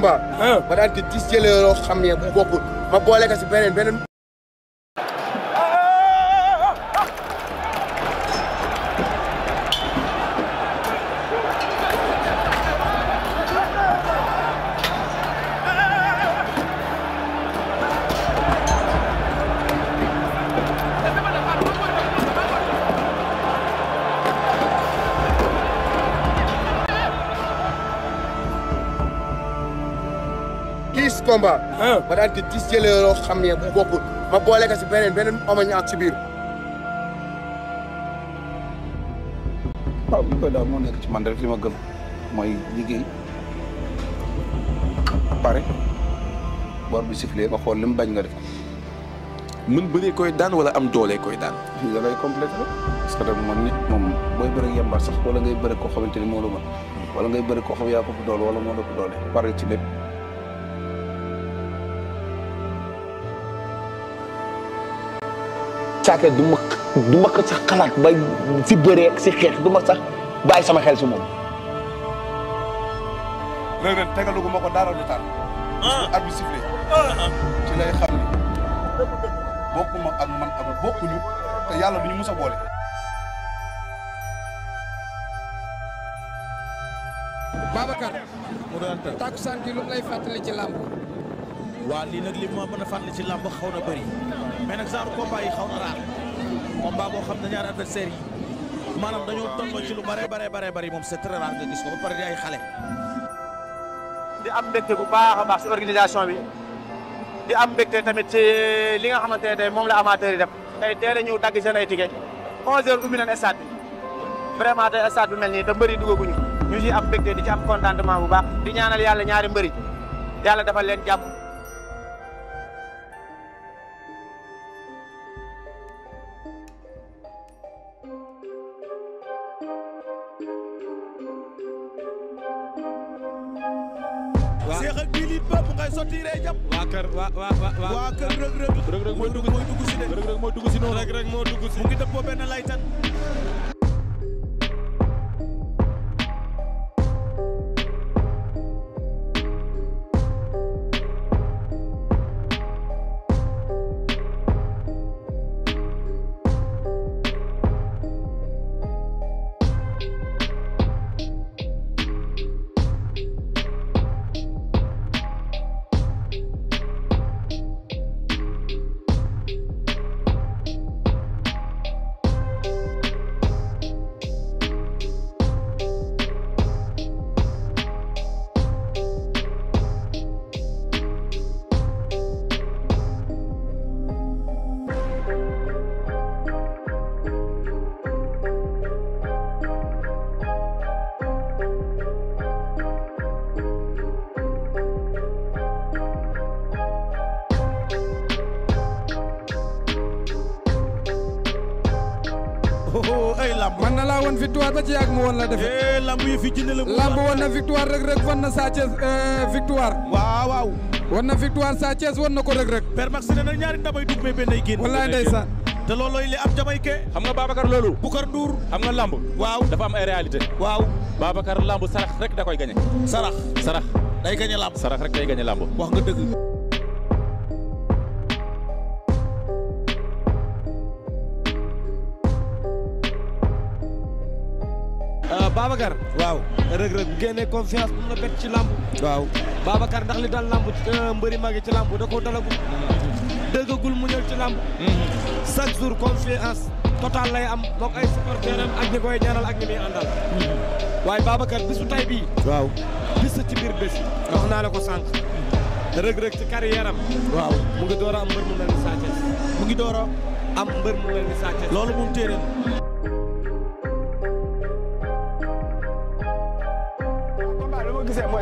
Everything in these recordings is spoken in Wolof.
combat. Ah. ma daan ko disjëlee loo xam ne bu bokkul ma boole ko si beneen beneen daal di gis jëlee xam ne bu bokkul ma boole ko si beneen beneen omoñ ak si biir. waaw li koy daal moo nekk ci man rek li ma gën mooy liggéey pare bor bi sifflé nga xool li bañ nga def ko. mën bëree koy daan wala am doolee koy daan. fii da lay complété parce que nag man nit moom booy bëri yembar sax wala ngay koo ni moo la mën wala ngay bëri koo xam yaa ko fi doole wala moo la ko doole pare ci lépp. Caaka du ma du si bëree si ma sax bàyyi sama xel si moom. Reug Reug ma ko dara di taan. ah at bi sifflé ah. ci lay xam ni bokkuma ak te yàlla du ñu mus boole. Babacar. mu doon tàkkusaan lu mu lay fàttali ci làmb. waa lii nag li ma mën a fàttali ci làmb xaw na bëri mais nag genre combat yi xaw na raar combat boo xam na ñaari adversaire yi maanaam dañoo tolloo ci lu bare bare bare bëri moom c'est très rare nga gis ko ba pare di ay xale. di am mbégte bu baax a baax ci organisation bi di am mbégte tamit ci eh, li nga xamante ne tey moom la amateur yi def tey teel a ñëw dagg seen ay ticket 11h ubbi nañ stade bi vraiment tey stade bi mel nii te mbëri duggaguñu ñu ci am mbégte di ci am contentement bu di ñaanal yàlla ñaari mbëri yàlla dafa leen jàmm. Dakar Sa Thiès euh, victoire. waaw waaw. war na victoire Sa Thiès war na ko rëg rëg. Père Max nee na ñaari ndamay dugg mais benn ay sarax sarax. day gañe lamb. day gañe lamb. wax nga dëgg. Babacar. waaw Reug Reug génne confiance mun na bet ci lamb. waaw Babacar ndax li dal lamb euh, mbëri magi ci lamb da koo dalagul. dëggagul mu ñëw ci lamb. Mm-hmm. chaque jour confiance total lay am moog ay supporteurs am ak ñi koy ñaanal ak ñi muy àndal. Mm-hmm. waaye Babacar bisu tay bii. waaw bis ci biir bés. wax naa la ko sànq. Mm-hmm. Reug Reug ci carrière waaw mu ngi door am mbër mu mel ni mu ngi door a am mbër mu mel ni Sa Thiès. loolu moom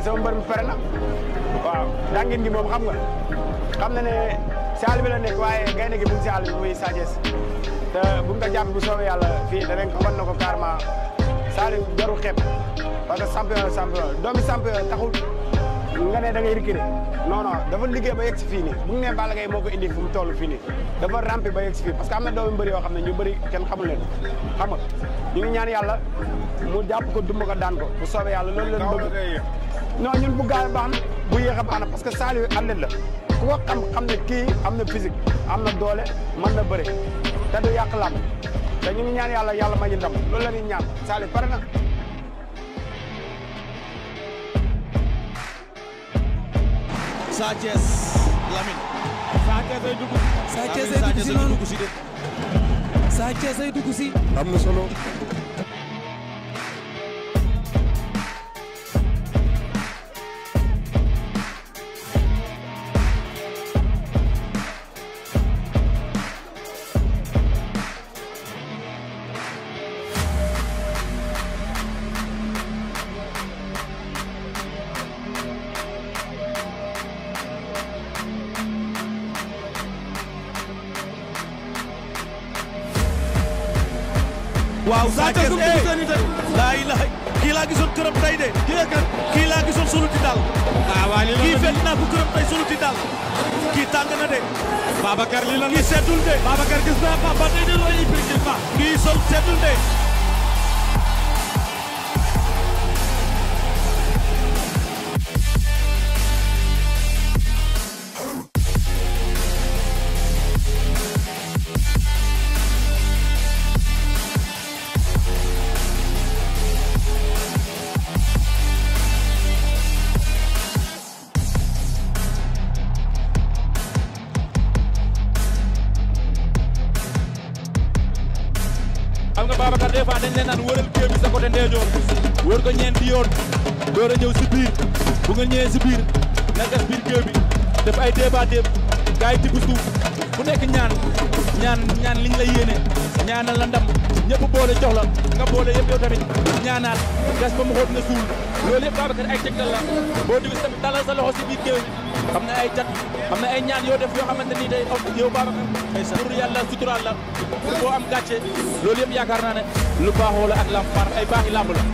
sama mbër mi pare na waaw dangin gi moom xam nga xam na ne saal bi la nekk waaye gaynde gi bu ñu saal bi muy Sathiès te bu ñu ko jàpp bu soobee yàlla fii danañ ko wan na ko carrément saal bi jarul xeeb parce que champion champion doomi champion taxul. nga ne da ngay reculer non non dafa liggéey ba yegg si fii nii bu ñu moo ko indi fu mu toll fii dafa rampi ba yegg si parce que am na doomu bëri yoo xam ne ñu bëri kenn xamul leen xam ñu ngi ñaan yàlla mu jàpp ko dumba ko daan ko bu soobee yàlla loolu leen bëgg non ñun bu gaaw baax na bu yéex a na parce que Saliou athlète la ku ko xam xam kii am na physique am na doole man na bëri te du yàq làmb te ñu ngi ñaan yàlla yàlla ma ñu ndam loolu la ñuy ñaan Sa Thiès Lamine. Sa Thiès ay dugg si. Sa ay dugg am na solo. kii seetul de Babacar gis naa Pape Ba tey de looy ibbi kii Pape kii sol seetul de ñaanal la ndam ñëpp boole jox la nga boole yëpp yow tamit ñaanaat des ba mu xóot nga suul loolu yëpp Babacar ay tegtal la boo dugg sa talal sa loxo si biir géew xam na ay cat xam na ay ñaan yoo def yoo xamante ni day aw yow Babacar pour yàlla suturaal la boo am gàcce loolu yëpp yaakaar naa lu baaxoo la ak lamb par ay baaxi lamb la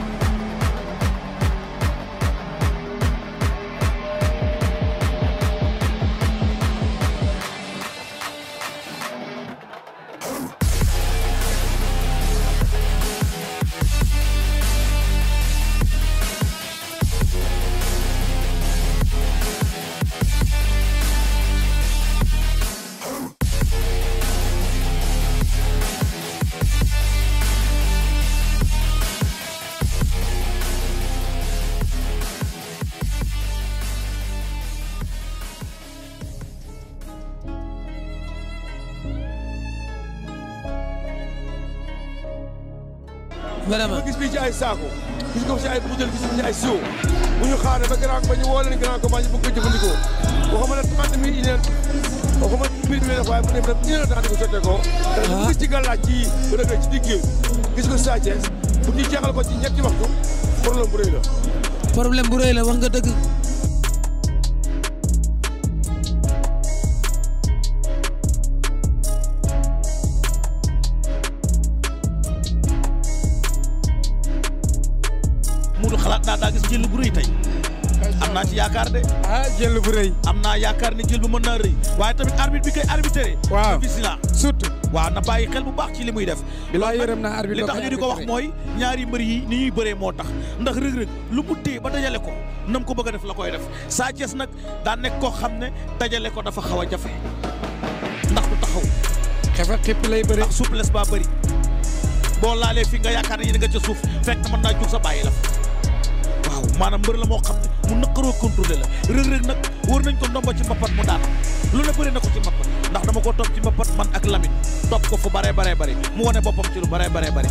zako muy def bilaay yërëm naa arbitre li tax ñu di ko wax mooy ñaari mbër yi ni ñuy bëree moo tax ndax rëg-rëg lu mu téye ba dajale ko nam ko bëgg def la koy def saa Thiès nag daa nekk koo xam ne dajale ko dafa xaw a jafe ndax du taxaw xefa xippi lay bëri ndax souplesse baa bëri boo laalee fi nga yaakaar ne yéen nga ca suuf fekk mën naa jug sa bàyyi la maanaam mbër la moo xam ne mu nëkkaroo contrôlé la rëg-rëg nag wër nañ ko ndomba ci mbapat mu daan lu ne bëri na ko ci mbapat ndax dama ko topp ci mbapat man ak Lamine topp ko fu baree baree bëri mu ne boppam ci lu baree bare bëri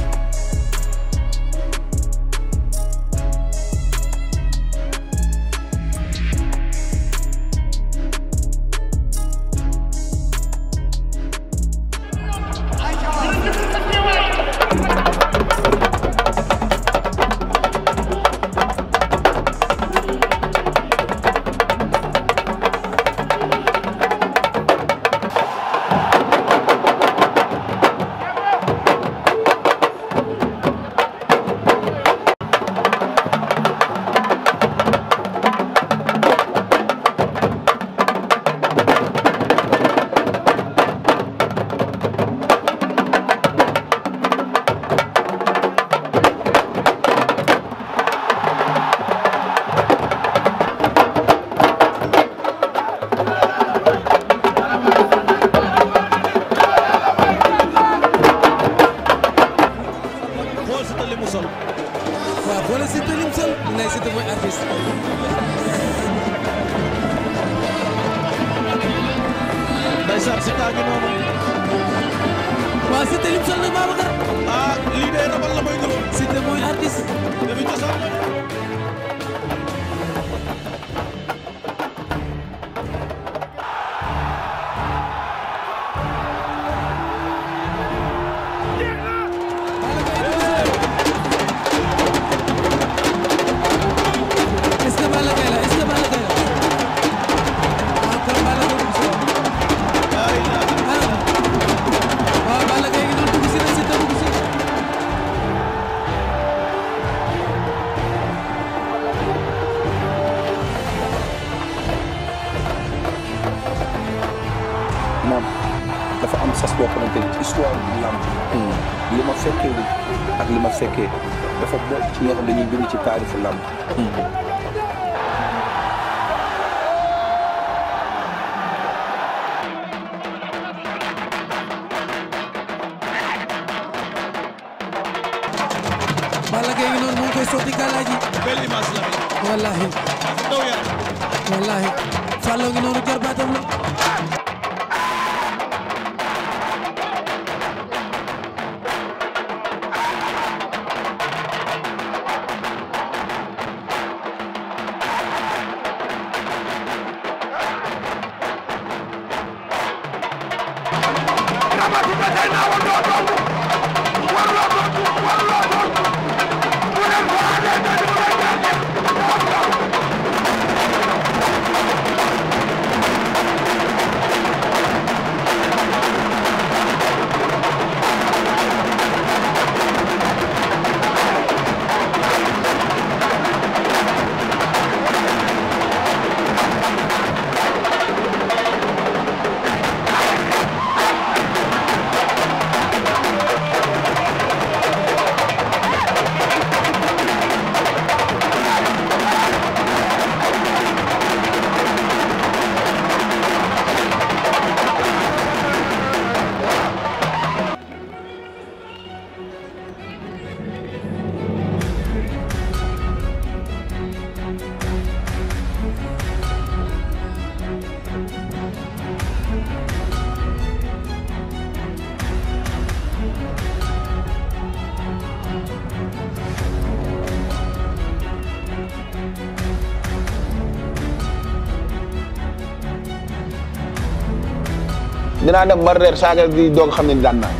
dinaa dem ba reer saaga di doog xam ne daan naa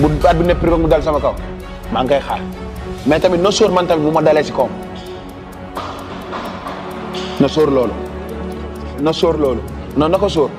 bu at bi nepp mu dal sama kaw maa ngi koy xaar mais tamit na sóor man tamit bu ma dalee si kawam na sóor loolu na sóor loolu non na ko sóor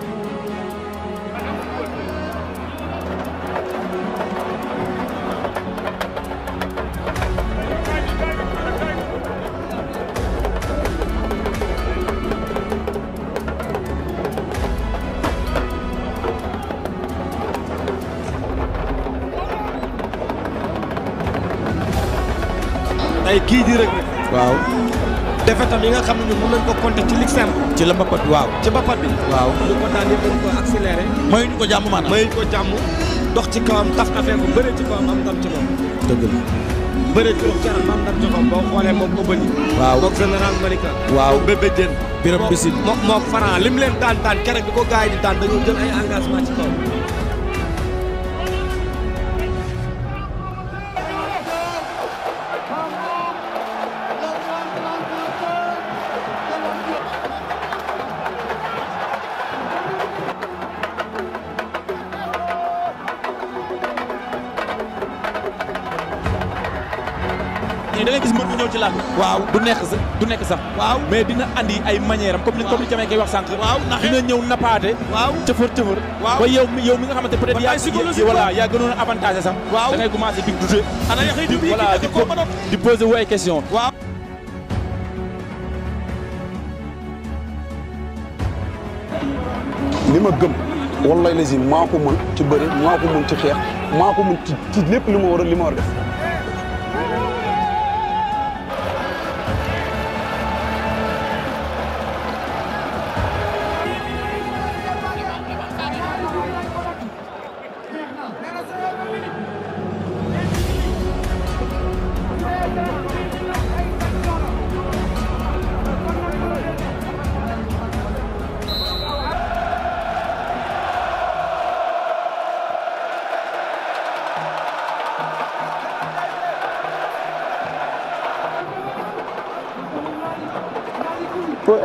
ci la mbapat waaw ci bappat bi waaw ñu ko daal di dañ ko accéléré mayuñu ko jàmm maanaam mayuñu ko jàmm dox ci kawam taf affaire bu bëre ci kawam am ndam ci moom dëgg la bëre ci moom caral am ndam ci moom boo xoolee moom Obali waaw mook général Malika waaw bébé Diène Birame Bissine mook mook Franc lim leen daan daan keroog bi ko gars di daan dañoo jël ay engagement ci kawam du neex du nekk sax. waaw mais dina andi ay manière am. comme ni comme ni Jamaye koy wax sànq. waaw dina ñëw nappaate. waaw cëfër cëfër. waaw ba yow mi yow mi nga xamante peut être yaa voilà yaa gënoon a avantage sax. waaw da ngay commencé di douter. ana yàq di voilà di di poser wu ay questions. li ma gëm wallaay la si maa ko mën ci bëri maa ko mën ci xeex maa ko mën ci ci lépp li ma war a li ma war a def.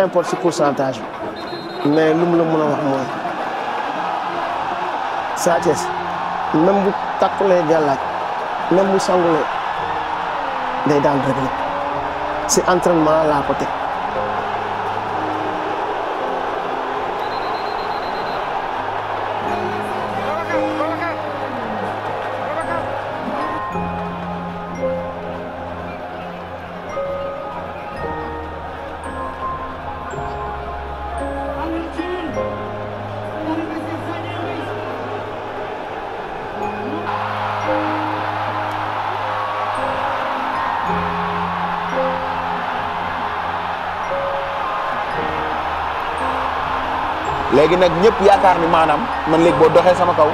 importe si pourcentage mais lu mu la mën a wax mooy Sa Thiès même takkule takkulee gàllaaj même bu sangulee day daan Reug Reug si entraînement laa ko léegi nag ñëpp yaakaar ni maanaam man léegi boo doxee sama kaw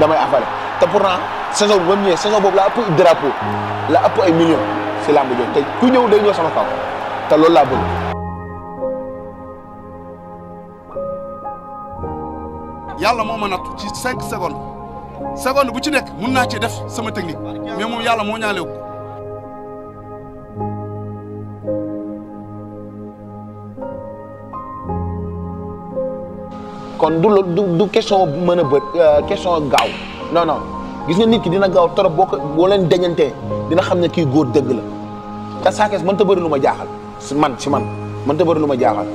damay afale te pourtant saison bi ba mu ñëwee boobu laa ëpp drapeau la ëpp ay millions si làmb te ku ñëw day ñëw sama kaw te loolu laa bëgg. yàlla moo ma natt ci cinq secondes seconde bu ci nekk mun naa ci def sama technique mais moom yàlla moo ñaalewu kon du du du question mën a bët euh, question gaaw non non gis nga nit ki dina gaaw trop boo ko boo leen deñantee dina xam ne kii góor dëgg la te Sa Thiès mënta bëri lu ma jaaxal si man si man mënta bëri lu ma jaaxal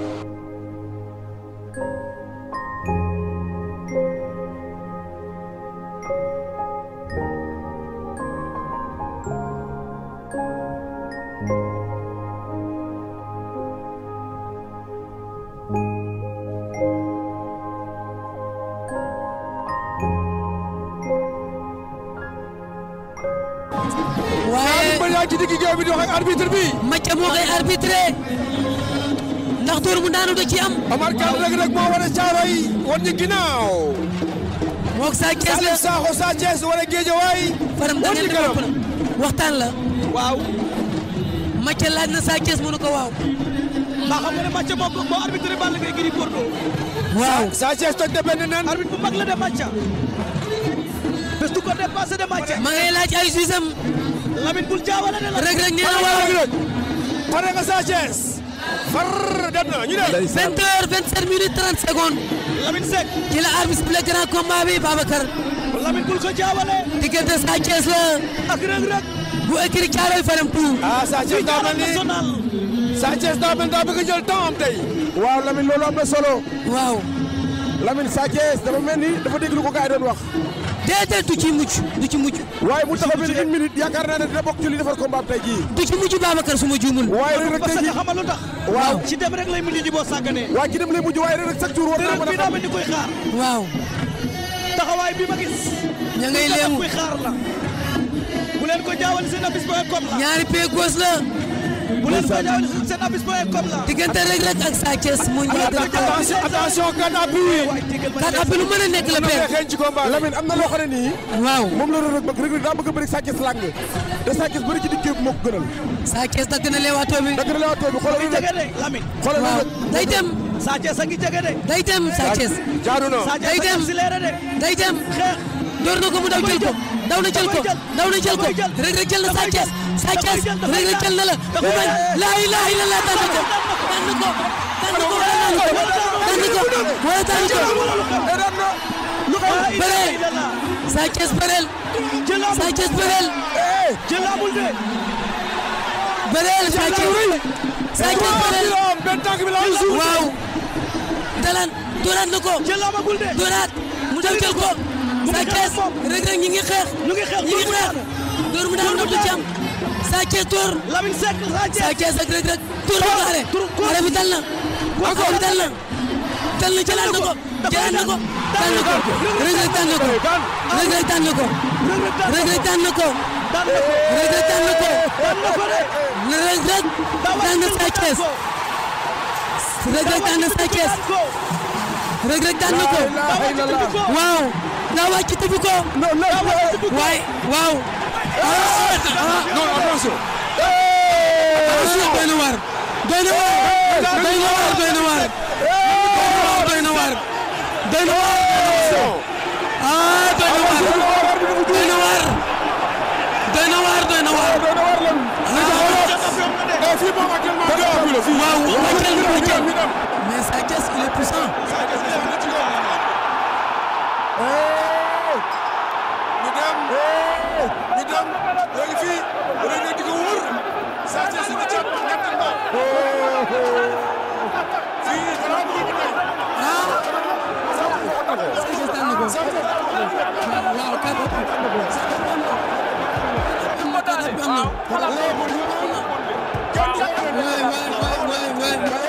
Omar Kane Reug Reug moo war a caaroy woon ñu ginnaaw. moog Sa Thiès la Salif Sakho Sa Thiès war a géejawaay. faram da ngeen def waxtaan la. waaw. Mathieu laaj na Sa Thiès mënu ko waaw. mbaa xam nga ne Mathieu moom moo arbitre Balla Gaye Gris Bordeaux. waaw Sa Thiès toj na benn nen. arbitre bu mag la de Mathieu. bés du ko dépassé de Mathieu. ma ngay laaj ay suisam. Lamine bul jaawale ne la. Reug Reug nee na waaw pare nga Sa Thiès. far dem na ñu ne. 20 heures 27 minutes 30 bi la grand combat bi Babacar. Sa Thiès la. ak bu écrit caaroy faram tout. ah Sa Thiès daa mel ni Sa Thiès daa mel daa bëgg jël temps am tey. waaw Lamine loolu am na solo. waaw. Lamine Sa Thiès dafa mel ni dafa dégg ko gars yi doon wax. déedéet du ci mujj du ci mujj. waaye mu taxaw benn une minute yaakaar naa ne dina bokk ci li defar combat tey jii. du ci mujj Babacar su ma juumul. waaye rek rek tey jii xamal lu tax. waaw ci dem rek lay mujj ji boo sàgganee. waaye ci dem lay mujj waaye rek rek chaque jour war naa mën a xam. daa mel ni koy xaar. waaw. taxawaay bi ma gis. ña ngay léemu kuy xaar la. bu leen ko jaawal seen abis booy comme la. ñaari pieds gauche la. bu leen ko mu ñëw attention attention kan appui yi. kan appui lu mën a nekk la père. Lamine am na loo xam ne nii. waaw moom la Reug Reug Reug daa bëgg a bëri Sa Thiès làng te Sa Thiès bëri ci digg bi moo ko gënal. Sa Thiès dagg na leewaatoo bi. dagg na leewaatoo bi xoolal Lamine. xoolal waaw day dem. Sa Thiès a ngi jege de. Sa Thiès. jaadu na day dem daw na jël ko daw na jël ko Reug Reug jël na Sa Thiès Sa Thiès Reug Reug jël na la mu bañ laa ilaaha illallaah daan na ko daan na waaw dalan dooraat na ko mu daw jël Sa Thiès Reug Reug ñi ngi xeex. ñu ngi xeex ñu ngi xeex. dóor mu daan dootu ci am. Sa Thiès dóor. Lamine Seck Sa Thiès ak Reug Reug. dóor bu baare. xare bi dal na. encore bi dal na. dal na jëlaat na ko. jëlaat na ko. dal na ko Reug Reug daan na ko. Reug Reug daan na ko. Reug Reug daan na ko. Reug Reug daan na ko. Reug Reug daan na Sa Thiès. Reug Reug daan na Sa Thiès. Reug Reug daan na ko. waaw. naa wàcc tëbu ko. non non waaye waaw. non attention. attention doy na waar. doy na waar doy na waar doy na waar. doy na waar doy na waar. ah doy na waar. doy na waar. doy na waar doy na waar. waaw Michael Michael. mais Sa Thiès il est puissant. Hey! tànkam ñoo ngi fii Reug Reug di ko wër Sa Thiès di jàpp ñettal ba fii xanaa bëggul ba tey waaw waaw waaw waaw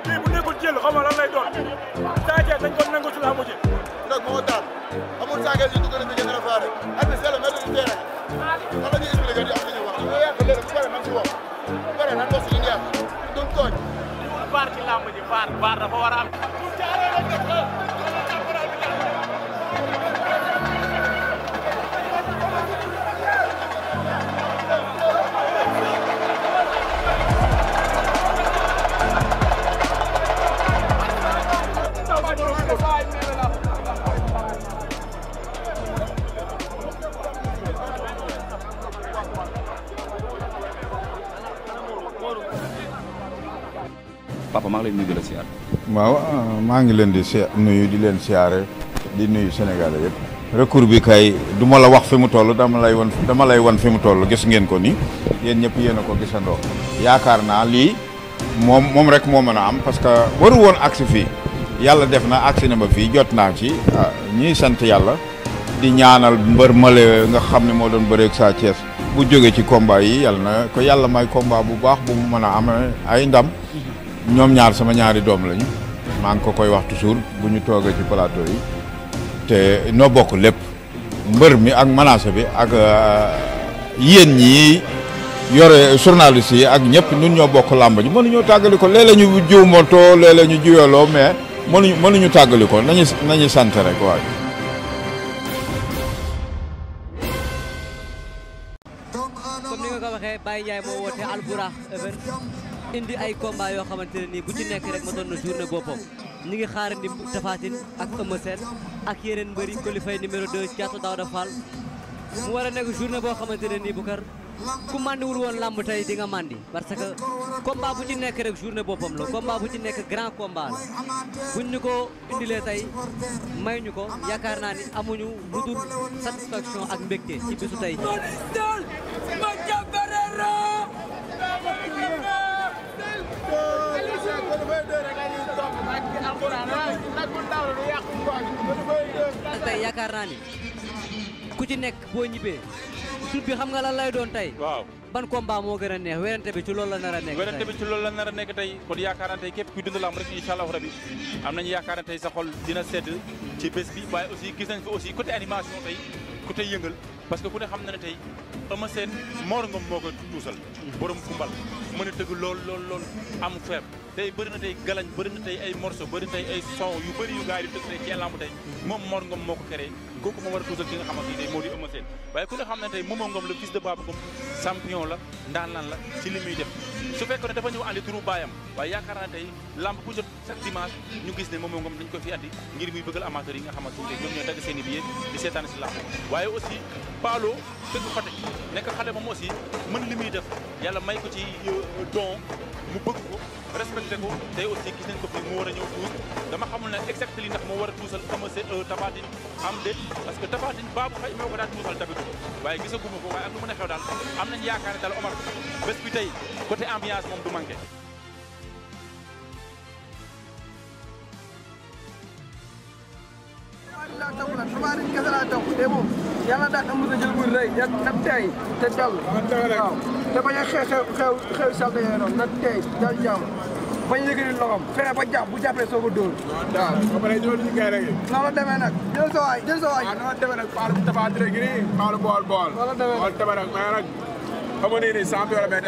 jël xam nga lan lay doon Sa Thiès dañ ko nangu ci làmb ji nag moo tax amul Sa Thiès ñu dugg nañu gën a faare ak ni c'est le maître du terrain lan la ñuy expliquer di am li ñuy wax dañoo yàq léegi bu pare man si wax bu pare nan wax si ñu yàq duñ tooñ baar ci làmb ji baar baar dafa war a am maa ngi lay di la siyaar. waaw maa ngi leen di si nuyu di leen siyaare di nuyu Sénégalais yëpp. recours bi kay du ma la wax fi mu tollu dama lay wan dama lay wan fi mu toll gis ngeen ko nii yéen ñëpp yéen a ko gisandoo yaakaar naa lii moom moom rek moo mën a am parce que waru woon agsi fii yàlla def na agsi na ma fii jot naa ci ah, ñii sant yàlla di ñaanal mbër male nga xam ne moo doon bëreeg Sa Thiès bu jóge ci combat yi yàlla na ko yàlla may combat bu baax bu mu mën a am ay ndam ñoom ñaar sama ñaari doom lañu maa ngi ko koy wax toujours bu ñu toogee ci plateau yi te noo bokk lépp mbër mi ak manaase bi ak euh, yéen ñi yore journaliste yi ak ñëpp ñun ñoo bokk làmb ji mënuñoo tàggali ko léeg-léeg ñu jiw moto léeg ñu jiyoloo mais mënuñu mënuñu tàggali ko nañu nañu sant rek waaye. indi ay combat yoo xamante ne nii bu ci nekk rek ma doon na journée boppam ñu ngi xaarandi Tapha Tine ak Eumeu ak yeneen mbëri qualifié numéro 2 Thiatou Daouda Fall mu war a nekk journée boo xamante ne nii bu kar ku màndiwul woon làmb tey di nga màndi parce que combat bu ci nekk rek journée boppam la combat bu ci nekk grand combat la buñ ñu ko indilee tey may ñu ko yaakaar naa ni amuñu lu dul satisfaction ak mbégte ci bisu tey. tey yaakaar naa ni ku ci nekk boo ñibbee tur bi xam nga lan lay doon tey. waaw ban combat moo gën a neex werante bi ci loolu la nar a nekk. werante ci loolu la nar a nekk tey kon yaakaar naa tey képp kuy dund lamb rek incha allahu rabi am nañu yaakaar sa xol dina sedd ci bés bi waaye aussi gis nañ fi aussi côté animation tey. ku tey yëngal parce que ku ne xam na ne tey Eumeu Sène Mor Ngom moo ko tuusal borom kumbal mën a tëgg lool lool lool am feeb tey bëri na tey galañ bëri na tey ay morceau bëri na tey ay son yu bëri yu gars yi di tëgg tey ci làmb tey moom Mor Ngom moo ko créé kooku moo war a tuusal ki nga xamante ni tey moo di Eumeu Sène waaye ku nga xam ne tey Momo Ngom le fils de Baba Ngom champion la ndaanaan la ci li muy def su fekkoon ne dafa ñëw andi turu baayam waaye yaakaar naa tey lamb bu jot chaque dimanche ñu gis ne Momo Ngom dañ ko fi andi ngir muy bëggal amateur yi nga xamante ni ñoom ñoo dagg seen i billet di seetaan si lamb waaye aussi Paalo dëgg Fatick nekk xale moom aussi mën li muy def yàlla may ko ci euh, don mu ko respecté ko tey aussi gis nañ ko fi mu war a ñëw tuus dama xamul ne exact ndax moo war a tuusal Eumeu Sène euh, Taphatine am déet parce que Taphatine baabu xëy moo ko daan tuusal d'habitude waaye gisaguma ko waaye ak lu mën a xew daal am nañ yaakaar ne daal Omar bés bi tey côté ambiance moom du manqué daa taw la tubaab yi kese laa taw te moom yàlla daa am mos a jël muy rëy yàgg na tey te dal waaw te bañ a xew xew xew xew salte yooyu noonu na tey dal jàmm bañ a yëgëri loxoom fexe ba jàpp bu jàppee soo ko dóor ba pare ñoo ñu kay rek noonu la demee nag jël sa waay jël sa waay bool bool noonu la demee nag mais nag xam nga nii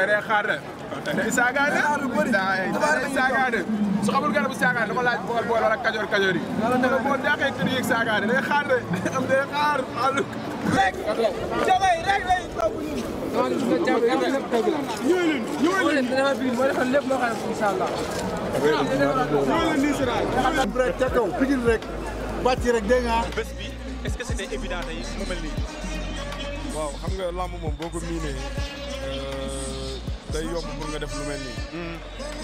nii xaar rek da ngay saagaane da ngay saagaane su xamul garabu saagaane dama laaj bool bool wala kajoor kajoor yi. dama boo daaxee kër yi saagaane day xaar de am day xaar allo. rek jabay rek lay toog ñun. maa ngi gis nga jabay rek teg la. ñëw leen ñëw leen dina ma biir moo defal lépp loo xam ne incha allah. ñëw leen nii si raay. rek ca kaw pigil rek bàcc rek dégg nga. bés bi est-ce que c'était évident tey mu mel nii. waaw xam nga lamb moom boo ko miinee. day yomb pour nga def lu mel nii.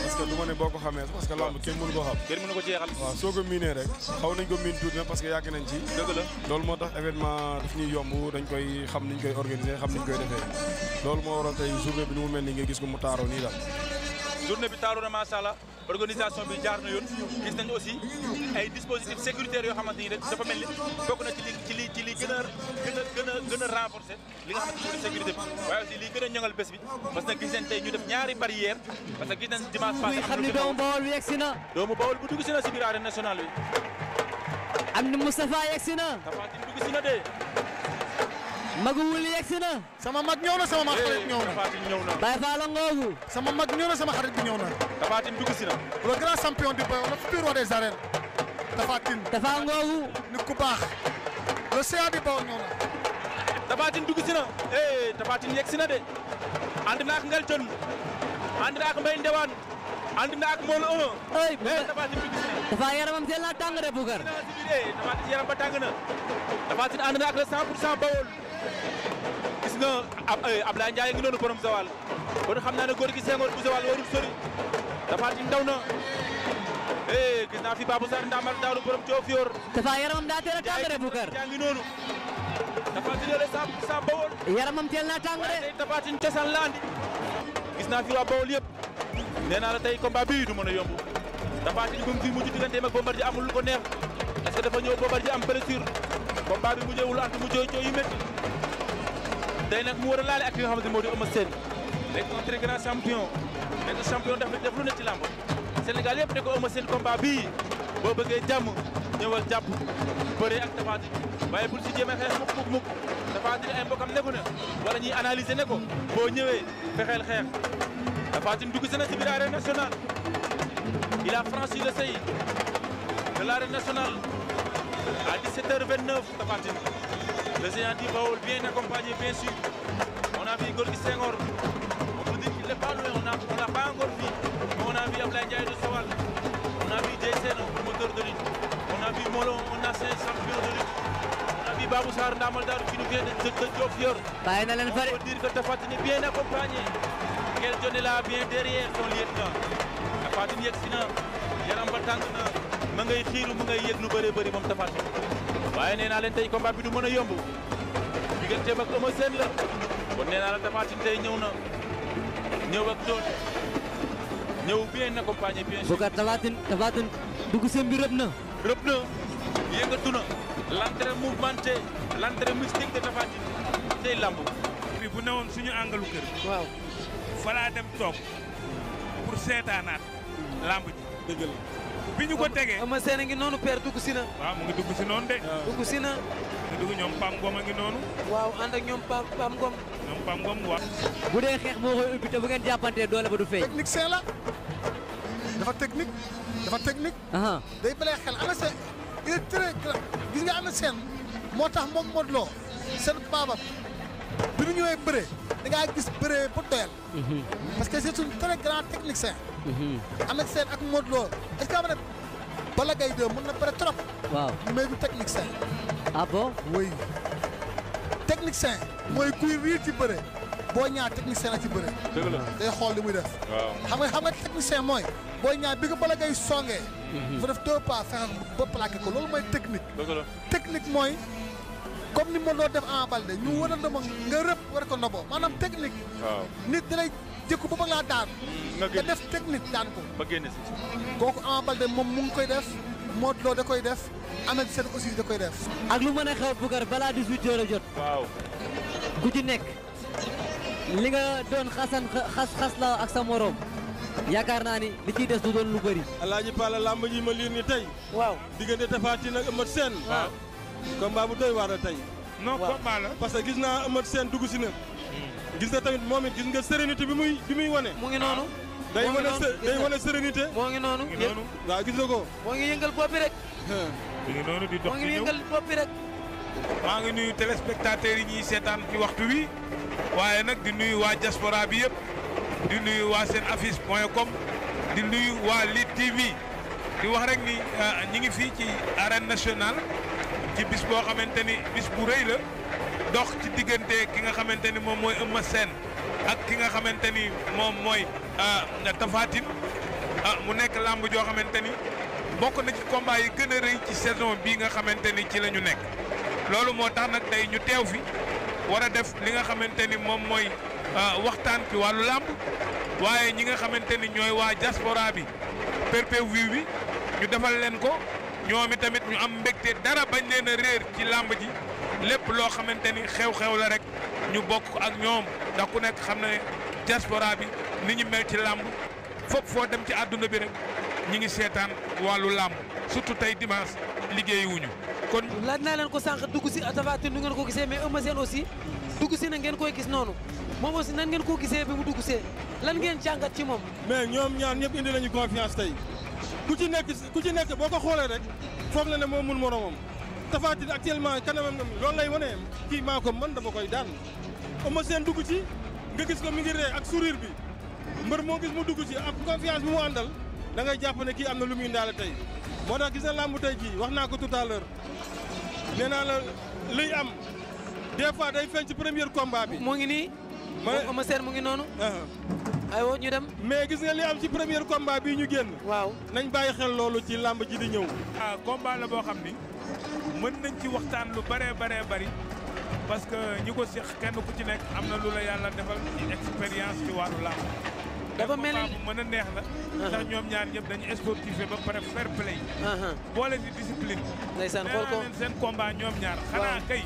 parce que du boo ko xamee soo ko miinee rek xaw nañ ko miin tuuti na parce que yàgg nañ ci. loolu moo tax événement daf ñuy yomb dañ koy xam niñ koy organiser xam niñ koy defee loolu moo waral tey journée nu mu mel nii nga gis ko mu taaroo nii daal. journée taaroo na macha allah organisation bi jaar na yoon gis nañ aussi ay dispositifs sécuritaires yoo xamante rek dafa mel ni bokk na ci li ci li li a gën a gën a a nga xamante ni bi waaye aussi li gën a bés bi parce que gis nañ tey ñu def ñaari barrière parce que gis nañ dimanche passé xam ni doomu yegsi na doomu si na si na de magu wuli na. sama mag ñëw na sama mag xarit eh, ñëw na. Baye Fall ngoogu. sama mag ñëw na sama xarit bi ñëw na. Tapha Tine dugg si na. le grand champion du Baol le futur roi ngoogu. nit ku baax. le CA du Baol na. Tapha Tine si na. Eh, Tapha Tine yegsi na de. ànd na ak Ngel Thion. ànd na ak Mbaye Ndewane. ànd na ak Mawla Ouma. ooy Tapha Tine yaramam seen la tàng de Boucar. gis nga eh, Ablaye Ndiaye ngi noonu borom Zawal kon xam naa ne góor gi Senghor bu Zawal warul sori dafa daw na eh gis naa fi Babou Sarr ndamal daalu borom Diofior dafa yaramam daa a tàng rek bu kër jaa ngi noonu dafa tin le sa sa Bawol yaramam teel naa tàng rek cosaan la andi gis naa fi waa Bawol yëpp nee naa la tey combat bi du mën a yomb dafa tin bu mu fi mujj digganteem ak Bombardier amul neex parce dafa ñëw Bombardier am blessure combat bi mujjewul ak mujjee coow yu métti tey nag mu war a laale ak li nga xamante ne moo di Eumeu Sène nekk un grand champion nekk champion daf def lu ne ci làmb Sénégal yëpp ne ko Eumeu Sène bii boo bëggee jàmm ñëwal jàpp bëree ak Tapha Tine waaye bul si jéem a xeex mukk mukk mukk Tapha Tine ay mbokkam ne ko ne wala ñuy ne ko boo ñëwee fexeel xeex Tapha Tine dugg si na ci biir arène nationale il a franchi le seuil de l'arène nationale à 17h29 Tapha Tine le géant du Baol bien accompagné bien sûr on a vu Gorgui Senghor on peut dire qu'il n'est pas loin on l'a pas encore vu mais on a vu Ablaye de Sowal on a vu Dieye Sène promoteur de a de lutte on a vu Babou Ndamal Darou qui nous vient de Diofior bàyyi na leen fare on peut dire que Tapha Tine est bien accompagné bien derrière son lieutenant Tapha Tine yegg na yaram ba na ma ngay xiiru mu ngay yëg lu bëree bëri moom Tapha Tine waaye nee naa leen tey combat bi du mën a yomb digganteem ak Eumeu Sène la kon nee la Tapha Tine ñëw na ñëw ak doole ñëw bien accompagné bien sûr. bu ko Tapha Tine Tapha Tine dugg seen bi rëb na. rëb na yëngatu na l'entrée mouvementée l'entrée mystique de Tapha Tine tey lamb. bi bu newoon suñu àngalu kër. waaw falaa dem toog pour seetaanaat lamb ji bi ñu ko tegee. ama seen a ngi noonu père dugg si waaw mu ngi dugg si noonu de. dugg si na. mu ngi dugg ñoom Pam Ngom a ngi noonu. waaw ànd ak ñoom Pam Pam Ngom. ñoom Pam Ngom waaw. bu dee xeex moo koy ubbi te bu ngeen jàppantee doole ba du feeñ. technique c'est la dafa technique dafa technique. day balee xel ama seen il est gis nga ama seen moo tax moom Modou loo sen baabam. bi mu ñëwee bëre da gis bëre ba doyal. Mhm. parce que c'est un très grand technicien. Eumeu mhm. Sène ak Modou Lo est-ce que xam nga Balla Gaye 2 na bëre trop. waaw mais du technicien. ah bon oui. technicien mooy kuy riir ci bëre boo ñaar technicien la ci bëre. dëgg xool li muy def. xam nga xam nga technicien mooy boo ñaar bi ko Balla Gaye songee. Mhm. mu def deux pas fexe ba plaqué ko loolu mooy technique. technique mooy. comme ni Modou Lo def Ama Baldé ñu war a dama nga rëpp war ko nobo maanaam technique. waaw nit dalay jëkku ba bëgg laa daan. Mm, nga def technique daan ko. ba génne si. kooku Ama Baldé moom mu ngi koy def Modou Lo da koy def Ama Sène aussi da koy def. ak lu mën a xew Boucar balaa 18h a jot. waaw. ku ci nekk li nga doon xasan xas xas la ak sa morom. yaakaar naa ni li ciy des du doon lu bëri. alaaji Pala làmb ji ma liir ni tey. waaw diggante Tapha Tine ak Eumeu combat bu doy waar la tey. non combat la parce que gis naa Amath seen dugg si na. Hmm. gis nga tamit moom it gis nga sérénité bi muy bi muy wane. mu ngi noonu. Ah. day wane day wane sérénité. moo ngi noonu waaw gis nga ko. moo ngi yëngël bopp rek. mu ngi noonu di dox di ñëw moo ngi yëngal bopp rek. maa ngi nuyu téléspectateurs yi ñuy seetaan ci waxtu wi waaye nag di nuyu waa diaspora bi yëpp di nuyu waa seen affiche point com di nuyu waa Lutte TV di wax rek ni euh, ñu ngi fii ci arène nationale. ci bis boo xamante ni bis bu rëy la dox ci diggante ki nga xamante ni moom mooy Eumeu Sène ak ki nga xamante ni moom mooy euh, Tapha Tine ah mu nekk làmb joo xamante ni bokk na ci combat yi gën a rëy ci saison bii nga xamante ni ci la ñu nekk loolu moo tax nag tey ñu teew fi war a def li nga xamante ni moom mooy euh, waxtaan ci wàllu làmb waaye ñi nga xamante ni ñooy waa diaspora bi perpévu bi ñu defal leen ko ñoom tamit ñu am mbégte dara bañ leen a réer ci làmb ji lépp loo xamante ni xew-xew la rek ñu bokk ak ñoom ndax ku nekk xam na ne diaspora bi ni ñu mel ci làmb fopp foo dem ci àdduna bi rek ñi ngi seetaan wàllu làmb surtout tey dimanche liggéeyuñu kon. laaj naa leen ko sànq dugg si Tapha Tine ngeen ko gisee mais Eumeu Sène aussi dugg si na ngeen koy gis noonu moom aussi nan ngeen ko gisee bi mu dugg see lan ngeen jàngat ci moom. mais ñoom ñaan ñëpp indi lañu confiance tey. ku ci nekk ku ci nekk boo ko xoolee rek foog na ne moo mun moromam Tapha Tine actuellement kanamam loolu lay wane kii maa ko mën dama koy daan Eumeu Sène dugg ci nga gis ko mi ngi ree ak sourire bi mbër moo gis mu dugg ci ak confiance bi mu àndal da ngay jàpp ne kii am na lu muy ndaale tey moo tax gis na làmb tey jii wax naa ko tout à l'heure nee naa la luy am des fois day feeñ ci premier combat bi moo ngi nii ma Eumeu Sène mu ngi noonu. aywa ñu dem. mais gis nga li am ci premier combat bii ñu génn. waaw nañ bàyyi xel loolu ci làmb ji di ñëw. ah la boo xam ni mën nañ ci waxtaan lu bëree bëree bari parce que ñi ko seq kenn ku ci nekk am na lu la yàlla defal ci expérience ci wàllu làmb. dafa mel ni mën a neex la. ndax ñoom ñaar ñëpp dañu sportifié ba pare fair play. boole ci discipline. ndeysaan xool ko seen combat ñoom ñaar. xanaa kay.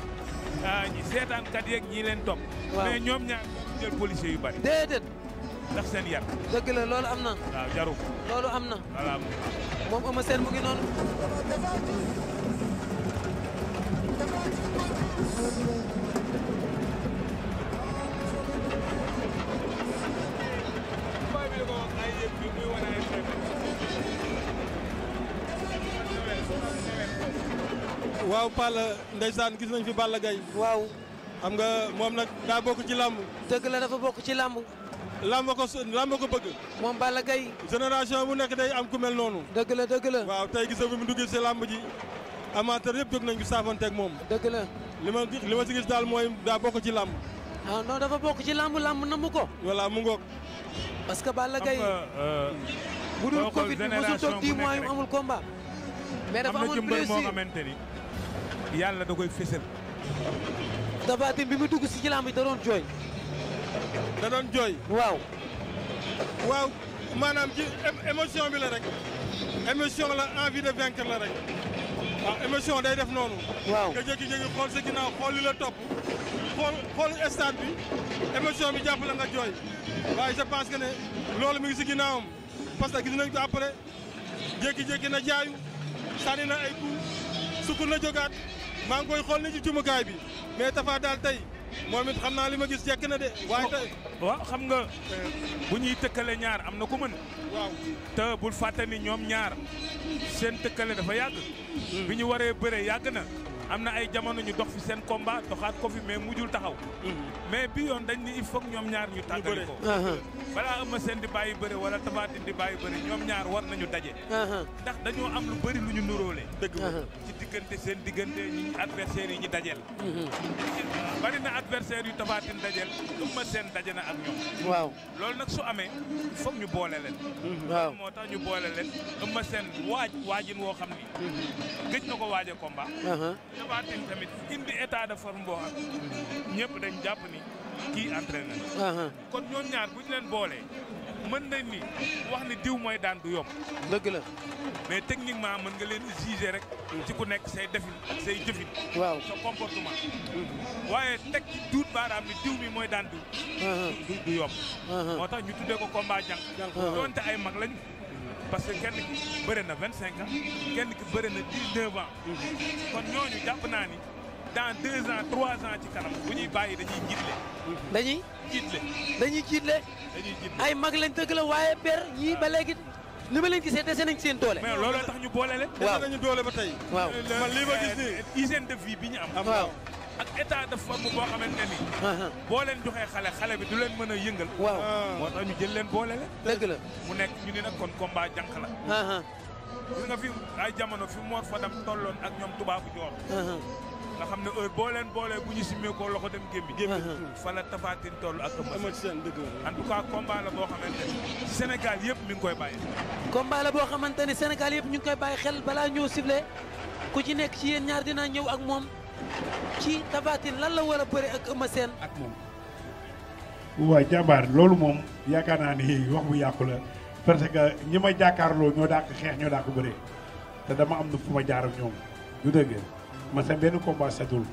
Ah, ñi seetaankat yeeg ñi leen topp. mais ñoom ñaar jël policier yu bari. déedéet. ndax seen yar. dëgg la loolu am na. waaw jaru loolu am na. voilà moom ama mu ngi noonu. waaw Palla ndeysaan gis nañ fi Balla Gaye waaw xam nga moom nag daa bokk ci làmb dëgg la dafa bokk ci làmb làmb ko làmb ko bëgg moom Balla Gaye génération bu nekk day am ku mel noonu dëgg la waaw tey gis bi mu duggee si làmb ji amateur yëpp jóg nañ ko saafanteeg moom dëgg la li ma li ma si gis daal mooy daa bokk ci lamb ah dafa bokk ci lamb làmb namu ko voilà mu ngoog parce que Balla Gaye euh, bu dul Covid bi mosul toog 10 mois amul combat mais dafa amoon blessure yàlla da koy fésal. Tapha bi mu dugg si ci bi da jooy. da doon jooy. waaw. waaw maanaam ci émotion bi la rek. émotion la envie de vaincre la rek. waaw émotion day def noonu. waaw nga jékki-jékki xool sa ginnaaw xool la topp. xool xool bi émotion bi jàpp la nga jooy waaye je pense ne loolu mi ngi si ginnaawam parce que gis nañ ko après jékki na jaayu sànni na ay coups. sukk na jógaat maa ngi koy xool ni ci jumukaay bi mais Tapha daal tey moom it xam naa li ma gis jekk na de. waaye tey waaw xam nga bu ñuy tëkkale ñaar am na ku mën. waaw bul fàtte ni ñoom ñaar seen tëkkale dafa yàgg. Hmm. bi ñu waree bëre yàgg na. am na ay jamono ñu dox fi seen combat doxaat ko fi mais mujjul taxaw. Hmm. mais bi yoon dañ ni il faut ñoom ñaar ñu tàggali ko. Uh-huh. balaa Eumeu seen di bàyyi bëre wala Tapha Tine di bàyyi bëre ñoom ñaar war nañu daje. Uh-huh. ndax dañoo am lu bëri lu ñu nuróole. dëgg njëkkante seen diggante ñi adversaire yi ñu dajeel. Mhm. bari na adversaire yu Tapha Tine dajeel Eumeu Sène daje ak ñoom. waaw loolu nag su amee foog ñu boole leen. Mhm. moo tax ñu boole leen Eumeu Sène waaj woo xam ni. Mhm. gëj na ko waaj uh-huh. a tamit indi état de forme ñëpp dañ jàpp ni kii entraîné na. Uh-huh. kon ñoom ñaar bu ñu leen boolee. mën nañ ni wax ni diw mooy daan du yomb. dëgg la. mais techniquement mën nga leen juger rek. ci ku nekk say defin ak say jëfin. waaw sa mhm. waaye teg ci duut baaraam ni diw mi mooy daan diw. Mhm. du du yomb. Mhm. moo tax ñu tuddee ko combat jàng. doonte ay mag lañ. parce que kenn ki bëre na vingt cinq ans kenn ki bëre na dix neuf kon ñooñu jàpp naa ni. dans deux ans trois ans ci kanam bu ñuy bàyyi dañuy jiitle. dañuy jiitle. dañuy jiitle. ay mag lañ dëgg la waaye per ñii ba léegi ni ma leen gisee dese nañ seen doole. mais looloo tax ñu boole leen. waaw dese nañu doole ba tey. waaw man lii ma gis nii hygiène de vie bi ñu am. waaw ak état de forme boo xamante ne nii. Uh-huh. boo leen joxee xale xale bi du leen mën a yëngal. waaw ah. moo tax ñu jël leen boole la. dëgg la mu nekk ñu ne nag kon combat jànq la. Uh-huh. gis nga fi ay jamono fi Mor Fadam tolloon ak ñoom tubaabu joor. Uh-huh. nga xam ne heure boo leen boolee bu ñu simmee ko loxo dem gémmi uh-huh. gémmi fa la tafaatin toll ak ëma seen dëgg en tout cas combat la boo xamante ne Sénégal yëpp mi ngi koy bàyyi combat boo xamante ni Sénégal yëpp ñu ngi koy bàyyi xel balaa ñëw sifflé ku ci nekk ci yéen ñaar dinaa ñëw ak moom ci tafaatin lan la war a bëri ak ëma seen ak moom waa jàmbaar loolu moom yaakaar naa ni wax bu yàqu la parce que ñi ma jàkkaarloo ñoo dàq xeex ñoo dàq bëree te dama am na fu ma jaar man sama benn combat setul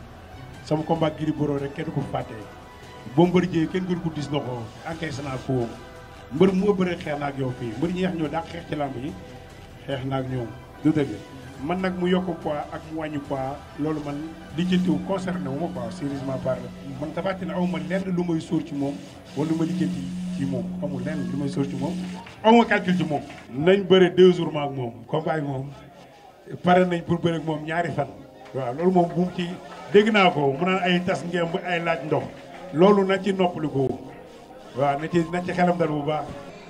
sama combat Gris Bordeaux rek kenn ko fàtte Bombardier kenn gën ko dis loxo encaissé naa ko mbër mu bëre xeex naa ak yow fii mbër ñi ñoo daa xeex ci làmb yi xeex naa ak ñoom du dëgg man nag mu yokk poids ak mu wàññi poids loolu man li jëntiwu concerné wu ma quoi sérieusement parlé man Tapha aw ma lenn lu may sóor ci moom wala lu ma lijjanti ci moom amul ma lu ci moom awma calcul ci moom nañ bëre deux jours ma ak moom combat yi moom pare nañ pour bëre ak moom fan waaw loolu moom bu ci dégg naa ko mu naan ay tas ngemb ay laaj ndox loolu na ci noppaliku waaw na ci na ci xelam dal bu baax.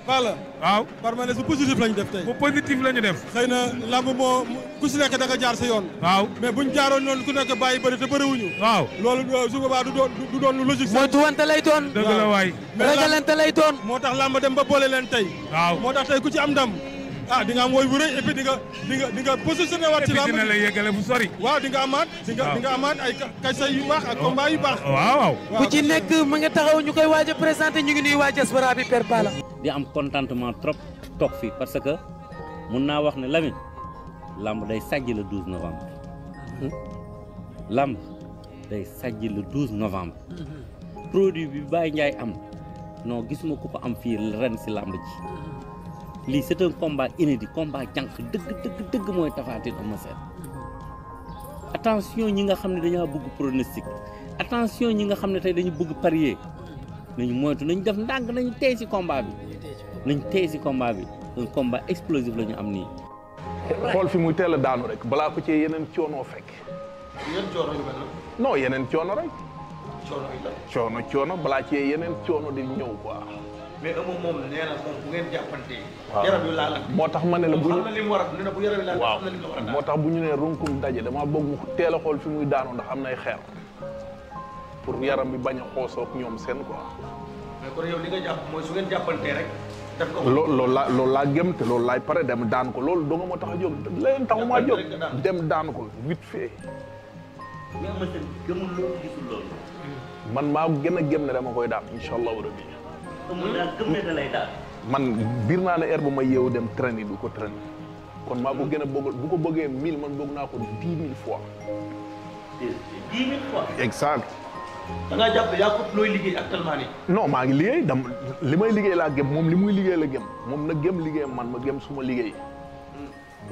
bala waaw par ma ne bu positif la ñu def tey bu positif la ñu def xëy na lamb moo ku si nekk da nga jaar sa yoon waaw mais buñ jaaroon noonu ku nekk bàyyi bëri te bëriwuñu waaw loolu su boobaa du doon du doon lu logique mooy tuwante lay doon dëgg la waay ragalante lay doon moo tax lamb dem ba boole leen tey moo tax tey ku ci am ndam ah di nga am wooy bu rëy et puis di nga di bu sori waaw di nga ay kasa yu baax ak combat yu baax waaw ku ci nekk mu ngi taxaw ñu koy waaj a présenté ñu ngi nuy waa diaspora bi Père di am contentement trop toog fii parce que mun naa wax ne Lamine lamb day sajji le 12 novembre lamb day sajji le 12 novembre mhm. produit bi Baye Ndiaye am non gisuma ku ko am fii ren si lamb ji lii c'est un combat inédit combat jànq dëgg dëgg mooy Tapha Tine Eumeu Sène attention ñi nga xam ne dañaa bëgg pronostic attention ñi nga xam ne tey dañu bugg parier nañu moytu nañu def ndànk nañu tey si combat bi nañu tey si combat bi un combat explosif la am nii. xool fi muy teel a daanu rek balaa ko ci yeneen coono fekk. yeneen coono yu yeneen coono rek. coono yi la. coono balaa ci yeneen coono di ñëw quoi. mais ëmb moom la nee na moom bu ngeen moo tax ma ne la bu ñu xam na li mu war ne bu xam na moo tax bu ñu nee runkum daje damaa bëgg mu teel a xool fi muy daanu ndax am nay xeer pour yaram bi bañ a xoosoo ak ñoom seen quoi. mais kon yow li nga jàpp mooy su ngeen loo laa loolu lool gëm te laay pare dem daan ko loolu doo nga moo tax a jóg leneen taxu maa jóg dem daan ko vite fait. man gëmul loolu gisul gën a gëm ne dama koy daan incha allahu rabi. ba mu daa gëm ne da lay daal. man biir naa ne heure bu ma yeewu dem train yi du ko train kon maa ko gën a bëgg bu ko bëggee mille man bëgg naa ko dix mille fois. dix mille fois. exact. da ngaa jàpp yaa ko looy liggéey actuellement nii. non maa liggéey li may liggéey laa gëm moom li muy liggéey la gëm moom na gëm liggéeyam man ma gëm suma liggéey.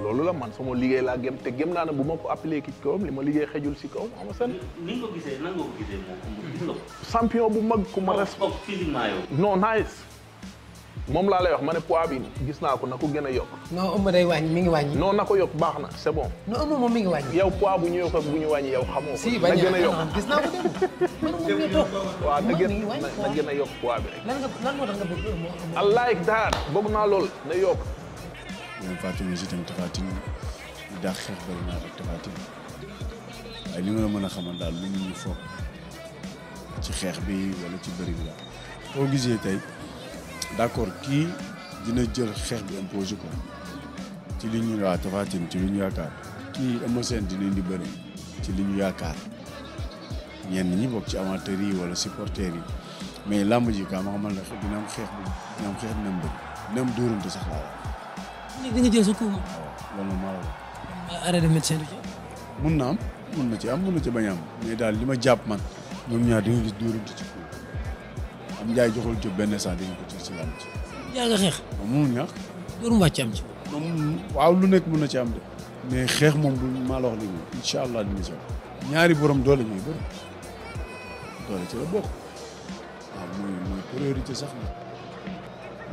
loolu la man sama liggéey laa gëm te gëm naa ne bu ma ko appelé ki ci li ma liggéey xejul si kawam Eumeu Sène. ni ko gisee nan nga bu mag ku ma. Oh, respect oh, physiquement yow. nice. moom laa lay wax ma ne poids bi gis naa ko na ko gën a yokk. non Eumeu day wàññi mi ngi wàññi. non na ko yokk baax na c'est bon. non mi ngi wàññi. yow poids bu ñu yokk ak bu ñu wàññi yow xamoo. si bañ a gën a yokk gis naa ko dégg man moom ngay toog. waaw na gën na gën a yokk poids bi rek. lan nga lan moo tax nga bëgg. allah ak daal bëgg naa lool na yokk. ñoom Fatim aussi tamit Fatim ñu daax xeex bëri naa ak waaye li nga la mën a xamal daal lu ñu foog ci xeex bi wala ci bëri bi daal boo gisee tey d'accord kii dina jël xeex bi imposé ko ci li ñu waa Fatim ci li ñu yaakaar kii Eumeu Sène dina indi bëri ci li ñu yaakaar ñenn ñi bokk ci amateurs yi wala supporters yi mais làmb ji kaa ma xamal la dina am xeex bi dina am xeex dina am bëri dina am dóorante sax laa nekk da oh, de médecin du ci mun na am mun na ci am mun na ci bañ a daal li ma jàpp man ñoom ñaar dañoo gis dóorante ci coup am njaay joxul job benn saa dañu ko ci si ci. yaa nga xeex. waaw mënul ñaax. dóor ci. waaw lu nekk mun na ci am de. mais xeex moom du maa la wax léegi incha ñaari borom doole ñooy bëri doole ci la bokk waaw ah, mooy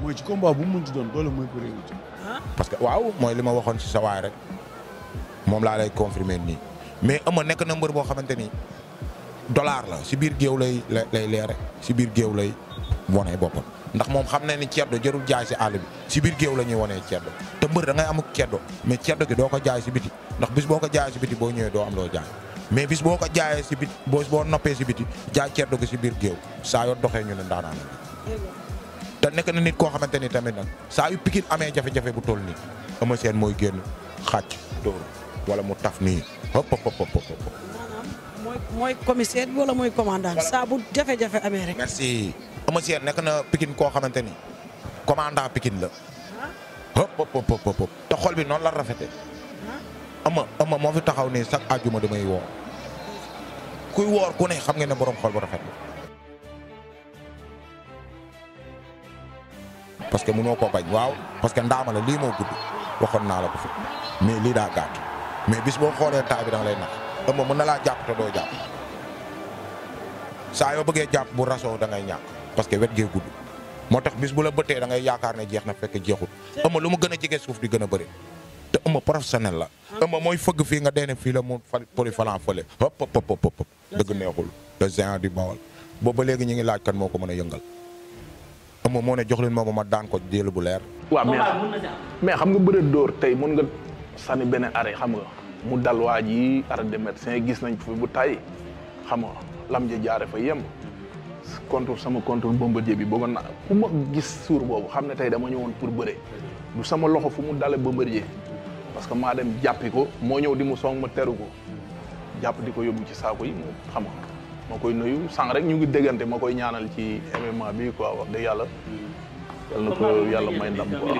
mooy mu mënti doon doole mooy priorité. parce que waaw mooy li ma waxoon ci sa waay rek moom laa lay confirmer nii mais ama nekk na mbër boo xamante ni dollar la ci biir géew lay lay leere ci biir géew lay wonee boppam ndax moom xam na ni ceddo jarul jaay si àll bi ci biir géew la ñuy wonee ceddo te mbër da ngay am ak mais ceddo gi doo ko jaay ci biti ndax bis boo ko jaayee ci biti boo ñëwee doo am loo jaay mais bis boo ko jaayee ci biti boo boo noppee ci biti jaay ceddo gi ci biir géew saa yoo doxee ñu ne ndaanaan te nekk na nit koo xamante ni tamit nag saa yu Pikine amee jafe-jafe bu toll nii Eumeu Sène mooy génn xàcc dóor wala mu taf nii hop hop hop hop. mooy mooy commissaire bi wala mooy commandant saa bu jafe-jafe amee rek. merci Eumeu Sène nekk na Pikine koo xamante ni commandant Pikine la. Ah. hop hop te xol bi noonu la rafete ama ah. ama moo fi taxaw nii chaque àjjuma damay woor kuy woor ku ne xam nga ne borom xol bu rafet parce que mënoo koo bañ waaw parce que ndaama la lii moo gudd waxoon naa la ko fi mais lii daa gàtt mais bis boo xoolee taay bi da lay nax ëmb mën na laa jàpp te doo jàpp saa yoo bëggee jàpp bu rasoo da ngay ñàkk parce que wet gee gudd moo tax bis bu la bëttee da ngay yaakaar ne jeex na fekk jeexul ëmb lu mu gën a jege suuf di gën a bëri te ëmb professionnel la ëmb mooy fëgg fii nga deene fii la mu poli falan fële hop hop hop hop dëgg neexul le géant du léegi ñu ngi laaj kan moo ko mën a yëngal moom moo ne jox leen moom ma daan ko jël bu leer. waaw mais mais xam nga bëre dóor tey mën nga sànni benn arrêt xam nga mu dal waa ji arrêt de médecin gis nañ fi bu tay xam nga lam ja jaare fa yem. contre sama contre Bombardier bi bëggoon na ku ma gis suur boobu xam ne tey dama ñëwoon pour bëre du sama loxo fu mu dale Bombardier parce que maa dem jàppi ko moo ñëw di mu song ma teru ko jàpp di ko yóbbu ci saako yi xam ma koy nuyu sànq rek ñu ngi déggante ma koy ñaanal ci MMA bi ko wax dëgg yàlla. yal na ko yàlla may ndam quoi.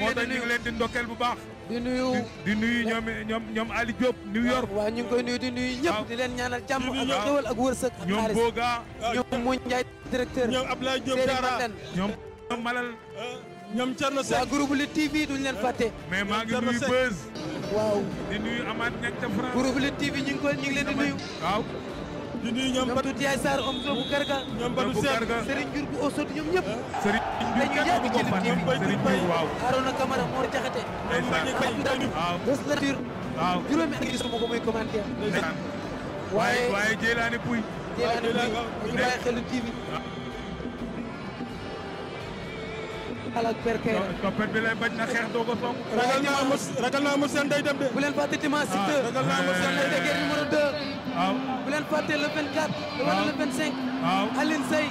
moo tax ñu ngi leen di ndokkeel bu baax. di nuyu di nuyu ñoom ñoom ñoom Ali Diop New York. waaw ñu ngi koy nuyu di nuyu ñëpp di leen ñaanal jàmm ak xéwal ak wërsëg ñoom Boga ñoom Moundiaye directeur. ñoom Abdoulaye Diop ñoom Malal. Euh. ñoom Thierno Seck waa groupe Lutte TV duñ leen fàtte. mais maa ngi nuyu Beuz. waaw di nuyu Amath ñàkk ca France. groupe TV ñu ngi ko ñu di nuyu. waaw. di nuyu ñoom Badou Diaye Sarr bu Garga. ñoom Badou bu Osot du ñoom Serigne Diour waaw. Arona Camara Mor Diakhaté. juróomi at gisuma ko muy commentaire. waaye waaye Jéelaani Pouy. Jéelaani Pouy ñu bàyyi xelu TV. alak perke topet bi lay bañ na xeex doo ko soog ragal naa mos ragal naa mos seen day dem de bu leen fàtte dimanche ah, site ragal naa mos seen day de guerre numéro 2 waaw ah. bu leen fàtte le 24 ah. wala le 25 eh, eh, waaw Aline eh, Sey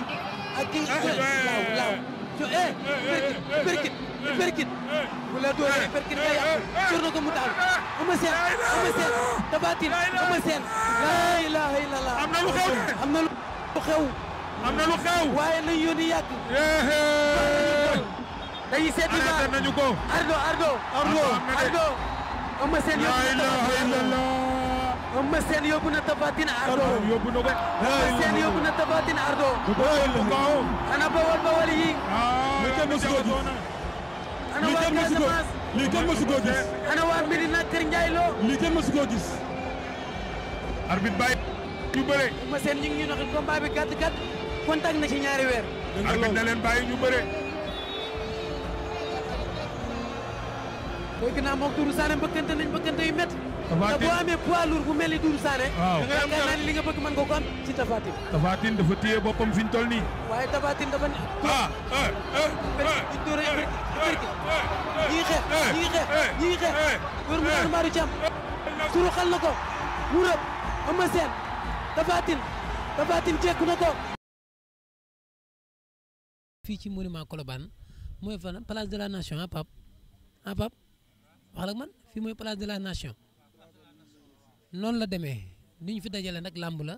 ak King waaw waaw co eh perkit perkit bu la doole perkit day yàq sur na ko mu daal Eumeu Sène Eumeu Sène tabatin Eumeu Sène laa ilaha illallah am na lu xew am na lu xew am na lu xew waaye nañ yónni yàgg dañuy seeti ba arrêté nañu ko. Ardo Ardo. Ardo Ardo. Eumeu Sène yóbbu na Tapha Tine. Eumeu Sène yóbbu na Tapha Tine Ardo. yóbbu na ko. Eumeu Sène yóbbu na Tapha Tine Ardo. ana bawal bawal yi. lii kenn mësu koo gis. ana waa Casamance. lii kenn mësu koo gis. ana waa Medina Kër Ndiaye Lo. lii kenn mësu koo gis. arbitre bàyyi. ñu bëre. Eumeu Sène ñu ngi ñu combat bi gàtt gàtt kontaan na ci ñaari weer. arbitre da leen bàyyi ñu bëre. léegi nag moom Doudou Sané mbëkkante nañ mbëkkante yu métti. Tapha amee poids lourd bu mel ni Doudou Sané. waaw li nga bëgg mën ci Tapha Tine. dafa téye boppam ah, ah, ah, mu daan Maodo Thiam. turu xal na ko. mu rëb Eumeu Sène. Tapha Tine wax la man fii mooy place de la nation noonu la demee li ñu fi dajale nag làmb la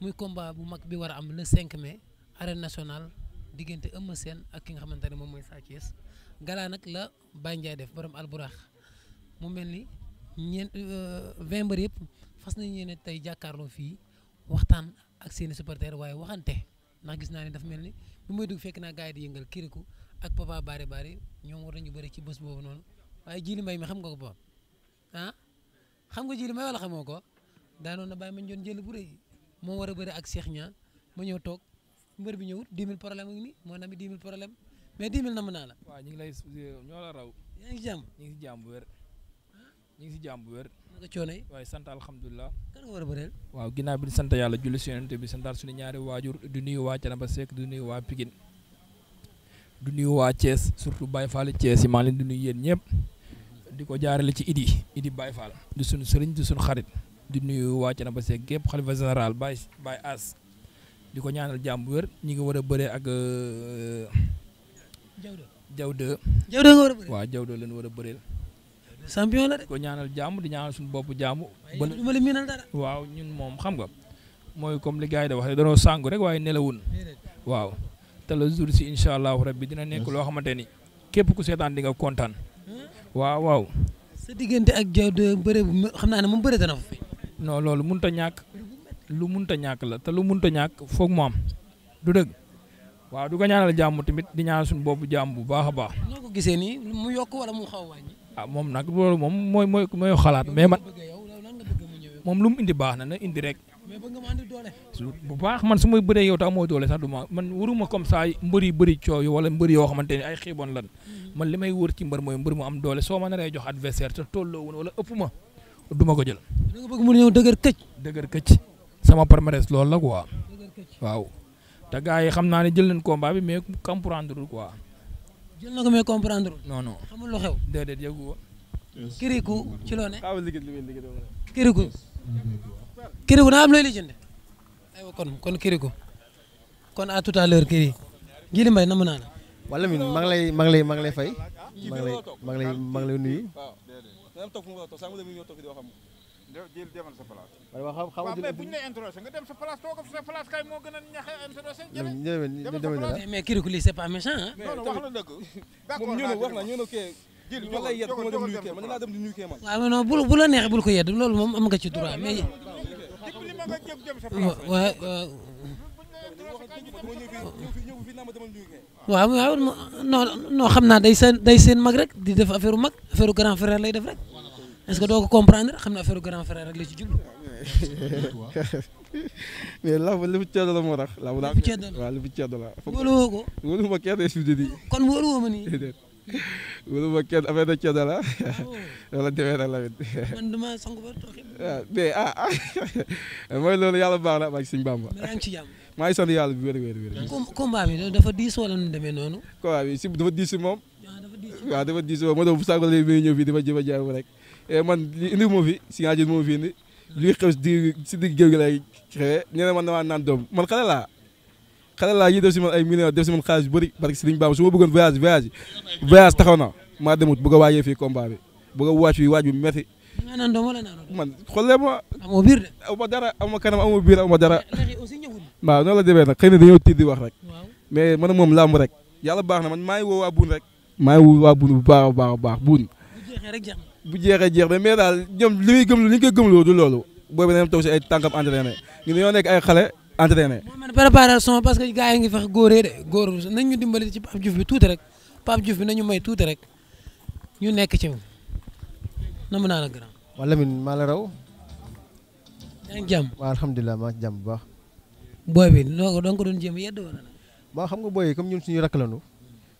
muy combat bu mag bi war a am le mais mai arène nationale diggante Eumeu seen ak ki nga xamante ne moom mooy Sa Thiès galaa nag la Baye Ndiaye def borom alburax mu mel ni ñeent euh, vingt yëpp fas nañu yéene tey jàkkaarloo fii waxtaan ak seeni supporters waaye waxante ndax gis naa ne dafa mel ni bu may dugg fekk naa gars yi di yëngal kiriku ak papa bari baari ñoom war nañu bëri ci bés boobu noonu. waaye jiili mbay mi xam nga ko boom ah? xam nga jiili mbay wala xamoo ko daanoon na bàyyi ma ñu jël bu moo war a bëri ak seex ñaa ma ñëw toog mbër bi ñëwut 10 000 problème ak ni moo nami 10 000 problème ñu ngi lay ñoo si jàmm ñu ngi si jàmm bu wér. ñu ngi si jàmm bu wér. naka coono yi waaye sant alhamdulilah. kan nga war a bëreel. waaw ginnaaw bi sant yàlla julli si yonent bi santaal suñu ñaari waajur du nuyu waa Canaba Seck du nuyu waa Pikine du nuyu waa Thiès surtout Baye Fall Thiès yi maa leen di nuyu yéen ñëpp di ko jaarale ci Idi Idi Baye Fall di suñu sëriñ di suñu xarit di nuyu wàcc na ba see gépp xalifa général Baye baay As di ko ñaanal jàmm ñi ngi war a ak Jawde Jawde nga war war a bëreel champion la ko ñaanal jàmm di ñaanal suñu bopp jàmm waaw ñun moom xam nga mooy comme li gars yi da wax danoo sàngu rek waaye nelawun waaw te le jour si incha allahu rabbi dina nekk loo xamante ni képp ku seetaan di kontaan waaw waaw. sa diggante ak Diaw de bëre bu xam naa ne moom bëre dana fa. non loolu mënut ñàkk lu munta ñàkk la te lu mënut ñàkk foog mu am du dëgg waaw du ko ñaanal jàmm tamit di ñaanal suñu boobu jàmm bu baax a baax. noo ko gisee nii mu yokk wala mu xaw a wàññi. ah moom nag loolu moom mooy mooy mooy xalaat mais man moom lu mu indi baax na na indi rek. bu baax man su may bëree yow te amoo doole sax du ma man waruma comme ça mbëri bëri coow wala mbëri yoo xamante ni ay xiiboon lan mm-hmm. man li may wër ci mbër mooy mbër mu am doole soo ma naree jox adversaire te tolloo woon wala ëpp ma du ma ko jël. da nga bëgg mu ñëw dëgër këcc. dëgër këcc sama palmarès loolu la quoi. waaw te gars yi xam naa ne jël nañ combat bi mais comprendre quoi. jël na ko mais comprendre. non non xamul lu xew. déedéet yëgu ko. kiriku ci loo ne. kiriku. kiriku naa am looy lijjanti aywa kon kon kiriku kon a tout à l'heure kiri Djily Mbaye namm naa la wala mi maa ngi lay maa ngi lay maa ngi lay fay maa ngi lay maa ngi lay maa ngi lay nuyu waaw xam xam nga bu ñu lay introsé nga dem sa place toog sa place kay moo gën a ñaxe introsé mais kiriku lii c'est pas méchant ma lay yedd ku ma dem nuyu kee man dinaa dem di nuyu kee man. bul ko yedd loolu moom am nga ci droit mais. wa xam naa day seen day seen mag rek di def affaire mag affaire grand frère lay def rek est-ce que doo ko comprendre xam naa affaire grand frère rek la ci jublu. mais làmb la moo tax. làmb laa waaw li bu ceddo la. wóolu woo ko. wóolu ma kenn kon wóolu woo ma nii. wala kenn affaire na coono la. wala oh. demee na Lamine. man dama sangu a tooke. waaw ah, mais ah, ah. mooy loolu yàlla baax na maa ngi si Bamba. maa ngi sant yàlla bu wér wér dafa diis wala nu demee noonu. combat bi si dafa diis si moom. Ah, waaw ma doon bu saako lay may ñëw fii dafa jëm a jaay rek eh, man li indi fi si ñaar jël fi indi. luy xew si si digg géew gi lay xewee ñu ne man damaa naan man xale laa. xale laa yi def si man ay millions def si man xaalis bu bëri parce que Serigne Bamba ma bëggoon voyage voyage voyage taxaw na maa demut bëgg a waajee fii combat bi bëgg a waaj fii waaj bi metti man ma. amoo biir de. amoo la demee nag xëy na dañoo tiit di wax rek. mais man moom làmb rek. yàlla baax na man maa ngi woo waa buun rek. maa woo waa buun bu baax a baax a daal ñoom li muy gëm du loolu. boobu dañoo toog si ay tànkam entraîné ñu dañoo nekk ay xale entraîné. moo man préparation parce que gars yi ngi fex góoree de góor nañ ñu dimbali ci Pape Diouf bi tuuti rek Pape Diouf bi nañu may tuuti rek ñu nekk ci moom naa la grand. wala Lamine raw. yaa ngi jàmm baax. booy bi noo ko ko doon jëm yedd wala. maa xam nga booy yi comme ñun suñu rakk lañu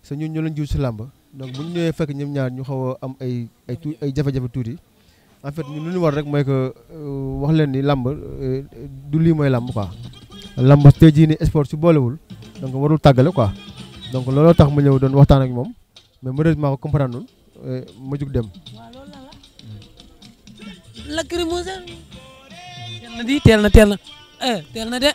sa ñu ñu la jiw si làmb donc bu ñu ñëwee fekk ñoom ñaar ñu xaw am ay ay ay jafe-jafe tuuti en fait ñun lu ñu war rek mooy que euh, wax leen ni làmb euh, du lii mooy làmb quoi. lambas te jii nii sport su boolewul donc warul tàggale ko donc looloo tax ma ñëw doon waxtaan ak moom mais malheureusement comprendre lul eh, ma jug dem. di teel na teel na eh, teel na de.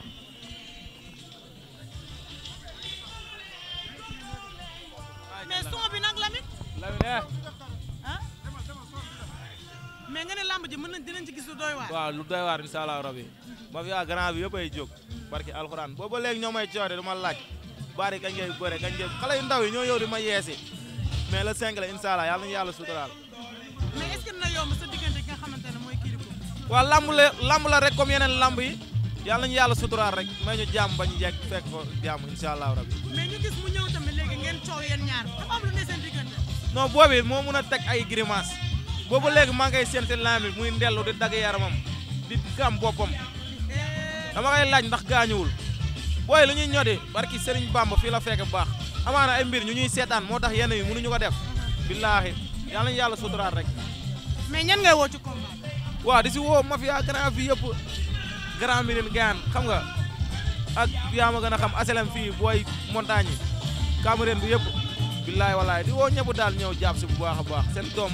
mais nga lamb ji mën nañ dinañ ci gis lu doy waar. waaw lu doy waar incha allah rabi. ma fi waa grand bi jóg. barki alxuraan booba léegi ñoo may coore du ma laaj. baari kañ ngay bëre kañ ngay xale yu ndaw yi ñoo yow di ma yeesi. mais le cinq la incha allah yàlla nañu yàlla suturaal. mais est ce que dina diggante ki nga xamante ne waa lamb la lamb la rek comme yeneen lamb yi. yàlla nañu yàlla suturaal rek may ñu jàmm bañ jekk fekk fa jàmm rabi. mais ñu gis mu ñëw tamit léegi ngeen coow yéen ñaar dafa am lu ne seen diggante. non moo mun a teg ay grimace boobu léegi maa ngay seen seen laam bi muy ndellu di dagg yaramam di gàm boppam dama koy laaj ndax gaañuwul booy lu ñuy ñodi barki Serigne Bamba fii la fekk baax amaana ay mbir ñu ñuy seetaan moo tax yenn yi mënuñu ko def billaahi yàlla ñu yàlla suturaat rek. mais ñan ngay ci combat. waaw di si woo mafia grand fii yëpp grand mirin gaan xam nga ak yaa ma gën a xam aselem fii booy montagne yi Cameroun bi yëpp billaahi wallaahi di woo ñëpp daal ñëw jàpp si bu baax a baax seen doom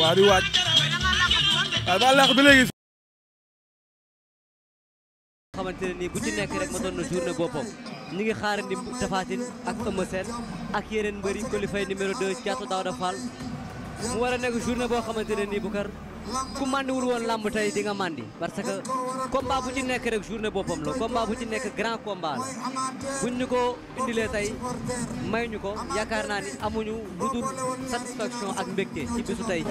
waa di waaj waaw maa laq bi léegi. xamante ne nii bu ci nekk rek ma doon na journée boppam ñu ngi xaarandi Tapha Tine ak Eumeu Sène ak yeneen mbëri qualifié numéro 2 Thiatou Daouda Fall mu war a nekk journée boo xamante ne nii bu kar ku màndiwul woon làmb tey di màndi parce que combat bu ci nekk rek journée boppam la combat bu ci nekk grand combat la ñu ko indilee tey may ñu ko yaakaar naa ni amuñu lu dul ak mbégte ci bisu tey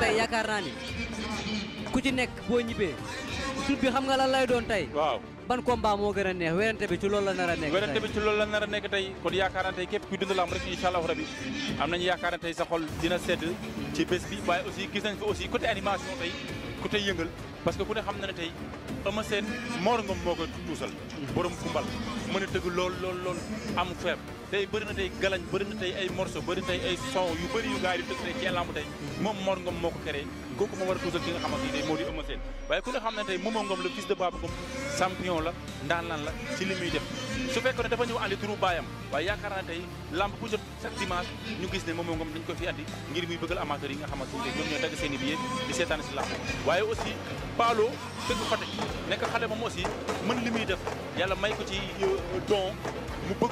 tey yaakaar naa ni ku ci nekk boo ñibbee tur bi xam nga lan lay doon tey waaw ban combat moo gën a neex werante bi ci loolu la nar a nekk werante bi ci nar nekk tey kon yaakaar na tey képp kuy dund lamb rek am nañu yaakaar na dina sedd ci bés bi waaye aussi gis nañ fi aussi côté animation tey côté yëngal parce que ku ne xam na ne tey Eumeu Sène Mor Ngom moo ko tuusal mm-hmm. borom kumbal mën a tëgg lool lool lool am feeb tey bëri na tey galañ bëri na tey ay morceau bëri na tey ay son yu bëri yu gars yi tëgg tey ci làmb tey moom Mor Ngom moo ko créé kooku moo war a tuusal ki nga xamante ni tey moo di Eumeu Sène waaye ku nga xam ne tey Momo Ngom le fils de Baba Ngom champion la ndaanaan la ci li muy def su fekkoon ne dafa ñëw andi turu baayam waaye yaakaar naa tey lamb bu jot chaque dimanche ñu gis ne Momo Ngom dañ ko fi andi ngir muy bëggal amateur yi nga xamante i billet di seetaan si lamb waaye aussi Paalo dëkk Fatick nekk xale moom aussi li muy def yàlla may ko ci euh, don mu ko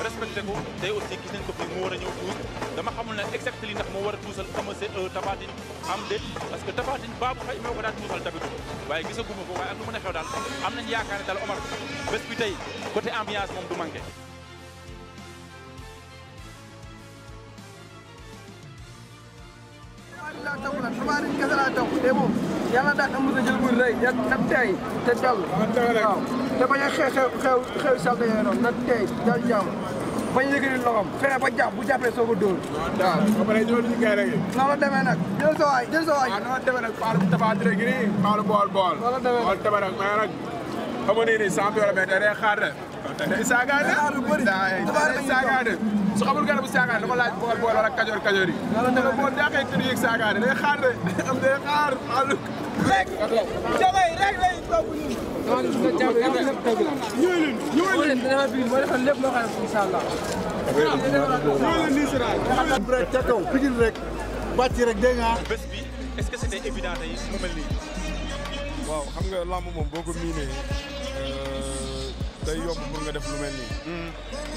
respecté ko tey aussi gis nañ ko fi mu war a ñëw tuus dama xamul ne exact li ndax moo war a tuusal ama se euh, tafatin am déet parce que tafatin baabu xëy moo ko daan tuusal d'habitude waaye gisaguma ko waaye ak lu mën a xew daal am nañ yaakaar ne daal Omar bés bi tey côté ambiance moom du manqué laa taw la xabaar yi kese laa taw te moom yàlla daal amul na jël a bañ yëkkati loxoom fexe ba jàpp bu jàppee soo ko dóor. waaw ba pare ñëw nañu kay rek. noonu la demee nag jël sa waay jël sa waay. waaw noonu la demee nag Paalum Tapha Tine bool bool. noonu la demee nag Tapha nag mais nag xam nga nii nii champion la mais su xamul garabu saagaane dama laaj bool bool wala kajoor kajoor yi. noonu la demee nag boo dàqee kër rek jëmay rek lay topp ñun. dama gis nga jàpp yàlla lépp dëgg la. ñoo leen ñoo leen dama bi moo defal lépp loo xam ne incha allah. ñoo leen nii si raay. rek ca kaw pigil rek bàcc rek dégg nga. bés bi est-ce que c'était évident tey mu mel nii. waaw xam nga lamb moom boo ko miinee. day yomb pour nga def lu mel nii.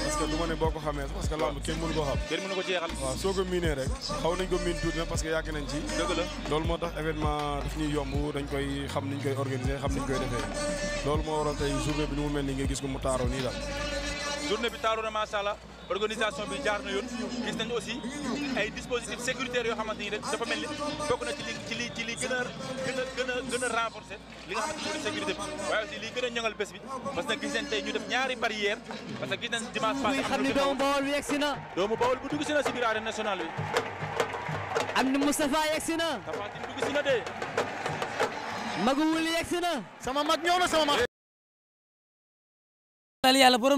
parce que du ma boo ko xamee soo ko miinee rek xaw nañ ko miin tuuti parce que yàgg nañ ci. loolu moo tax événement daf ñuy yomb dañ koy xam niñ koy organiser xam niñ koy defee loolu moo waral tey journée bi nu mu mel nii nga gis ko mu taaroo nii daal. journée bi taaroo na macha allah organisation bi jaar na yoon gis nañ aussi ay dispositifs sécuritaires yoo xamante ni rek dafa mel ni bokk na ci li ci li ci li gën a gën li nga xamante sécurité bi waaye aussi li gën a ñoŋal bés bi parce que gis nañ tey ñu def ñaari barrière parce que gis nañ dimanche passé xam ni doomu bawol bi yegsi na doomu bawol bu dugg si na si biir arène bi am ni Moustapha yegsi na tafatin dugg si na de magu wul yegsi na sama mag ñëw na sama mag yàlla ba nu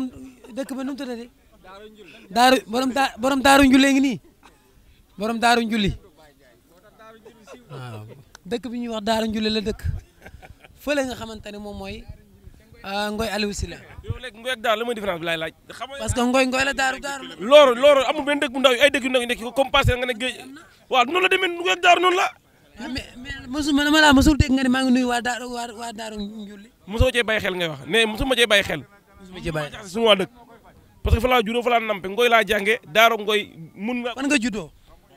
mu tuddati daaru borom daa borom daaru njulee ngi nii borom daaru njuli waaw dëkk bi ñuy wax daaru njuli la dëkk fële nga xamante ne moom mooy ah, Ngoy Aliou Sylla yow léegi Ngoy ak Daaru la mooy différence bi laay que Ngoy Ngoy la Daaru Daaru la loolu loolu amul benn dëkk bu ndaw yi ay dëkk yu ndaw yi ko comme passé nga ne géej waaw noonu la demee Ngoy ak Daaru noonu la ah, mais mosu ma dama laa mosul dégg nga ne maa ngi nuyu waa Daaru waa Daaru njuli mosoo cee bàyyi xel ngay wax ne mosuma cee bàyyi xel mosuma cee bàyyi xel sunu waa dëkk parce que fa laa juddoo fa laa nampe ngooy laa jànge daaru ngooy mun nga. fan nga juddoo.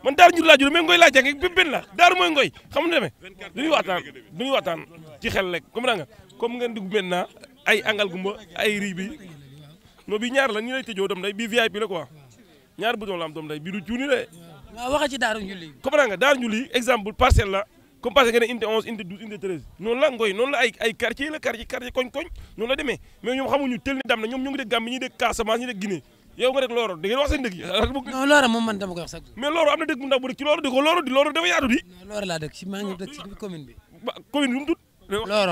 man laa juddoo mais ngooy laa jànge bépp la daaru mooy ngooy xam nga demee du ñu waxtaan du ñu waxtaan ci xel rek comme da nga ay angal gumba ay riz bi non bi ñaar la ñu lay tëjoo day bii VIP la quoi ñaar bouton la am doom day bii du cuuni de. waaw waxal ci daaru njulli. comme la. comme parce que nga ne la ngoy noonu la ay ay quartier la quartier koñ-koñ noonu la demee mais ñoom xamuñu tël ni dam dama koy wax sax. mais Loro am na dëkk bu ndaw bu dëkk ci Loro dëkk Loro di Loro dafa yaatu di. non Loro laa dëkk ci maa ngi dëkk ci commune bi. ba commune de Loro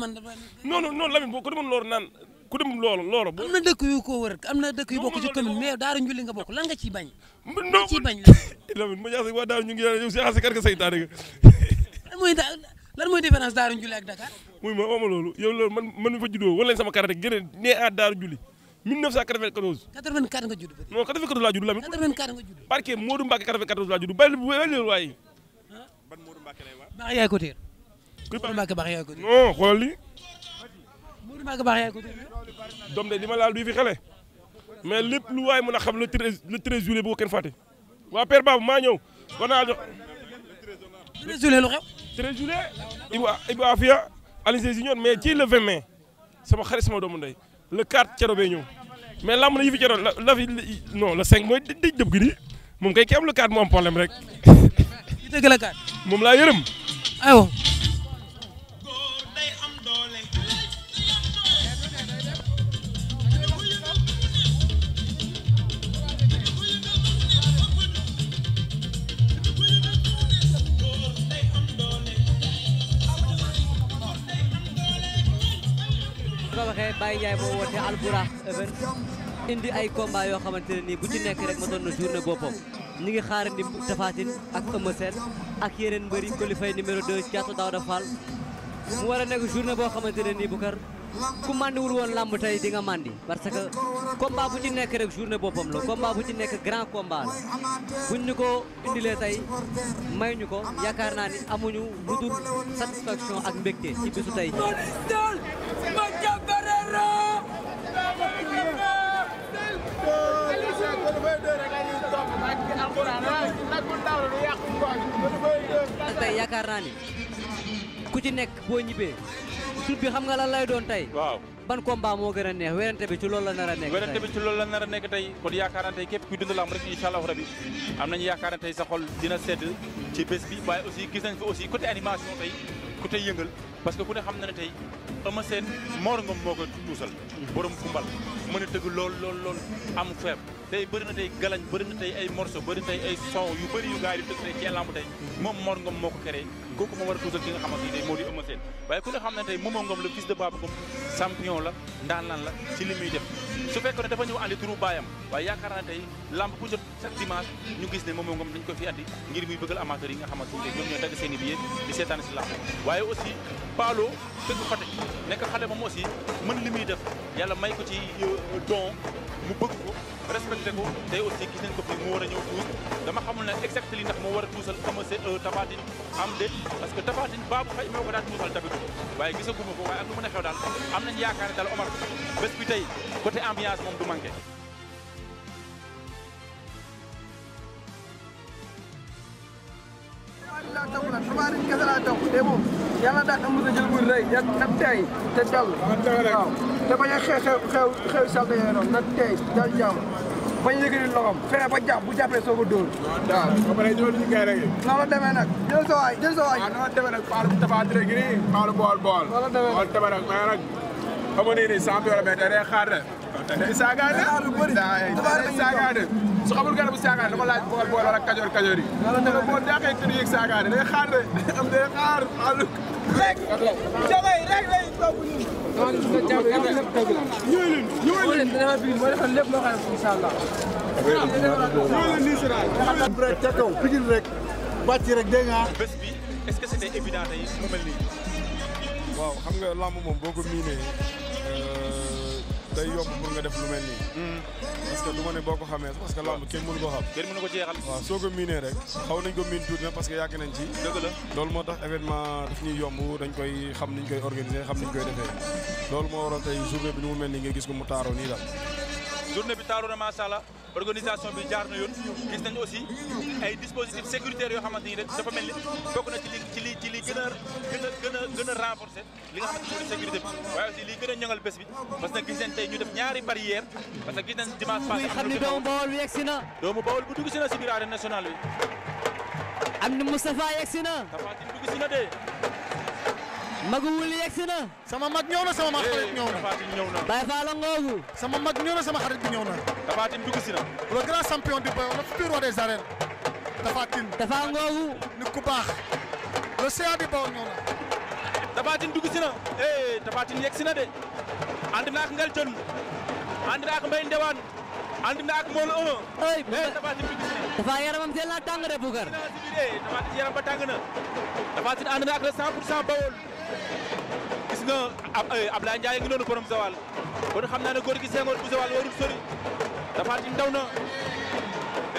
man. non naan ku dem loolu loolu. am na dëkk ko wër am na dëkk yu bokk ci commune mais Daara nga bokk lan nga ciy bañ. nga ciy bañ la non ma jaase lan mooy da lan mooy ak Dakar. muy ma loolu yow loolu man man mi fa juddoo wala sama kàr rek gën a nee à Daara Njulli 1994. 84 nga judd. non 84 laa judd Lamine. 84 nga judd. barke Modou Mbacke 94 laa judd bàyyi bàyyi leen waaye. ban Modou doom de li ma laal du fi xele mais lépp lu waay mën a xam la treize le treize juillet bu ko kenn fàtte waa Père Babou maa ñëw war naa jox. treize juillet lu xew. treize juillet Ibou Ibou Afia Alioune Junior mais ci le 20 mai sama xarit sama mu ndey le 4 cero bee ñëw mais lamb na yi fi cero la fi non le 5 mooy dëj dëb gi nii moom kay ki am le 4 mu am problème rek. yi dëgg moom laa yërëm. waxee Baye Ndiaye moo woote Alburax event indi ay combat yoo xamante ne nii bu ci nekk rek ma doon na journée boppam ñi ngi xaarandi Tapha Tine ak Eumeu Sène ak yeneen mbëri qualifié numéro 2 Thiatou Daouda Fall mu war a nekk journée boo xamante ne nii bu kar ku wul woon làmb tey di nga màndi parce que combat bu ci nekk rek journée boppam la combat bu ci nekk grand combat la buñ ñu ko indilee tey may ñu ko yaakaar naa ni amuñu lu dul satisfaction ak mbégte ci bisu tey tey yaakaar naa ni ku ci nekk boo ñibbee sut bi xam nga lan lay doon tey. waaw ban combat moo gën a neex werante bi ci loolu la nar a nekk tey werante bi ci loolu la nar a nekk tey kon yaakaar naa tey képp kuy dund lamb rek incha allahu am nañu yaakaar ne tey sa xol dina sedd ci bés bi waaye aussi gis nañ fi aussi côté animation tey côté yëngal parce que ku ne xam na ne tey Eumeu Sène Mor Ngom moo ko tuusal borom kumbal mën a tëgg lool lool lool am feeb tey bëri tey galañ bëri tey ay morceau bëri tey ay son yu bëri yu gars yi di tëgg tey ci lamb tey moom Mor Ngom moo ko créé kooku moo war a tuusal ki nga xamante ni tey moo di la ndaanaan li muy def su fekkoon ne dafa ñëw andi turu baayam waaye yaakaar naa tey lamb bu jot chaque dimanche ñu gis ne Momo Ngom dañ ko fi andi ngir muy bëggal amateur yi nga xamante ni ñoom ñoo dagg seen i billet di seetaan si lamb waaye aussi Paalo dëgg Fatick nekk xale moom aussi mën li muy def yàlla may ko ci don mu bëgg ko respecté ko tey aussi gis nañ ko fi mu war a ñëw tuus dama xamul na exact li ndax moo war a tuusal ama se euh, tafatin am déet parce que tafatin baabu xëy moo ko daan tuusal tamit waaye gisaguma ko waaye ak lu mën a xew daal am nañ yaakaar ne daal Omar bés bi tey côté ambiance moom du manqué laa taw la xabaar yi kese laa taw te moom yàlla daal am na jël muy rëy ya na tey te dal waaw te bañ a xew xew xew salte yooyu noonu na tey dal jàmm bañ a yëkkati loxoom fexe ba jàpp bu jàppee soo ko dóor waaw ba pare ñëw ñu kay rek noonu la demee nag jël sa waay jël sa waay noonu la demee nag paalu tafaati rek nii paalu bool bool noonu la demee nag xam nga nii nii champion la mais day xaar rek day saagaane day saagaane su xamul garabu saagaane dama laaj bool bool wala kajoor kajoor yi danga boo daqee kër yeeg saagaane day xaar de am day xaar xaalu rek jabay rek lay topp nii ñooy leen ñooy leen moo defal lépp loo xam ne incha allah ñooy leen nii si raay rek ca kaw pigil rek bàcc rek dégg nga bés bi est-ce que c'était évident tey mu mel nii waaw xam nga lamb moom boo ko miinee euh, day yomb pour nga def lu mel nii. Hmm. parce que ne boo ko xamee soo ko miinee rek xaw nañ ko miin tuuti na parce que nañ ci. loolu moo tax événement daf ñuy yomb dañ koy xam niñ koy organiser xam niñ koy defee loolu moo waral tey journée bi ni mu mel nii nga gis ko mu taaroo nii daal. journée bi taaroo na macha allah organisation bi jaar na yoon gis nañ aussi ay dispositifs sécuritaires yoo xamante ni rek dafa mel ni bokk na ci li ci li ci li a gën a gën a gën a renforcer li nga xamante ni sécurité bi waaye aussi li gën a bés bi parce que gis nañ tey ñu def ñaari barrière parce que gis nañ dimanche passé xam doomu bawol bi yegsi na doomu bawol bu dugg si na si biir arène bi am na Moustapha yegsi na Tapha Tine dugg si na de magu wuli yegsi sama mag ñëw na sama mag xarit eh, ñëw na. Baye Fall ngoogu. sama mag ñëw na sama xarit bi ñëw na. Tapha Tine dugg si na. le grand champion du pays le futur roi des arènes. Tapha Tine. Tapha ngoogu. nit ku baax. le CA du Baol na. Tapha Tine eh, de. ànd ak Ngel Jon. ànd ak Mbaye Ndewaan. ànd ak Mawla Oma. ay ak le 100 pour gis nga eh, Ablaye Ndiaye ngi noonu borom Zawal kon xam naa ne góor gi Senghor bu Zawal warul sori dafa tin daw na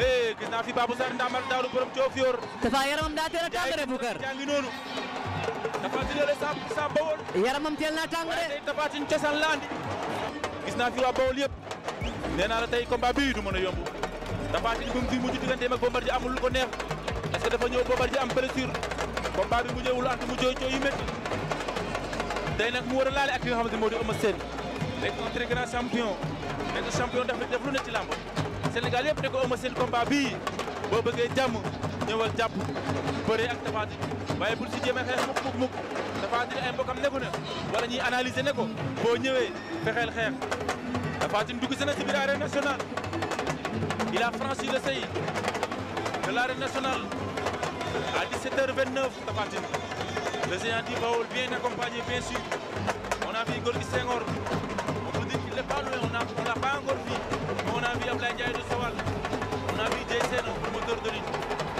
eh gis naa fi Babou Sarr ndaamal daalu borom Diofior dafa yaramam daa a tàngare bu kër jaa ngi noonu dafa tin le sa sa Bawol yaramam teel na tàngare dafa tin cosaan la andi gis naa fi waa Bawol yëpp nee naa la tey combat bii du mën a yomb dafa tin bu mu fi ko neex est-ce que dafa ñëw Bombardier am blessure combat bi mu ñëwul ante mu jooy jooy yu métti tey nag mu war a laale ak ki nga xamante ne moo di Eumeu Sène nekk un grand champion nekk champion daf def lu ne ci làmb Sénégal yëpp ne ko Eumeu Sène bii boo bëggee jàmm ñëwal jàpp bëree ak Tapha Tine waaye bul si jéem a xeex mukk mukk mukk Tapha Tine ay mbokkam ne ko na wala ñuy analyser ne ko boo ñëwee fexeel xeex Tapha Tine dugg si na si biir a franchi le à 17h29 Tapha Tine le bien a vu Gorgui Senghor on peut dire qu'il n'est pas loin on a on l'a pas encore vu mais on a vu Ablaye Ndiaye Sowal on a vu Jaysen de lutte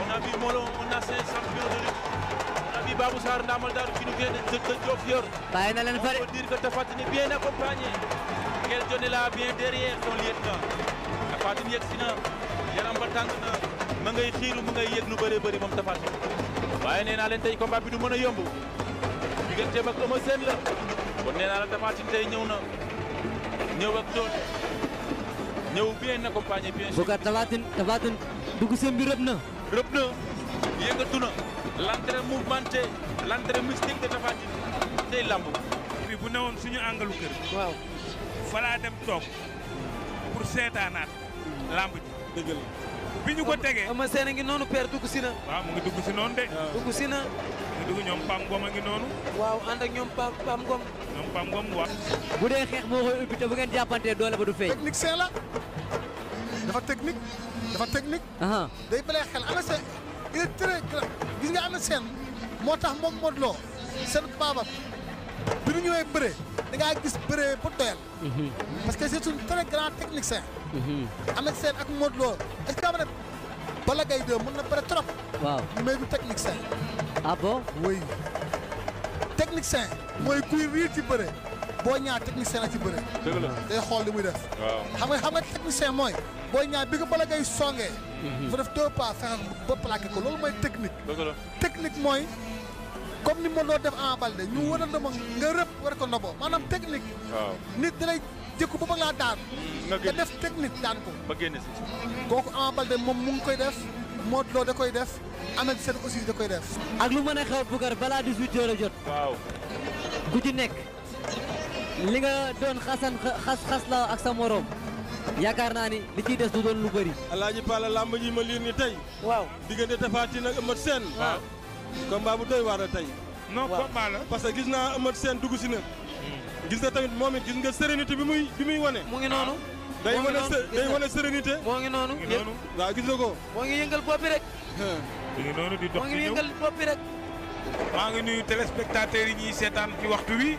on a vu Molo on a de lutte on a vu Babou Ndamal Darou qui nous vient de Diofior bàyyi na leen fare on peut dire que Tapha Tine bien accompagné Nguel bien derrière son lieutenant Tapha Tine yegsi na yaram ba tàng na ngay xiiru mu ngay yëg lu bëree bëri moom Tapha Tine waaye nee naa leen tey combat bi du mën a yomb digganteem ak Eumeu Sène la kon nee la Tapha tey ñëw na ñëw ak doon ñëw bien accompagné bien sûr. Boucar Tapha Tine Tapha Tine dugg seen bi rëb na. rëb na yëngatu na l'entrée mouvementée l'entrée mystique de Tapha Tine tey lamb. bi bu newoon suñu àngalu kër. waaw fa laa dem toog pour seetaanaat lamb ji bi ñu ko tegee ama seen a ngi noonu père dugg si na waaw mu ngi dugg si noonu de dugg si na dugg ñoom Pam Ngom a ngi noonu waaw ànd ak ñoom Pam Pam Ngom ñoom Pam Ngom waaw bu dee xeex moo koy ubbi te bu ngeen jàppantee doole ba du feeñ technique c'est la dafa technique dafa technique day balee xel ama seen il est très gis nga ama moo tax moom Modou Lo seen baabam bi ñu ñëwee bëre da ngaa gis bëre ba doyal mhm. parce que c'est un très grand technicien Eumeu mm-hmm. Sène ak Modou Lo est-ce que daa ma ne Balla Gaye 2 mën na bëre trop. waaw mais du technicien. ah bon oui. technicien mooy kuy riir ci bëre boo ñaar technicien la ci bëre. dëgg xool li muy def. xam nga xam nga technicien mooy boo ñaar bi ko Balla Gaye songee. Mm-hmm. mu def deux pas fexe ba plaqué ko loolu mooy technique. technique mooy. comme ni Modou Lo def en Baldé ñu wëral la ma nga war ko noboo maanaam technique. nit dalay jëkku ba bëgg laa daan. Hmm, nga def technique daan ko. ba génn si. kooku Ama Baldé moom mu ngi koy def Modou Lo da koy def Ameth Sène aussi da koy def. ak lu mën a xew Boucar balaa 18h a jot. waaw. ku ci nekk li nga doon xasan xas xas la ak sa morom. yaakaar naa ni li ciy des du doon lu bëri. alaaji Palla làmb ji ma liir ni tey. waaw diggante Tapha Tine ak seen Sène. waaw combat bu doy waar a tey. non combat la parce que gis naa Ameth Sène dugg si na. gis nga tamit moom it gis nga sérénité bi muy bi muy wane. mu ngi noonu. day wane day wane sérénité. moo ngi noonu waaw gis nga ko. moo ngi yëngal bopp rek. mu ngi noonu maa ngi nuyu téléspectateurs yi ñuy seetaan ci waxtu wi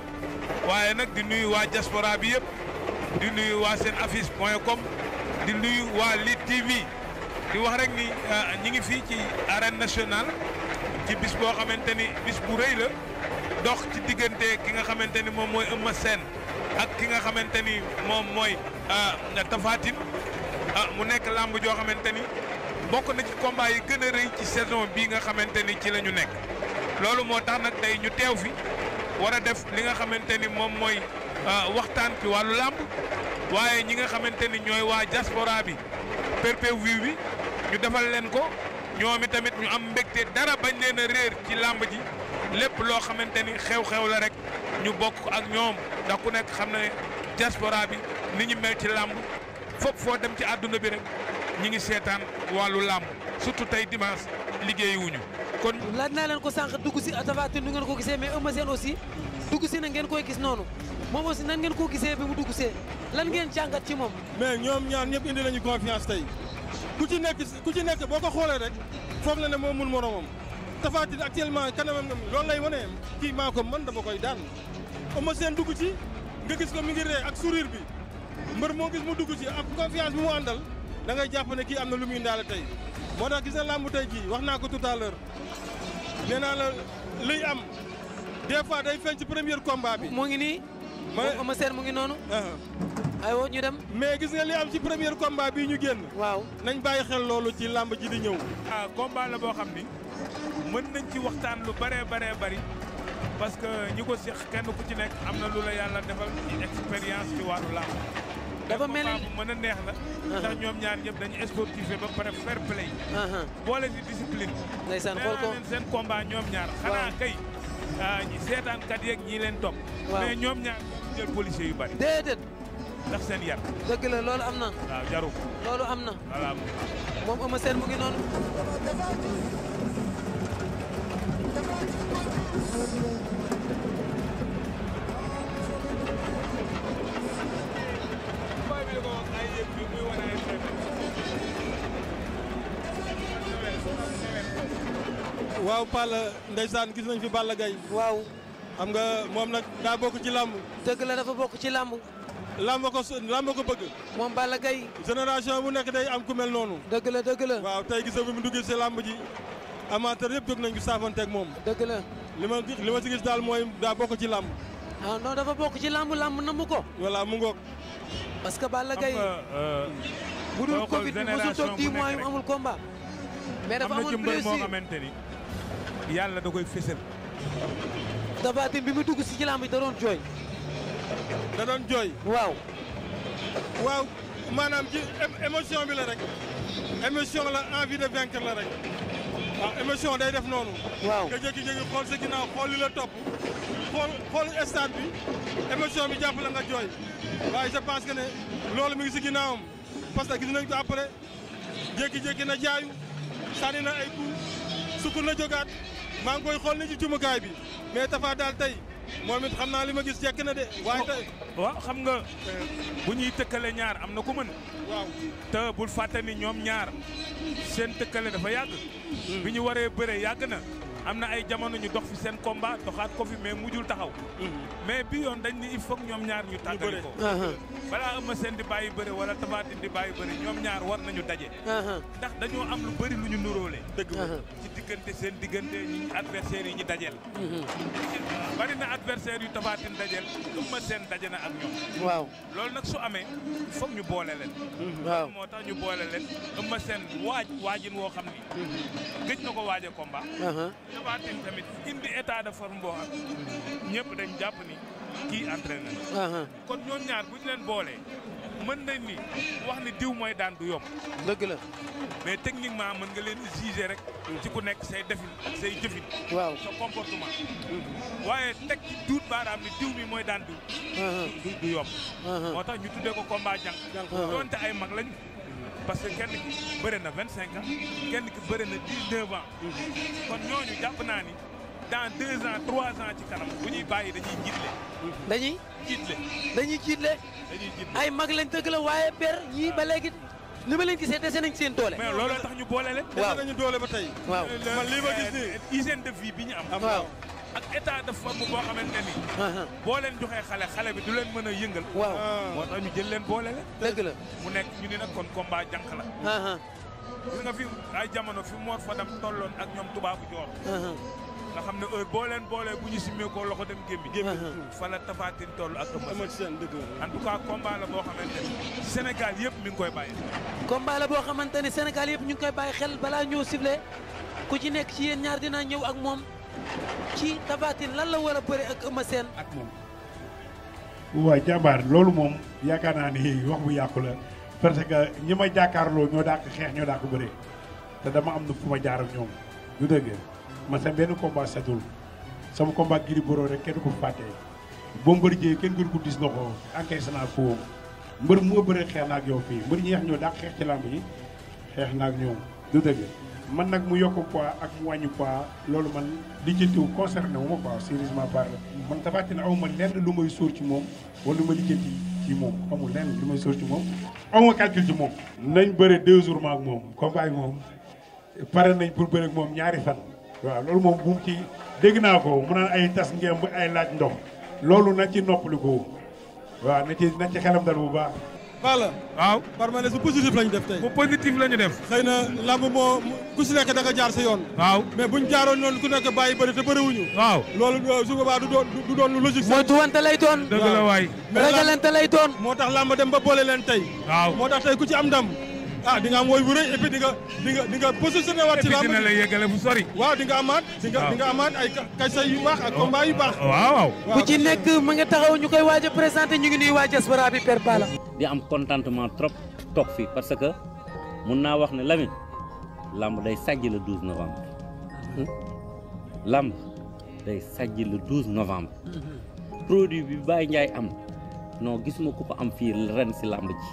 waaye nag di nuyu waa diaspora bi yëpp di nuyu waa seen affiche point com di nuyu waa Lutte TV di wax rek ni euh, ñi ngi fii ci arène nationale ci bis boo xamante ni bis bu rëy la. dox ci diggante ki nga xamante ni moom mooy Eumeu seen ak ki nga xamante ni moom mooy euh, Tapha Tine ah mu nekk làmb joo xamante ni bokk na ci combat yi gën a rëy ci saison bii nga xamante ni ci la ñu nekk loolu moo tax nag tey ñu teew fi war a def li nga xamante ni moom mooy euh, waxtaan ci wàllu làmb waaye ñi nga xamante ni ñooy waa diaspora bi perpévu bi ñu defal leen ko ñoom i tamit ñu am mbégte dara bañ leen a réer ci làmb ji lépp loo xamante ni xew-xew la rek ñu bokk ak ñoom ndax ku nekk xam ne diaspora bi ni ñu mel ci làmb fopp foo dem ci àdduna bi rek ñi ngi seetaan wàllu làmb surtout tey dimanche liggéeyiwuñu kon laaj naa leen ko sànq dugg si Tapha Tine nu ngeen ko gisee mais Eumeu Sène aussi dugg si na ngeen koy gis noonu moom aussi nan ngeen ko gisee bi mu dugg see lan ngeen jàngat ci moom mais ñoom ñaan ñëpp indi nañu confiance tey ku ci nekk ku ci nekk boo ko xoolee rek foog na ne moom mun moromam Tapha Tine actuellement kanamam loolu lay wane kii maa ko man dama koy daan Eumeu Sène dugg ci nga gis ko mi ngi ree ak sourire bi mbër moo gis mu dugg ci ak confiance bi mu àndal dangay ngay ne kii am na lu muy ndaale tey moo tax gis na làmb tey jii wax naa ko tout à l'heure naa la luy am des fois day feeñ ci premier combat bi moo ngi nii ma seen mu ngi noonu. Uh-huh. aywa ñu dem. mais gis nga li am ci premier combat bii ñu génn. waaw nañ bàyyi xel loolu ci làmb ji di ñëw. ah combat la boo xam ni mën nañ ci waxtaan lu bëree bëree bari parce que ñi ko seq kenn ku ci nekk am na lu la yàlla defal ci expérience ci wàllu làmb. dafa mel ni mën a neex la. Uh-huh. ndax ñoom ñaar ñëpp dañu sportifié ba pare fair play. Uh-huh. boole ci discipline. ndeysaan xool ko ñoom ñaar. xanaa kay. Ah, seetaankat yeeg ñi leen topp. mais ñoom ñaar ñoom jël policier yu bari. déedéet. ndax seen yar. dëgg la loolu am na. waaw ah, jaru loolu am na. voilà moom Eumeu mu ngi noonu. waaw Palla ndeysaan gis nañ fi Balla Gaye waaw xam nga moom nag daa bokk ci làmb dëgg la dafa bokk ci làmb làmb ko ko bëgg moom Balla Gaye génération bu nekk day am ku mel noonu dëgg la waaw tey gis na bi mu duggee si làmb ji amateur yëpp jóg nañ ko saafanteeg moom dëgg li ma li si gis daal mooy daa bokk ci làmb ah, dafa bokk ci làmb làmb na mu ko voilà mu ngoog parce que Balla Gaye euh, bu dul Covid bi mosul toog 10 mois yu amul combat mais dafa amoon blessure yàlla da koy fésal. Tapha Tine bi mu dugg si ci bi da doon jooy. da doon jooy. waaw. waaw maanaam ci émotion bi la rek. émotion la envie de vaincre la rek. waaw ah, émotion day def noonu. waaw nga jékki-jékki xool sa ginnaaw xool li la topp. xool xool stade bi émotion bi jàpp la nga jooy waaye je pense que ne loolu mi ngi si ginnaawam parce que gis nañ ko après jékki-jékki na jaayu sànni na ay coups sukkur la jógaat maa ngi koy xool ni ci jumukaay bi mais Tapha daal tey moom it xam naa li ma gis jekk na de. waaye tey waaw xam nga. bu ñuy tëkkale ñaar am na ku mën. waaw te bul fàtte ni ñoom ñaar seen tëkkale dafa yàgg. Hmm. bi ñu waree bëre yàgg na. am na ay jamono ñu dox fi seen combat doxaat ko fi mais mujjul taxaw. Mhm. mais bi yoon dañ ni il faut ñoom ñaar ñu. tàggali ko uh-huh. balaa Eumeu Sène di bàyyi bëre wala Tapha Tine di bàyyi bëre ñoom ñaar war nañu daje. Uh-huh. ndax dañoo am lu bëri lu ñu nuróole. dëgg uh-huh. ci diggante seen diggante ñi adversaires yi ñu dajeel. bari na adversaire yu Tapha Tine dajeel Eumeu Sène daje na ak ñoom. waaw loolu nag su amee foog ñu boole leen. Mm-hmm. waaw moo tax ñu boole leen Eumeu Sène waaj waajin woo xam ni. Mm-hmm. gëj na ko waaje combat. Tapha tamit indi état de forme boo xam ñëpp dañ jàpp ni kii entraîné na. Uh-huh. kon ñoom ñaar bu leen boolee mën nañ ni wax ni diw mooy daan du yomb. dëgg la. mais techniquement mën nga leen di rek ci ku nekk say defin say jëfin waaw sa comportement waaye teg ci duut baaraam ni diw mi mooy daan diw uh-huh. du du yomb uh-huh. moo tax ñu tuddee ko combat jànq doonte ay mag lañu parce que kenn ki bëri na vingt cinq ans kenn ki bëri na dix neuf ans. kon ñooñu jàpp naa ni dans deux ans trois ans ci kanam bu ñuy bàyyi dañuy jiitle. dañuy jiitle. dañuy ay mag lañ dëgg la waaye per ñii ba léegi ni ma leen gisee dese nañ seen doole. mais looloo tax ñu boole leen. waaw dese ba tey. waaw man lii ma gis nii de vie bi ñu am. waaw ak état de forme boo xamante ni. Uh-huh. boo leen joxee xale xale bi du leen mën a yëngal. waaw ah. moo tax ñu jël leen boole leen. dëgg la mu nekk ñu ne nag kon combat jànq la. Uh-huh. gis nga fi ay jamono fi Mor Fadam tolloon ak ñoom tubaabu joor. Uh-huh. nga xam ne heure boo leen boolee bu ñu simmee koo loxo dem gémmi. gémmi fa la tafaatin toll ak. amat seen dëgg la en tout la boo xamante ni Sénégal yëpp mi ngi koy bàyyi. combat la boo xamante ni Sénégal yëpp ñu ngi koy bàyyi xel balaa ñëw ciblé ku ci nekk ci ñaar dinaa ñëw ak moom. ci Tapha Tine lan la war a bëre ak Eumeu Sène ak moom waa jàmbaar loolu moom yaakaar naa ni wax bu yàqu la parce ñi ma jàkkaarloo ñoo dàq xeex ñoo dàq bëre te dama am na fu ma jaar ak ñoom du dëgg man sa benn combat setul sama combat Gris Bordeaux rek kenn ko fàtte Bombardier kenn gën ko dis loxo encaissé naa foofu mbër moo bëre xeex naa ak yow fii mbër ñeex ñoo dàq xeex ci làmb yi xeex naa ak ñoom du dëgg man nag mu yokk poids ak mu wàññi poids loolu man lijjanti wu concerné wu ma quoi sérieusement parlé man Tapha Tine aw ma lenn lu may sóor ci moom wala lu ma lijjanti ci moom amul lenn lu may sóor ci moom aw ma calcul ci moom. nañ bëre deux jours ma ak moom combat moom pare nañ pour bëre ak moom ñaari fan. waaw loolu moom bu ci dégg naa ko mu naan ay tas ngemb ay laaj ndox loolu na ci noppaliku waaw na ci xelam dal bu baax. Balla waaw par ma ne su def tey bu positif la ñu def xëy na lamb moo ku si nekk da nga jaar si yoon waaw mais buñ jaaroon noon ku nekk bàyyi bëri te bëriwuñu waaw loolu euh, su boobaa du doon du doon lu logique mooy tuwante lay doon dëgg la waay ragalante lay doon moo tax lamb dem ba boole leen tey waaw moo tax tey ku ci am ndam ah di nga am woy bu rëy et puis di nga di waat ci lamb dina la bu sori waaw di nga amaat di nga di ay kasa yu baax ak oh. combat yu baax waaw ku ci nekk mu nga taxaw ñu koy waaj a présenté ñu ngi nuy waa diaspora bi Père di am contentement trop toog fii parce que mun naa wax ne Lamine lamb day sajj le 12 novembre hmm? lamb day sajj le 12 novembre hmm. produit bi Baye Ndiaye am noo gisuma ku ko am fii ren si lamb ji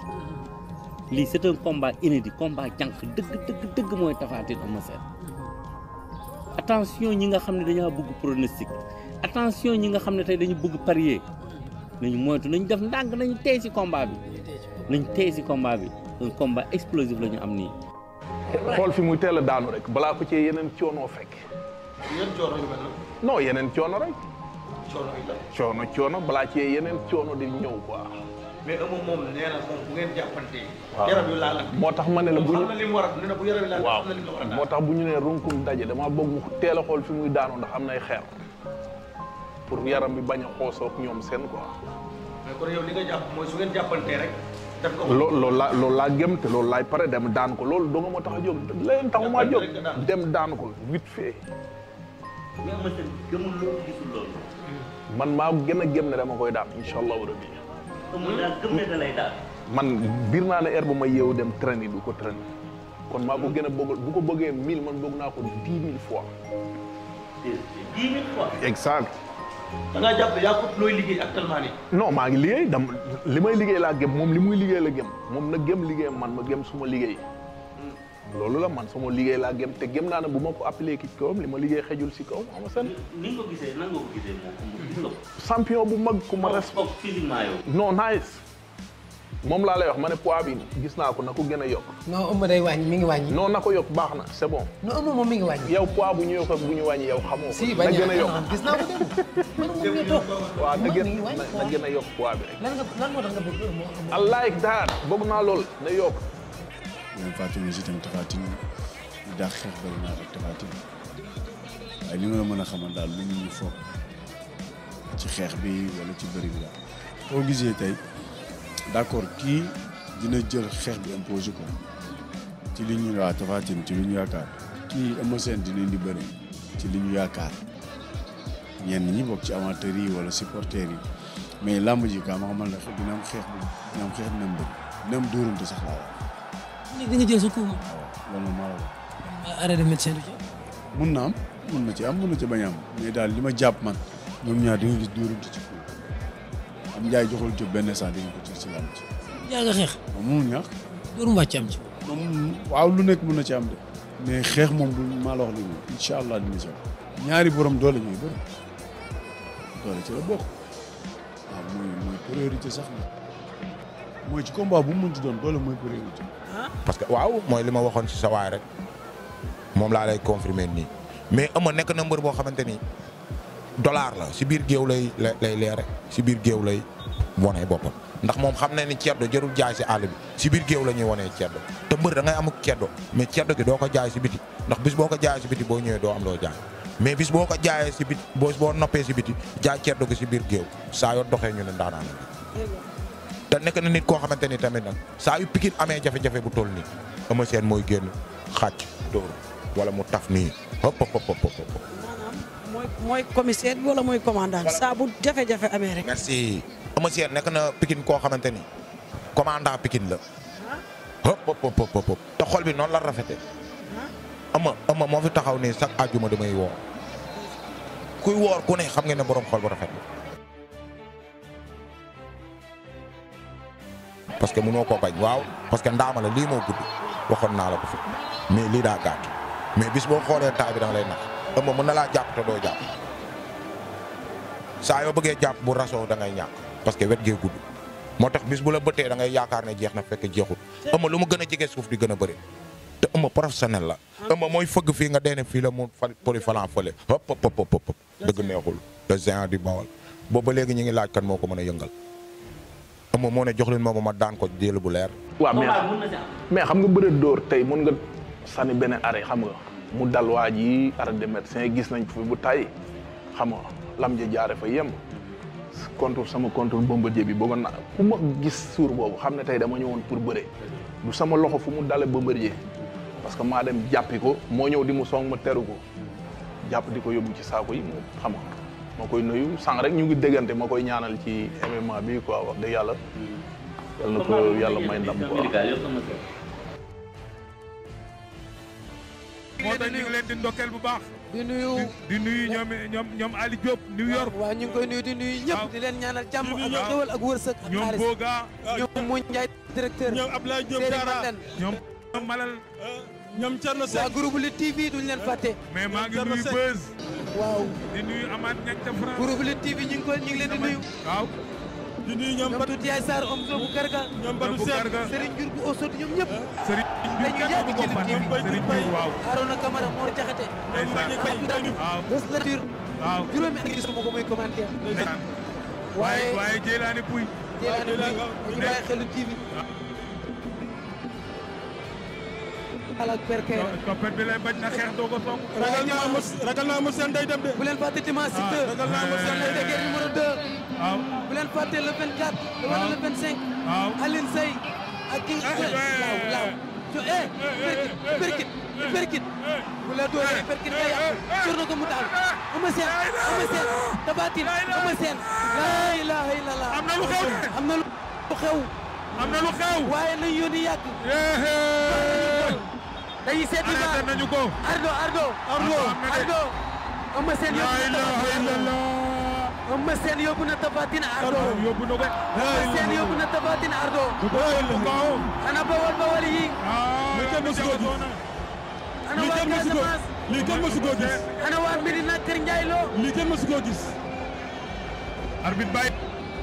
lii c'est un combat inédit combat jànq dëgg dëgg mooy Tapha Tine Eumeu Sène attention ñi nga xam ne dañoo bëgg pronostic attention ñi nga xam ne tey dañu bëgg pariye nañu moytu nañu def ndànk nañu tey si combat bi nañu tey si combat bi un combat explosif lañu am nii. xool fi muy teel a daanu rek balaa ko ci yeneen coono fekk. yeneen yeneen coono rek. coono la. coono balaa ci yeneen coono di ñëw quoi. mais ëmb moom nee na moom bu ngeen moo tax ma ne la bu a nee na bu yaram yu laalante moo tax bu ñu nee runkum daje damaa bëgg mu teel xool fi muy daanu ndax am nay xeer pour yaram bi bañ a xoosoo ak ñoom seen quoi. mais kon yow li nga jàpp mooy su ngeen laa loolu laa gëm te loolu laay pare dem daan ko loolu dong moo tax a jóg leen taxu maa jóg dem daan ko vite fait. mais man gëmul maa gën a gëm ne dama koy daan incha allahu rabbi amul daal gëm ne da lay daal. man biir naa ne heure bu ma yeewu dem train yi du ko train kon maa ko gën a bëgg bu ko bëggee mille man bëgg naa ko dix mille fois. dix mille fois. exact. da ngaa jàpp yaa maa liggéey li may liggéey laa gëm moom li muy liggéey la gëm moom na gëm liggéey man ma gëm suma liggéey. loolu la man sama liggéey laa gëm te gëm naa ne bu ma ko appelé ki kawam li ma liggéey xejul si kawam ama seen. ni ko gisee nan nga bu mag ku ma. respect physiquement nice. moom laa lay wax ma ne poids bi gis naa ko na ko gën a yokk. non ëmb day mi ngi wàññi. non na ko yokk baax na c'est bon. non ëmb moom mi ngi wàññi. yow poids bu ñu yokk ak bu ñu wàññi yow xamoo. si bañ gën a yokk gis naa ko na gën na gën a yokk poids bi rek. lan moo tax nga bëgg. I like that bëgg naa lool na yokk. ñoom Fatim aussi tamit Tafatin daax xeex bëri naa ak Tafatin waaye li ma mën a xamal daal lu ñu foog ci xeex bi wala ci bëri bi daal. boo gisee tey d'accord kii dina jël xeex bi imposé ko ci li ñu waa Tafatin ci li ñu yaakaar kii Eumeu Sène dina indi bëri ci li ñu yaakaar ñenn ñi bokk ci amateurs yi wala supporters yi mais làmb ji kaa ma la dina am xeex dina am xeex bi dina am bëri dina am sax laa léegi da nga jël sa kaw. waaw oh, loolu maa la wax. arrêt de médecin du ci. mun na am mun na ci am mun na ci bañ a am mais daal li ma jàpp man ñoom ñaar di nga gis dóorante ci kaw am njaay joxul ci benn saa di nga ko ci si laam ci. yaa nga xeex. waaw mënul ñàkk. dóor mu wàcc am ci. moom waaw lu nekk mun na ci am de. mais xeex moom du maa la wax li moom incha allah dina ci am ñaari borom doole ñooy bëri doole ci la bokk waaw mooy mooy priorité sax na mooy ci combat bu mu mënti doon doole mooy priorité. parce que waaw mooy li ma waxoon ci sa rek moom laa lay confirmer nii mais Eumeu nekk na mbër boo xamante ni dollar la ci biir géew lay lay leere ci biir géew lay wone boppam ndax moom xam na ni ceddo jarul jaay ci àll bi ci biir géew la ñuy wonee ceddo te mbër da ngay amuk ceddo mais ceddo gi doo ko jaay ci biti ndax bis boo ko jaayee ci biti boo ñëwee doo am loo jaay mais bis boo ko jaayee ci biti boo boo noppee ci biti jaay ceddo gi ci biir géew saa yoo doxee ñu ne te nekk na nit koo xamante ni tamit nag saa yu Pikine amee jafe-jafe bu toll nii Eumeu Sène mooy génn xàcc dóor wala mu taf nii hop hop mooy mooy commissaire bi mooy commandant saa bu jafe-jafe amee rek. merci Eumeu Sène nekk na pikin koo xamante ni commandant Pikine la ah. hop hop te xol bi noonu la rafete ama ah. ama moo fi taxaw nii chaque àjjuma damay woor kuy woor ku ne xam nga ne borom xol bu rafet la parce que mënoo koo bañ waaw parce que ndaama la lii moo gudd waxoon naa la ko fi mais lii daa gàtt mais bis boo xoolee taay bi da nga lay nax ëmb na laa jàpp te doo jàpp saa yoo bëggee jàpp bu rasoo da ngay ñàkk parce que wet gee gudd moo tax bis bu la bëttee da ngay yaakaar ne jeex na fekk jeexul ëmb lu mu gën a jege suuf di gën a bëri te ëmb professionnel la ëmb mooy fëgg fii nga deene fii la mu poli falan fële hop hop hop hop dëgg neexul le géant léegi ñu ngi laaj kan moo ko mën a yëngal ëmb moo jox leen ma ma daan ko jël bu leer. waaw mais mais xam nga bëre dóor tey mun nga sànni benn arrêt xam nga mu dal waa ji arrêt de médecin gis nañ ko bu tay xam nga lam ja jaare fa yem. contre sama contre Bombardier bi bëggoon naa ku ma gis suur boobu xam ne tey dama ñëwoon pour bëre du sama loxo fu mu dale Bombardier parce que maa dem jàppi ko moo ñëw di mu song ma teru ko jàpp di ko yóbbu ci saako yi xam nga ma koy nuyu sànq rek ñu ngi déggante ma koy ñaanal ci MMA bi quoi wax dëgg yàlla. yal na ko yàlla may ndam quoi. moo tax ñu ngi leen di ndokkeel bu baax. di nuyu di nuyu ñoom ñoom ñoom Ali Diop New York. waaw ñu ngi koy nuyu di nuyu ñëpp di leen ñaanal jàmm ak xéwal ak wërsëg. ak xaalis ñoom Boga. ñoom Moundiaye directeur. ñoom Abdoulaye Diop ñoom Malal. ñoom Thierno Seck waa groupe Lutte TV duñ leen fàtte. mais maa ngi nuyu Beuz. waaw di nuyu Amath Niang ca France. groupe Lutte TV ñu ngi di nuyu. waaw. di nuyu ñoom Badou Diaye Sarr om so bu Karga. ñoom Badou Seck Serigne Diour ñëpp. Serigne Diour kenn du ko fàtte ñoom Baye Diour Baye. Arona Camara Mor Diakhaté. ñoom Mbagnick Faye ñoom Mbagnick waaw juróomi at gisuma ko muy commentaire. waaye waaye Jéelaani Pouy. Jéelaani Pouy ñu bàyyi xelu balak perkee kopet bi lay bañ na xeex doo ko soog ragal naa mos ragal naa mos seen day dem de bu leen fàtte dimanche si deux ah, ragal naa mos seen day de guerre numéro deux waaw bu leen fàtte le 24 wala le 25 ah. ah, eh, waaw Aline Sey ak ki laaw laaw co e perkit perkit bu la doole eh, perkit day eh, yàq sur na ko mu daal ama seen ama seen tabatin ama seen laa ilaha illallah am na lu xew am na lu xew am na lu xew waaye nañ yónni yàgg dañuy seeti ba arrêté nañu ko. Ardo Ardo. Ardo Ardo. am na seen yóbbu na Tapha Tine. am na seen yóbbu na Tapha Tine Ardo. yóbbu na ko am na seen yóbbu na Tapha Tine Ardo. ana bawal bawal yi. Ah, li kenn mësu ko gis. ana waa Casamance. li kenn mësu ko gis. ana waa Medina Kër Ndiaye Lo. li kenn mësu ko gis. arbitre bàyyi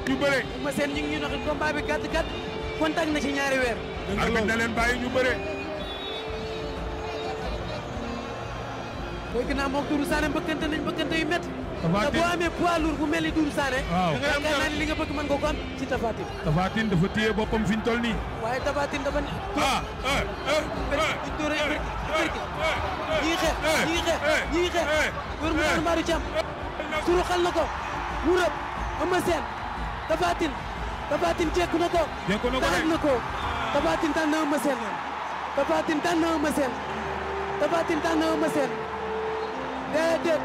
ñu bëre. am na seen ñu ngi ñu doxee combat bi gàtt gàtt kontaan na ci ñaari weer. arbitre da leen bàyyi ñu bëre. Boy Ginaaw moom Doudou Sané mbëkkante nañ mbëkkante yu métti. Tapha Tine boo amee poids lourd bu mel ni Doudou Sané. waaw yaakaar naa ne li nga bëgg mën nga ko am ci Tapha Tine. Tapha Tine dafa téye boppam fi ñu toll nii. waaye Tapha Tine dafa. ah ah ah. di dóor ay mbir ñii xeex ah, ñii xeex ah, ñii xeex. Ah, wër mu daanu Maadou Thiam. turu xal na ko. mu rëb Eumeu Sène. Tapha Tine. Tapha Tine jekku na ko. jekku na ko rek daan na ko. Tapha Tine daan na Eumeu Sène. Tapha Tine daan na Eumeu Sène. Tapha Tine daan na Eumeu Sène. déedéet.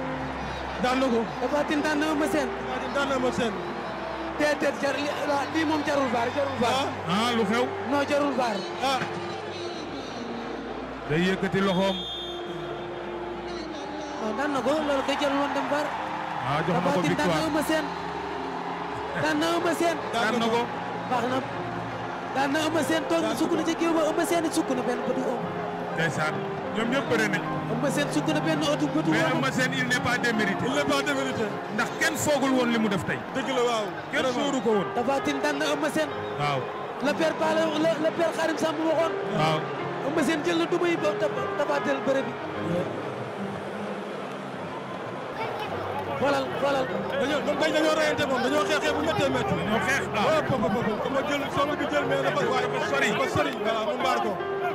daan na ko. dafa tin daan na ma seen. dafa na lii moom jarul vaar jarul vaar. Ah. ah lu xew. non jarul vaar. ah. loxoom. waaw daan na ko loolu kay jarul woon dem vaar. Ah, jox na ko victoire dafa tin daan na ma seen. toog na sukk na ca géew ba ma seen sukk na ñoom ñëpp bëre nañ. Eumeu Sène sukk na benn oto bëtu. mais Eumeu Sène il n'est pas démérité. il n'est ndax kenn foogul woon li mu def tey. dëgg la waaw. kenn sóoru ko woon. Tapha Tine daan na Eumeu waaw. le père Ba la le père Xarim Samb waxoon. waaw. Eumeu Sène jël na duma yi ba Tapha Tine bëre bi. xoolal xoolal. dañoo ñoom dañoo rayante moom dañoo xeexee bu méttee métti. dañoo xeex waaw papa papa. dama bi jël mais dafa waaye dafa sori. dafa sori mu mbaar ko.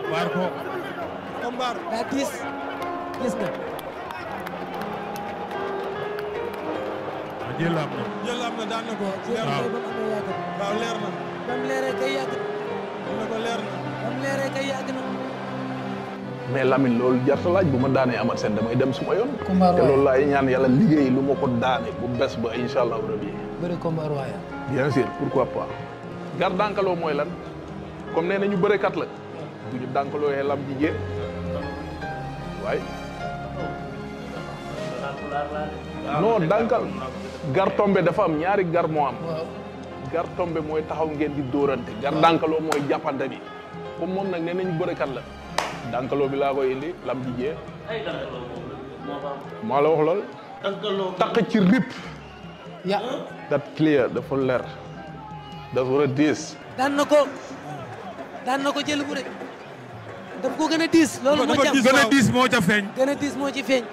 mbaar ko. jàmbaar daa diis loolu jarta laaj bu ma daanee amat seen damay dem su ma yoon te loolu laay ñaan yàlla liggéey lu ma ko daane bu bés ba insha allahu rabbi bëri combat royal bien sûr pourquoi pas gar dànkaloo mooy lan comme nee na ñu bërekat la bu ñu dànkaloo lam ji waay. non ndànkal gar tombe dafa am ñaari gar moo am. gar tombe mooy taxaw ngeen di dóorante. gar ndànkaloo mooy jàppante bi. comme moom nag nee nañu bërekat la. ndànkaloo bi laa koy indi lam di jee. maa la wax lool. takk ci rip. ya that clear dafa leer. dafa war a diis. daan na ko daan daf ko gën a diis loolu moo ca gën a moo ca feeñ gën a diis moo ci feeñ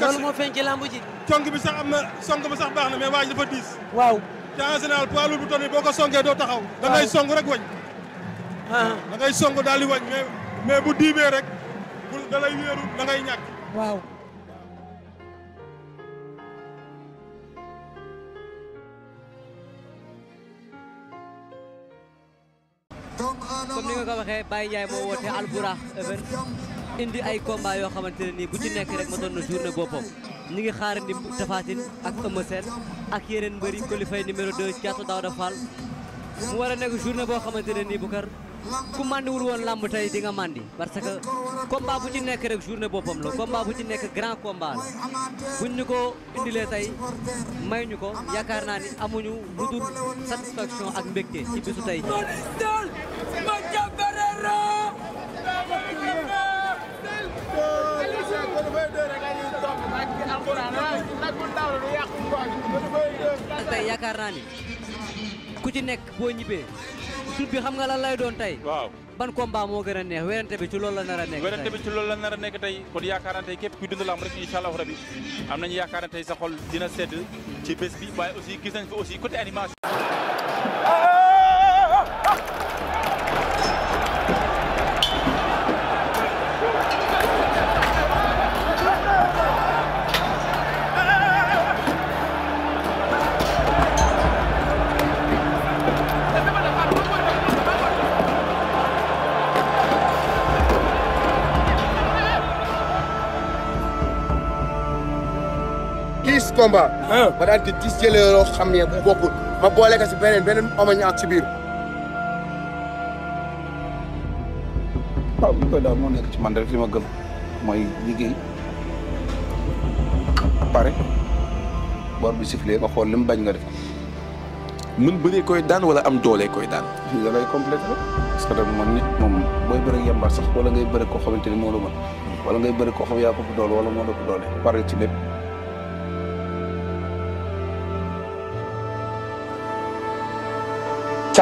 loolu moo feeñ ci bi sax am na song bi sax baax na mais waaj dafa diis waaw te en général bu toll boo ko songee doo taxaw da ngay song rek wañ ah. da ngay song daal di wañ mais mais bu diibee rek bu da wéeru da ngay ñàkk waaw comme ni nga ko waxee Baye Ndiaye moo woote Albourakh event indi ay combat yoo xamante ne nii bu ci nekk rek ma doon na journée boppam ñi ngi xaarandi Tapha Tine ak Eumeu ak yeneen mbëri Coly Faye numéro 2 Thiatou Daouda Fall mu war a nekk journée boo xamante ne nii bu kar ku màndiwul woon làmb di nga màndi parce que bu ci nekk rek journée boppam la combat bu ci nekk grand combat la buñ ñu ko indilee tey may ñu ko yaakaar naa ni amuñu lu dul ak mbégte ci bisu tey tey yaakaar naa ni ku ci nekk boo ñibbee sut bi xam nga lan lay doon tey waaw ban combat moo gën a neex werante bi ci lool la nar a nekk werante bi ci loolu la nar nekk tey kon yaakaar na tey képp kuy dund lamb rek incha allahu rabi am nañu yaakaar na tey sa xol dina sedd ci bés bi waaye aussi gis nañ fi aussi côté animation ah, ah, ah! combat. Ah. ma daal di gis jëlee yoo xam ne beneen beneen ak si biir. waaw li koy daal moo nekk ci man rek li ma gëm mooy liggéey pare bor si sifflé nga xool li bañ nga def. mën bëree koy daan wala am doolee koy daan. fii da lay complété parce que nag man nit moom booy bëri yembar sax wala ngay bëri koo xamante la mën wala ngay bëri koo xam yaa ko doole wala moo doole pare ci lépp.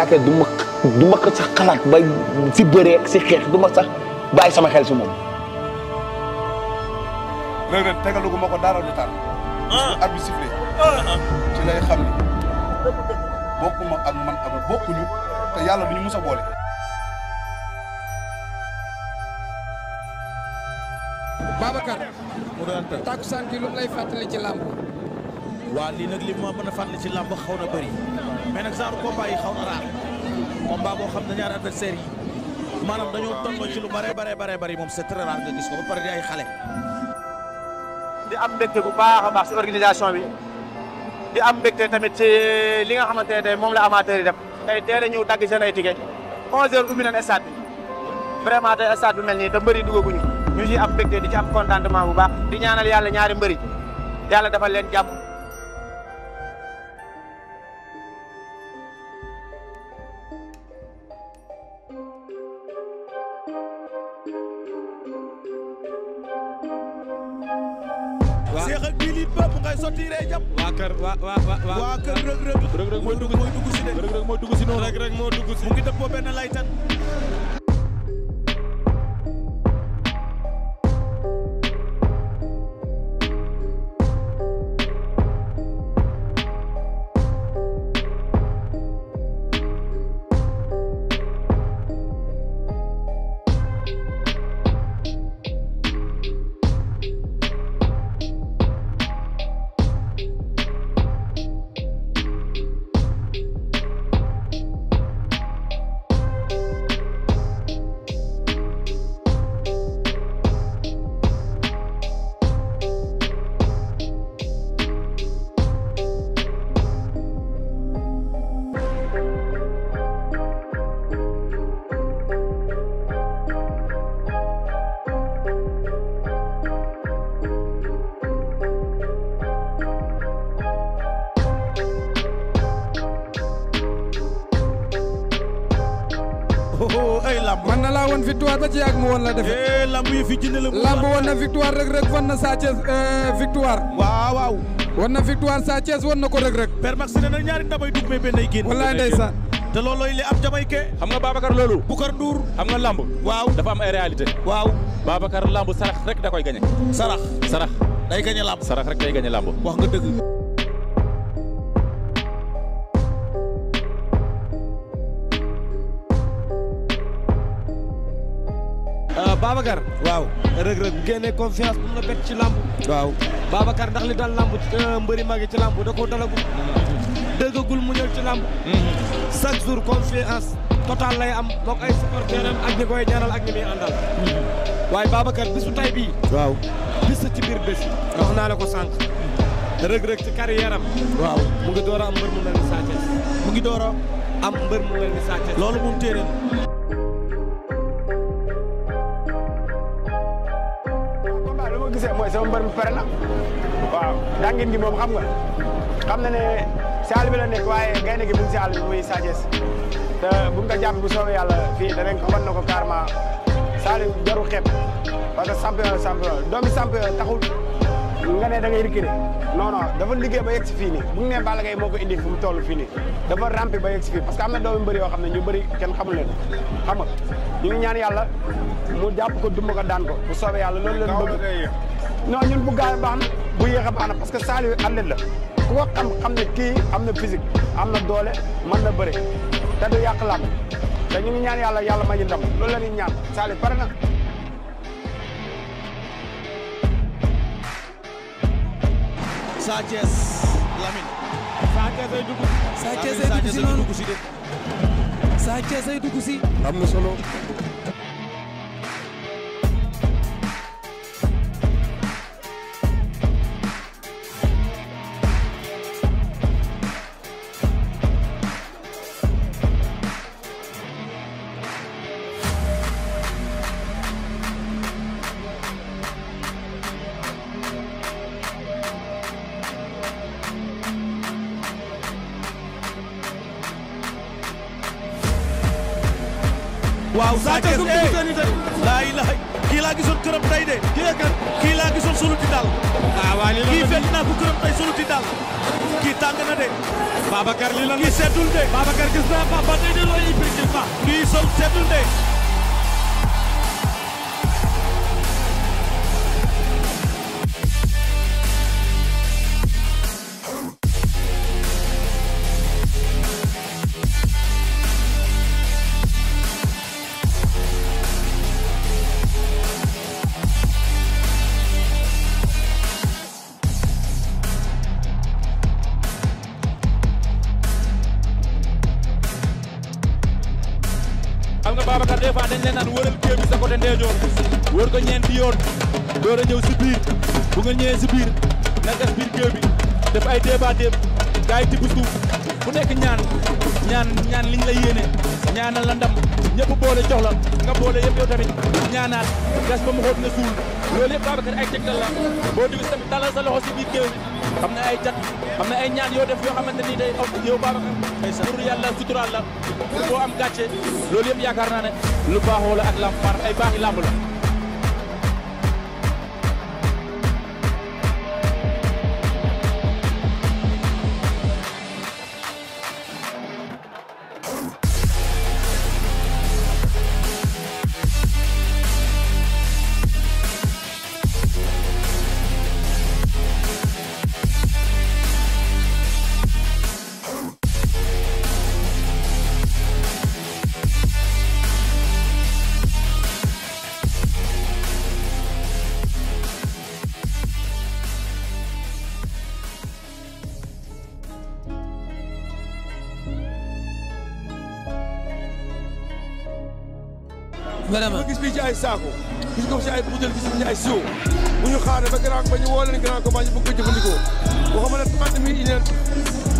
attaqué du ma du ma ko sax xalaat ba si bëree si xeex du ma sax bàyyi sama xel si moom. léeg ren tegalugu ma ko dara lu tar. at lay xam ni man ak bokkuñu te yàlla du ñu mus a boole. Babacar. mu doon tënk lu mu lay fàttali ci làmb. waa lii nag li ma mën a fàttali ci làmb xaw na bëri. mais nag genre combat yi xaw na raar combat boo xam ne ñaari adversaire yi maanaam dañoo tolloo lu bare bare bare bari moom c'est très na nga gis ko ba pare di ay xale. di am mbégte bu baax a baax ci organisation bi di am mbégte tamit ci li nga xamante ne tey moom la amateur yi def tey teel a ñëw dagg seen ay ticket 11 heures ubbi nañ stade bi vraiment tey stade bi mel nii te mbëri duggaguñu ñu ci am mbégte di ci am contentement bu baax di ñaanal yàlla ñaari mbëri yàlla dafa sottiree jàpp. waa kër waa waa waa. waa kër rëg rëg. rëg mooy dugg de. rëg rëg mooy dugg si noonu. rëg rëg moo dugg si. mu ngi dëppoo benn laytan. woon la defe eh, lamb yi fi jënd la lamb woon na victoire rek rek woon na Sa Thiès eh, victoire waaw waaw woon victoire Sa Thiès ko rek rek Père Max ne na ñaari ndamay dugg mais benn ay génn wallaay ndeysaan te loolooy li am jamayke xam nga Babacar loolu Bukar Ndour xam nga lamb waaw dafa am ay réalité waaw Babacar lamb sarax rek da koy gañe sarax sarax day gañe lamb sarax rek day gañe lamb wax nga dëgg Babacar. waaw Reug Reug génne confiance bu mu la bett ci lamb. waaw Babacar ndax li dal lamb euh, mbëri magi ci lamb da koo dalagul. dëggagul mu ñëw ci lamb. Mm-hmm. chaque jour confiance total lay am moog ay supporteurs ak ñi koy ñaanal ak ñi muy àndal. Mm-hmm. waaye Babacar bisu tay bii. waaw bis ci biir bés. wax naa la ko sànq. Mm-hmm. Reug Reug ci carrière waaw mu ngi door am mbër mu mel ni Sa mu ngi door am mbër mu mel ni Sa Thiès. loolu moom téere gisee mooy sama mbër mi pare na waaw dangin gi moom nga na ne saal bi la waaye gaynde gi mu ngi saal bi muy Sathiès te bu nga ko jàpp bu soobee ko wan na ko carrément saal bi jarul que champion champion doomi champion taxul nga ne da ngay rikki non non dafa liggéey ba yegg si fii nii bu ñu nee moo ko indi fu mu toll fii nii dafa rampe ba yegg si fii parce que am na doomu bëri yoo xam ne ñu bëri kenn xamul leen xam nga ñu ngi ñaan yàlla mu jàpp ko dumba ko daan ko bu soobee yàlla loolu leen bëgg non ñun bu gaaw baax bu yéex a baax parce que Saliou a la ku ko xam xam ne kii am na physique am na doole man na bëre te du yàq làmb ñu ñaan yàlla yàlla ma ñu ndam loolu la ñuy ñaan Saliou pare na. Sa Thiès Lamine. ay dugg si. ay dugg si noonu ay dugg am na solo. Babacar gis naa fois dañ leen naan wëral kii bi sa côté ndeyjoor wër ko ñeenti yoon door a ñëw si bu nga ñëwee si biir na gas biir kii bi def ay débat déeb gars yi tibb suuf nekk ñaan ñaan ñaan liñ la yéene ñaanal la ndam ñëpp boole jox la nga boole yëpp yow tamit ñaanaat gas ba mu xóot nga suul. loolu yëpp Babacar ay tegtal la boo dugg tam talal loxo si biir géew xam ne ay jat xam ne ay ñaan yoo def yoo xamante ni day aw yow Babacar pour yàlla suturaal la boo am gàcce loolu yëpp yaakaar naa ne lu baaxoo la ak lamb par ay baaxi lamb la ay saako gis ko fi si ay butéel gis ko si ay siwo bu ñu xaaree ba grand ba ñu woo leen grand combat ñu bëgg ko jëfandikoo waxuma la tamit mi une heure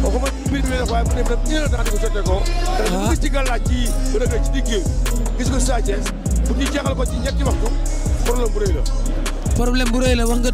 waxuma mbir mi def waaye mu dem une heure daal di ko sottee ko ah. gis ci gàllaaj ci rëgg ci digg gis ko Sa Thiès bu ñu jeexal ko ci ñetti waxtu problème bu la problème bu la wax nga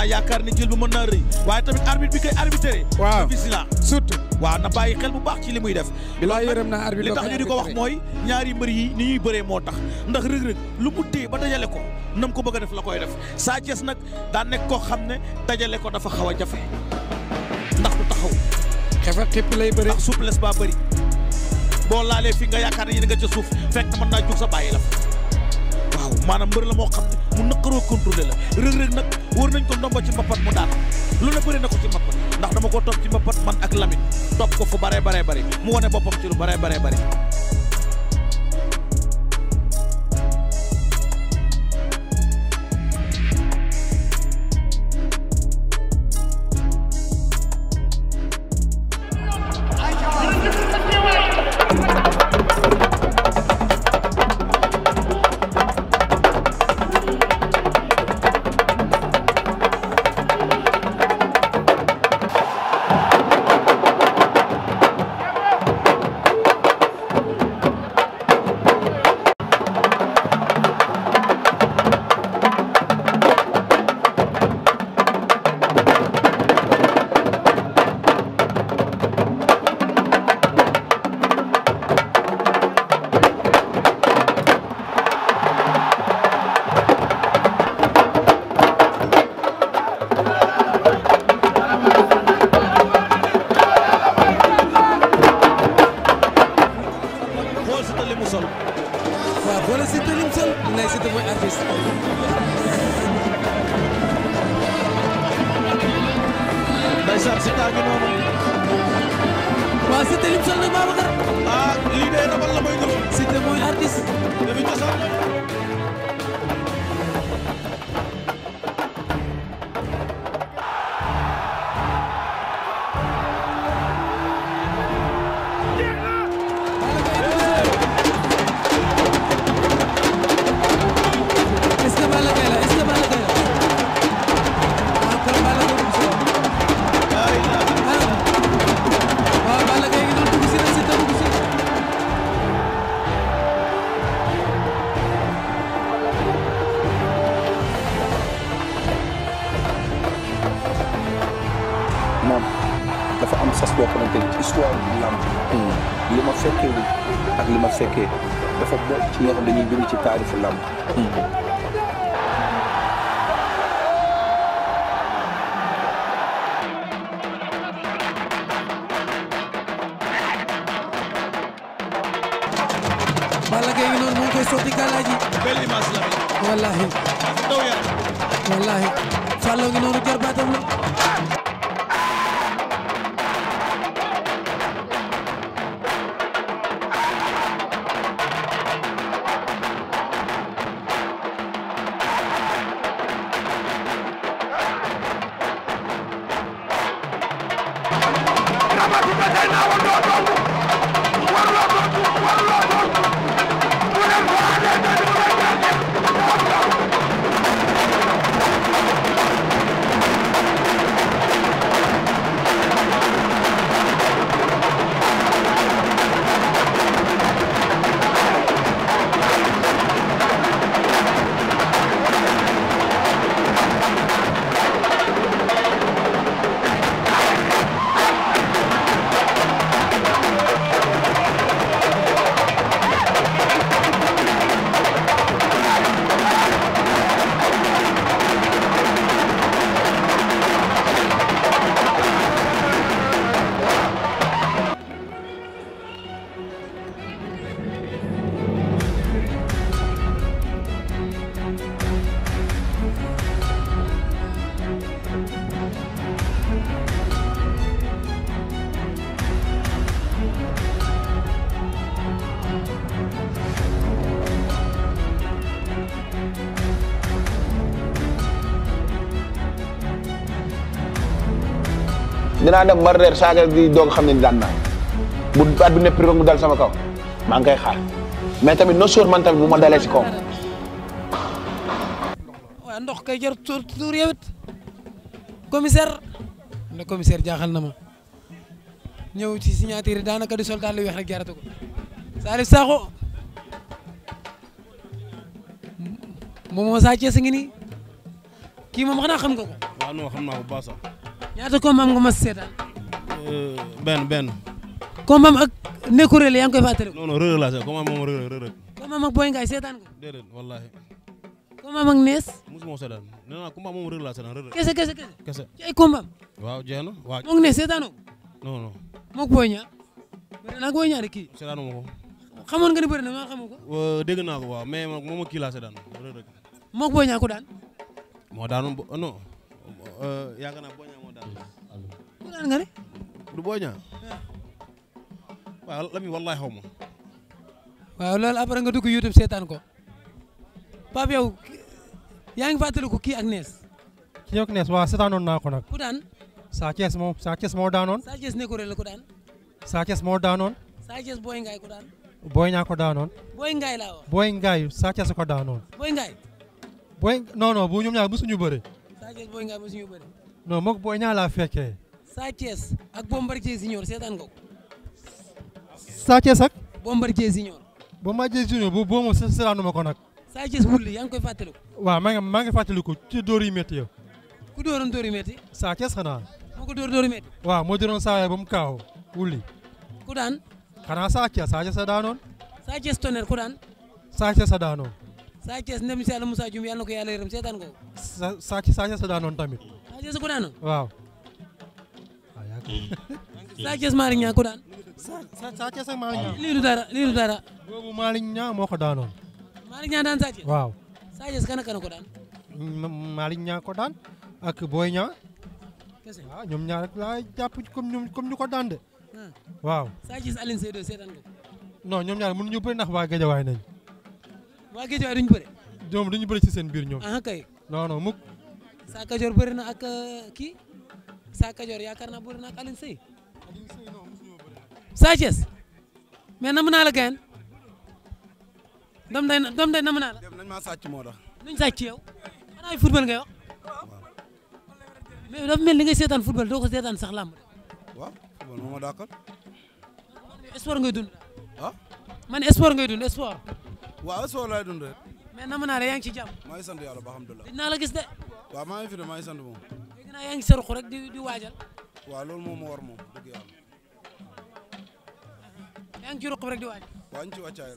naa yaakaar ni jël bu mën na rëy waaye tamit arbitre bi koy arbitré waaw vigilant surtout na bàyyi xel bu baax ci li muy def bilaa yërëm naa arbitre li tax wax mooy ñaari mbër yi ni ñuy bëree moo tax ndax rëg-rëg lu mu ba dajale ko nam ko bëgg a def la koy def Sa Thiès nag daa nekk koo xam ne dajale ko dafa xaw a jafe ndax du taxaw xefa xippi lay bëri souplesse baa bëri boo laalee fi nga yaakaar ne yéen nga ca suuf fekk mën naa jug sa bàyyi la maanaam mbër la moo xam ne mu nëkkaroo contrôlé la rëg-rëg nag wër nañ ko ndomba ci mbapat mu daan lu ne bëri na ko ci mbapat ndax dama ko topp ci mbapat man ak Lamine topp ko fu baree baree bëri mu wane boppam ci lu baree baree bëri dinaa dem ba reer saaga di doog xam ne daan naa bu at bi mu dal sama kaw maa ngi koy xaar mais tamit no sóor man tamit bu ma dalee si kaw. waaw ndox kay jar tuur tuur yow it commissaire ne jaaxal na ma ñëw ci signature yi daanaka di soldat lu weex rek jaratu ko Salif Sakho moom moo saa Thiès ngi xanaa xam nga ko. xam naa ko bu ñaata combat nga mas seetaan. Euh, benn benn. combat ak nekku Reug yaa ngi koy fàttali. non non Reug Reug laa seet combat moom Reug Reug. combat ak Boy Ngaye seetaan nga. déedéet wallaahi. combat ak Nees. mosuma seetaan nee naa combat moom Reug laa seetaan kese kese kese kese ci ay combat. Nees seetaanoo. non non. moog Boy Niang. bëri naa Boy kii. seetaanu ma ko. xamoon nga ni bëri na maa ko. dégg naa ko waaw mais moom kii daan. moo daanu non euh, yaakaar booña waaw Lamine wallaay xaw ma. waaw loolu après nga dugg YouTube seetaan ko Pape yaa ngi fàttaliku kii ak nees. kii ak nees waaw seetaanoon naa ko nag. ku daan. Sa Thiès moo Sa Thiès moo daanoon. Sa Thiès ku daan. Sa Thiès moo daanoon. Sa Thiès Boy Ngaay ku daan. Boy Ngaay laa wax. Ngaay Sa Thiès ko daanoon. Boy Ngaay. Boy non non bu ñoom ñaar mosuñu bëre. Sa Thiès Boy Ngaay mosuñu bëre. non moog Boy ñaa laa fekkee. Sa Thiès ak Bombardier Junior seetaan nga ko. Sa Thiès ak. Bombardier Junior. Bombardier Junior bu boobu moom ko nag. wulli yaa ngi koy fàttaliku. waaw maa ngi maa ngi fàttaliku ci dóor ku dóoroon dóor yu métti. moo ko dóor dóor yu métti. moo dóoroon saa yaay ba mu kaaw wulli. ku daan. xanaa Sa Thiès a daanoon. Sa Thiès tonnerre ku daan. Sa Thiès a daanoon. Sa Thiès ndem si ko yàlla yërëm seetaan ko. Sa a daanoon tamit. Sa ku daanoon Sa Thiès Malick Niang ko daan. Sa Thiès ak Malick Niang. lii du dara lii dara. boobu Malick Niang moo ko daanoon. Malick Niang daan Sa Thiès. waaw Sa Thiès kan ak ko daan. ak Boy Niang. kese waaw ñoom ñaar rek laa jàpp comme ñoom comme ñu ko daan de. Hmm. waaw. Sa Thiès Aline Seydo seetaan nga. non ñoom ñaar mënuñu bëri ndax waa Géejawaay nañ. waa Géejawaay duñu bëri. ñoom duñu bëri ci seen biir ñoom. ah kay. non Sa Kajoor bëri na ak euh, kii. Sa Kajoor yaakaar naa bëri na ak Alioune Seye. Sa Thiès mais namu naa la gayen dom day dom day namu naa la. nañ maa sàcc moo tax. nañ sàcc yow xanaa football ngay wax. mais dafa mel ni ngay seetaan football doo ko seetaan sax làmb. waaw football moo ma dàqal. sport ngay dund. ah. man sport ngay dund sport. waaw sport laay dund. mais namu naa la yaa ngi ci jàmm. maa ngi sant yàlla ba alhamdulilah. dinaa la gis de. waaw maa ngi fi de maa ngi sant moom. ginnaaw yaa ngi sërxu rek di di waajal. waaw loolu moom moo war moom dëgg yàlla. yaa ngi ci ruq rek di waajal. waaw ñu ci wàccaay ah.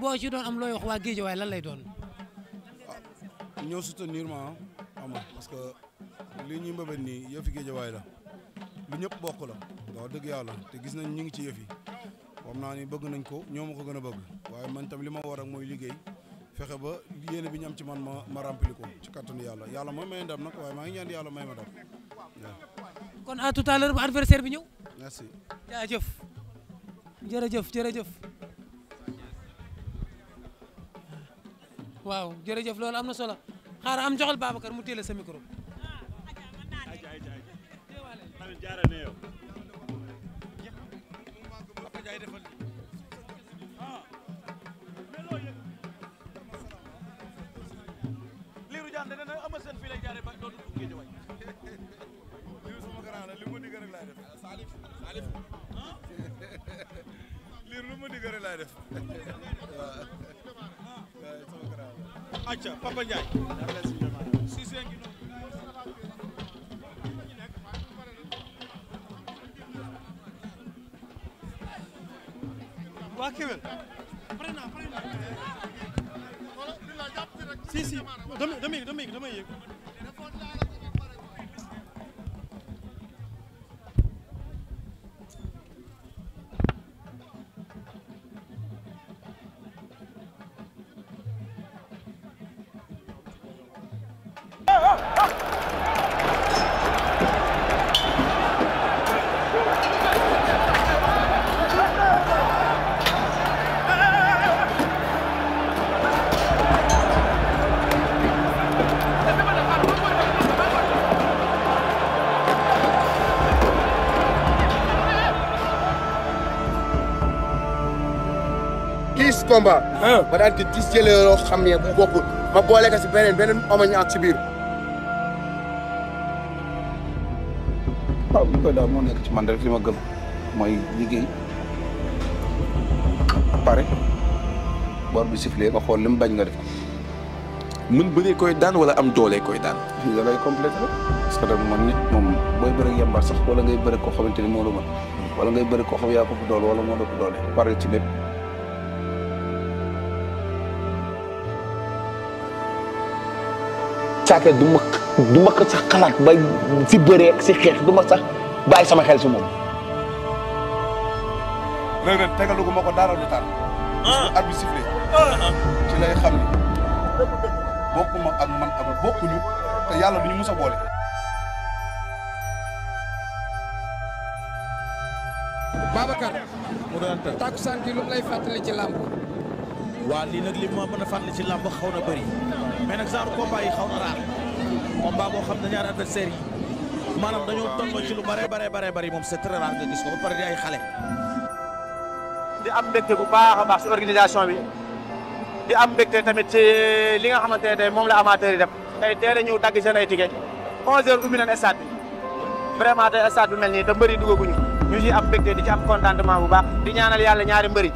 boo ci doon am looy wax waa Géejawaay lan lay doon. ah ñoo ah, parce que li ñuy mbëbët nii yëfi Géejawaay la lu bokk la. waaw dëgg yàlla te gis nañ ñu ngi ci yëf yi xam naa ni bëgg nañ ko ñoo ma ko gën a bëgg waaye manta tam li ma war ak mooy liggéey. fexe ba yéene bi ñu am ci man ma ma rempli ko ci kattanu yàlla yàlla mooy may ndam nag waaye a ngi ñaan yàlla ma dam kon à tout à l'heure bu adversaire bi ñëw merci jaajëf jërëjëf jërëjëf waaw jërëjëf loolu am na solo am joxal Babacar mu téele Diagne dana ne Eumeu Sène fii lay jaaree ba dootu dugg géej waay. lii sama grand la li mu digg rek laay def. Salif Salif. lii lu mu digg rek laay def. waaw sama grand la. acca Papa Ndiaye. Cissé ngi noonu. waa Kewel. pare naa pare naa. si si damay damay damay damay combat. Ah. ma daal di gis jëlee yoo xam ne bu bokkul ma boole ko si beneen beneen omoñ ak si biir. waaw li koy daal moo nekk ci man rek li ma gëm mooy liggéey pare bor si sifflé nga xool li mu bañ nga def. mën bëree koy daan wala am doolee koy daan. fii da lay complété parce que nag man nit moom booy bëri yambar sax wala ngay bëri koo xamante ni moo hmm. wala yaa ko fu doole wala moo la ko pare ci lépp. saaka du ma du ma ko sax xalaat ba si bëree si xeex du ma sax bàyyi sama xel si moom. léeg ren tegalugu ma ko dara lu tar. at bi sifflé ci lay xam ni bokkuma ak man ak bokkuñu te yàlla du ñu mus a boole. Babacar. mu doon tàkkusaan gi lu mu lay fàttali ci làmb. waa lii nag li ma mën a fàttali ci làmb xaw na bëri mais nag genre combat yi xaw na raar combat boo xam ne ñaari adversaire yi maanaam dañoo tolloo ci lu bare bare bare bëri moom c'est très rare nga gis ko ba pare di ay xale. di am mbégte bu baax a baax ci organisation bi di am mbégte tamit ci li nga xamante ne tey moom la amateur yi def ñëw dagg seen ay ticket 11 heures ubbi nañ stade bi vraiment tey bi mel nii da mbëri duggaguñu ñu ci am mbégte di ci bu baax di ñaanal yàlla ñaari mbëri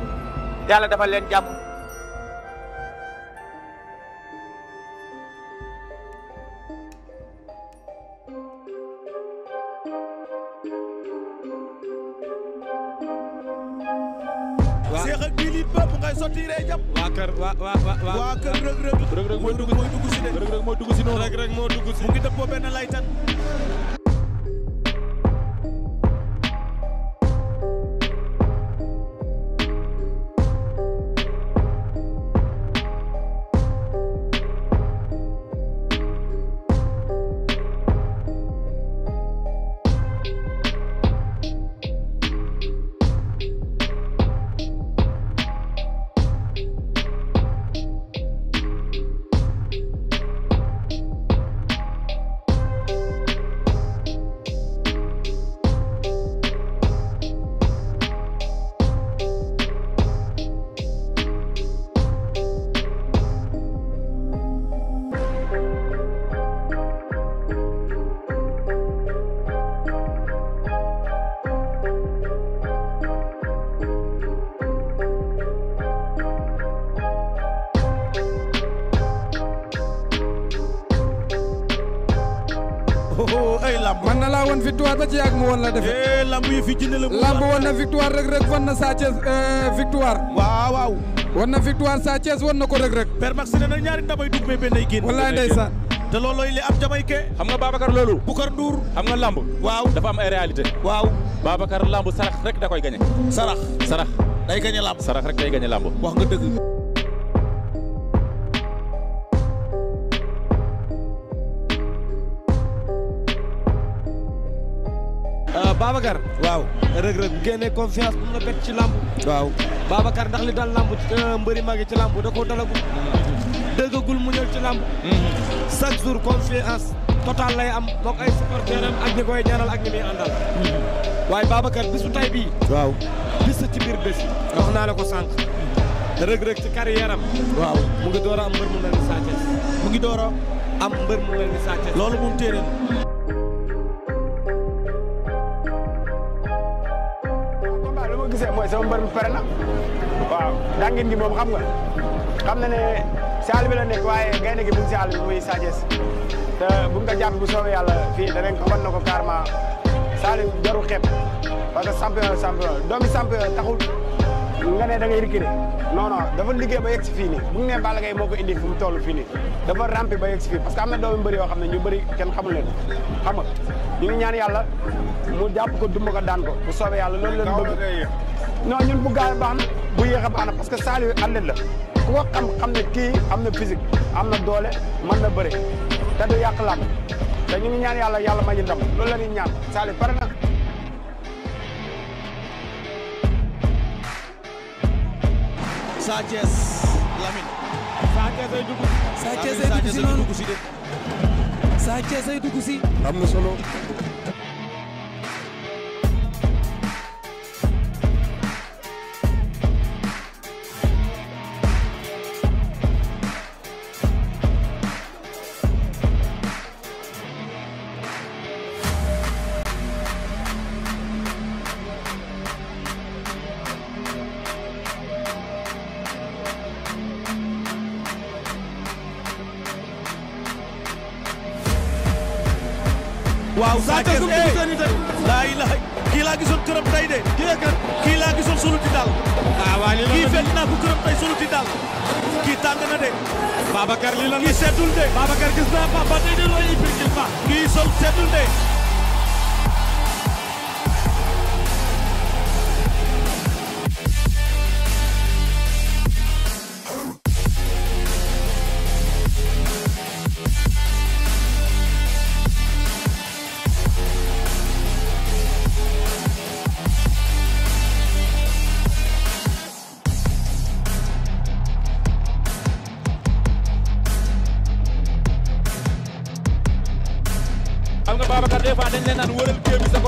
yàlla dafa leen jàmm. waa waa waa waa kër rëg rëg. rëg rëg mooy dugg si rëg rëg mooy dugg si noonu. rëg rëg moo dugg si mu ngi dëppoo benn laytan. Sa Thiès euh, victoire. waaw waaw. war na victoire Sa Thiès war na li am jamaïcain. xam nga Babacar loolu. Boucar Ndour. xam nga lamb. waaw dafa am ay réalité. waaw Babacar lamb sarax rek da gañe lamb. wax nga dëgg. Babacar. waaw Reug Reug génne confiance bu mu la bett ci lamb. waaw Babacar ndax li dal lamb euh, mbëri magi ci lamb da koo dalagul. dëggagul mu ñëw ci lamb. Mm-hmm. chaque jour confiance total lay am moog ay supporteurs am ak ñi koy ñaanal ak ñi muy àndal. Mm-hmm. waaye Babacar bisu tay bii. waaw bis ci biir bés. wax naa la ko sànq. Reug Reug ci carrière waaw mu ngi door a am mbër mu mel ni Sa mu ngi door am mbër mu mel ni Sa loolu moom téere sama mbër mi pare na waaw dangin gi moom xam nga xam na ne si àll bi la waaye gaynde gi mu ngi si àll bi muy Sa Thiès te bu ñu ko jàpp bu soobee yàlla fii danañ ko wan na ko carrément Saliou jarul xeeb parce que champion champion doomi champion taxul nga ne da ngay rikkiri non non dafa liggéey ba yegg si fii nii bu ñu nee Balla Gaye moo ko indi fu fii nii dafa rampi ba yegg si fii parce que am na doomu bëri yoo xam ne ñu bëri kenn xamul leen xam nga ñu ngi ñaan yàlla mu jàpp ko dumb ko daan ko bu soobee yàlla loolu leen bëgg non ñun bu gaaw baax na bu yéex a baax parce que Saliou athlète la ku ko xam xam ne kii am na physique am na doole mën na bëri te du yàq làmb te ñu ngi ñaan yàlla yàlla ma ñu ndam loolu la ñuy ñaan Saliou pare na Sa Sa Thiès ay dugg si noonu Sa Thiès ay dugg si am na solo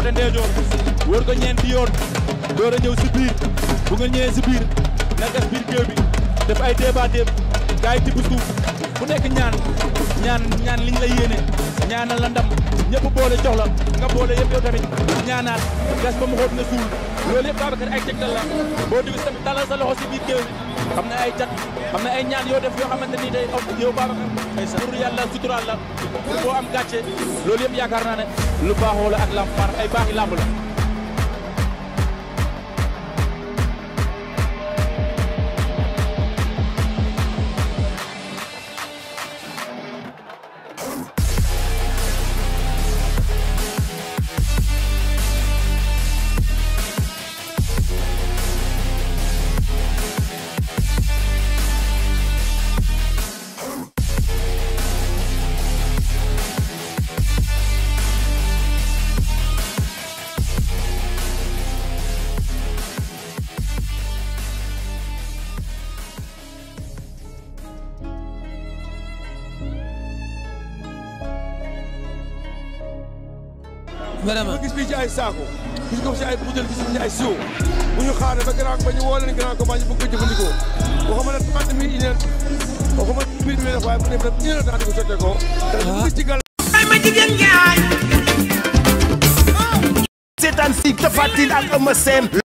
côté ndeyjoor wër ko ñeenti yoon door a ñëw si biir bu nga ñëwee si biir na gas biir géew bi def ay débat déeb gars yi tibb suuf nekk ñaan ñaan ñaan liñ la yéene ñaanal la ndam ñëpp boole jox la nga boole yëpp yow tamit ñaanaat gas ba mu xóot nga suul loolu yëpp Babacar ay tegtal la boo dugg si tamit sa loxo si biir géew xam na ay cat xam na ay ñaan yoo def yoo xamante ni day aw yow Babacar pour yàlla suturaal la boo am gàcce loolu yëpp yaakaar naane lu baaxoo la ak lamb par ay baaxi lamb la ay saako gis nga ko si ay butéel gis nga ay siwo bu ñu xaaree ba grand ba ñu woo leen grand combat ñu bëgg ko jëfandikoo waxuma ne trente mille une heure waxuma mille mille waaye mu ne ba une heure daanaka sottee ko te ci gàll ma jigéen njaay seetaan si Tapha Tine ak Eumeu Sène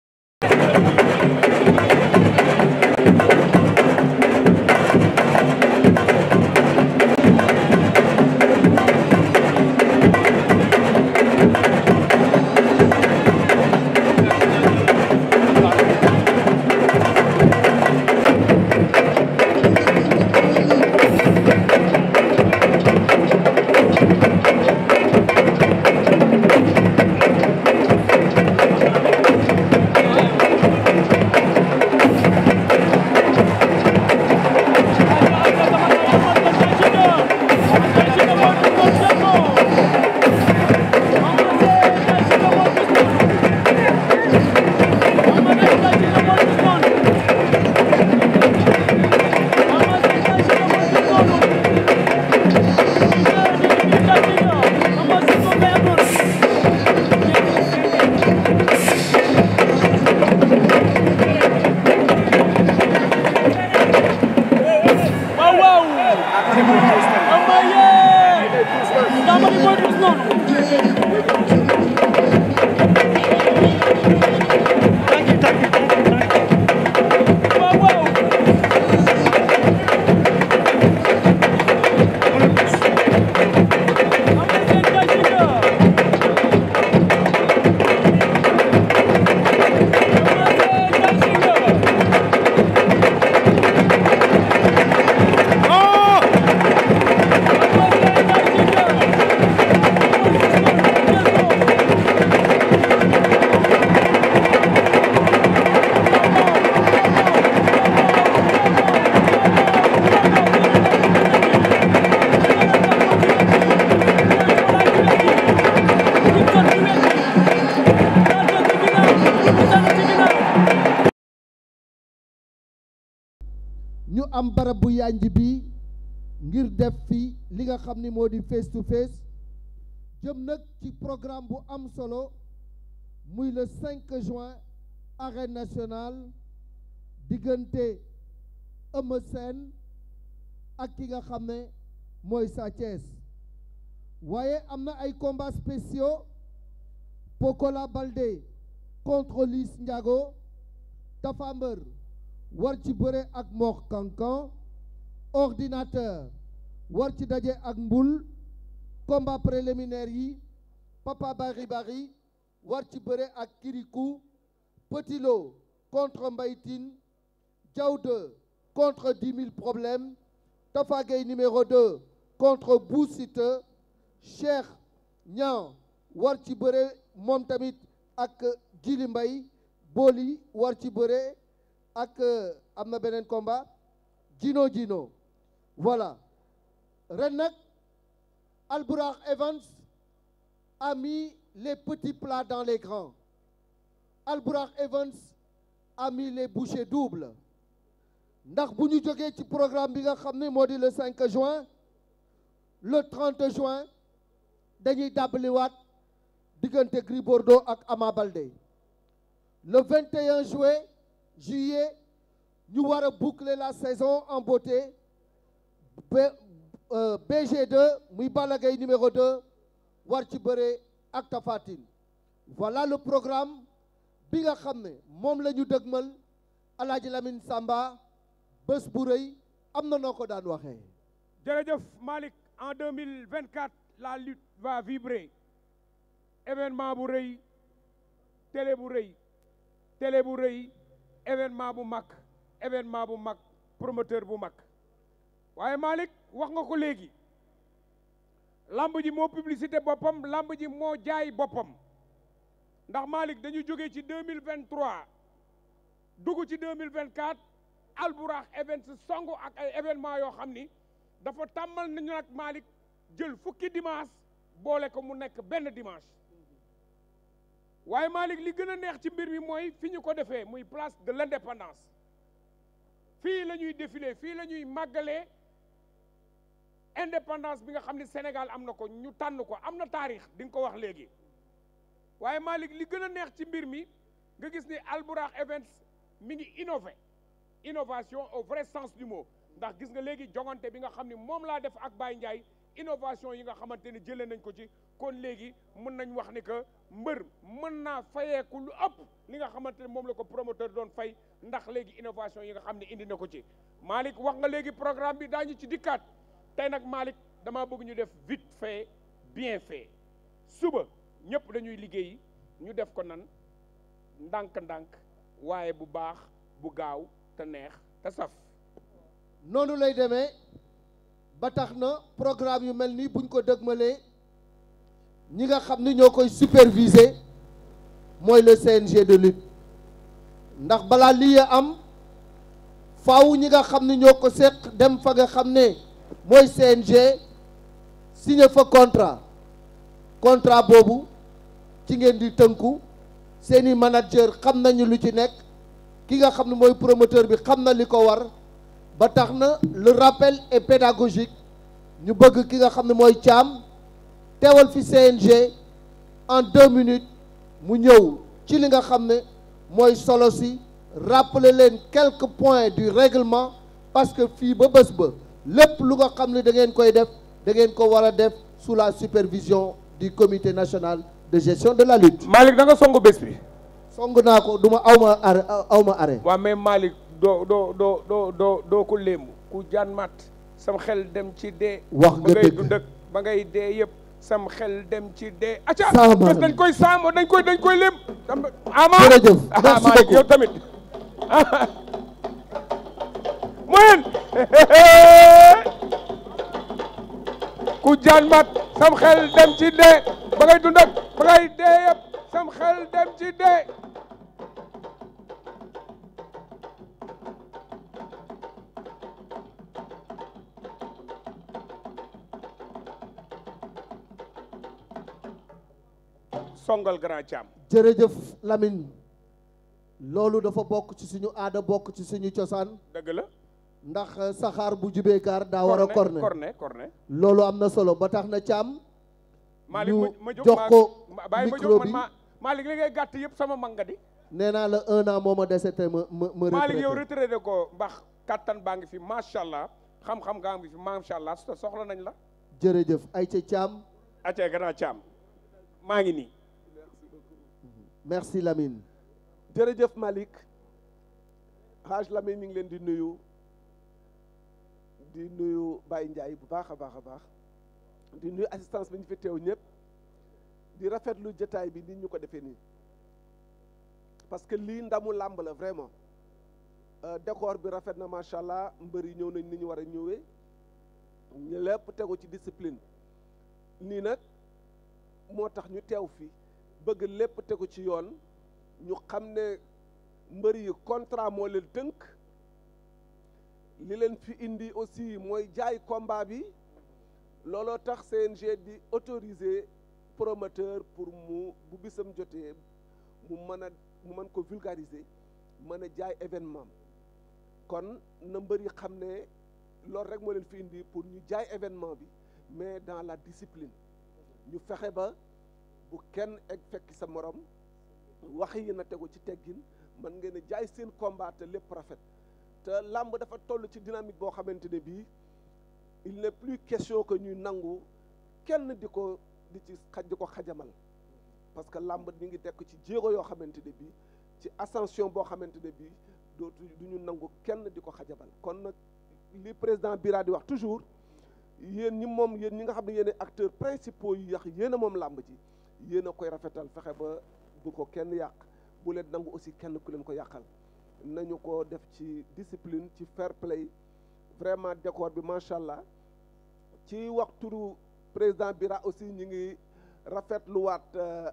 face jëm nag ci programme bu am solo muy le 5 juin arène nationale diggante Eumeu Sène ak ki nga xam ne mooy Sa waaye am na ay combats spéciaux Pokola Baldé contre Liss Ndiago Tapha war ci bëre ak Mor Kankan ordinateur war ci daje ak Mbul combat préliminaire yi Papa Bari Bari war ci bëre ak kiriku Petit contre mbaytin Tine Diaw contre 10 000 problèmes Tafa Gueye numéro 2 contre Boussite Cheikh Niang war ci bëre moom tamit ak Djili Mbaye Boli war ci bëre ak am na beneen combat jino Djino voilà ren nag Albourakh Evans a mis les petits plats dans les grands. Albourakh Evans a mis les bouchées doubles. ndax bu ñu jógee ci programme bi nga xam ne moo di le 5 juin le 30 juin dañuy dàbbaliwaat diggante Gris Bordeaux ak Ama Baldé le juillet juillet ñu war a boucler la saison en beauté Euh, BG2 muy Balla Gaye numéro 2 war ci bëre ak Tapha Tine voilà le programme bi nga xam ne moom la ñu dëgmal Alaaji Lamine Samba bés bu rëy am na noo ko daan waxee jërëjëf Malick en 2024 la lutte va vibrer événement bu rëy télé bu rëy télé bu rëy événement bu mag événement bu mag promoteur bu mag waaye Malick wax nga ko léegi lamb ji moo publicité boppam lamb ji moo jaay boppam ndax Malick dañu jóge ci deux mille vingt trois dugg ci deux mille vingt quatre alburax events songu ak ay événement yoo xam ni dafa tàmmal nañu nag Malick jël fukki dimanche boole ko mu nekk benn dimanche waaye Malick li gën a neex ci mbir mi mooy fi ñu ko defee muy place de l'indépendance fii lañuy ñuy fii la ñuy màggalee indépendance bi nga xam ne Sénégal am na ko ñu tànn ko am na taarix di nga ko wax léegi waaye Malick li gën a neex ci mbir mi nga gis ni Albourakh Events mi ngi innové innovation au vrai sens du mot ndax gis nga léegi jongante bi nga xam ne moom laa def ak Baye Ndiaye innovation yi nga xamante ne jëlee nañ ko ci kon léegi mën nañ wax ni que mbër mën naa fayeeku lu ëpp li nga xamante ne moom la ko promoteur doon fay ndax léegi innovation yi nga xam ne indi na ko ci Malick wax nga léegi programme bi daañu ci dikkaat tey nag Malick damaa bëgg ñu def vite fait bien fait suba ñëpp dañuy liggéey ñu def ko nan ndànk-ndànk waaye bu baax bu gaaw te neex te saf noonu lay demee ba tax na programme yu mel nii buñ ko dëgmalee ñi nga xam ni ñoo koy superviser mooy le CNG de lutte ndax balaa lii am faw ñi nga xam ni ñoo ko seq dem fa nga xam ne mooy CNG signé fa contrat contrat boobu ci ngeen di tënku seeni manager xam nañu lu ci nekk ki nga xam ne mooy promoteur bi xam na li ko war ba tax na le rappel et pédagogique ñu bëgg ki nga xam ne mooy Thiam teewal fi CNG en deux minutes mu ñëw ci li nga xam ne mooy solo si rappeler leen quelque point du règlement parce que fii ba bés ba lépp lu nga xam ne da ngeen koy def da ngeen ko war a def sous la supervision du comité national de gestion de la lutte. Malick da nga songu bés bi. songu naa ko du ma aw ma arrêt aw ma arrêt. waaw mais Malick doo doo doo doo doo doo ko léemu ku jaan mat sam xel dem ci dee. wax nga dëgg ba ngay dund ak ba ngay dee yëpp. sam xel dem ci dee. saamaa acca dañ koy saamo dañ koy dañ koy léem. ama jërëjëf merci beaucoup yow tamit. moyen ku jaan mat sam xel dem ci dee ba ngay dund ba ngay dee yëpp sam xel dem ci dee songal grand Thiam jërëjëf Lamine loolu dafa bokk ci suñu aada bokk ci suñu cosaan dëgg ndax euh, saxaar bu jubee kaar daa war a corne corne corne loolu am na solo ba tax na caam Malick ma jox ko micro bi Malick gàtt yëpp sama mag nga di nee naa la un an moo ma dese ma ma ma ko mbax kàttan baa ngi fi macha allah xam-xam nga ngi fi macha allah soxla nañ la jërëjëf Aïcha Thiam Aïcha Gana Thiam maa ngi nii merci Lamine jërëjëf Malick Haj Lamine ñu ngi leen di nuyu di nuyu bàyyi njaay bu baax a baax a baax di nuyu assistance bi ñu fi teew ñëpp di rafetlu jataay bi ni ñu ko defee nii parce que lii ndamu làmb la vraiment euh, décor bi rafet na macha allah mbër yi ñëw nañ ni ñu war a ñëwee ñu lépp tegu ci discipline nii nag moo tax ñu teew fii bëgg lépp tegu ci yoon ñu xam ne mbër yi contrat moo leen tënk. li leen fi indi aussi mooy jaay combat bi looloo tax CNG di autoriser promoteur pour mu bu bisam jotee mu mën a mu mën ko vulgariser mën a jaay événement kon na mbër xam ne loolu rek moo leen fi indi pour ñu jaay événement bi mais dans la discipline ñu fexe ba bu kenn egg fekki sa morom wax yi na tegu ci teggin mën ngeen jaay seen combat te lépp rafet te làmb dafa toll ci dynamique boo xamante ne bii il n'est plus question que ñuy nangu kenn di ko di ci xaj di ko xajamal parce que làmb mi ngi tekk ci jéego yoo xamante ne bii ci ascension boo xamante ne bii dootu du ñu nangu kenn di ko xajamal kon nag li président Bira di wax toujours yéen ñi moom yéen ñi nga xam ne yéen acteur principaux yi yax yéen a moom làmb ji yéen a koy rafetal fexe ba bu ko kenn yàq bu leen nangu aussi kenn ku leen ko yàqal nañu ko def ci discipline ci fair play vraiment décor bi macha allah ci waxtu président Bira aussi ñi ngi rafetluwaat euh,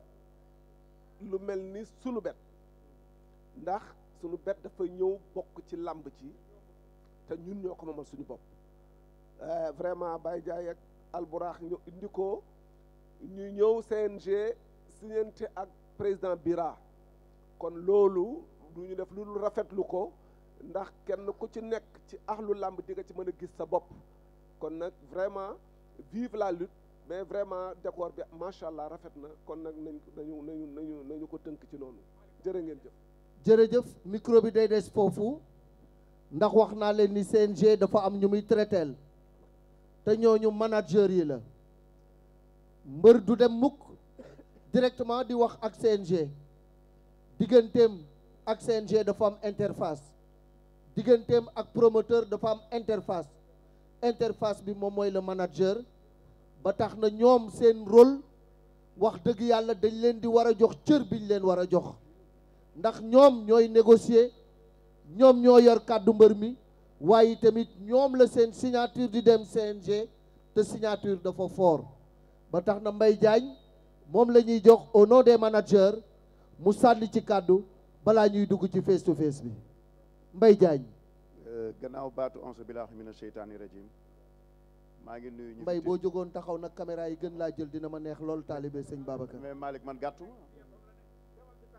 lu mel ni sunu bet ndax sunu bet dafa ñëw bokk ci làmb ci te ñun ñoo ko moomal suñu bopp euh, vraiment Baye Ndiaye ak Alburax ñu indi ko ñu ñëw CNG signante ak président Bira kon loolu du ñu def lu rafetlu ko ndax kenn ku ci nekk ci axlu làmb di nga ci mën a gis sa bopp kon nag vraiment vive la lutte mais vraiment décor bi macha allah rafet na kon nag nañ nañu nañu nañu nañu ko tënk ci noonu jërë ngeen jëf jërëjëf micro bi day des foofu ndax wax naa leen ni CNG dafa am ñu muy traiteel te ñooñu manager yi la mbër du dem mukk directement di wax ak CNG digganteem ak CNG dafa am interface digganteem ak promoteur dafa am interface interface bi moom mooy le manager ba tax na ñoom seen rôle wax dëgg yàlla dañ leen di war a jox cër biñ leen war a jox ndax ñoom ñooy négocier ñoom ñoo yor kàddu mbër mi waaye tamit ñoom la seen signature di dem CNG te signature dafa fort ba tax na mbay Diagne moom la ñuy jox au nom des managers mu sànni ci kàddu balaa ñuy dugg ci face to face bi Mbaye Diagne euh, gannaaw baatu onse bilaahi mina seytaani rajim maa ngi nuyu ñu Mbaye boo jógoon taxaw nag caméra yi gën laa jël dina ma neex loolu taalibe sëñ Babacar man gàttu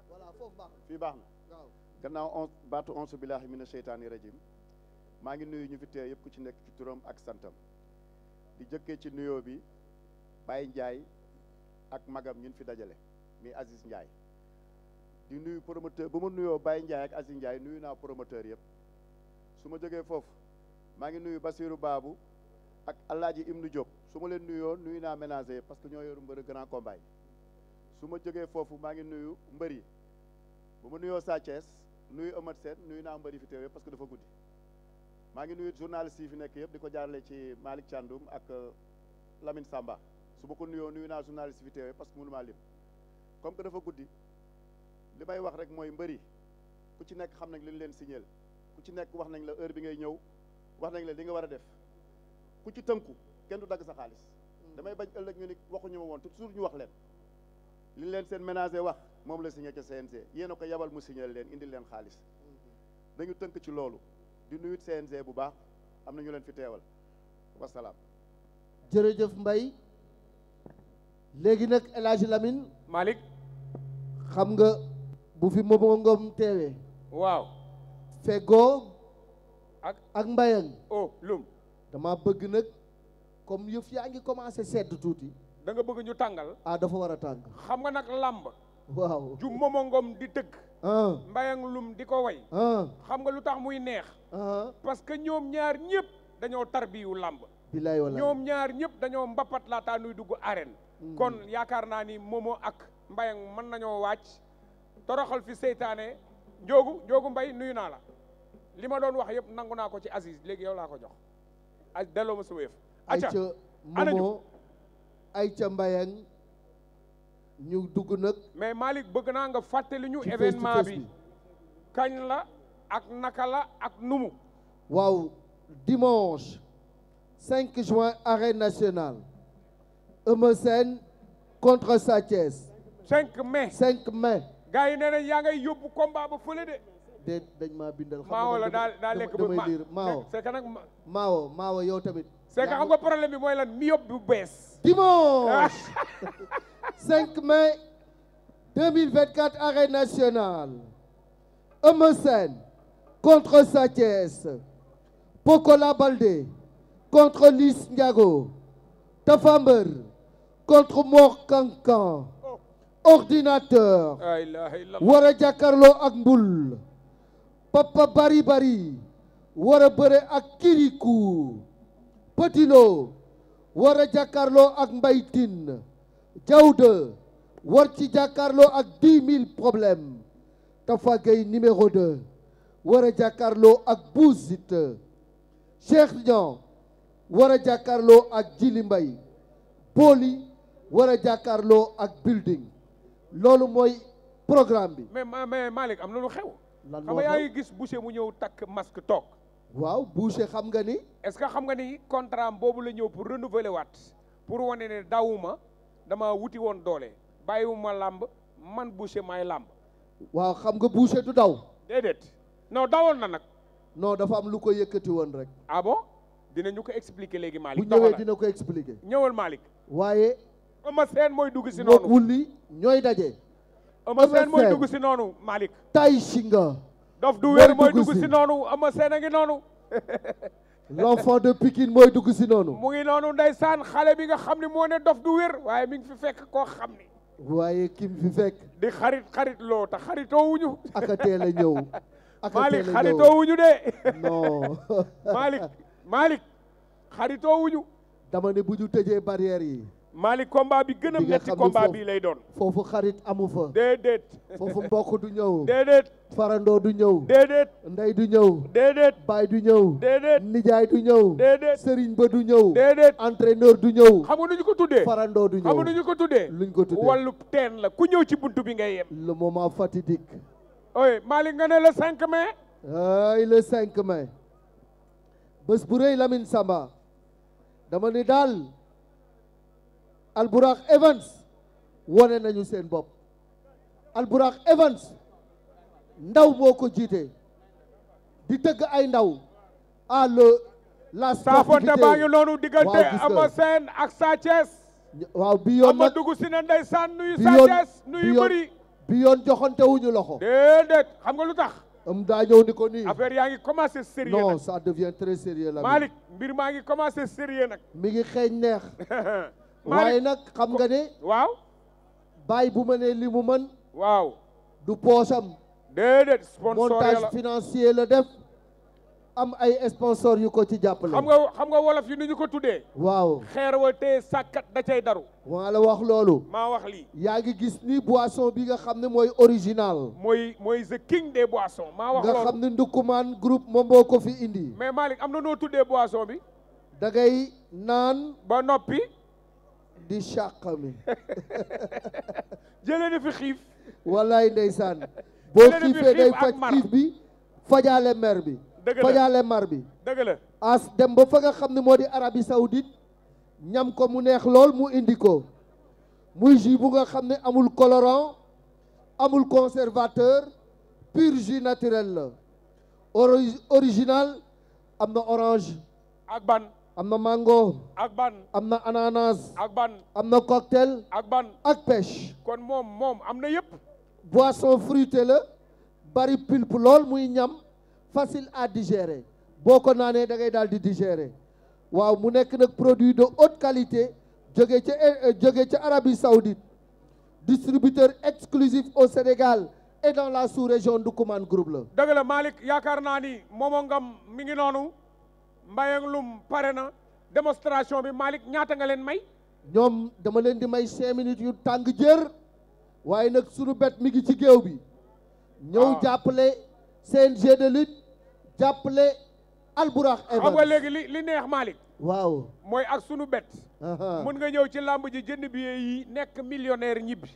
voilà foofu baax na fii baax na gannaaw on baatu onse seytaani rajim maa ngi nuyu ñu fi teew yëpp ku ci nekk ci turam ak santam di jëkkee ci nuyoo bi Baye Ndiaye ak magam ñun fi dajale mi Aziz Ndiaye di nuyu promoteur bu ma nuyoo Baye Ndiaye ak Aziz Ndiaye nuyu naa promoteur yëpp su ma jogee foofu maa ngi nuyu Basirou baabu ak Alaaji Ibnu Diop su ma leen nuyoo nuyu naa ménager parce que ñoo yoru mbëri grand combat su ma jógee foofu maa ngi nuyu mbër yi bu ma nuyoo Sa Thiès nuyu Amath Sène nuyu naa mbër fi teew parce que dafa guddi maa ngi nuyu journaliste yi fi nekk yëpp di ko jaarale ci Malick Thiandoum ak euh, Lamine Samba su ma ko nuyoo nuyu naa journaliste parce que mënu maa lim comme que dafa guddi li may wax rek mooy mbëri ku ci nekk xam nañ li leen signal ku ci nekk wax nañ la heure bi ngay ñëw wax nañ la li nga war a def ku ci tënku kenn du dagg sa xaalis mm. damay bañ ëllëg ñu ni waxuñu ma woon te toujours ñu wax leen li leen seen ménager wax moom la signé ca CNG yéen a ko yabal mu siñeel leen indi leen xaalis dañu mm-hmm. tënk ci loolu di nuyut CNG bu baax am na leen fi teewal wasalaam jërëjëf Mbaye léegi nag El Hadj Lamine Malick xam nga bu fi Momo Ngom teewee. waaw. Fegoo. ak ak Mbayang. oh Lum. dama bëgg nag comme yëf yaa ngi commencé sedd tuuti. da nga bëgg ñu tàngal. ah dafa war a tàng. xam nga nag làmb. waaw ju Momo Ngom di tëgg. Ah. Mbayang Lum di ko way. Ah. xam nga lu tax muy neex. Ah. parce que ñoom ñaar ñëpp dañoo tarbiyu làmb. bilaay wala ñoom ñaar ñëpp dañoo mbapat laataa nuy dugg arène. Hmm. kon yaakaar naa ni Momo ak Mbayang mën nañoo wàcc. toroxal fi seytaane njoogu njoogu mbay nuyu naa la li ma doon wax yëpp nangu naa ko ci Aziz léegi yow laa ko jox a delloo ma sama yëf ayca Momo ayca Mbayang ñu dugg nag mais Malick bëgg naa nga fàttali ñu événement bi kañ la ak naka la ak numu waaw dimanche cinq juin arène nationale Eumeu Sène contre Sa Thiès 5 mai 5 mai gars yi nee yaa ngay yóbbu combat ba fële de. déet dañ maa bindal. maawo la daa lekk ba damay liir maawo. yow tamit. c'est que xam nga problème bi mooy lan mi yóbbu bu bees. dimanche 5 mai 2024 arène nationale. contre Sa Pokola Baldé contre Liss Ndiago. Tapha contre Mor Kankan. ordinateur war a ak mbul papa bari bari war bëre ak kirikou Petit Lo war a ak Mbaye Tine Diawde war ci jàkkaarloo ak dix mille problèmes Tafa Gueye numéro deux war a ak Bouzit Cheikh Niang war a ak Djily mbay Boli war a ak Building loolu mooy programme bi. mais mais Malick am na lu xew. lan xam nga yaa ngi gis boucher mu ñëw takk masque toog. waaw boucher xam nga ni. est-ce que xam nga ni contrat am boobu la ñëw pour renouveler waat pour wane ne daawuma dama wuti woon doole bàyyiwuma làmb man boucher may làmb. waaw xam nga boucher du daw. déedéet non dawoon na nag. non dafa am lu ko yëkkati woon rek. abo ah bon dinañu ko expliquer léegi Malick. bu ñëwee dina ko expliquer. ñëwal Malick. waaye. Eumeu Sène mooy dugg si noonu. wulli ñooy daje. Eumeu Sène mooy dugg si noonu tay si nga. dof du wér mooy dugg si noonu Eumeu Sène a ngi noonu. l'enfant de Pikine mooy dugg si noonu. mu ngi noonu ndeysaan xale bi nga xam ne moo ne dof du wér waaye mi ngi fi fekk koo xam ni. waaye kim fi fekk. di xarit xarit loo ta xaritoo wuñu. aka teel a aka teel a ñëw Malick xaritoo wuñu de. non. Malick Malick xaritoo wuñu. dama ne bu ñu tëjee barrière yi. maali combat bi gën a metti combat lay doon. foofu xarit amu fa. déedéet. foofu mbokk du ñëw. déedéet. farandoo du ñëw. déedéet. ndey du ñëw. déedéet. baay du ñëw. déedéet. nijaay du ñëw. déedéet. sëriñ ba du ñëw. déedéet. entraîneur du ñëw. xam nga nu ko tuddee. farandoo du ñëw xam ko tuddee. luñ ko tuddee wàllu teen la ku ñëw ci bunt bi ngay yem. le moment fatidique. oye Malick nga ne la 5 mai. ay le 5 mai. bés bu rëy Lamine Samba. dama ni daal. Albourakh Evans wone nañu seen bopp Albourakh Evans ndaw moo ko jiite di tëgg ay ndaw à le la saafonte baa ngi noonu diggante Ama Sène ak Sa waaw bi yoon nag ama dugg si na ndeysaan nuyu Sa nuyu bëri bi yoon joxante wuñu loxo déedéet xam nga lu tax am daa ñëw ni ko nii affaire yaa ngi commencé sérieux non ça devient très sérieux la Malick mbir maa ngi commencé sérieux nag mi ngi xeeñ neex waaye nag xam nga ne waaw bàyyi bu ma ne li mu man waaw du poosam déedéet sponsor montage financier la def am ay sponsor yu ko ci jàppale xam nga xam nga wolof yi ni ñu ko tuddee waaw xeer wa tee sàkkat da cay daru waa la wax loolu maa wax lii yaa ngi gis ni boisson bi nga xam ne mooy original mooy mooy the king des boissons maa wax loolu nga xam ne ndukkumaan groupe moom moo ko fi indi mais Malick am na noo tuddee boisson bi da ngay naan ba noppi di càqami jëlee na fi xiif wallaay ndeysaan boo xiifee day faj xiif bi fajaale mer bi fajaale mar bi dëgg la dem ba fa nga xam ne moo di Arabie Saoudite ñam ko mu neex lool mu indikoo ko muy jus bu nga xam ne amul colorant amul conservateur pur jus naturel la original am na orange ak ban am na mango. ak ban am na ananas. ak ban am na cocktail. ak ban ak pêche. kon moom moom am na yëpp. boisson fruitée la bari pulpe lool muy ñam facile à digérer boo ko naanee da ngay daal di digérer waaw mu nekk nag produit de haute qualité jóge ca eh, jóge ca Arabie Saoudite distributeur exclusif au Sénégal et dans la sous-région du Kouman Group la. dëgg la Malick yaakaar naa ni moomo ngam mi ngi noonu. Mbaye ak pare na démonstration bi Malick ñaata nga leen may ñoom dama leen di may seen minutes yu tàng jër waaye nag sunu bet mi ngi ci géew bi ñëw ah. jàppale CNG de lutte jàppale Alburax xam nga léegi li li neex Malick waaw mooy ak sunu bet mën nga ñëw ci làmb ji jënd bi yi nekk millionnaire ñibbi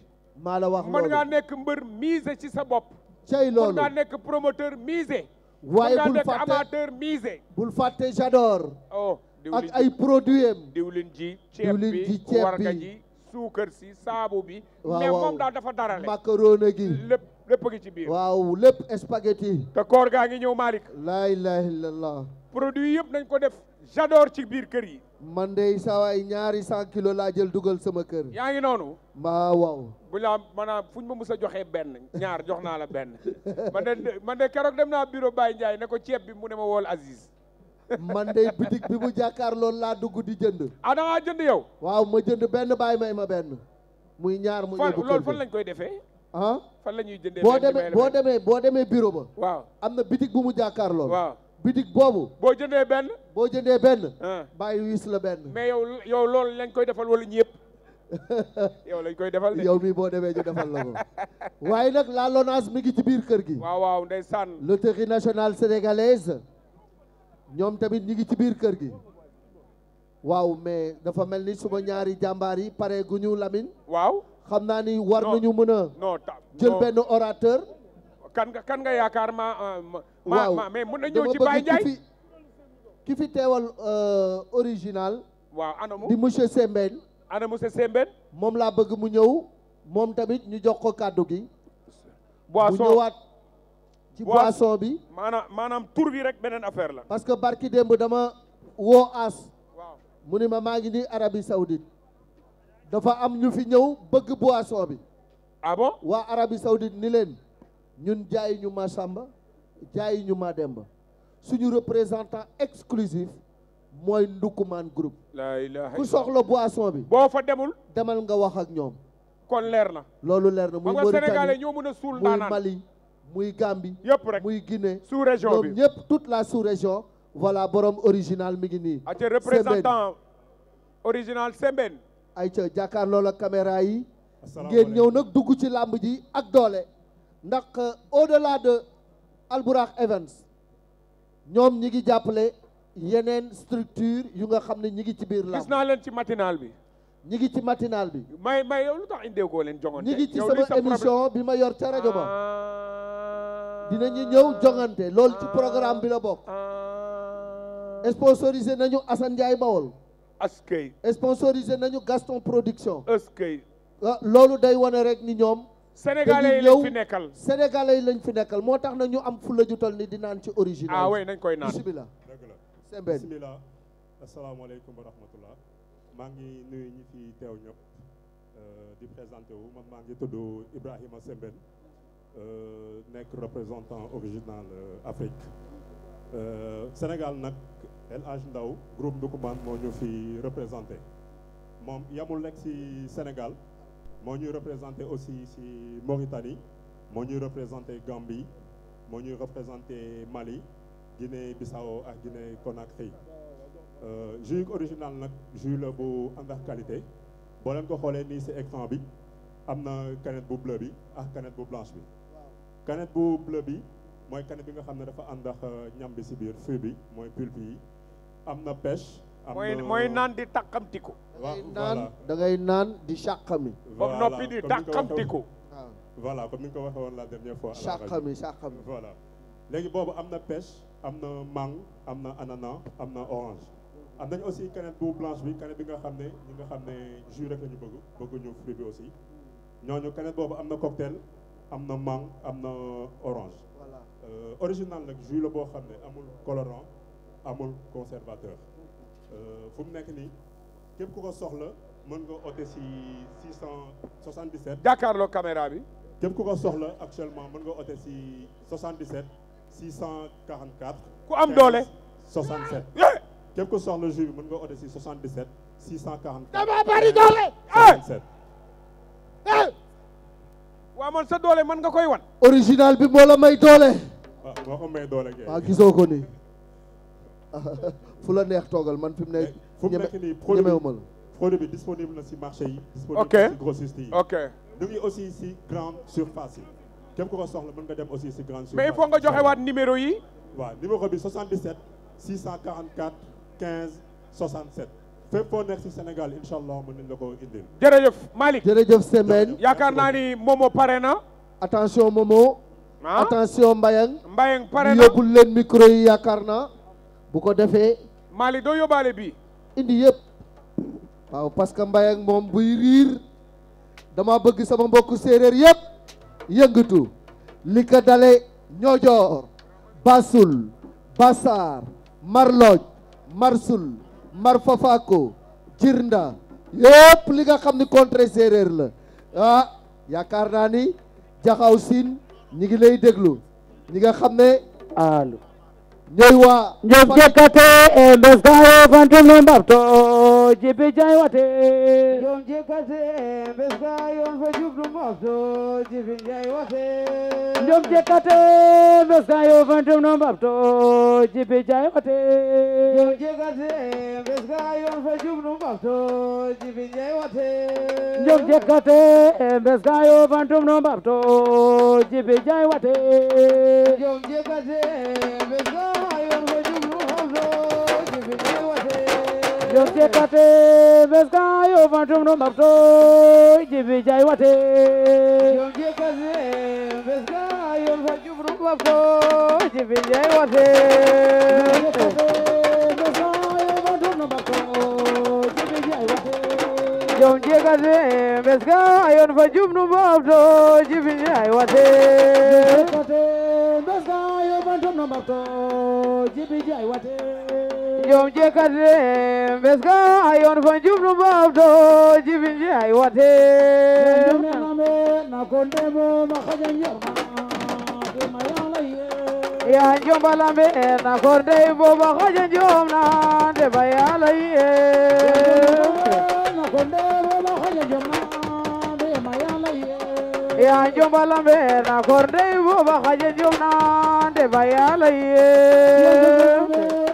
maa la wax mën ngaa nekk mbër mise ci sa bopp cay loolu mën ngaa nekk promoteur mise waaye bul fàtte amateur misé bul fàtte j'adore oh, ak ay produit am diwlin ji ceeb bi warga ji suukar si saabu bi mais moom daal dafa darale macaroni gi lépp lépp gi ci biir waaw lépp spaghetti te koor gaa ngi ñëw Malick laa ilaha illallah produit yëpp nañ ko def j'adore ci biir kër yi man de saawaay ñaari cent kilos laa jël dugal sama kër. yaa ngi noonu. ma waw bu la maanaam fu ñu ma mus a joxee benn ñaar jox naa la benn man de man de keroog dem naa bureau Baye Ndiaye ne ko ceeb bi mu ne ma wool Aziz. man de bitig bi mu jàkkaar laa dugg di jënd. ah da jënd yow. waaw ma jënd benn baay may ma benn. muy ñaar mu yóbbu loolu fan lañ koy defee. ah fan la ñuy jëndee. boo demee boo demee boo demee bureau ba. waaw am na bitig bu mu jàkkaar lool. bitig boobu. boo jëndee benn. boo jëndee benn. Ah. bàyyi wiis la benn. mais yow yow loolu lañ koy defal wala ñëpp. yow lañ koy defal yow mii boo demee ñu defal la ko. waaye nag la LONASE mi ngi ci biir kër gi. waaw waaw ndeysaan. loterie nationale sénégalaise. ñoom tamit ñi ngi ci biir kër gi. waaw mais dafa mel ni suma ñaari jàmbaar yi pare gu ñu waaw xam naa ni war nañu mën a. non jël benn orateur. kan nga kan nga yaakaar ma euh, ma mais mun na ñëw ci Baye Ndiaye ki fi teewal euh, original waaw anamu di monsieur Sembène ana moom laa bëgg mu ñëw moom tamit ñu jox ko kàddu gi boisson mu ñëwaat bi maanaam maanaam tur rek beneen affaire la parce que barki démb dama woo aas mu ni ma maa ngi ni Arabie Saoudite dafa am ñu fi ñëw bëgg boisson bi ah bon waa Arabie Saoudite ni leen ñun jaayi ñu ma Samba jaayi ñu Demba suñu représentant exclusif mooy Ndoukoumane groupe. group ilaha soxla boisson bi. boo fa demul. demal nga wax ak ñoom. kon leer na. loolu leer na muy Mauritanie Sénégalais ñoo mën a muy Mali muy Gambie. yëpp rek muy Guinée. sous région bi ñoom ñëpp toute la sous région. voilà borom original mi ngi nii. ayca ah, représentant original Sembène. ayca jàkkaarloo la caméra yi. ngeen ñëw nag dugg ci làmb ji ak doole. ndax euh, au-delà de Albourakh Events ñoom ñi ngi jàppale yeneen structure yu nga xam ne ñi ngi ci biir làmb. gis naa leen ci matinal bi. ñi ngi ci matinal bi. may may tax indee ko leen jongante. ñi ngi ci sama émission bi ma yor ca rajo ba. Ah. dinañu ñëw jongante lool ci programme bi la bokk. Ah. sponsorisé nañu Assane Ndiaye Bawol. askay. sponsorisé nañu Gaston Production. askay. Ah, loolu day wane rek ni ñoom. sénégalais yi lañ fi nekkal sénégalais yi lañ fi nekkal moo tax na ñu am fu la ju toll ni di naan ci original ah oui nañ koy naan bismillah sembeen bismillah asalaamaaleykum wa rahmatullah maa ngi nuy ñi fi teew ñëpp euh, di présenté wu man maa ngi tudd Ibrahima Sembène euh, nekk représentant original euh, Afrique Sénégal nag El Hadj Ndaw groupe Ndoukoumane moo ñu fi représenté moom yamul nekk si Sénégal moo ñuy représenté aussi ci Mauritanie moo ñuy représenté Gambie moo ñuy représenté Mali Guinée Bissau ak Guinée Conakry euh, jus original nag jus la bu ànd ak qualité boo leen ko xoolee nii ci écran bi am na canette bu bleu bi ak canette bu blanche bi canette bu bleu bi mooy canette bi nga xam ne dafa ànd ak euh, ñam bi ci biir fruit bi mooy pulpe yi am na pêche mooy mooy naan di tàqamtiku naan da ngay naan di sàqami boobu noppi di tàqamtiku voilà comme ni nga ko waxee woon la dernière fois sàqami sàqami voilà léegi boobu am na pêche am na mang am na ananas am na orange am nañ aussi canette bu blanche bi canette bi nga xam ne ñi nga xam ne jus rek la ñu bëgg bëgguñu fruit bi aussi ñooñu canette boobu am na cocktail am na mangue am na orange euh, original nag jus la boo xam ne amul colorant amul conservateur Euh, fu mu nekk nii képp ku ko soxla mën nga oote si 677. jàkkaarloo caméra bi. képp ku ko soxla actuellement mën nga oote si 77 644. ku am doole 67. képp ku soxla jus bi mën nga oote si 77 644. dama bari doole. 67. man sa doole mën nga koy wan. original bi moo la may doole. waaw ah, moo ko fu la neex toogal man fi mu ne. Eh, fu mu nekk ñemewuma la produit bi disponible na si marché yi. ok disponible na si grossiste yi. ok ñu ngi aussi si grande yi. képp ku ko soxla mën nga dem aussi si grande surface mais il faut joxe waat numéro yi. waaw numéro bi 77 644 15 67. fépp foo nekk si Sénégal incha allah mën nañu la ko indil. jërëjëf Malick jërëjëf Semaine. yaakaar naa ni Momo pare na. attention Momo. Ah. attention Mbayang. Mbayang pare na yóbbul leen micro yi yaakaar naa bu ko defee. Malick doo yóbbaale bii indi yëpp waaw parce que Mbaye moom buy riir dama bëgg sama mbokk séeréer yëpp yëngatu li ko dale ñojoor basul basaar marlooj marsul marfafako jirnda yëpp li nga xam ni contre séeréer la ah yaakaar naa ni jaxaw siin ñi ngi lay déglu ñi nga xam ne aalu Joy wa. Joy jekate e besgayo o jebe jay wate jom je kase beska yon fe jublu mabso jibi jay wate jom je kate beska yon fe jublu mabso jibi jay wate jom je kase beska yon fe jublu mabso jibi jay wate jom je kate beska yon fe jublu mabso jibi jay wate jom je kate beska yon fe jublu mabso jibi jay wate yo sekkate beska yo fantum no mabto jibi jay wate yo sekkate beska yo fantum no mabto jibi jay wate John Diegase Meska ayon fa jub nu bafto jibin jay wate Meska ayon fa jub nu bafto jibin jay fa jub nu bafto jibin jay wate Na konde mo makajan yorma Kima yala ye Ya jom balame na konde mo makajan yorma Deba yala ye na haja jomna be mayala ye ya ba haja jomna de bayala ye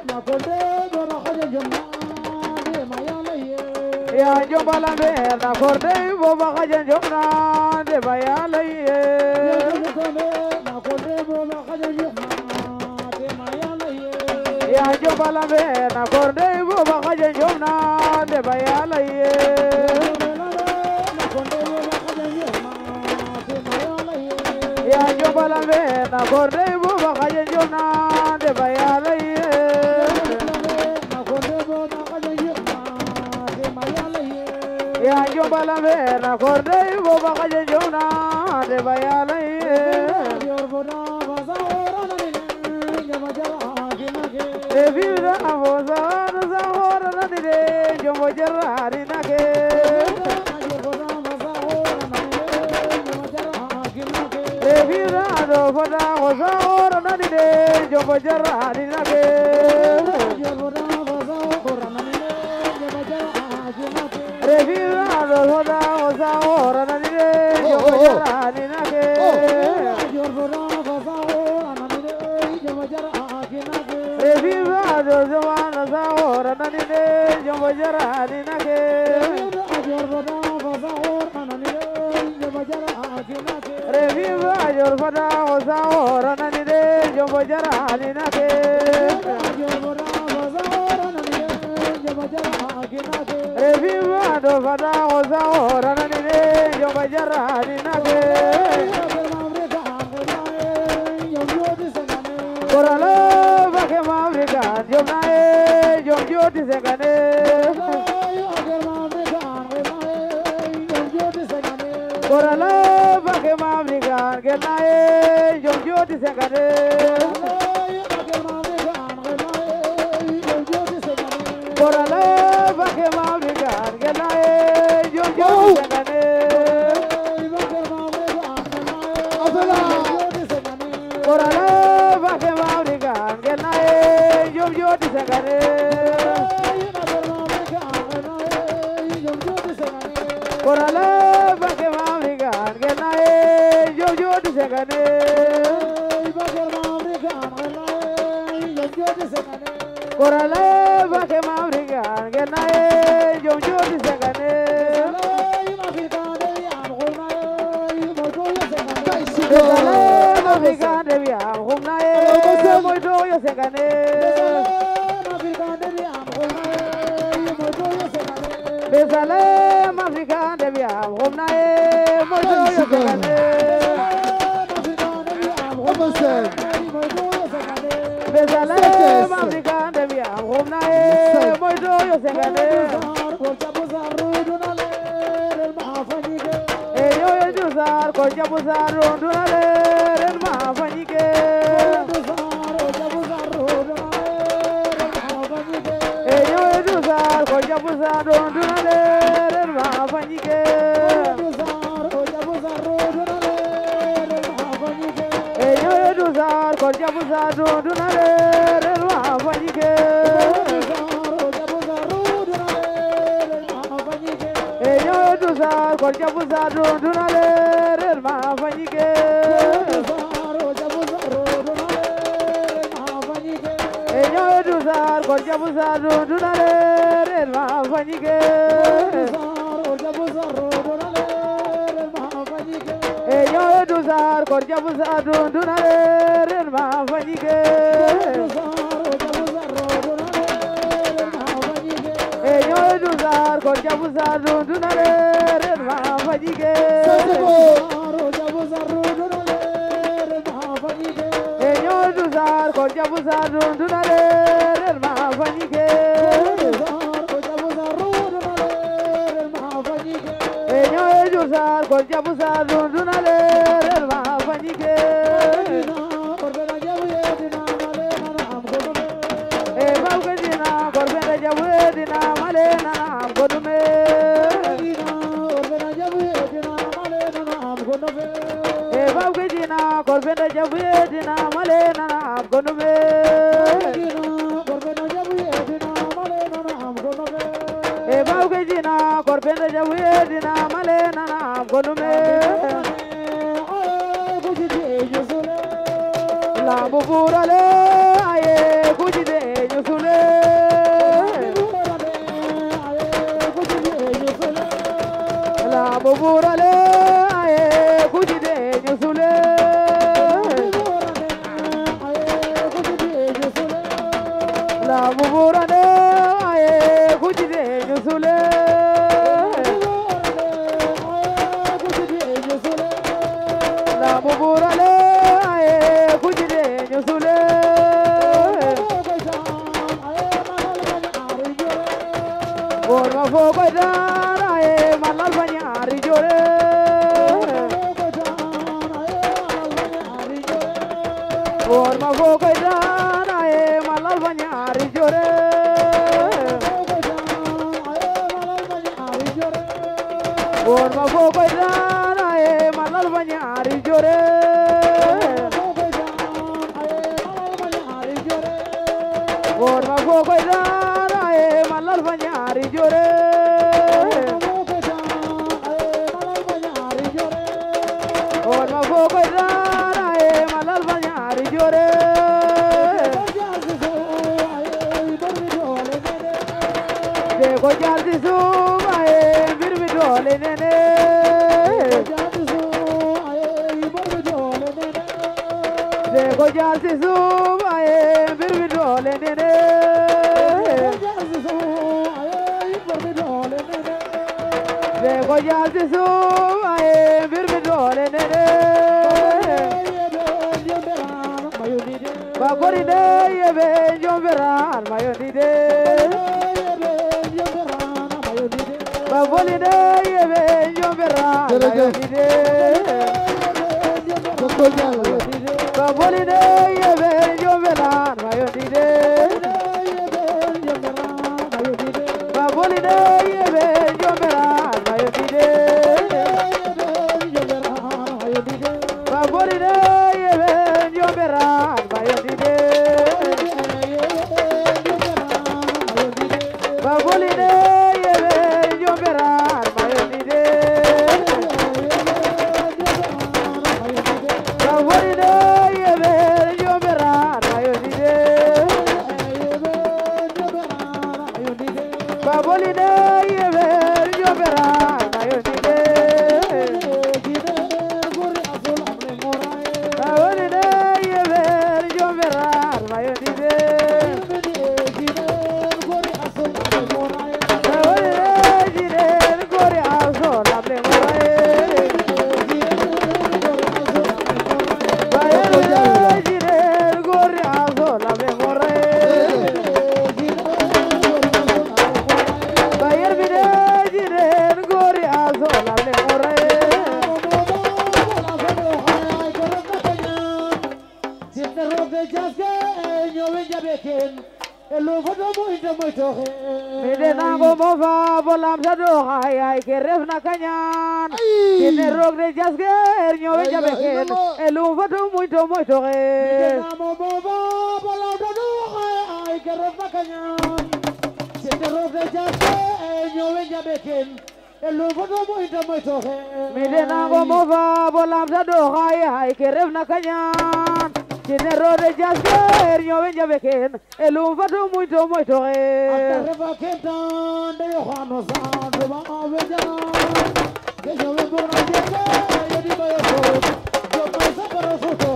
na korde bo ba haja de mayala ye ya jombala be na korde bo ba haja jomna de bayala ye na korde yaa jofala fee na kor dey booba xaje jom naa de ba yàlla ye yaa jofala fee na kor dey booba xaje jom naa de ba yàlla ye yaa jofala fee na kor dey booba xaje jom naa de ba yàlla ye evira afoza wanoza hora nadire jombo jarari nake evira adofoda afoza hora nadire jombo jarari nake revira adofoda afoza hora nadire jombo jarari وجراني نكير أجر فدا فزور أنا نيل وجراني نكير ربيب أجر فدا فزور أنا نيل وجراني نكير أجر فدا فزور أنا نيل وجراني نكير ربيب أجر فدا فزور أنا نيل وجراني نكير قرلو joti segane korala bake mamri gan genaye jom joti segane Abu Zarro doole fanyike e yo du sar kor jabu sar dun dunare ren ma fanyike e yo du sar kor jabu sar dun dunare ren ma fanyike kañaan ci nero de jaseer ñoowe njabe keen e lum fatu muy to moy to xee a tarefa kentaan de yoxaano saan tuma awe jaan de ñoowe burna jeke yedi bayo soot jomay sabara soto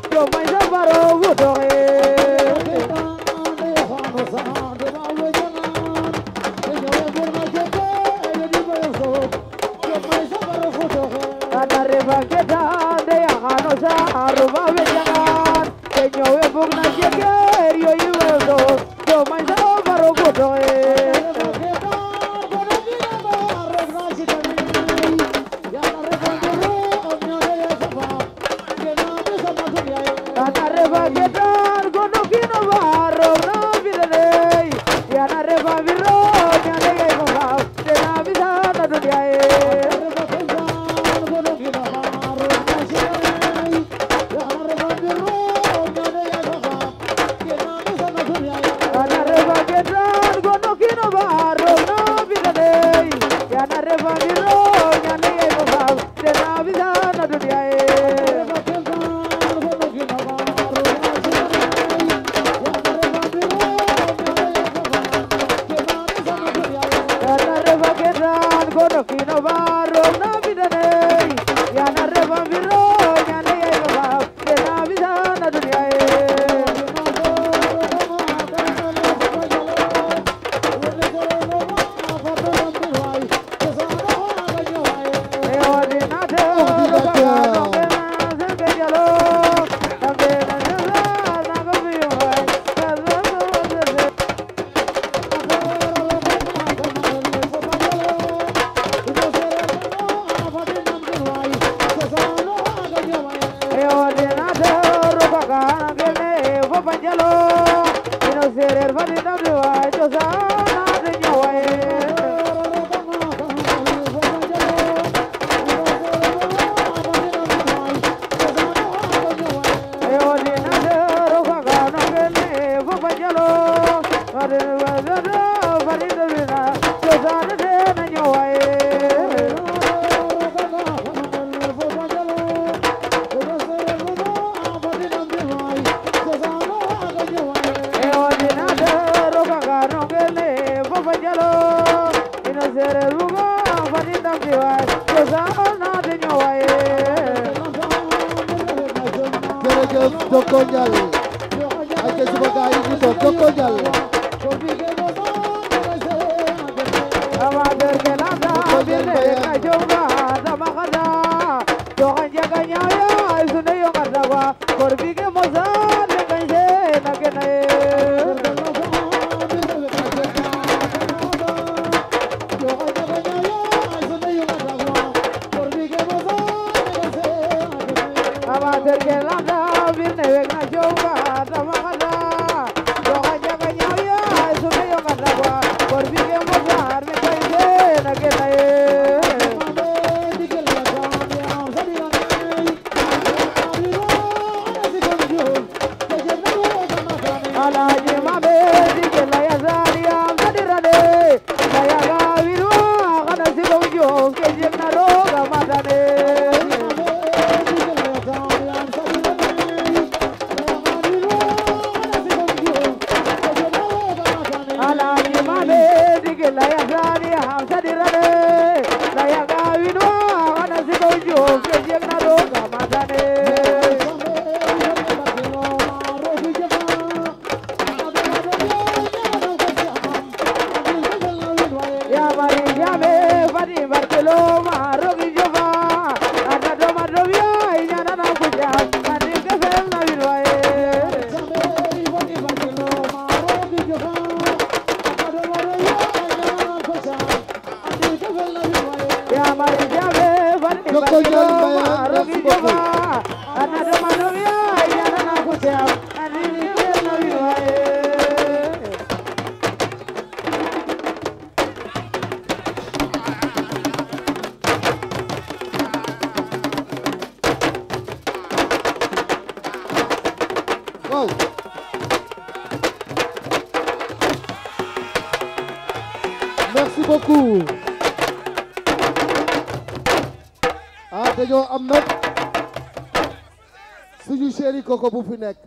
kooko bu fi nekk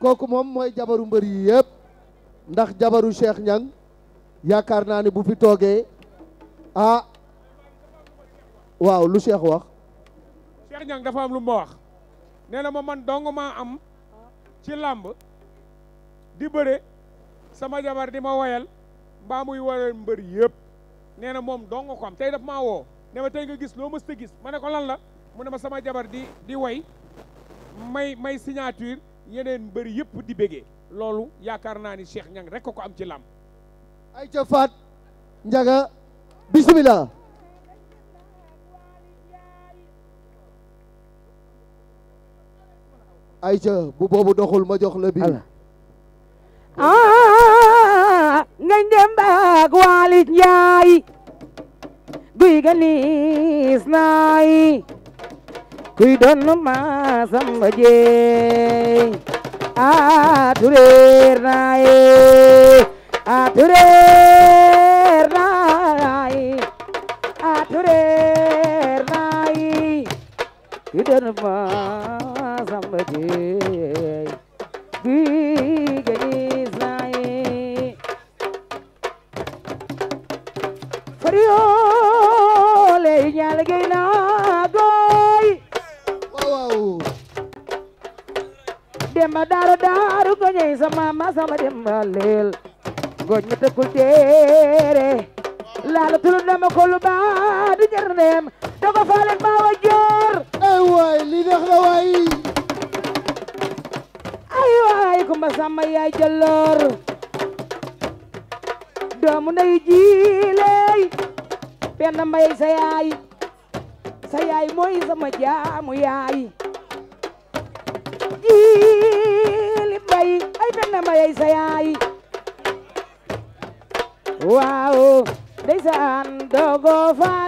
kooku moom mooy jabaru mbër yi yépp ndax jabaru Cheikh Niang yaakaar naa ni bu fi toogee ah waaw lu Cheikh wax Cheikh Niang dafa am lu ma wax nee na ma man dong maa am ci làmb di bëre sama jabar di ma woyal mbaa muy woyal mbër yëpp nee na moom dong ko am tey daf maa woo ne tey nga gis loo mës a gis ma ne lan la mu ne ma sama jabar di di woy may may signature yeneen mbër yëpp di bégee loolu yaakaar naa ni Cheikh Niang rek ko am ci làmb ay ca faat njaga bismillah ay ca bu boobu doxul ma jox la bi ah, ngañ dem baag waalit njaay guy ga naay kuy doon ma samba a tureer naa a tureer naa a tureer naa kuy doon ma gooñ ma tëkkul téere laala tulu nama ko baa du jar neem dogo faale maa wa joor ay waay li neex na waay ay waay ku ma sàmma yaay jaloor doomu nay jiileey benn mbay sa yaay sa yaay mooy sama jaamu yaay fa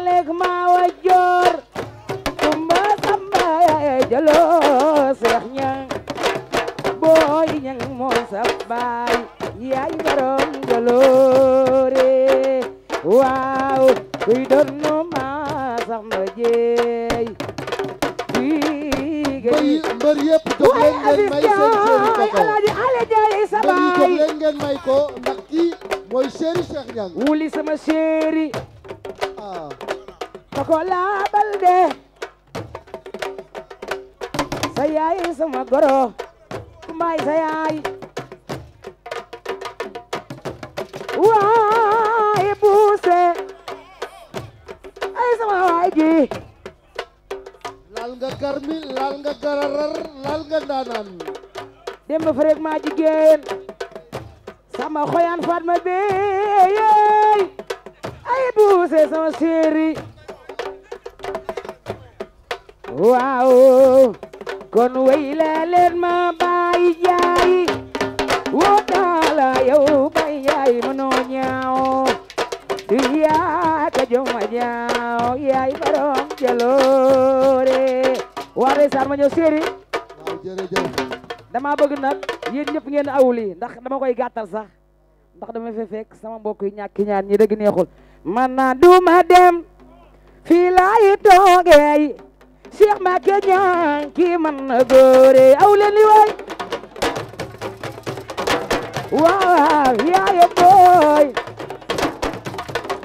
dama koy gàttal sa ndax dama fe fekk sama mbokk yu ñàkk ñaan ñi dëgg neexul man naa duma dem fii laay toogee Cheikh Mbacké Niang kii man na góore aw leen li waay booy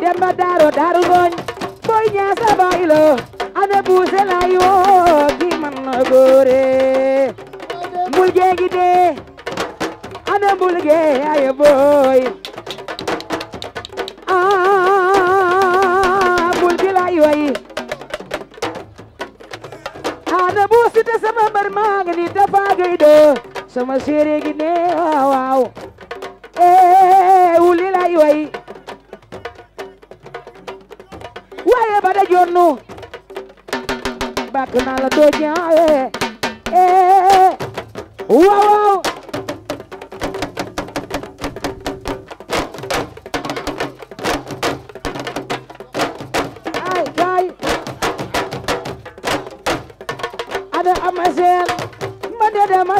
dem daaro daaru booy ñaasa baay lo ana buuse laay woo bulge ay boy ah bulge lay way ana bu sita sama bar magani ta fagay do sama sere gi ne waaw eh uli lay way waye bada jonnu bak na la do jaaye eh waaw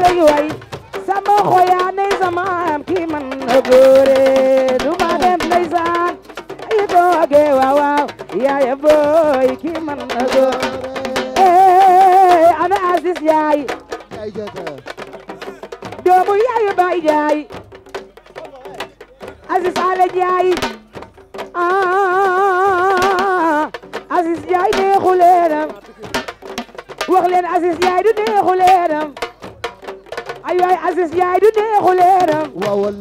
lay way sama xoya ney sama na góore du ma dem ndeysaan yi dooge waaw waaw yaaya booy ki na góore ee eh, ana Aziz yaay doomu yaayu baay yaay Aziz ale yaay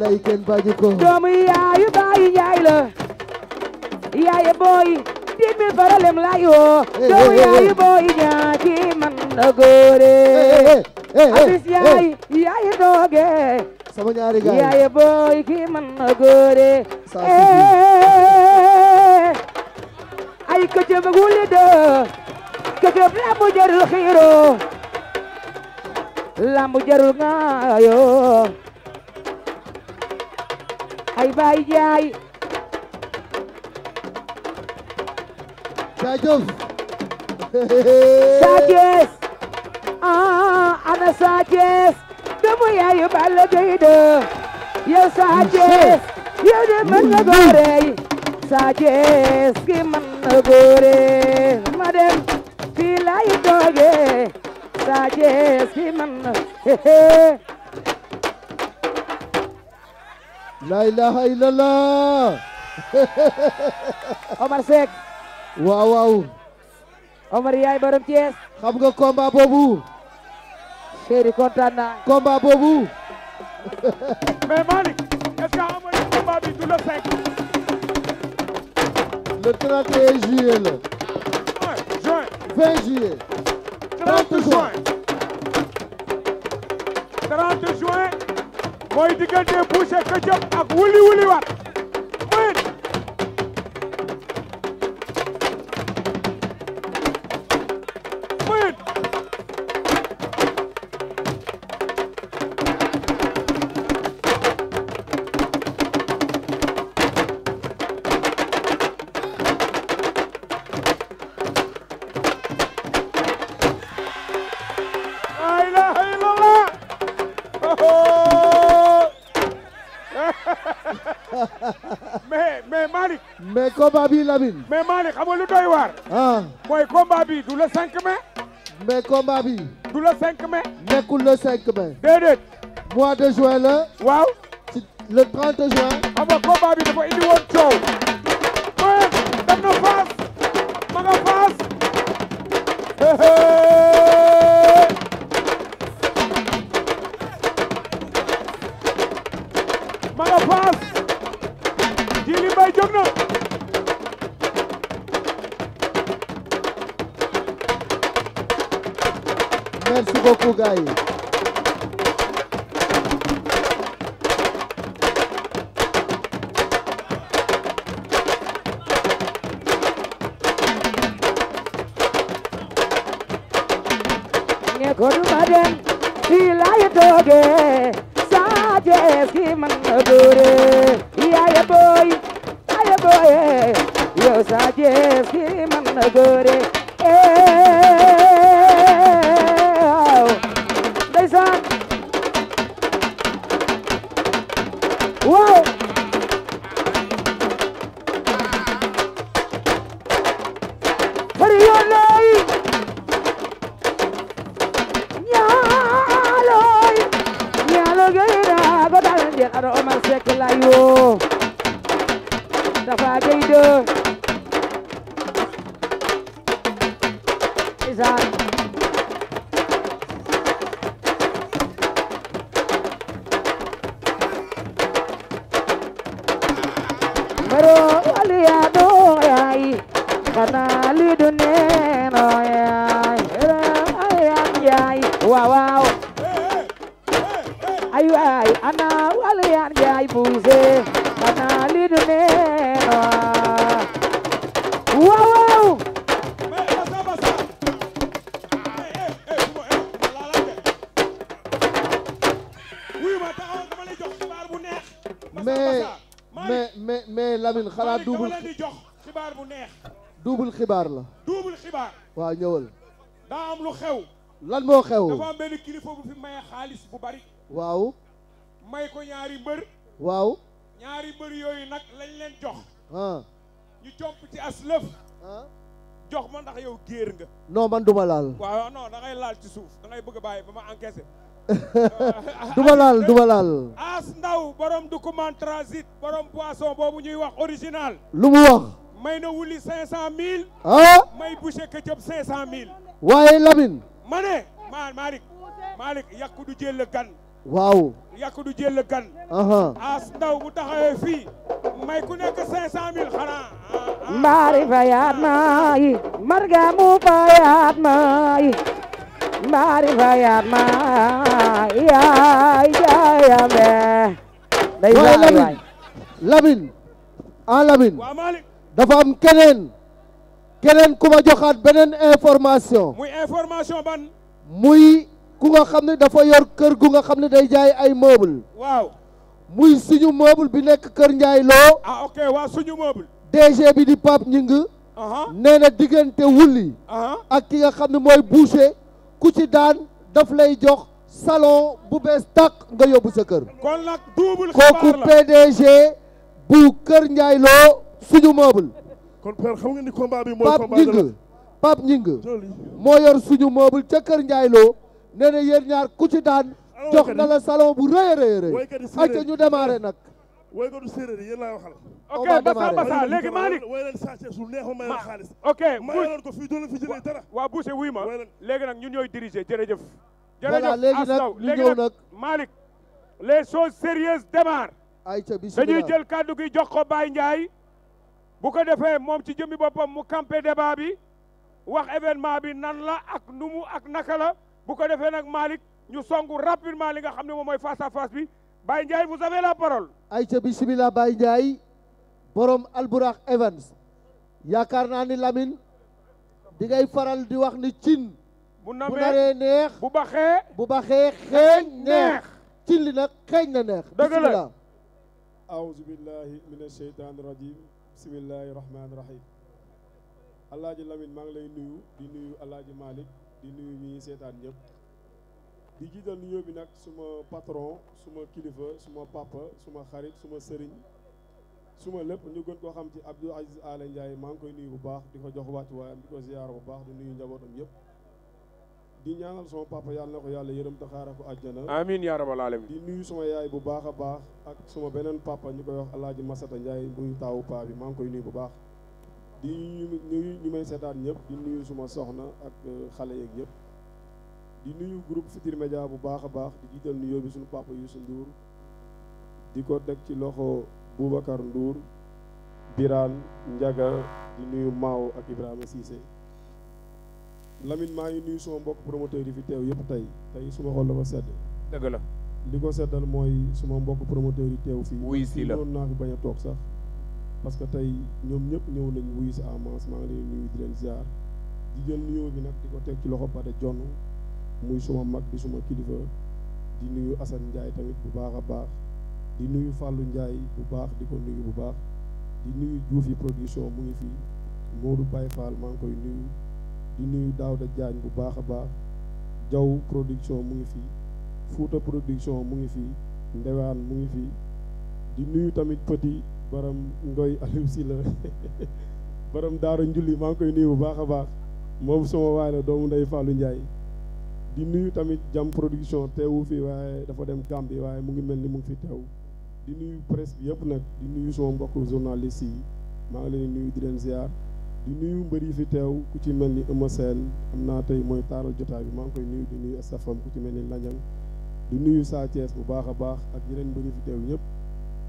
tey yaayu baayu njaay la yaaye booy diit mi baralem lay woo doomu yaayu booy eh, eh, eh, ñaa ci man na góore abis yaay yaaye dooge sama ñaari gaay yaaye booy ki man na góore ay ko jëma gulli doo këkëb jarul xiiro lambu jarul ngaayo Baye Ndiaye jaajëf Sathies ah ana Sathies dama yaayu Balla Gaye de yow Sathies yow de mën na góore Sathies ki mën na góore ma dem fii laay toogee Sathies ki mën na la ilaha illallah Omar Seck waaw waaw Omar yaay borom Thiès xam nga combat boobu chéri kontaan naa boobu mais Malick est-ce que Omar combat bi du le 5 le 31 juillet le juin 20 juin 30 juin mooy diggante Boucher Ketchup ak wuli wuli waat combat bi Lamine. mais Malick xam nga lu doy waar. ah mooy combat du le 5 mai. mais combat du le 5 mai. nekkul le 5 mai. déedéet. mois de juin la. waaw. le 30 juin. xam nga combat bi dafa indi woon coow. gaay yi xibaar la. duubul xibaar. waaw ñëwal. daa am lu xew. lan moo xew. dafa am benn kilifa bu fi maye xaalis bu bari. waaw. may ko ñaari mbër. waaw. ñaari mbër yooyu nag lañ leen jox. ñu comp ci as lëf. jox ma ndax yow géer nga. no man duma laal. waaw non laal ci suuf dangay ngay bëgg a bàyyi ba ma encaissé. duma laal as ndaw borom du commande transit borom poisson boobu ñuy wax original. lu mu wax. may na wuli cinq cent mille ah? cent mille waaye Lamine ma ne ma Malick du jël gan waaw yàqu du jël gan aha as ndaw bu taxawee fii may ku nekk cinq cent mille xanaa ah, ah. mbaari fayaat maayi marga mu fayaat maayi mbaari fayaat maayi yaay jaayame day waay Lamine Lamine dafa am keneen keneen ku ma joxaat beneen information muy information ban muy ku nga xam ne dafa yor kër gu nga xam ne day jaay ay meuble waaw muy suñu meuble bi nekk kër Ndiaye Lo ah ok waaw suñu DG bi di Pape Ñing nee na diggante wulli ak ki nga xam ne mooy boucher ku ci daan daf lay jox salon bu bees tàq nga yóbbu sa kër kon nag kooku PDG bu kër Ndiaye Lo suñu meuble. kon père xam nga ni combat bi mooy moo yor suñu meuble ca Kër Ndiaye Lo nee na yéen ñaar ku ci daan ah, jox na la salon bu rëy a rëy rëy acca ñu démarré nag way ko du séeréer yéen laa waxal ok basa basa léegi Malick way leen sacce su neexul may leen xaalis ok ma yoroon ko fii doon fi jëlee dara waa Boucher wuy ma léegi nag ñun ñooy diriger jërëjëf jërëjëf Assaw léegi nag Malick les choses sérieuses démarrent ayca bismillah dañuy jël kàddu gi jox ko Baye Ndiaye bu ko defee moom ci jëmmi boppam mu campé débat bi wax événement bi nan la ak nu ak naka la bu ko defee nag Malick ñu songu rapidement li nga xam ne moom mooy face à face bi Baye Ndiaye vous avez la parole. ayca bisimilah Baye Ndiaye borom Albourakh Evans yaakaar naa ni Lamine di ngay faral di wax ni cin. bu naree neex bu baxee bu baxee xeeñ neex. cin li xeeñ na neex. dëgg la bisimilah. aouzu billahi mina sheytaani rajim. bisimillahi rahmaani rahim alaaji Lamine maa ngi lay nuyu di nuyu alaaji Malick di nuyu ñi seetaan ñëpp di jiital nuyoo bi nag suma patron suma kilifa suma papa suma xarit suma sëriñ suma lépp ñu gën koo xam ci Abdou Aziz Aly Ndiaye maa ngi koy nuyu bu baax di ko jox wàccu waayam di ko ziyaar bu baax di nuyu njabootam yëpp di ñaanal sama papa yàlla na ko yàlla yërëm taxaara ko àjjana amiin yaa di nuyu sama yaay bu baax a baax ak sama beneen papa ñu koy wax alaaji Masata Ndiaye muy taawu paa bi maa ngi koy nuyu bu baax di nuyu ñu may seetaan ñëpp di nuyu suma soxna ak euh, xale yeeg ñëpp di nuyu groupe Futurs Médias bu baax a baax di jiital nuyoo bi suñu papa Youssou Ndour di ko teg ci loxo Boubacar Ndour Birane Ndiaga di nuyu Mao ak Ibrahima Cissé Lamine maa ngi nuyu suma mbokk promoteur yi fi teew yëpp tey tey suma xol dafa sedd. dëgg la li ko seddal mooy suma mbokk promoteur yi teew fii. wuyu si la doon naa fi bañ a toog sax. parce que tey ñoom ñëpp ñëw nañ wuyu si Amas maa ngi leen nuyu di leen ziar di jël nuyoo bi nag di ko teg ci loxo Pate John muy suma mag bi suma kilifa di nuyu Assane Ndiaye tamit bu baax a baax di nuyu Fallou Ndiaye bu baax di ko nuyu bu baax di nuyu Diouf yi production mu ngi fi Modou Baye Fall maa koy nuyu. di nuyu Daouda jaañ bu baax a baax Jaw production mu ngi fi Fouta production mu ngi fi Ndewaan mu ngi fi di nuyu tamit petit baram Ngoy Aliou Sylla baram Daara Njulli maa ngi koy nuyu bu baax a baax moom sama waay la doomu ndey Fallou Ndiaye di nuyu tamit jam production teewu fii waaye dafa dem Gambie waaye mu ngi mel ni mu ngi fi teew di nuyu presse bi yëpp nag di nuyu sama mbokk journaliste yi maa ngi leen di nuyu di leen ziar. di nuyu mbëri yi fi teew ku ci mel ni Eumeu Sène am naa tey mooy taaral jotaay bi maa ngi koy nuyu di nuyu stafam ku ci mel ni Lañang di nuyu Sa Thiès bu baax a baax ak yeneen mbër yi fi teew ñëpp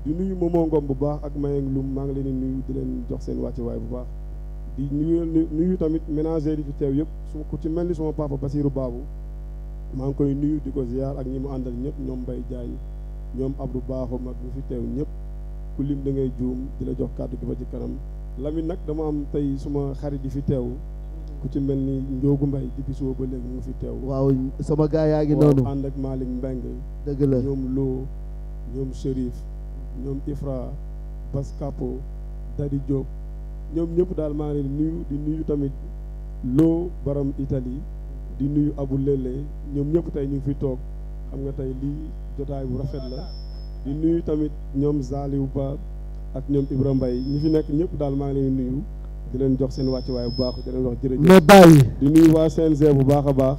di nuyu Momo Ngom bu baax ak Mayeng Lum maa ngi leen di nuyu di leen jox seen bu baax di nuyu nuyu tamit ménagères yi yëpp su ku ci mel ni suma papa Basirou Babou maa ngi koy nuyu di ko ziar ak ñi mu àndal ñëpp ñoom Mbaye Diagne ñoom Abdou Baaxum ak ñu fi teew ñëpp ku lim da ngay juum di la jox kàddu gi ba ci kanam Lamine nag dama am tey suma xarit yi fi teew ku ci mel ni Ndiogu Mbaye depuis suba ba léegi mu fi teew. waaw sama gaa yaa ngi noonu ànd ak Malick Mbengue. dëgg la loo Lo ñoom Chérif ñoom Ifra Bas Capo Dadi Diop ñoom ñëpp daal maa ngi nuyu di nuyu tamit Lo Baram Italie di nuyu Abu Lele ñoom ñëpp tey ñu ngi fi toog xam nga tey lii jotaay bu rafet la di nuyu tamit ñoom Zaliou Ba. ak ñoom Ibrahima Mbaye ñu fi nekk ñëpp daal maa ngi leen nuyu di leen jox seen wàccuwaay bu baax di leen wax jërëjëf mais bàyyi di nuyu waa CNG bu baax a baax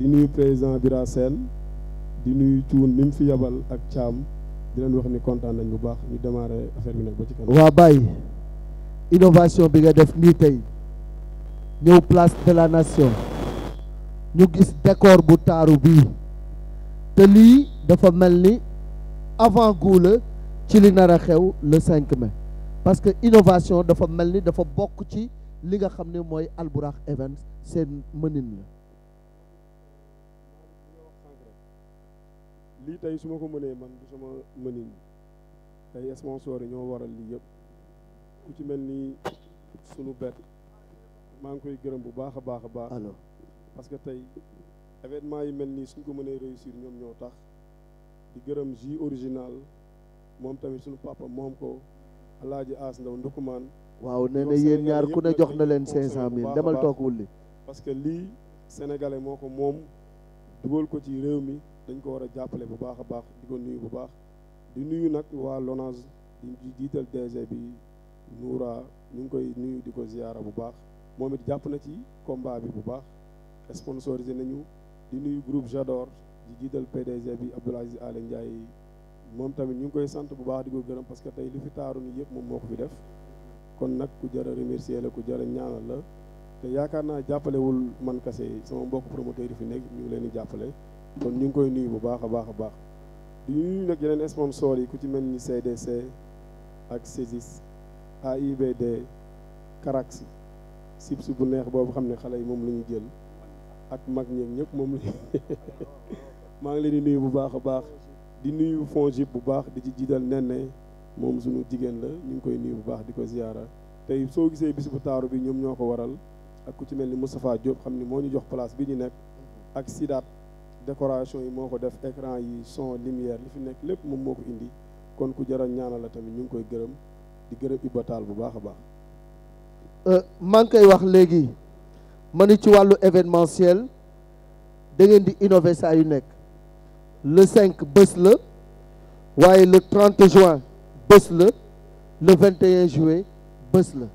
di nuyu président Bira Sène di nuyu Thioune mi fi yabal ak caam di leen wax ni kontaan nañ bu baax ñu démarrer affaire bi nag ba ci kanam waa bàyyi innovation bi nga def nii tey ñëw place de la nation ñu gis décor bu taaru bii te lii dafa mel ni avant-goût ci li nar a xew le cinq mai parce que innovation dafa mel ni dafa bokk ci li nga xam ne mooy Albourakh Events seen mënin la lii tey su ma ko mënee man du sama mënin tey sponsor yi ñoo waral lii yëpp ku ci mel ni sunu bet maa ngi koy gërëm bu baax a baax a baax parce que tey événement yi mel nii suñ ko mënee réussir ñoom ñoo tax di gërëm ji original moom tamit suñu papa moom ko alaaji aas ndaw ndukumaan waaw nee na yéen ñaar ku ne jox na leen cinq cent mille demal toog wulli parce que lii sénégalais moo ko moom dugal ko ci réew mi dañ ko war a jàppale bu baax a baax di ko nuyu bu baax di nuyu nag waa LONASE di jiital DG bi Noura ñu ngi koy nuyu di ko ziyaara bu baax moom it jàpp na ci combat bi bu baax sponsorisé nañu di nuyu groupe Jador di jiital PDG bi Abdoul Aziz Alé Ndiaye moom tamit ñu ngi koy sant bu baax di ko gërëm parce que tey li fi taaru ni yëpp moom moo ko fi def kon nag ku jar a remercier la ku jar a la te yaakaar naa jàppalewul man kase sama mbokk promoteur yi fi nekk ñu ngi leen di jàppale kon ñu ngi koy nuyu bu baax a baax a baax di nuyu nag yeneen sponsor yi ku ci mel ni CDC ak CESIS AIBD Carax sib si bu neex boobu xam ne xale yi moom lu ñu jël ak mag ñeeg ñëpp moom la maa ngi leen di nuyu bu baax a baax di nuyu FONGIP bu baax di ci jiital Nene moom suñu jigéen la ñu ngi koy nuyu bu baax di ko ziyaara tey soo gisee bis bu taaru bi ñoom ñoo ko waral ak ku ci mel ni Moustapha Diop xam ni moo ñu jox place bi ñu nekk ak Sidaat décoration yi moo ko def écran yi son lumière li fi nekk lépp moom moo ko indi kon ku jaral ñaanal la tamit ñu ngi koy gërëm di gërëm Iba taal bu baax a baax euh, maa ngi koy wax léegi ma ni ci wàllu événementiel da ngeen di innover saa yu nekk le cinq bés la waaye le trente juin bës la le 21 juillet bës la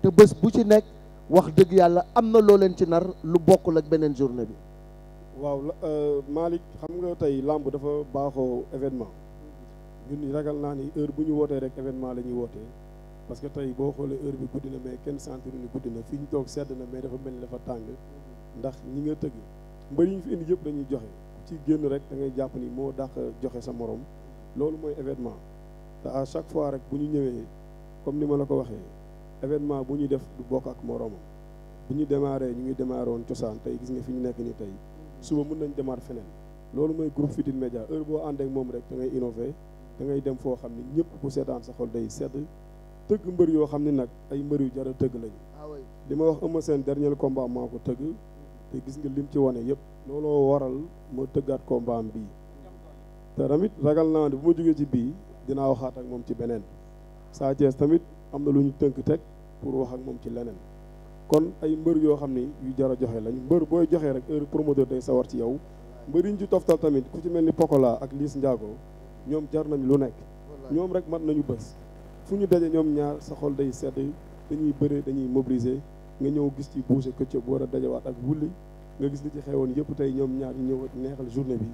te bës bu ci nekk wax dëgg yàlla am na loo leen ci nar lu bokk ak beneen journée bi. waaw euh, Malick xam nga tey làmb dafa baaxoo événement ñun ragal naa ni heure bu ñu wootee rek événement la wootee parce que tey boo xoolee heure bi guddi na mais kenn sentiru ni guddi na fi ñu toog sedd na mais dafa mel ni dafa tàng ndax ñi nga tëgg mbër yi ñu fi indi yëpp dañuy joxe. ci génn rek da ngay jàpp ni moo dàq joxe sa morom loolu mooy événement te chaque fois rek bu ñu ñëwee comme ni ma la ko waxee événement bu ñu def du bokk ak moromam bu ñu démarré ñu ngi démarré woon cosaan tey gis nga fi ñu nekk ni tey suba mun nañ démarré feneen loolu mooy groupe Futurs Médias heure boo àndeek ak moom rek da ngay innové dangay dem foo xam ni ñëpp ku seetaan sa xol day sedd tëgg mbër yoo xam ne nag ay mbër yu jar a tëgg lañu. Ah li ma wax Eumeu Sène dernier combat maa ko tëgg te gis nga lim ci wane yëpp. looloo waral ma tëggaat ko mbaam bii te tamit ragal naa ne bu ma jógee ci bii dinaa waxaat ak moom ci beneen Sa Thiès tamit am na lu ñu tënk teg pour wax ak moom ci leneen kon ay mbër yoo xam ni yu jar a joxe lañu mbër booy joxe rek heure promoteur day sawar ci yow mbër yi ñu ci toftal tamit ku ci mel ni Pokola ak Liis Ndiago ñoom jar nañu lu nekk ñoom rek mat nañu bés fu ñu daje ñoom ñaar sa xol day sedd dañuy bëre dañuy mobiliser nga ñëw gis ci boucher këccëg bu war a dajawaat ak wulli nga gis li ci xewoon yëpp tey ñoom ñaar ñëw neexal journée bi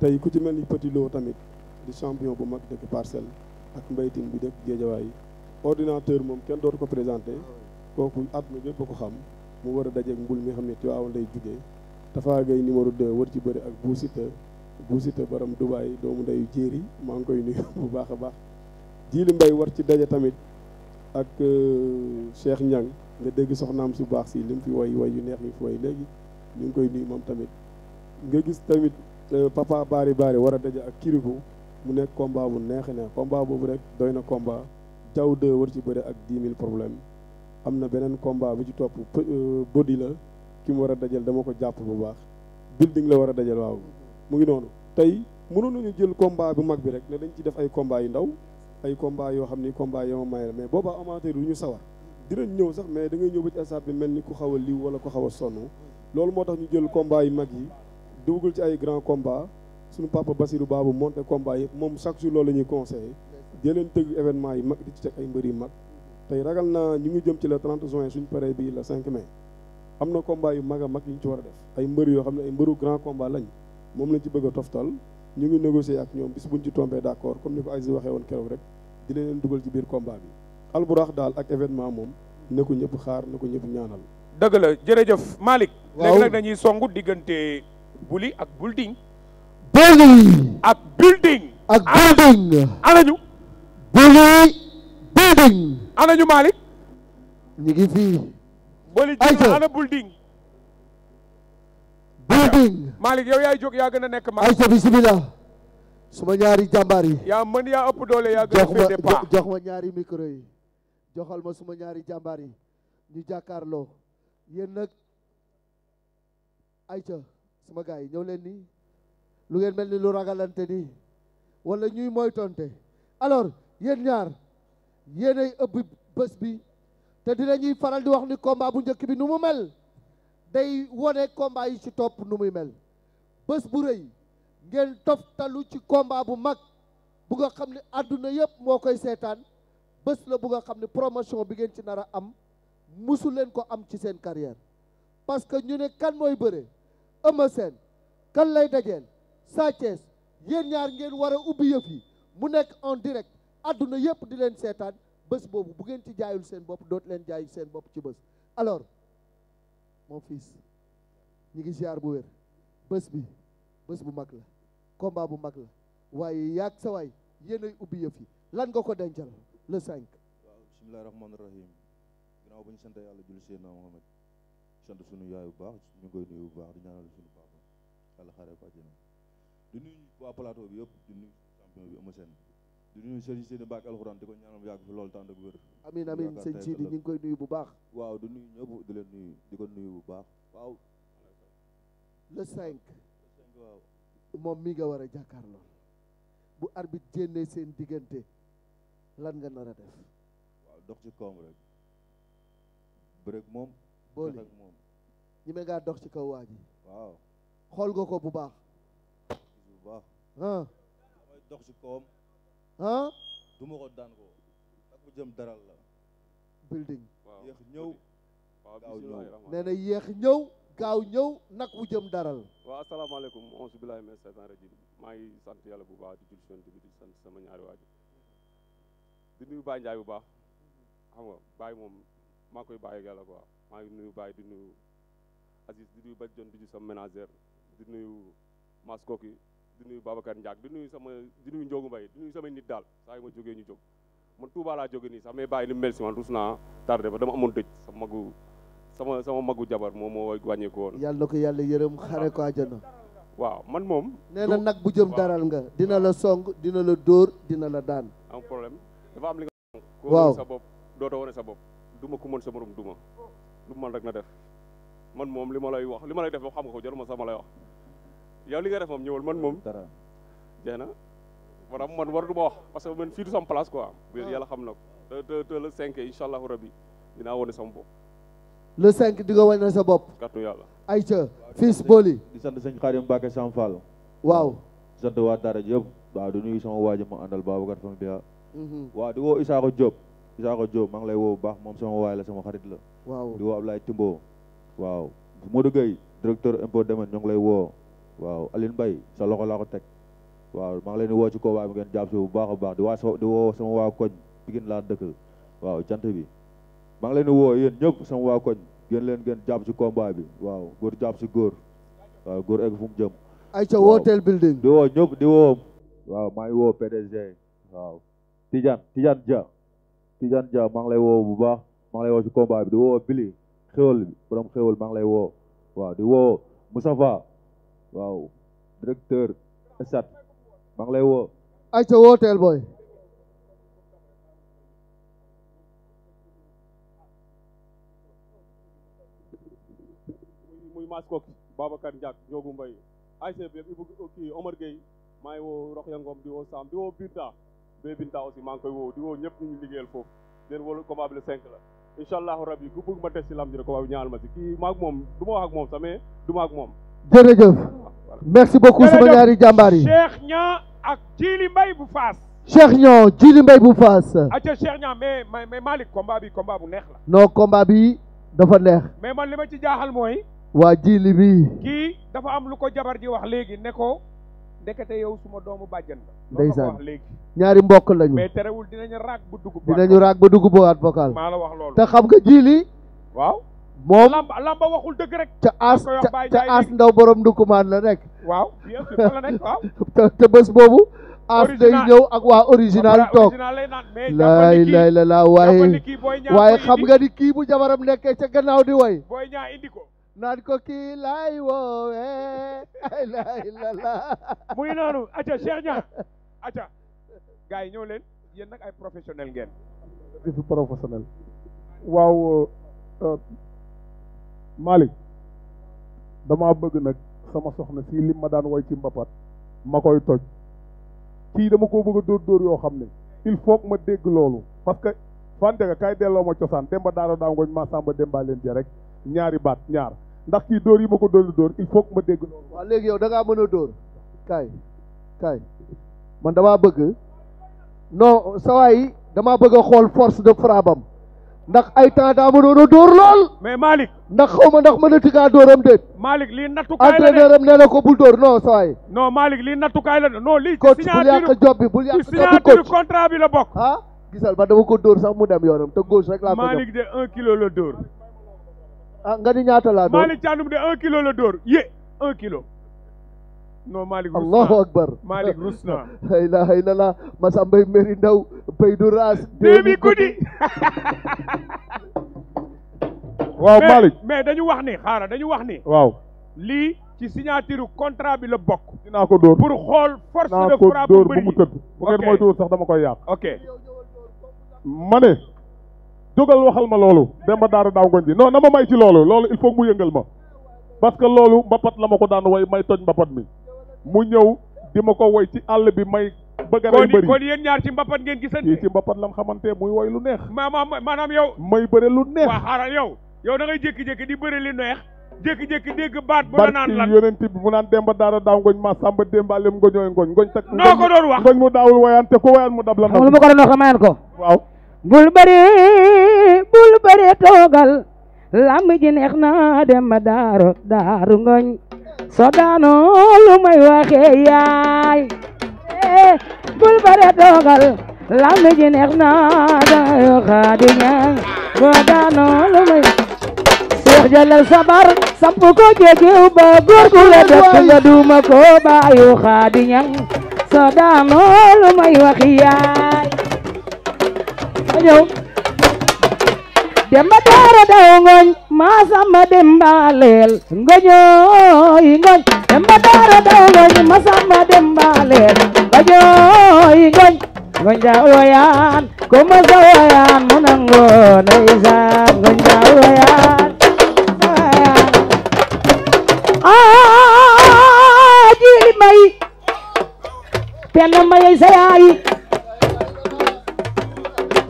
tey ku ci mel ni Petit Lo tamit di champion bu mag dëkk parcelle ak mbaytin bi dëkk géejawaay ordinateur moom kenn dootu ko présenté ah kooku àdduna bépp ko xam mu war a dajeeg mbul mi xam ne Tiwaawan lay juge Tafa Gueye numéro 2 war ci bëri ak Bou Siteu Bou Siteu baram Dubaay doomu ndeyu jéeri maa ngi koy nuyu bu baax a baax Jili Mbay war ci daje tamit ak euh, Cheikh Niang nga dégg soxnaam su baax si li mu fi woy woy yu neex mi fi woy ñu ngi koy nuyu moom tamit nga gis tamit euh, papa Bari Bari war a daje ak Kirikou mu nekk combat bu neex neex combat boobu rek doy na combat jaww de war ci bëre ak 10 000 problème am na beneen combat bu ci topp euh, body la ki mu war a dajal dama ko jàpp bu baax building la war a dajal waaw mu ngi noonu tey mënoon ñu jël combat bu mag bi rek ne dañ ci def ay combat yu ndaw ay combat yoo xam ni combat yoo may la mais booba amateur du ñu sawar dinañ ñëw sax mais da ngay ñëw ba ci mel ni ku xaw a liw wala ku xaw a loolu moo tax ñu jël combat yu mag yi dugul ci ay grand combat suñu papa Basirou Babou monté combat yëpp moom chaque jour la ñuy conseillé jëleen tëgg événement yi mag di ci teg ay mbër yu mag tey ragal naa ñu ngi jëm ci la 30 juin suñu paree bii le cinq mais am na combat yu mag a mag yu ñu ci war a def ay mbër yoo xam ne ay mbëru grand combat lañ moom lañ ci bëgg a toftal ñu ngi négocier ak ñoom bis ñu ci tombé d' accord comme ni ko Aziz waxee woon keroog rek dina leen dugal ci biir combat bi alburax daal ak événement moom ne ko ñëpp xaar ne ko ñëpp ñaanal dëgg la jërëjëf Malick. waaw léegi nag diggante buli ak building. buli. ak building. ak building. Ah, ñu ngi fii. buli jël ana building. building. Malick yow yaay jóg yaa gën a nekk Malick. ñaari jàmbaar yi. yaa mën yaa ëpp doole yaa gën a féete paa jox ma ñaari micro yi. joxal ma suma ñaari jàmbaar yi ñu jàkkaarloo. yéen nag ay sama gars yi ñëw leen nii lu ngeen mel ni lu ragalante ni wala ñuy moytonte alors yéen ñaar yéenay ëpp bés bi te dinañuy faral di wax ni combat bu njëkk bi nu mu mel day wone combat yi ci topp nu muy mel bés bu rëy ngeen toftalu ci combat bu mag bu nga xam ne àdduna yëpp moo koy seetaan bés la bu nga xam ne promotion bi ngeen ci nar a am musu leen ko am ci seen carrière parce que ñu ne kan mooy bëree Eumeu seen kan lay dajeel Sa Thiès yéen ñaar ngeen war a ubbi yëf yi mu nekk en direct adduna yëpp di leen seetaan bés boobu bu ngeen ci jaayul seen bopp dootu leen jaay seen bopp ci bés alors mon fils ñi ngi yaar bu wér bés bi bés bu mag la combat bu mag la waaye yaag sa waay yéenay ubbi yëf yi lan nga ko dencal le cinq waaw bismillah rahmaan ginnaaw bu ñu sant yàlla julli Seydina Mohamed sant suñu yaay bu baax ñu ngi koy nuyu bu baax di ñaanal suñu papa yàlla xaaree ko àjjana waa plateau yëpp di nuyu champion bi Eumeu Sène di nuyu Serigne Sidi Mbacke alxuraan di ko ñaanal yàgg fi loolu tànd ak wér amiin amiin bu baax waaw di nuyu ñëpp di leen nuyu di ko nuyu bu baax waaw cinq waaw moom mi nga war a jàkkaarloo bu arbitre jénnee seen diggante lan nga nar a def waaw ci koom rek bërëg moom booli moom ñi me ngaa dox ci kaw waa ji waaw xool nga ko bu baax bu baax ah damay dox ci kawam du ma ko daan ko ak bu jëm daral la building yéex ñëw gaaw ñëw nee na yéex ñëw gaaw ñëw nag wu jëm daral waaw asalaamaaleykum onsu billahi mina seytaan rajim maa ngi sant yàlla bu baax di jul seen bi di sant sama ñaari waaj di nuyu Baye Ndiaye bu baax xam nga moom maa koy bàyyi ak yàlla maa ngi nuyu Baye di nuyu Aziz di nuyu Badiane di nuyu sama ménagère di nuyu Mas Koki di nuyu Babacar Ndiak di nuyu sama di nuyu Ndiogu Mbaye di nuyu samay nit daal saa ma jógee ñu jóg man Touba laa jógee nii sax mais Baye ni mu mel si man rus naa tardé ba dama amoon dëj sama magu sama sama magu jabar moom moo wàññeeku woon. yàlla na ko yàlla yërëm xare ko àjjana. waaw man moom. nee na nag bu jëm daral nga dina la song dina la dóor dina la daan. am problème dafa am li nga. waaw sa bopp dootoo wane sa bopp. duma ku mën sa morom duma lu man rek na def man moom li ma lay wax li ma lay def xam nga ko sa ma lay wax yow li nga def moom ñëwal man moom jeex na a man war du ma wax parce que man fii du sama place quoi bu ah. yàlla xam na ko te te le cinq allahu rabi dinaa wane sama bopp le cinq di nga wane sa bopp kàttu yàlla ayca fils Boli di sant sëñ Xaadim Mbacke Sam Fall waaw sant waa daara yëpp waaw du nuyu sama waaji ma àndal Babacar Fam Biya mhm. waaw di woo Isaaka Diop maa ngi lay woo bu baax moom sama waay la sama xarit la. waaw di woo Ablaye Timbo. waaw Modou Gueye directeur impôt domaine ñoo lay woo. waaw Aline Mbaye sa loxo laa teg. waaw maa ngi leen di woo ci koobaay bi ngeen jàpp bu baax a baax di waa di woo sama waa koñ Pikine laa dëkk waaw jant bi. maa ngi leen di woo yéen ñëpp sama waa koñ gën leen gën jàpp ci combat bi waaw góor jàpp si góor waaw góor egg fu mu jëm. Aïcha hotel building. di woo ñëpp di woo. waaw maa ngi woo PDG waaw Tidiane Tidiane Dia. Tidiane Dia maa lay woo bu baax maa ngi lay woo ci combat di woo Billy xéwal bi borom xéwal lay woo waaw di woo Moustapha waaw directeur Esat maa lay woo. ayca wooteel booy. muy Maskok Babacar Ndiak Ndiogu Mbaye Omar Gueye maa ngi woo Yangom di woo Sam di woo Birta Bébé Binta aussi maa ngi koy woo di woo ñëpp ñu liggéeyal foofu leen wala combat bi le cinq la incha allahu rabbi ku bëgg ma des ci lam ji rek combat bi ñaanal ma si kii maag moom du ma wax ak moom sax mais du ma ak moom jërëjëf ah, merci beaucoup sama ñaari jàmbaar yi Cheikh Niang ak Djily Mbaye bu Faas Cheikh Niang mais mais Malick combat bi bu neex la non combat bi dafa neex mais man ma ci jaaxal mooy waa Djily bi kii dafa am lu ko jabar ji wax léegi ne ko ndekete yow suma doomu bàjjan la ndeysaan ñaari mbokk lañu mais terewul dinañu raag ba dugub dinañu raag ba dugub la wax loolu te xam nga jiili waaw moom lamba lamba waxul dëgg rek ca aas ca aas ndaw borom ndukumaan la nekk la nekk waaw te bés boobu aas day ñëw ak waa original toog laay laay la laa waaye waaye xam nga ni kii bu jabaram nekkee ca gannaaw di way booy indi ko naan ko kii laay woowee la illallah muy noonu aca Cheikh Niang aca gars yi ñëw leen yéen nag ay professionnel ngeen defi professionnel waaw euh, euh, Malick damaa bëgg nag sama soxna si lim ma daan woy ci mbapat ma koy toj tii dama koo bëgg dóor dóor yoo xam ne il faut ma dégg loolu parce que fandega kay delloo ma cosaan Demba Daaro Daangoñ ma sàmba Demba leen di rek ñaari baat ñaar ndax kii dóor yi ma ko doon dóor il faut que ma dégg loolu. waaw léegi yow da ngaa mën a dóor kaay kaay man damaa bëgg non saa yi damaa bëgg a xool force de frappe am ndax ay temps daa mënoon a dóor lool. mais Malick. ndax xaw ndax mënati kaa dóoram déet. Malick lii nattukaay la de entraîneur am nee ko bul dóor non saa yi. non Malick lii nattukaay la de non lii. coach bul yàq job bi bul yàq job bi coach ah gisal ba dama ko dóor sax mu dem yoonam te gauche rek la ko jox Malick de un kilo la dóor. ah nga ni ñaata laa dóor la dóor allahu akbar Malick Roussna la ilaha illallah Masamba Meri Ndaw Baydu Raas déemi guddi waaw Malick mais dañu wax ni xaaral dañu wax ni waaw lii ci signature contrat bi la bokk dinaa ko dóor pour xool force de frappe bu bëri dinaa ko dóor bu sax dama koy yàq ok jógal waxal ma loolu Demba Daara Daaw Ngoñ ji non na ma may ci loolu loolu il faut mu yëngal ma parce loolu mbapat la ma ko daan way may toj mbapat mi mu ñëw di ma ko woy ci àll bi may bëgg a rey bëri kon ñaar ci mbapat ngeen gisante ci mbapat lam xamante muy woy lu neex maanaam yow may bëre lu neex waa xaaral yow yow da ngay jékki-jékki di bëri li neex jékki-jékki dégg baat bu la naan lan yonent bi mu naan Demba Daara Daaw Ngoñ ma Samba Demba Alem Ngoñooy Ngoñ Ngoñ tak noo ko doon wax Ngoñ mu daawul wayaan te ko wayaan mu dab la xam lu ma ko doon wax ma ko waaw bul bëre toogal làmb ji neex na dem ba daaru ngoñ soo daanoo lu may yaay eh, bul bëre toogal làmb ji neex na dayo xaadi ñaan soo daanoo lu may seex jalal sabar samp ko jegew ba góor gu la dëkk nga duuma ko baayu xaadi ñaan soo daanoo lu waxi yaay ñëw demba daara daw ngooñ maa samba demba leel ngoñooy ngooñ demba daara daw ngooñ maa samba demba leel ngoñooy ngooñ ngoñ daa woyaan ko ma sa woyaan mu nangoo ndeysaan ngoñ daa woyaan aa jiili may penn mayay sa yaayi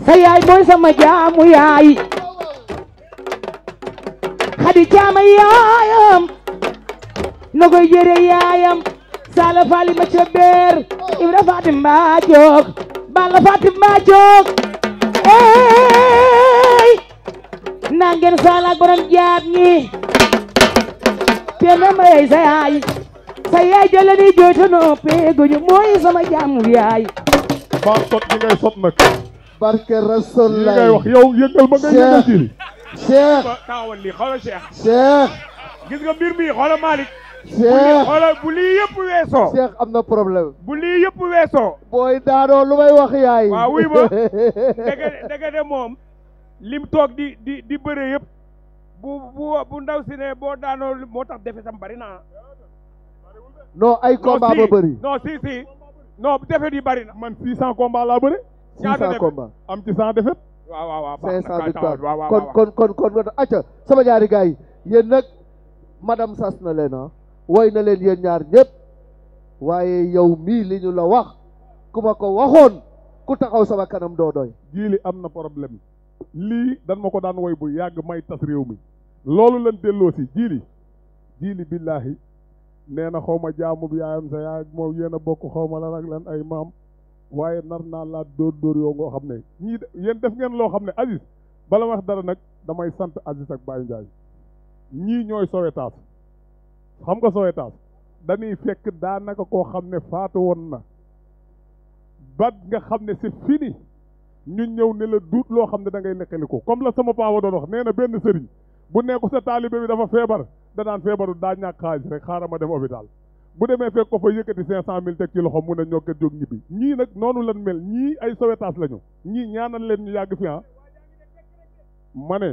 sa yaay mooy sama jaamu yaay xadi caama yaayam nogoy jere yaayam sala faali ma cebeer ibra fatim mbaa joog balla fatim mbaa joog eey nangeen sala ak borom jaab ñi te ma yaay sa yaay sa yaay jële ni jooyta noo peeguñu mooy sama jaamu yaay baa sot gi ngay sot nag barke rasul la ngay wax yow gis nga mbir mi xoolal Malick cheikh bu lii yëpp weesoo cheikh am na problème bu lii yëpp weesoo booy daanoo lu may wax yaay waaw wuy ma daga de moom lim toog di di di bëre yëpp bu bu ndaw si ne boo daanoo moo tax defe sam bari naa non ay combat ba bëri non si si non defet yi bari na man six cent combat laa bëri ñaata défaite 600 combats am ci 100 défaite. waaw waaw waaw kon kon kon kon acca sama ñaari gars yi yéen nag sas na leen ah woy na leen yéen ñaar ñëpp waaye yow mii li ñu la wax ku ma ko waxoon ku taxaw sama kanam doo doy. am na problème lii dan ma ko daan woy bu yàgg may tas réew mi loolu lañ delloo si jii billaahi nee na xaw ma jaamu bi yaayam sa yaay moom yéen a bokk xaw ma lan ak lan ay maam. waaye nar naa laa dóor dóor yoo ngoo xam ne ñii de yen def ngeen loo xam ne Aziz bala wax dara nag damay sant Aziz ak Baye Ndiaye ñii ñooy Sowetaas xam nga Sowetaas dañuy fekk daanaka koo xam ne faatu woon na bat nga xam ne si fini ñu ñëw ne la duut loo xam ne da ngay nekkali ko comme la sama papa doon wax nee na benn sëriñ bu nekku sa taalibe bi dafa feebar da daan feebaru daa ñàkk xaalis rek xaaral ma dem hôpital bu demee fekk ko fa yëkkati cinq cent mille teg ci loxo mu ne ñoo kat jóg ñibbi ñii nag noonu lan mel ñii ay sowetaas lañu ñii ñaanal leen ñu yàgg fi ah ma ne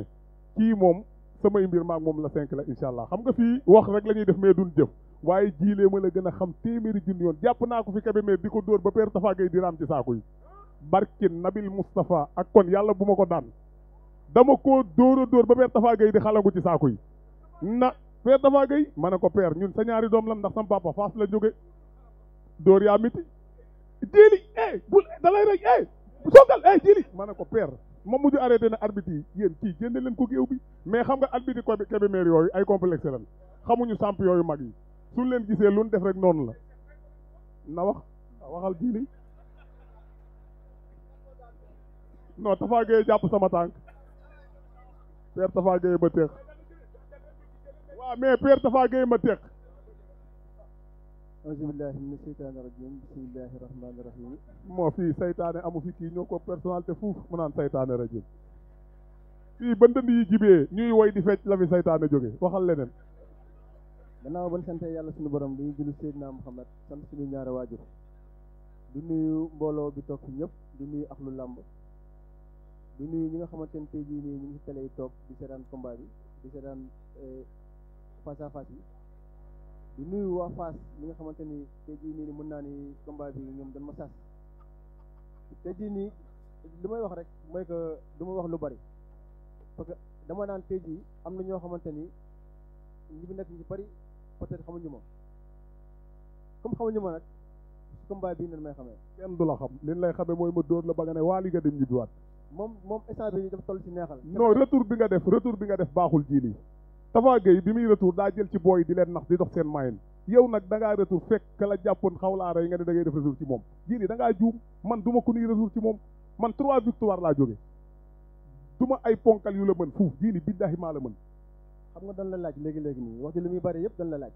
kii moom samay mbir maag moom la cinq la incha allah xam nga fii wax rek la ñuy def mais duñ jëf waaye jiilee mën a gën a xam téeméeri junni yoon jàpp naa ko fi kabe mais di ko dóor ba peer tafaagay di raam ci saako yi barki nabil moustapha ak kon yàlla bu ma ko daan dama koo dóor dóor ba peer tafaagay di xalangu ci saako yi père dafa gay ma ne ko père ñun sa ñaari doom lan ndax sam papa la jóge dóor yaa miti jéeli eh bul da rek eh soogal eh, eh jéeli ma ne ko per ma mujj arrêté na arbitre yi yéen kii génne leen ko géew bi mais xam nga arbitre yi ko Kébémer yooyu ay complexe lan xamuñu samp yu mag yi suñ leen gisee lu def rek noonu la na wax waxal jéeli non Tafa Gueye jàpp sama tànk père Tafa Gueye ba teex waaw mais Père Tafa Gueye ma teq auzubillahi mina moo fii saytaane amu fi kii ñoo ko personnalité fuuf mu naan saytaane rajim fii ba ndënd yi jibee ñuy woy di fecc la fi saytaane jóge waxal leneen gannaaw ban sante yàlla suñu borom bi dañuy julli Seydina Muhammad sant suñu ñaari waajur du nuyu mbooloo bi toog fi ñëpp du nuyu ak lu làmb du nuyu ñi nga xamante ne tey nii ñu ngi si yi toog di seetaan combat bi di seetaan eh, face à face bi di nuyu waa Fass mi nga xamante ni tey jii nii mën naa ni combat bi ñoom dañ ma sas tey jii nii li may wax rek mooy que du ma wax lu bari parce que dama naan tey jii am na ñoo xamante ni ñi bi nekk ñu bari peut-être xamuñu ma comme xamuñu ma nag su combat bii nan may xamee. kenn du la xam liñ lay xamee mooy ma dóor la ba nga ne waa li nga dem ñibbiwaat. moom moom instant bi dafa toll ci neexal. non retour bi nga def retour bi nga def baaxul ji Tapha Gueye bi muy retour daa jël ci booy di leen nax di dox seen mayen yow nag da ngaa retour fekk la jàppoon xaw laa rey nga ne da ngay def retour ci moom jii da ngaa juum man du ma ku nuy retour ci moom man trois victoire laa jóge du ma ay ponkal yu la mën fuuf jii billaahi maa la mën xam nga dañ la laaj léegi-léegi nii wax ji li muy bari yëpp dañ la laaj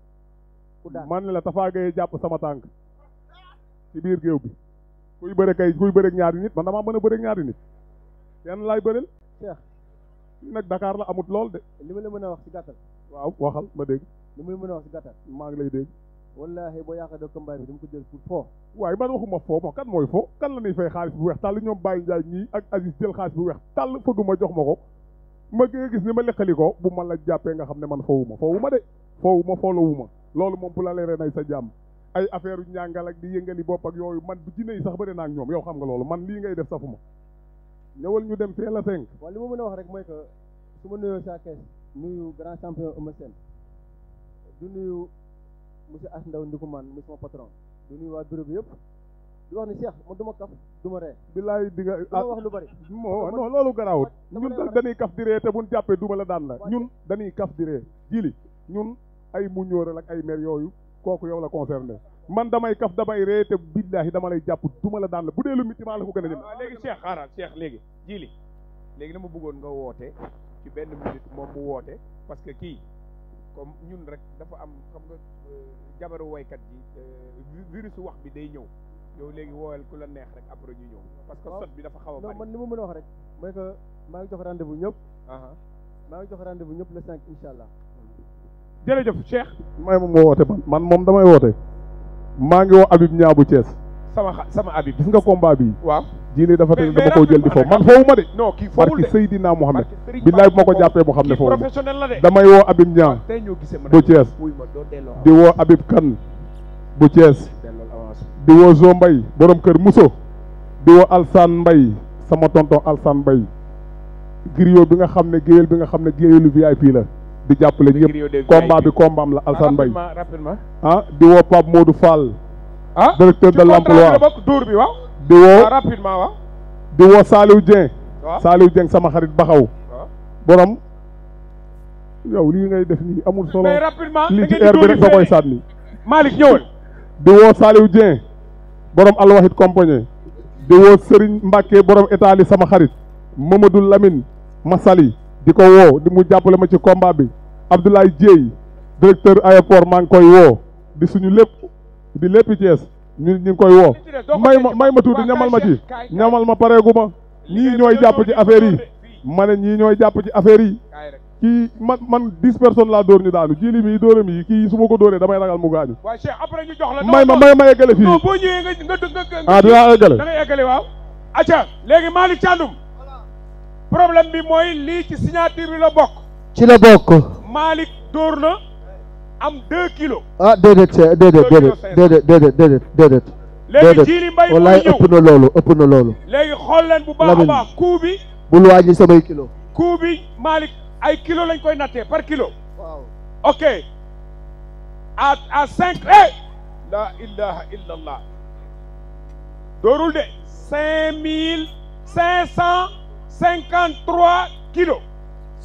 ku daan man ne la Tapha Gueye jàpp sama tànk ci biir géew bi kuy bëre kay kuy ñaar ñaari nit man damaa mën a bëre ñaari nit laay bëreel Cheikh fii nag Dakar la amut lool de. li ma la mën a wax si gàttal. waaw waxal ma dégg. li ma la mën a wax si gàttal. maa ngi lay dégg. wallahi boo yaakaar doo combat bi dama ko jël pour foo. waaye man waxuma foo ma kan mooy foo kan la ñuy fay xaalis bu weex tàll ñoom Baye Ndiaye ñii ak Aziz jël xaalis bu weex tàll fëggu ma jox ma ko ma gis ni ma leqali ko bu man la jàppee nga xam ne man foowu ma foowu ma de foowu ma foolawu ma loolu moom bu la leeree nay sa jàmm ay affaire yu ñàngal ak di yëngali bopp ak yooyu man bu jinne sax bëri naa ñoom yow xam nga loolu man lii ngay def safuma ñëwal ñu dem teel a cinq. waaw li ma mën a wax rek mooy que su ma nuyoo sa kees nuyu grand champion Eumeu Sène du nuyu monsieur As Ndaw Ndoukoumane muy sama patron du nuyu waa bureau bi yëpp di wax ni Cheikh man du ma kaf du ma ree. bilaay di nga ah wax lu bari. Ah, non non loolu garaawut ñun dañuy kaf di ree te bu ñu jàppee duma la daan la ñun dañuy kaf di ree jili ñun ay muñóoral ak ay mer yooyu kooku yow la concerné. man damay kaf damay ree te billaahi dama lay jàpp duma la daan la bu dee lu miti maa la ko gën a dem. waaw ah, léegi Cheikh xaaral léegi dama bëggoon nga woote ci benn minute moom mu woote parce que kii comme ñun rek dafa am xam nga euh, jabaru woykat ji euh, virus wax bi day ñëw yow léegi woowal ku la neex rek après ñu ñëw. parce que bi dafa xaw a bari. non man ni ma mën a wax rek mooy maa ngi jox ñëpp. Uh-huh. maa ngi jox rendez-vous ñëpp le 5 incha allah. jërëjëf Cheikh. may moom moo woote man man moom damay woote. maa ngi woo Habib ñaabu Thiès. sama sama Habib gis nga combat bi. waaw jiile dafa teel dama koo jël di foofu man foofu ma de. non kii foofu de barki Seydina Mohamed. billaay bu ma ko jàppee mu xam ne foofu ma damay woo Habib Niang ah, bu Thiès. di woo Habib Kane bu Thiès. di woo Zo mbay boroom kër Mousso. di woo Alsane mbay sama tonton Alsane Mbaye griot bi nga xam ne géwél bi nga xam ne géwélu VIP la. di jàppale ñëpp combat bi combaam la Alsane Mbaye ah di woo Pape Modou Fall ah directeur de l'emploi dóor bi waaw di woo ah, di woo Saliou Dieng Saliou Dieng sama xarit baxaw borom yow lii ngay def nii amul solo lii ci air bi rek koy sànni di woo Saliou Dieng borom alwaxit compagnie di woo Serigne Mbacke borom état sama xarit Mamadou Lamine Masali di ko woo di mu jàppale ma ci combat bi Abdoulaye Dieye directeur aéroport maa ngi koy woo di suñu lépp di léppi Thiès ñu ñu ngi koy woo may ma may ma tuuti ñamal ma ci ñamal ma pareegu ma ñii ñooy jàpp ci affaire yi ma ne ñii ñooy jàpp ci affaire yi kii man man dix personnes laa dóor ñu daanu jili mi dóoram yi kii su ma ko dóoree damay ragal mu gaañu may ma may ma eggale fii ah dinaa eggale eggale acca léegi Malick Thiandoum problème bi mooy lii ci signature bi la bokk ci la bokk Malick dóor na am kilo kilos. ah déedéet c'est déedéet léegi jiili mbay moo ëpp na loolu ëpp na loolu. léegi xool leen bu baax a baax kuu bi. bul samay kilo kuu bi Malick ay kilo lañ koy nattee par kilo. ok à à cinq eh! la ilaha illallah. doorul de cinq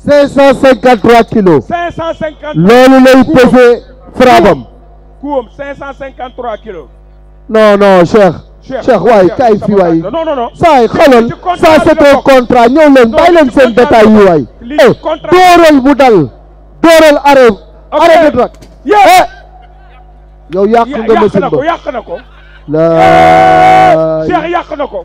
cinq cent cinquante kilos. cinq cent cinquante loolu lay pesé frappam. kilos. non non Cheikh. Cheikh waay kaay fii waay. saay xoolal ça c'est un contrat ñëw leen seen détail yi waay. eh dóoral mu dal. dóoral arrêt arrêt de trac. eh yow yàq nga machine ba yàq na ko eh. yàq na ko. laay yàq na ko.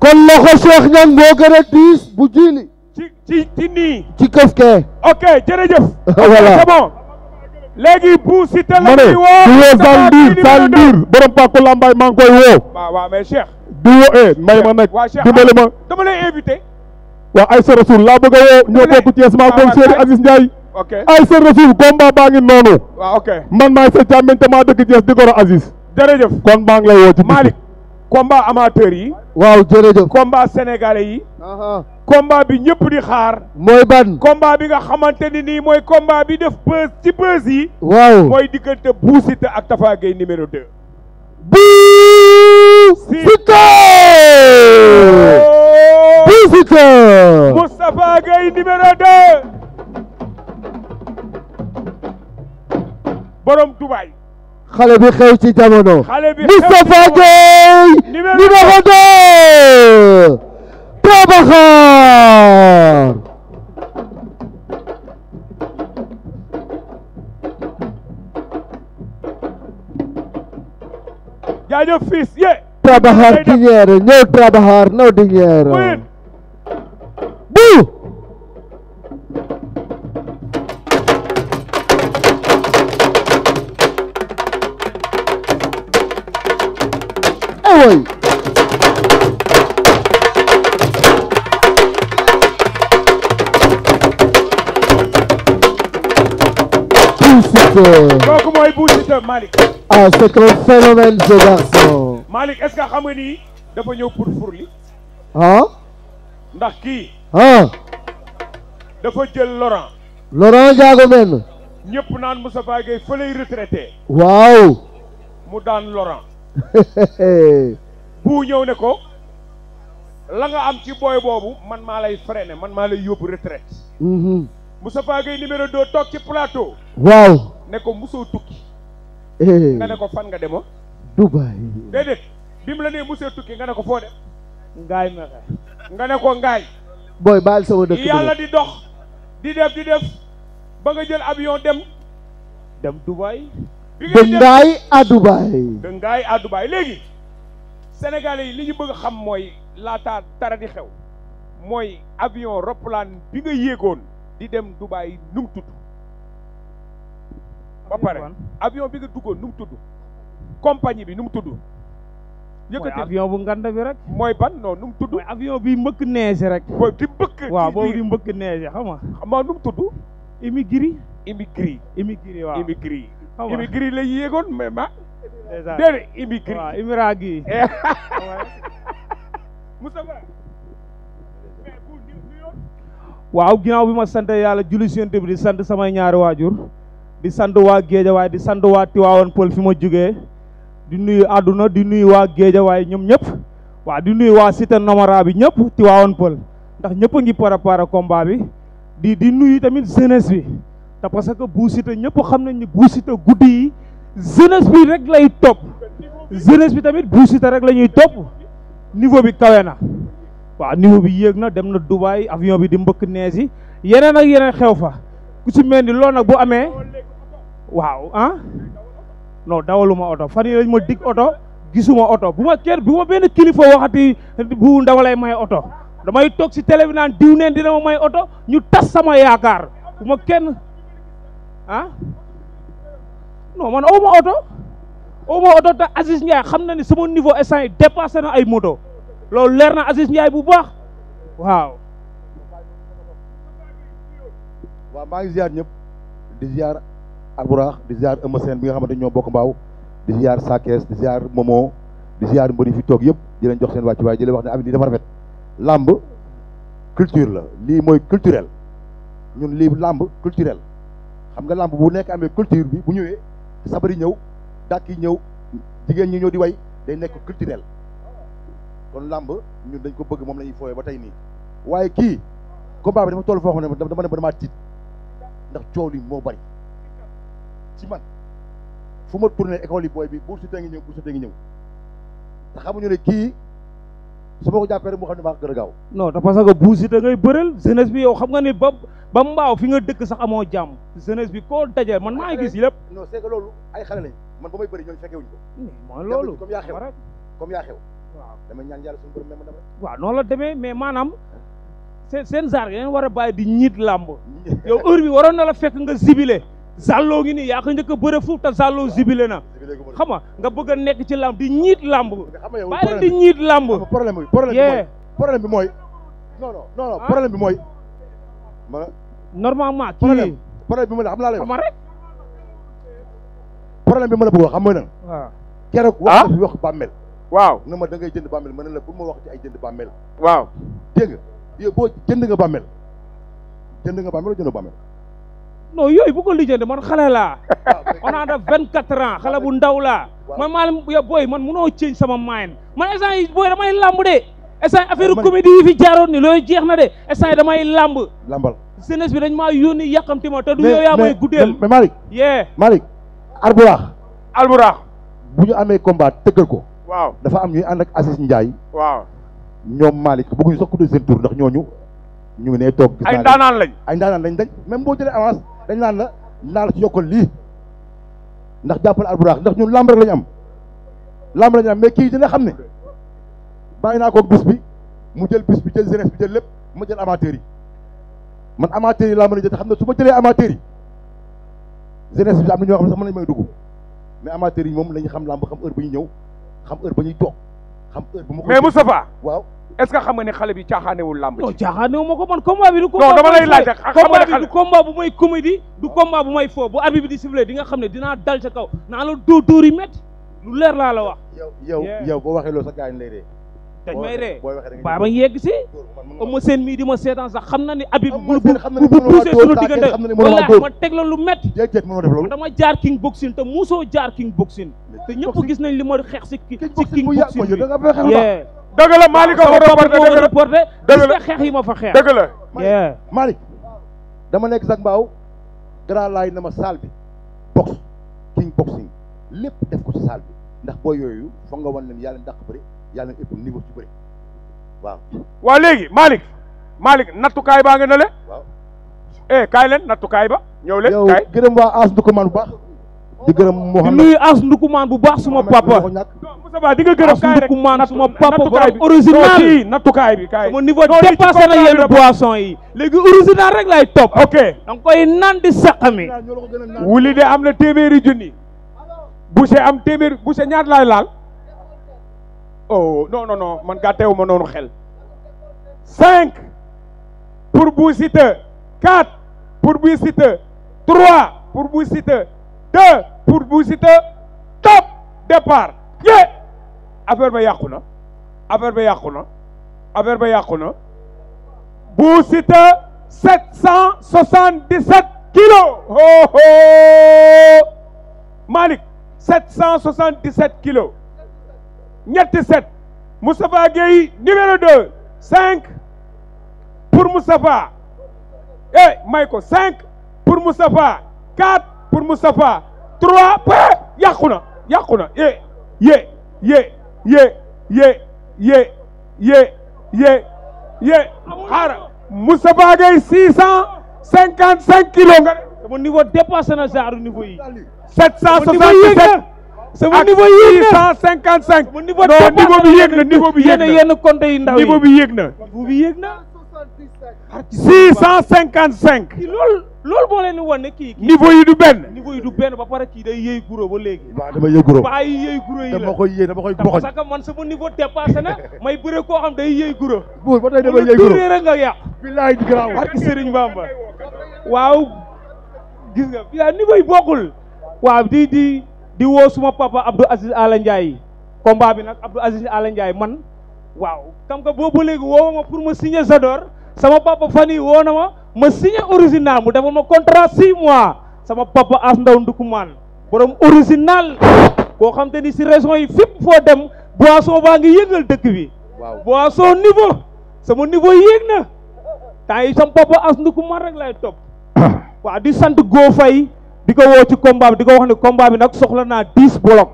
kon loxo Cheikh Niang moo gën diis bu jiili. ci ci ci nii. ci këf kee. ok jërëjëf. voilà c'est bon. léegi bu si te la ñuy woo. du woo Zandir Zandir maa ngi koy woo. du woo eh may ma nag. waaw Cheikh dimbali ma ah, dama lay invité. waaw laa bëgg woo. ñoo bokk Thiès maa ngi koy Cheikh Aziz Ndiaye. ok Aïssa Rasoul baa ngi noonu. man maay sa càmmiñ te maa dëkk Thiès di goro Aziz. kon maa ngi lay woo ci. Malick combat amateur yi. waaw jërëjëf combat sénégalais yi. combat bi ñëpp di xaar. mooy ban. combat bi nga xamante ni nii mooy combat bi def peuse ci peuse yi. waaw mooy diggante Bou ak Tapha Gueye numéro 2. Bou Siteu. Oh! Bou Siteu. Moustapha borom Dubaay. xale bi xew ci jamono Moustapha Gueye numéro 2 Tabaxar jaajëf fils ye kooku mooy Bou Siteu Malick. ah c'est un phénomène ce garçon. Malick est-ce que xam nga dafa ñëw pour pour li. Ah? ndax kii. ah. dafa jël Laurent. Laurent Ndiago men. ñëpp naan Moustapha Gueye fa lay retraité. waaw. mu daan Laurent. bu ñëw ne ko. la nga am ci booy boobu man maa lay freiné man maa lay yóbbu retraite. Mhm. Moustapha Gueye numéro 2 toog ci plateau. waaw. ne ko musoo tukki eh. nga ne ko fan nga demoo Dubaay déedéet bi mu la nee musoo tukki nga ne ko foo dem ngaay nga ne ko ngaay booy baal sama dëkk yàlla di dox di def di def ba nga jël avion dem dem Dubaay de ngaay à Dubaay de ngaay léegi sénégalais yi li ñu bëgg xam mooy laata dara di xew mooy avion roplaan bi nga yéegoon di dem Dubaay nu ba pare avion bi nga duggoon nu tudd compagnie bi nu mu tudd yëkkati avion bu nganda bi rek mooy ban non nu tudd avion bi mbëkk neige rek boobu boobu di mbëkk neige xam nga xam mu tudd immigré immigré immigré waaw immigré immigré la yéegoon mais ma déedéet immigré waaw immigré gi Moussa waaw ginnaaw bi ma sant yàlla julli seen bi di sant samay ñaari waajur di sant waa géejawaay di sant waa Tiwaawan Pël fi ma jugee di nuyu àdduna di nuyu waa géejawaay ñoom ñëpp waa di nuyu waa cité nomara bi ñëpp Tiwaawan Pël ndax ñëpp a ngi préparé combat bi di di nuyu tamit jeunesse bi te parce que Bou Siteu ñëpp xam nañ ni Bou Siteu guddi yi jeunesse bi rek lay topp jeunesse bi tamit Bou Siteu rek la ñuy topp niveau bi kawe na waa niveau bi yéeg na dem na Dubaay avion bi di mbëkk nees yi yeneen ak yeneen xew fa ku si mel ni loolu nag bu amee waaw ah non dawaluma oto fan yi lañ ma dig oto gisuma oto bu ma kër bu ma benn kilifa waxati bu ndaw lay may oto damay toog si télé bi naan diw neen dina ma may oto ñu tas sama yaakaar bu ma kenn ah non man awma oto awma oto te Aziz Ndiaye xam na ni sama niveau instant yi dépassé na ay moto loolu leer na Aziz Ndiaye bu baax waaw ak buraax di ziar Eumeu Sène bi nga xamante ñoo bokk mbaaw di ziar Sakes di ziar Momo di ziar mbër yi fi toog yëpp di leen jox seen wàccu waaye di leen wax ne am di la lii mooy culturel ñun lii làmb culturel xam nga làmb bu nekk amee culture bi bu ñëwee sabari ñëw dàkk ki ñëw jigéen ñi ñëw di way day nekk culturel kon làmb ñun dañ ko bëgg moom la ñuy ba tey nii waaye kii combat bi dafa toll foo xam ne dama ne ba damaa tiit ndax coow li moo bari ci man fu ma tourné école yi booy bi buur sutee ngi ñëw buur sutee ngi ñëw te xamuñu ne kii su ma ko jàppee rek mu xam ne maa ko gën a gaaw non te ngay bëreel jeunesse bi yow xam nga ni ba ba mbaaw fi nga dëkk sax amoo jàmm jeunesse bi koo dajee man maa gis lépp non c'est ay xale lañ man ba bëri ñooñu fekkewuñu ko mooy loolu comme yaa xew comme yaa waaw dama ñaan yàlla suñu borom waaw noonu la demee mais maanaam seen seen genre yéen war a bàyyi di ñiit làmb yow heure bi waroon na la fekk nga zibilé Zallo ngi nii yaa ko njëkk a bëre fuuf te Zallo zibilé na xam nga nga bëgg a nekk ci lamb di ñiit làmb bàyyi leen di ñiit làmb problème bi bi mooy non ah. bi mooy ma normalement kii problème bi ma la xam bi ma la bëgg xam nga nag waaw ah. keroog wax ah? fi wax bàmmeel waaw na ma da jënd bàmmeel ma ne la bu ma wax ci ay jënd bàmmeel waaw dégg nga yow boo jënd nga bàmmeel jënd nga bàmmeel o jënd bàmmeel non yooyu bu ko lijjanti man xale laa ah, on a def vingt quatre ans xale bu ndaw laa man maa leen booy man munoo ceeñ sama maayen man instant yi booy damay làmb de instant yi ah, affaire comédie yi fi jaaroon ni loolu jeex na de instant yi damay làmb làmbal jeunesse bi dañ maa yónni yàqamti ma te du yee Malick Alburax bu ñu amee combat tëggal ko waaw dafa am ñuy ànd ak Aziz Ndiaye waaw ñoom Malick bëgguñu sax ku de seen ndax ñooñu ñu ngi ne toog gis ay ndaanaan lañ ay lañ dañ même boo jëlee avance dañ naan la naa la ci yokkal lii ndax jàppale alburax ndax ñun lamb rek la am lamb lañ ñu am mais kii dina xam ne bàyyi naa ko bis bi mu jël bis bi jël jeunesse bi jël lépp ma jël amateurs yi man amateurs yi laa mën a jël xam ne su ma jëlee amateurs yi jeunesse bi am na ñoo xam ne sax mën nañu may dugg mais amateurs yi moom la ñu xam lamb xam heure ba ñu ñëw xam heure ñuy toog xam heure bu ma ko mais est-ce que xam nga ne xale bi caaxaanewul làmb non caaxaanewu ma ko man combat bi du non dama bu may comédie du combat bu may foo bu abi bi di sifflé di nga xam ne dinaa dal sa kaw naa la dóor dóor yi métti lu leer laa la wax yow yow yow boo waxee loolu sa gaañ lay dee dañ may ree yegg si ma seen mii di ma seetaan sax xam na ni abi bu bu poussé suñu diggante wala ma teg la lu métti dama jaar king boxing te muusoo jaar king boxing te ñëpp gis nañ li m xeex si si dëgg la Malick ko fa reporté a la xeex yi ma fa xeex dëgg la Malick dama nekk sax mbaaw dara laay na ma saal bi box king boxing lépp def ko ci saal bi ndax boo yooyu fa nga wan leen yàlla dàq bëri yàlla ëpp niveau ci bëri waaw waa léegi Malick Malick nattukaay baa nga na le waaw eh kaay leen nattukaay ba ñëw leen kaay gërëm waa as du ko man bu baax di gërëm Mouhamed di nuyu as bu baax suma papa. Moustapha di nga gërëm kaay suma papa borom original yi nattukaay bi kaay. sama niveau dépassé na yenn boisson yi. léegi original rek lay topp. ok da nga koy naan di saqami. wuli de am na téeméeri junni. Boucher am téeméeri Boucher ñaar laay laal. oh non non man gàtteewu ma noonu xel. cinq pour Bou Siteu quatre pour Bou Siteu trois pour Bou Siteu. deux pour Bou Siteu top départ ñe affaire ba yàquna na affaire ba yàquna na affaire ba yàqu na ñetti sept Moustapha Gueye numéro deux cinq pour Moustapha eh may ko cinq pour Moustapha pour Moustapha trois points yàqu na yàqu na yé yé yé yé yé yé yé yé yé xaara Moustapha Gueye six cent cinquante cinq kilos nga sama niveau dépassé na genre niveau yi sept cent soixante-sept sama niveau yéeg na six cent cinquante cinq non niveau bi na niveau bi yéeg na yenn bi yéeg na six cent cinquante cinq. lool loolu boo leen di wan ne kii. niveau yi du benn. niveau yi du benn ba pare kii day yëy guro ba léegi. waaw dama yëy guro ba yi yëy guro dama koy yëy dama koy boxoñ. parce que man sama niveau dépassé na bëre koo xam day yëy guro. buur ba tey dama yëy guro rek nga yàq. bilaay garaaw barki Serigne Bamba. waaw gis nga bilaay niveau yi bokkul. waaw di di di woo suma papa Abdou Aziz Ala Ndiaye combat bi nag Abdou Aziz Ala Ndiaye man. waaw kam ka boobu léegi woo ma pour ma signer Zador sama papa fan yi woo na ma ma signer original mu defal ma contrat six mois sama papa as ndaw ndukumaan borom original koo xam te ni si région yi fépp foo dem boisson baa ngi yëngal dëkk bi waaw boisson niveau sama niveau yéeg na temps yi sama papa as ndukumaan rek lay topp waaw di sant Go Faye di ko woo ci combat di ko wax ne combat bi nag soxla naa dix bloc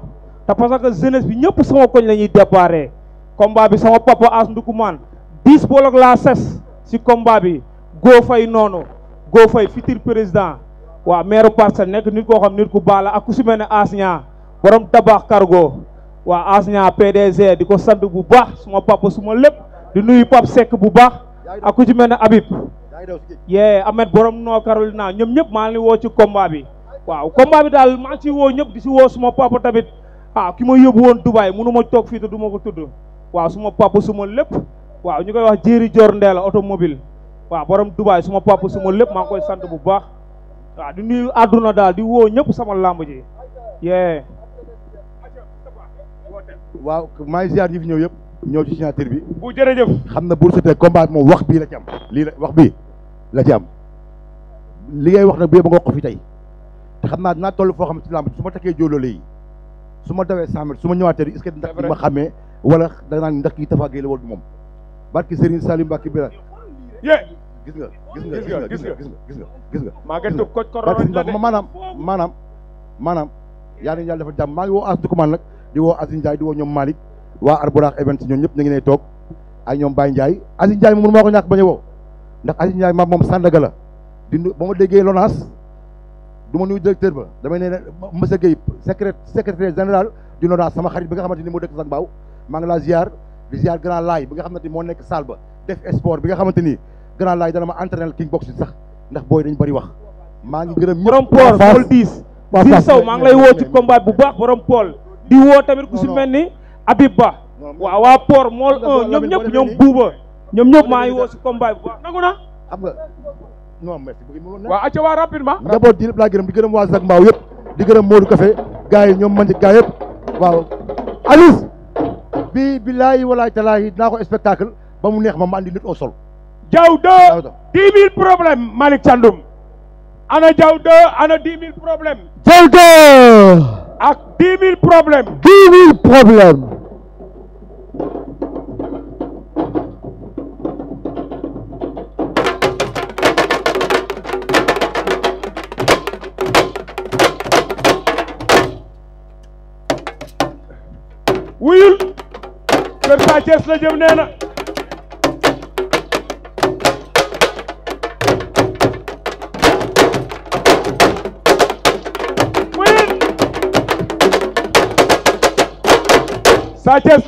te parce que jeunesse bi ñëpp sama koñ la ñuy déparé combat bi sama papa as ndukumaan diis bolok laa ses si combat bi goo fay noonu goo fay futur président waa maire parcelle nekk nit koo xam nit ku baax la ak ku si mel ne asña borom tabax cargo waa asña PDG di ko sant bu baax suma papa suma lépp di nuyu pap sekk bu baax ak ku ci mel ne Habib yee Ahmed borom noo Carolina ñoom ñëpp maa ngi woo ci combat bi waaw combat bi daal maa ngi woo ñëpp di si woo suma papa tamit ah ki ma yóbbu woon Dubaay mënu ma toog fii te du ko tudd waaw suma papa suma lépp waaw ñu koy wax Jéeri Joor Ndeela automobile waaw borom Dubaay suma papa suma lépp maa ngi koy sant bu baax waaw di nuyu àdduna daal di woo ñëpp sama làmb ji yee waaw maa ngi ñëw yëpp ñëw ci signature bi bu jërëjëf xam na Bou Siteu combat moom wax bii la ci lii la wax bii la ci am li ngay wax nag bu yëpp nga wax ko fi tey te xam naa dinaa toll foo xam ne ci su ma takkee jóoloo yi su ma dawee cent mètres su ma ñëwaatee est-ce que ndax ma xamee wala da naan ndax kii Tafa Gueye la wala du moom barki Serigne Salim Mbacke bi la gis nga gis nga gis nga gis nga gis nga gis nga gis nga maanaam maanaam maanaam maanaam yaa nañu yàlla dafa jàmm maa ngi woo As Dukumaan nag di woo Aziz Ndiaye di woo ñoom Malick waa Arbouraax event ñoom ñëpp ñu ngi ne toog ay ñoom Baye Ndiaye Aziz Ndiaye moom mënu maa ko ñàkk bañ a woo ndax Aziz Ndiaye maam moom Sandaga la di ba ma déggee Lonaas du ma nuyu directeur ba damay ne monsieur Guèye secré secrétaire général di Lonaas sama xarit bi nga xamante ni moo dëkk Sangbaaw maa ngi laa ziar di ziar grand laay bi nga xamante ni moo nekk salle ba def sport bi nga xamante ni grand laay dana ma entraîner king box sax ndax booy dañ bari wax maa ngi gërëm borom pool pool diis si saw maa ngi lay woo ci combat bu baax borom pool di woo tamit ku si mel ni Habib Ba waaw waa Port mool 1 ñoom ñëpp ñoom buuba ñoom ñëpp maa ngi woo si combat bu baax nangu na xam nga non merci waaw acca waa rapidement njaboot yi yëpp laa gërëm di gërëm waa Zac Mbao yëpp di gërëm Modou Café gars ñoom man ci gars bii billaahi walaay talaahi dinaa ko spectacle ba mu neex ma ma andi nit au sol. Diaw 2 dix mille problème ana Diaw ana dix mille problème. ak dix mille problème. dix mille problème. kër Sa Thiès la jëm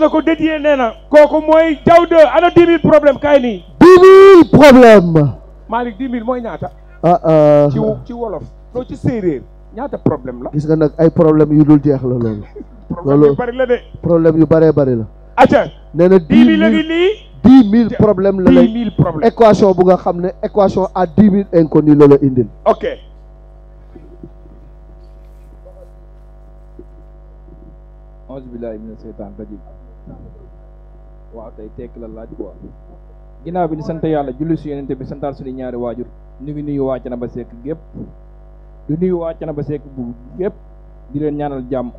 na ko dédié nee na kooku mooy jaw de ana dix mille problème kaay nii dix mille mooy ñaata ah, ah. ci wolof loo ci séeréer ñaata problème la gis nga nag ay problème yu dul jeex la loolu loolu problème yu bari la baree bari la acca nee na dix la ngi nii dix lay équation bu nga xam ne équation à dix mille inconnu la la indil ok onze billahi mina tey tekk la laaj quoi ginnaaw bi ni sant yàlla julli si yonente bi santaal suñu ñaari waajur ñu ngi nuyu na Canaba Seck gépp du nuyu waa Canaba Seck bu gépp di leen ñaanal jàmm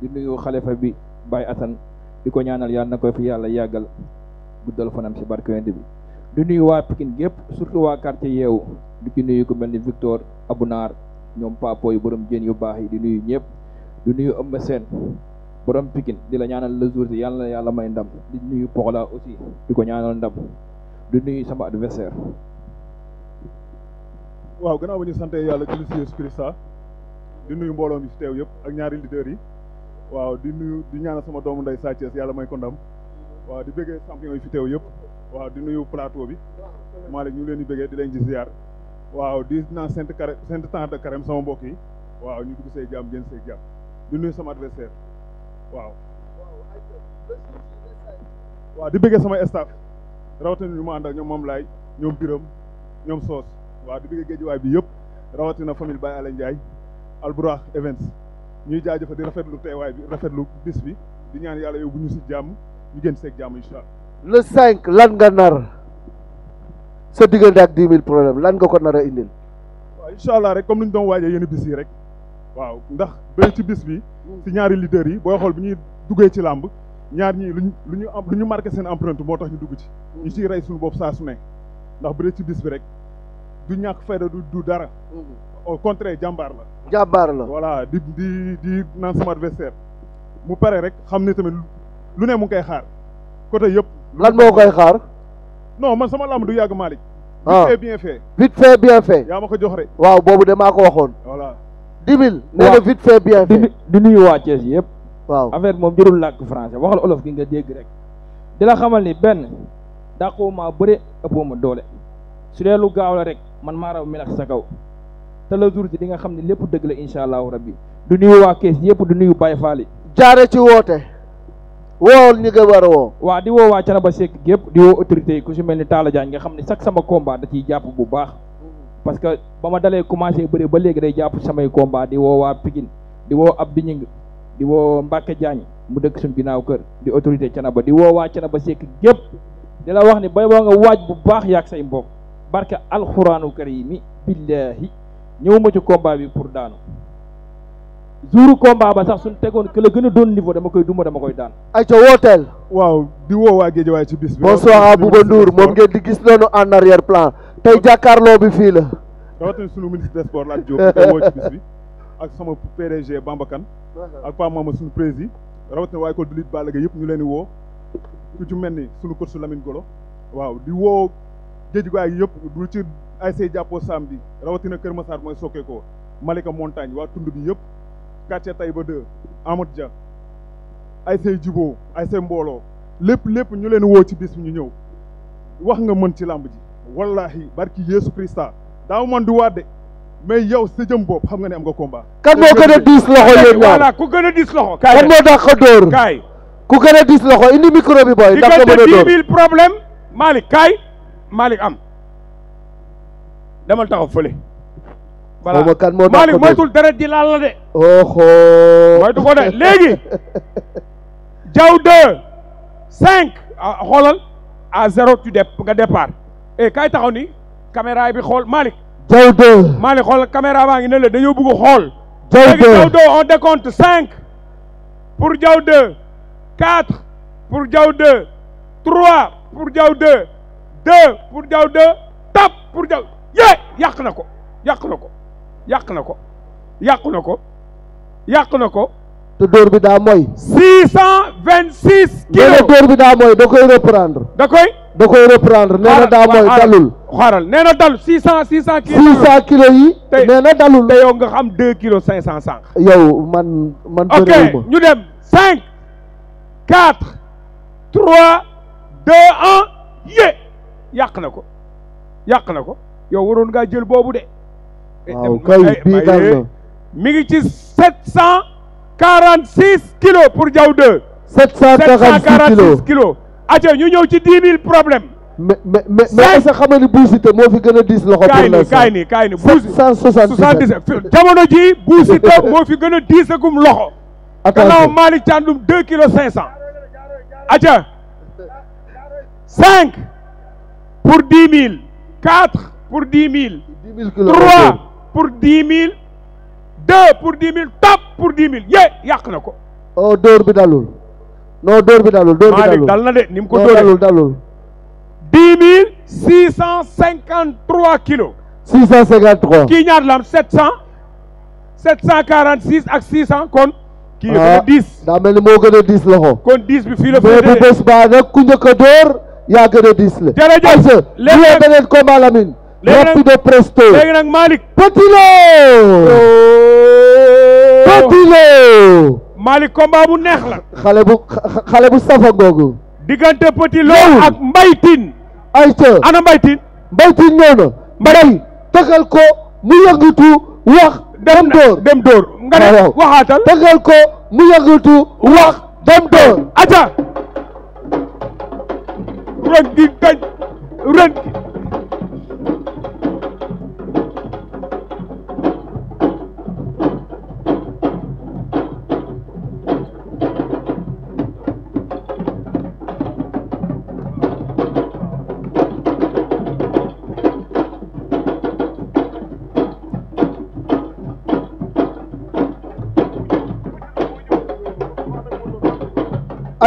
di nuyu xalifa bi baay Assane di ko ñaanal yàlla na ko fi yàlla yàggal guddal fanam si barke Yonent di nuyu waa Pikine gépp surtout waa quartier yeewu di ci nuyu ko mel ni Victor Abunaar ñoom papo yu borom jën yu baax yi di nuyu ñëpp di nuyu Eumeu Sène borom Pikine di la ñaanal le jour si yàlla yàlla may ndam di nuyu Pokola aussi di ko ñaanal ndam di nuyu sama adversaire waaw gannaaw ba ñu sante yàlla julli si Yeesu Krista di nuyu mbooloo mi si teew yëpp ak ñaari leader yi waaw di nuyu di ñaana sama doomu ndey Sa Thiès yàlla may ko ndam waaw di bëggee champion yi fi teew yëpp waaw di nuyu plateau bi Malick ñu leen di bëggee di leen ci waaw di naan saint carême saint temps de carême sama mbokk yi waaw ñu dugg see jàmm génn say jàmm di nuyu sama adversaire waaw. waaw di bëggee sama staff rawatina ñu ma ànd ak ñoom moom laay ñoom biram ñoom soos waaw di bëggee géejuwaay bi yëpp rawatina famille Baye Alain Ndiaye Alburax Events ñuy jaajëfal di rafetlu teewaay bi rafetlu bis bi di ñaan yàlla bu ñu si jàmm ñu gën seeg jàmm incha allah. cinq lan nga nar sa diggante ak dix mille problème lan nga ko nar a indil. waaw incha allah rek comme ni ñu doon waajee yenn bis yi rek waaw ndax bëri ci bis bi si ñaari leaders yi booy xool bi ñuy duggee ci làmb ñaar ñii luñ luñu lu ñu marqué seen empreinte moo tax ñu dugg ci. ñu ciy rey suñu bopp saa su ne ndax bëri ci bis bi rek du ñàkk fayda du du dara. Mm-hmm. au contraire jàmbaar la. jàmbaar la voilà di di di sama adversaire mu pare rek xam ne tamit lu ne mu ngi koy xaar côté yépp lan moo koy xaar. no man sama lamb du yàgg Malick. ah vite fait bien fait. vite fait bien fait. yaa ma ko jox rek. waaw boobu de maa ko waxoon. voilà dix mille. nee bien fait di nuyu waa Thiès yëpp. waaw affaire moom jërul làkk français waxal olof gi nga dégg rek. di la xamal ni benn dàqoo maa bëre ëppoo ma doole su dee lu gaaw la rek man maa raw melax sa kaw. te le jour di nga xam ne lépp dëgg la incha allahu rabbi du nuyu waa kees yëpp du nuyu Baye Fall yi jaare ci woote woo ñi nga war woo waa di woo waa Caraba Seck yëpp di woo autorité yi ku si mel ni Talla Diagne nga xam ne chaque sama combat da ciy jàpp bu baax parce que ba ma dalee commencé bëri ba léegi day jàpp samay combat di woo waa Pikine di woo Abdi Ñing di woo Mbacke Diagne mu dëkk suñ ginnaaw kër di autorité Canaba di woo waa Canaba sekk gépp di la wax ni bay boo nga waaj bu baax yaag say mbokk barke alxuraanu karimi billahi ñëwuma ci combat bi pour daanu jouru combat ba sax suñ tegoon que la gën a doon niveau dama koy duma dama koy daan. ayca wooteel. waaw di woo waa Guédiawaye ci bis bi. bonsoir à Bouba Ndour moom ngeen di gis noonu en arrière plan tey bi fii la. rawatina sunu ministre des sports Lat Diop di woo ci bis bi ak sama PDG Bamba Kane ak Paa Mama suñu président rawatina waaye ko dulit Balla Gaye yëpp ñu leen di woo ku ci mel ni suñu sunu coach Lamine Golo waaw di woo Guédiawaye yëpp du ci. ASC jàppoo samedi rawatina Kër Massar mooy sokkeekoo Malika Montagne waa tund bi yëpp quartier Taïba 2 Amadou Dia ASC Juboo ASC Mbooloo lépp lépp ñu leen woo ci bis bi ñu ñëw wax nga mën ci làmb ji wallahi barki Yeesu Krista daaw man du waade mais yow sa jëm bopp xam nga ne am nga combat. kan moo gën a diis loxo yéen ñaar voilà ku gën a diis loxo. kaay kan moo dàq a dóor kaay ku gën a diis loxo indi micro booy. ndax mën a dóor kaay Malick am. demal taxaw fële. voilà xaw ma kan deret ji laal la de. oho moytu ko de léegi. jaw deux cinq ah, xoolal à zéro tu dep nga départ et eh, kay taxaw ni caméra bi xool Malick. jaw deux Malick xool caméra baa ngi ne la dañoo bëgg xool. jaw deux on décompte cinq pour jaw deux quatre pour jaw deux trois pour jaw deux deux pour jaw deux top pour jaw. yee yàq na ko yàq na ko yàq na ko yàq na ko yàq na ko. te dóor bi daa mooy. six cent vingt six. kilos nee dóor bi daa mooy da koy reprendre. da koy. da koy reprendre nee na daa mooy dalul. xaaral nee na dalul six cent six cent. kilos six cent kilos yi. nee na dalul te yow nga xam deux kilo cinq cent cinq. yow man man. ok ñu dem cinq quatre trois deux un yé yàq na ko yàq na ko. yow waroon ngaa jël boobu de. mi ngi ci sept cent quarante six kilos pour jaw 2. sept cent quarante ñu ñëw ci dix problème. mais mais mais est-ce que xam nga ni moo fi gën a diis loxo. pour l'instant kaay ni kaay ni kaay ni. sept cent soixante moo fi gën a diisagum loxo. attention gannaaw Malick Thiandoum deux kilos cinq cent. aca cinq pour dix mille quatre. pour dix mille. trois pour dix mille. deux pour dix mille top pour dix mille yee yàq na ko. oh dóor bi dalul. non dóor bi dalul dóor bi dalul dal na de ni mu ko dóoree dalul dalul. dix mille six cent cinquante trois kilos. six cent cinquante trois. kii ñaar la am cent. sept cent quarante six ak six cent kon. kii la ko ah, dix daa mel ni moo gën a dix loxo. kon dix bi fii la. mais bu bés baa nag ku njëkk a que bu yee beneen combat rapido presto léegi nag Malick Petit Lo oh. Petit Lo Malick combat bu neex la xale bu xale bu safa googu diggante Petit ak Mbaye ay ta ana Mbaye Tine Mbaye Tine ñëw ko mu yëngatu wax dem dóor dem dóor nga ne waxaatal tëgal ko mu yëngatu wax dem dóor ata ren gi kañ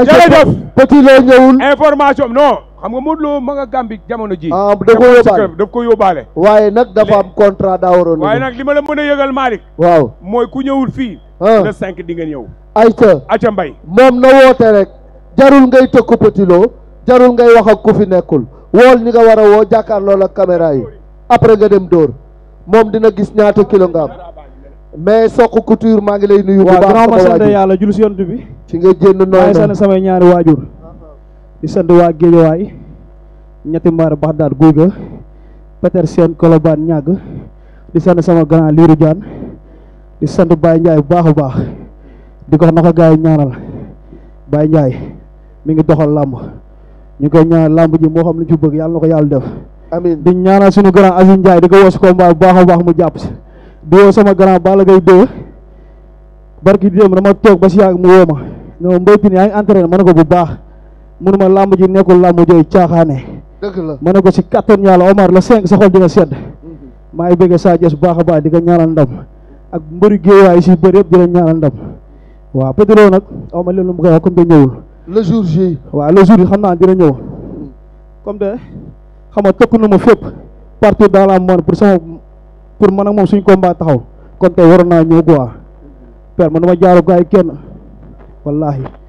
jërëjëf petit loo ñëwul information non xam nga Modou ma nga Gambie jamono jii ah ko yóbbaale daf ko yóbbaale waaye nag dafa am contrat daa waroon waaye nag li ma la mën a yëgal Malick waaw mooy ku ñëwul fii ah. le cinq di nga ñëw ayca aca mbay moom na woote rek jarul ngay tëkku Petit Lo jarul ngay wax ak ku fi nekkul wool ñi nga war a woo jàkkaarloo ak caméra yi après nga dem dóor moom dina gis ñaata kilo nga am mais Sokh Couture maa ngi lay nuyu bu baax sama waajur yàlla jul si yont bi ci nga génn noonu samay ñaari waajur di sant waa Géejawaay ñetti mbaar Baxdaad Gouga Petersen Colobane ñàgg di sant sama grand Lirou Diane di sant baay Ndiaye bu baax baax di ko wax na yi ñaanal Baye Ndiaye mi ngi doxal làmb ñu koy ñaanal làmb ji moo xam lu ci bëgg yàlla na ko yàlla def. amiin di ñaanal suñu grand Aziz Ndiaye di ko woo si combat bu baax a baax mu jàpp si di woo sama grand la Gaye 2 barki di dama toog ba si yàgg mu woo ma non mbéytin yaa ngi entraîné ma ne ko bu baax. munuma làmb ji nekkul làmb jooy caaxaane dëgg la ma ne ko si kattan yàlla Omar la cinq sa xol dina sedd mhm. maa ngi bëgg Sa Thiès baax a baax di ko ñaanal ndam ak mbëri géewaay si bëri yëpp di ñaanal ndam waaw Pedro nag aw ma leen lu mu koy wax comme ñëwul le jour ji waaw le yi xam naa dina ñëw comme te xam nga tëkk na ma fépp partout dans la monde pour sama pour mën ak moom suñ combat taxaw kon tey waroon naa ñëw quoi mhm. père man dama jaaru gars yi kenn wallaahi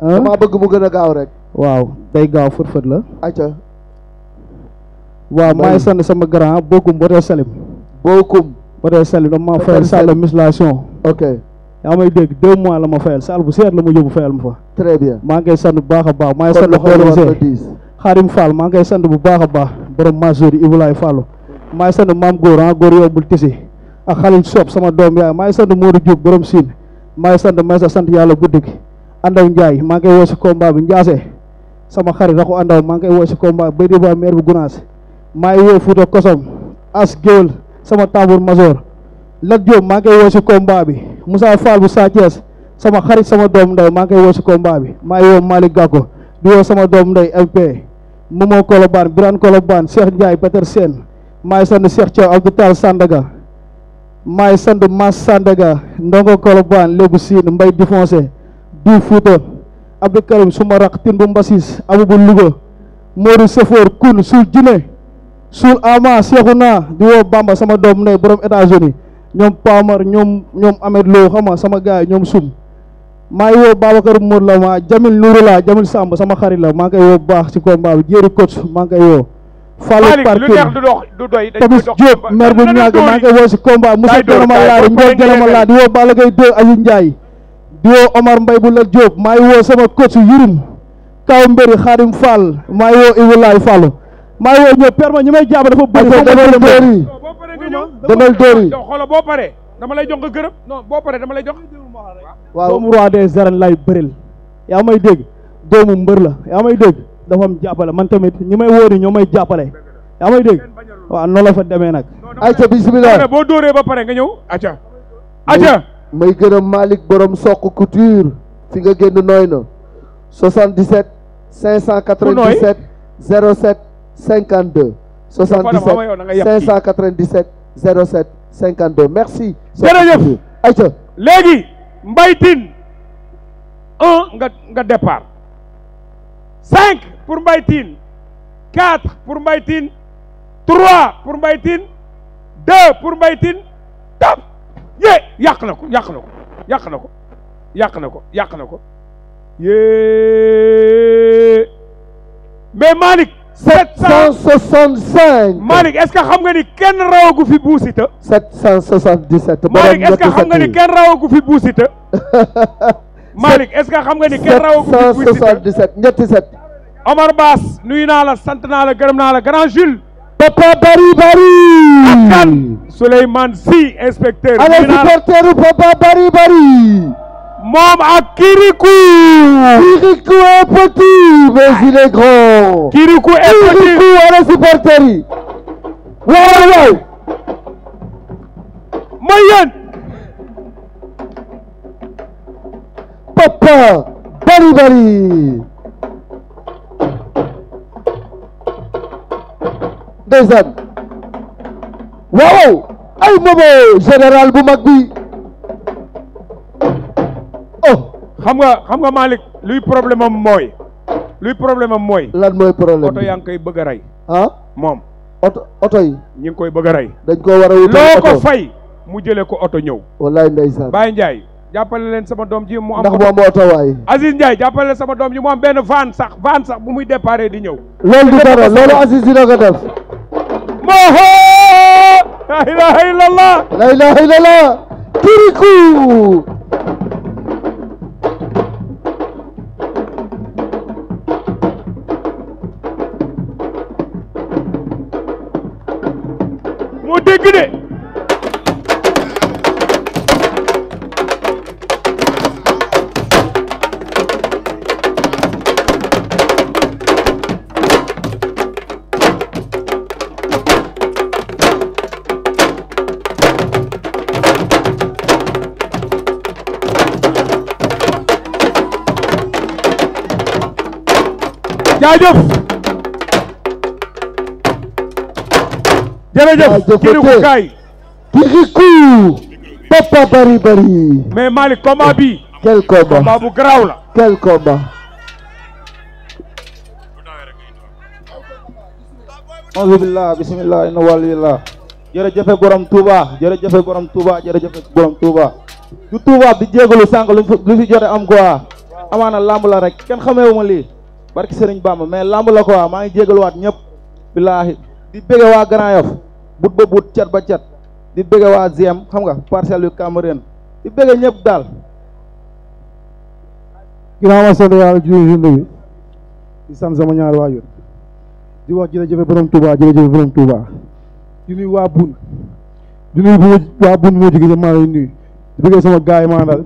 damaa bëgg mu a gaaw rek waaw day gaaw fët-fët la aca waaw maa ngi sant sama grand bokkum botee salim bokkum botee salim dama ma fayal salle musculation ok yaa may dégg deux mois la ma fayal bu seet la ma yóbbu fayal ma fa maa ngi koy sant bu baax a maa ngi sant xoolis maa ngi koy sant bu baax a baax borom masor yi Ibulaay Fallu maa ngi sant maam góor ah, góor yombul tisi ak xalil soob sama doom yaay maa ngi sant Modou Diop borom siin maa ngi sant may sa sant yàlla guddi gi Andaw Ndiaye maa ngi koy woo si combat bi Ndiassé sama xarit Raku Andaw maa ngi koy woo si combat bi Bédi Ba maire bu Gunaas maa ngi woo Fouta Kosom As Géwël sama tambour major Lat Diop maa ngi koy woo si combat bi musaa Fall bu Sa Thiès sama xarit sama doom nday maa ngi koy woo si combat bi maa ngi woo Malick Gakou di woo sama doom nday MP Momo Kolobane Birane Kolobane Cheikh Ndiaye Peter Sène maa ngi sant Cheikh Thiaw Abdou maa ngi sant Mass Sandaga Ndongo Kolobane Lébu Sine Diouf Fouta Abdou Karim suma rak tin bu mbasis abubu Louga Modou Safoor kun suul Jine suul ama seexu naa di woo Bamba sama doom ne borom États-Unis ñoom Pamar ñoom ñoom Ahmed Lo sama gaay ñoom sum maa ngi woo Babacar Mour la maa Jamil Nourou la Jamil Samb sama xarit la maa ngi koy baax ci combat bi jéeri coach maa ngi koy woo Fallou Parkin Tamis Diop maire bu ñàgg maa ngi koy woo ci combat Moussa Jalama Laari Ndiol di woo Balla Gaye 2 Aziz Ndiaye woo Omar Mbay bu la Jóob maa ngi woo sama coach Yirim Kaw Mbéri Xaadim Fall maa ngi woo Iwulaay Fallu maa ngi woo ñëpp perma ñi may jàpp dafa bëri demal dóor yi demal dóor yi xoolal boo paree dama lay jox nga gërëm non boo paree dama lay jox waaw doomu roi des arènes lay bëril yaa may dégg doomu mbër la yaa may dégg dafa am jàppale man tamit ñi may woo ni ñoo may jàppale yaa may dégg waaw noonu la fa demee nag ayca bismillah boo dooree ba pare nga ñëw aca aca may gërëm Malick borom Sokk Couture fi nga génn nooy na 77 597 07 52 77 597 07 52 merci jërëjëf ayca léegi Mbaye Tine nga nga départ cinq pour Mbaye Tine quatre pour Mbaye Tine trois pour Mbaye Tine deux pour Mbaye Tine top yée yàq na ko yàq na ko yàq na ko yàq na ko yàq na ko yée mais Malick. 765 Malick est-ce que xam nga ni kenn rawagu fi Bou Siteu. 777. Malick est-ce que xam nga ni kenn rawagu fi Bou Siteu. Malick est-ce que xam nga ni kenn rawagu fi Bou Siteu 777 ñetti set. Omar Baas nuyu naa la sant naa la gërëm naa la grand Jules. Papa Bari Bari ak Souleymane Sy Papa Bari Bari moom ak Kirikou Kirikou est petit mais grand Kirikou est petit Kirikou allez supporter yi waaw Papa Bari Bari des hommes waaw ay momo général bu mag bi oh xam nga xam nga Malick luy problème am mooy luy problème am mooy lan mooy problème oto yaa ngi koy bëgg a rey ah moom oto oto yi ñi ngi koy bëgg a rey dañ koo war a wutal loo ko fay mu jëlee ko oto ñëw wallaay ndeysaan Baye Ndiaye jàppale leen sama doom ji mu am ndax mu am oto jàppale leen sama doom ji mu am benn van sax van sax bu muy déparé di ñëw loolu du dara loolu Aziz dina ko def moho la ilaha illallah la ilaha illallah tiriku mu dégg de jaajëf jërëjëf Kirikou kaay Kirikou papa bari bari mais Malick combat bi quel combat combat bu garaaw la quel combat auzu billah bismillah inna walillah jërëjëfe borom Touba jërëjëfe borom Touba jërëjëfe borom Touba du Touba di jégalu sànq lu fi jote am quoi amaana lamb la rek kenn xamewuma lii barki Serigne Bamba mais lamb la ko waa maa ngi jégaluwaat ñëpp billaahi di bëgge waa Grand Yoff but ba but cat ba cat di bëgge waa Ziem xam nga parcelle yu Cameroun di bëgge ñëpp daal ginnaaw ma sant yàlla julli di sant sama ñaari waajur di wax jërëjëfe borom Touba jërëjëfe borom di nuyu waa bun di nuyu bu waa bun moo jóge maa lay nuyu di bëggee sama gaay maa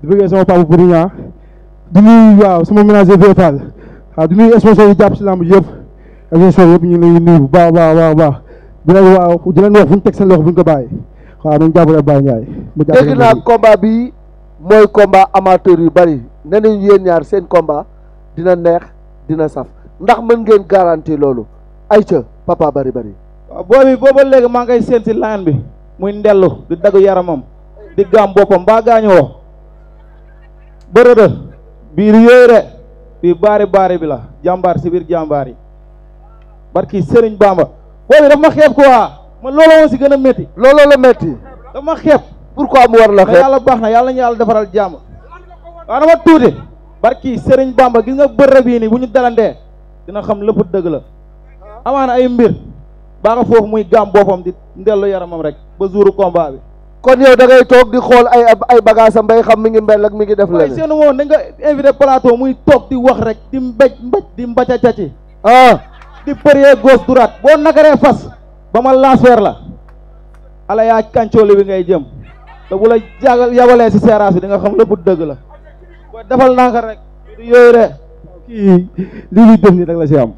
di bëggee sama papa Bourignan di nuyu waaw sama ménager Fall waaw di nuyu sponsor yi si làmb yëpp sponsor yëpp ñu ngi leen nuyu bu baax baax baax baax di leen waaw di leen ñu teg seen loxo bu ñu ko bàyyi waaw nañ jàppale Baye Ndiaye naa combat bi mooy combat amateur yu bari ne nañ ñaar seen combat dina neex dina saf ndax mën ngeen garanti loolu ay ca papa bari bari waaw boobi booba léegi maa ngay seen si laan bi muy ndellu di dagg yaramam di gaam boppam baa gaañu woo bërëdë biir yooyu de bi baare baare bi la jàmbaar si biir jàmbaar yi barki Sëriñ Bamba boobu daf ma xeeb quoi ma looloo ma si gën a métti looloo la métti daf ma xeeb pourquoi mu war la xeeb yàlla baax na yàlla ñu yàlla defaral jàmm waaw dama tuuti barki Sëriñ Bamba gis nga bërëb yi nii bu ñu dalandee dina xam lépp dëgg la amaana ay mbir baax a foofu muy gàmm boppam di ndellu yaramam rek ba jouru combat bi kon yow da toog di xool ay ay bagage am bay xam mi ngi mbel ak mi ngi def leneen. seen woon dañ nga invité plateau muy toog di wax rek di mbéj mbéj di mbaca caci ah di përee gauche droite boo nakaree fas ba ma laasfeer la ala yaa kàncooli bi ngay jëm te bu la jagal yabalee si seeraas bi di xam xam lépp dëgg la booy defal nanka rek di yooyu de lii li def ni rek la si am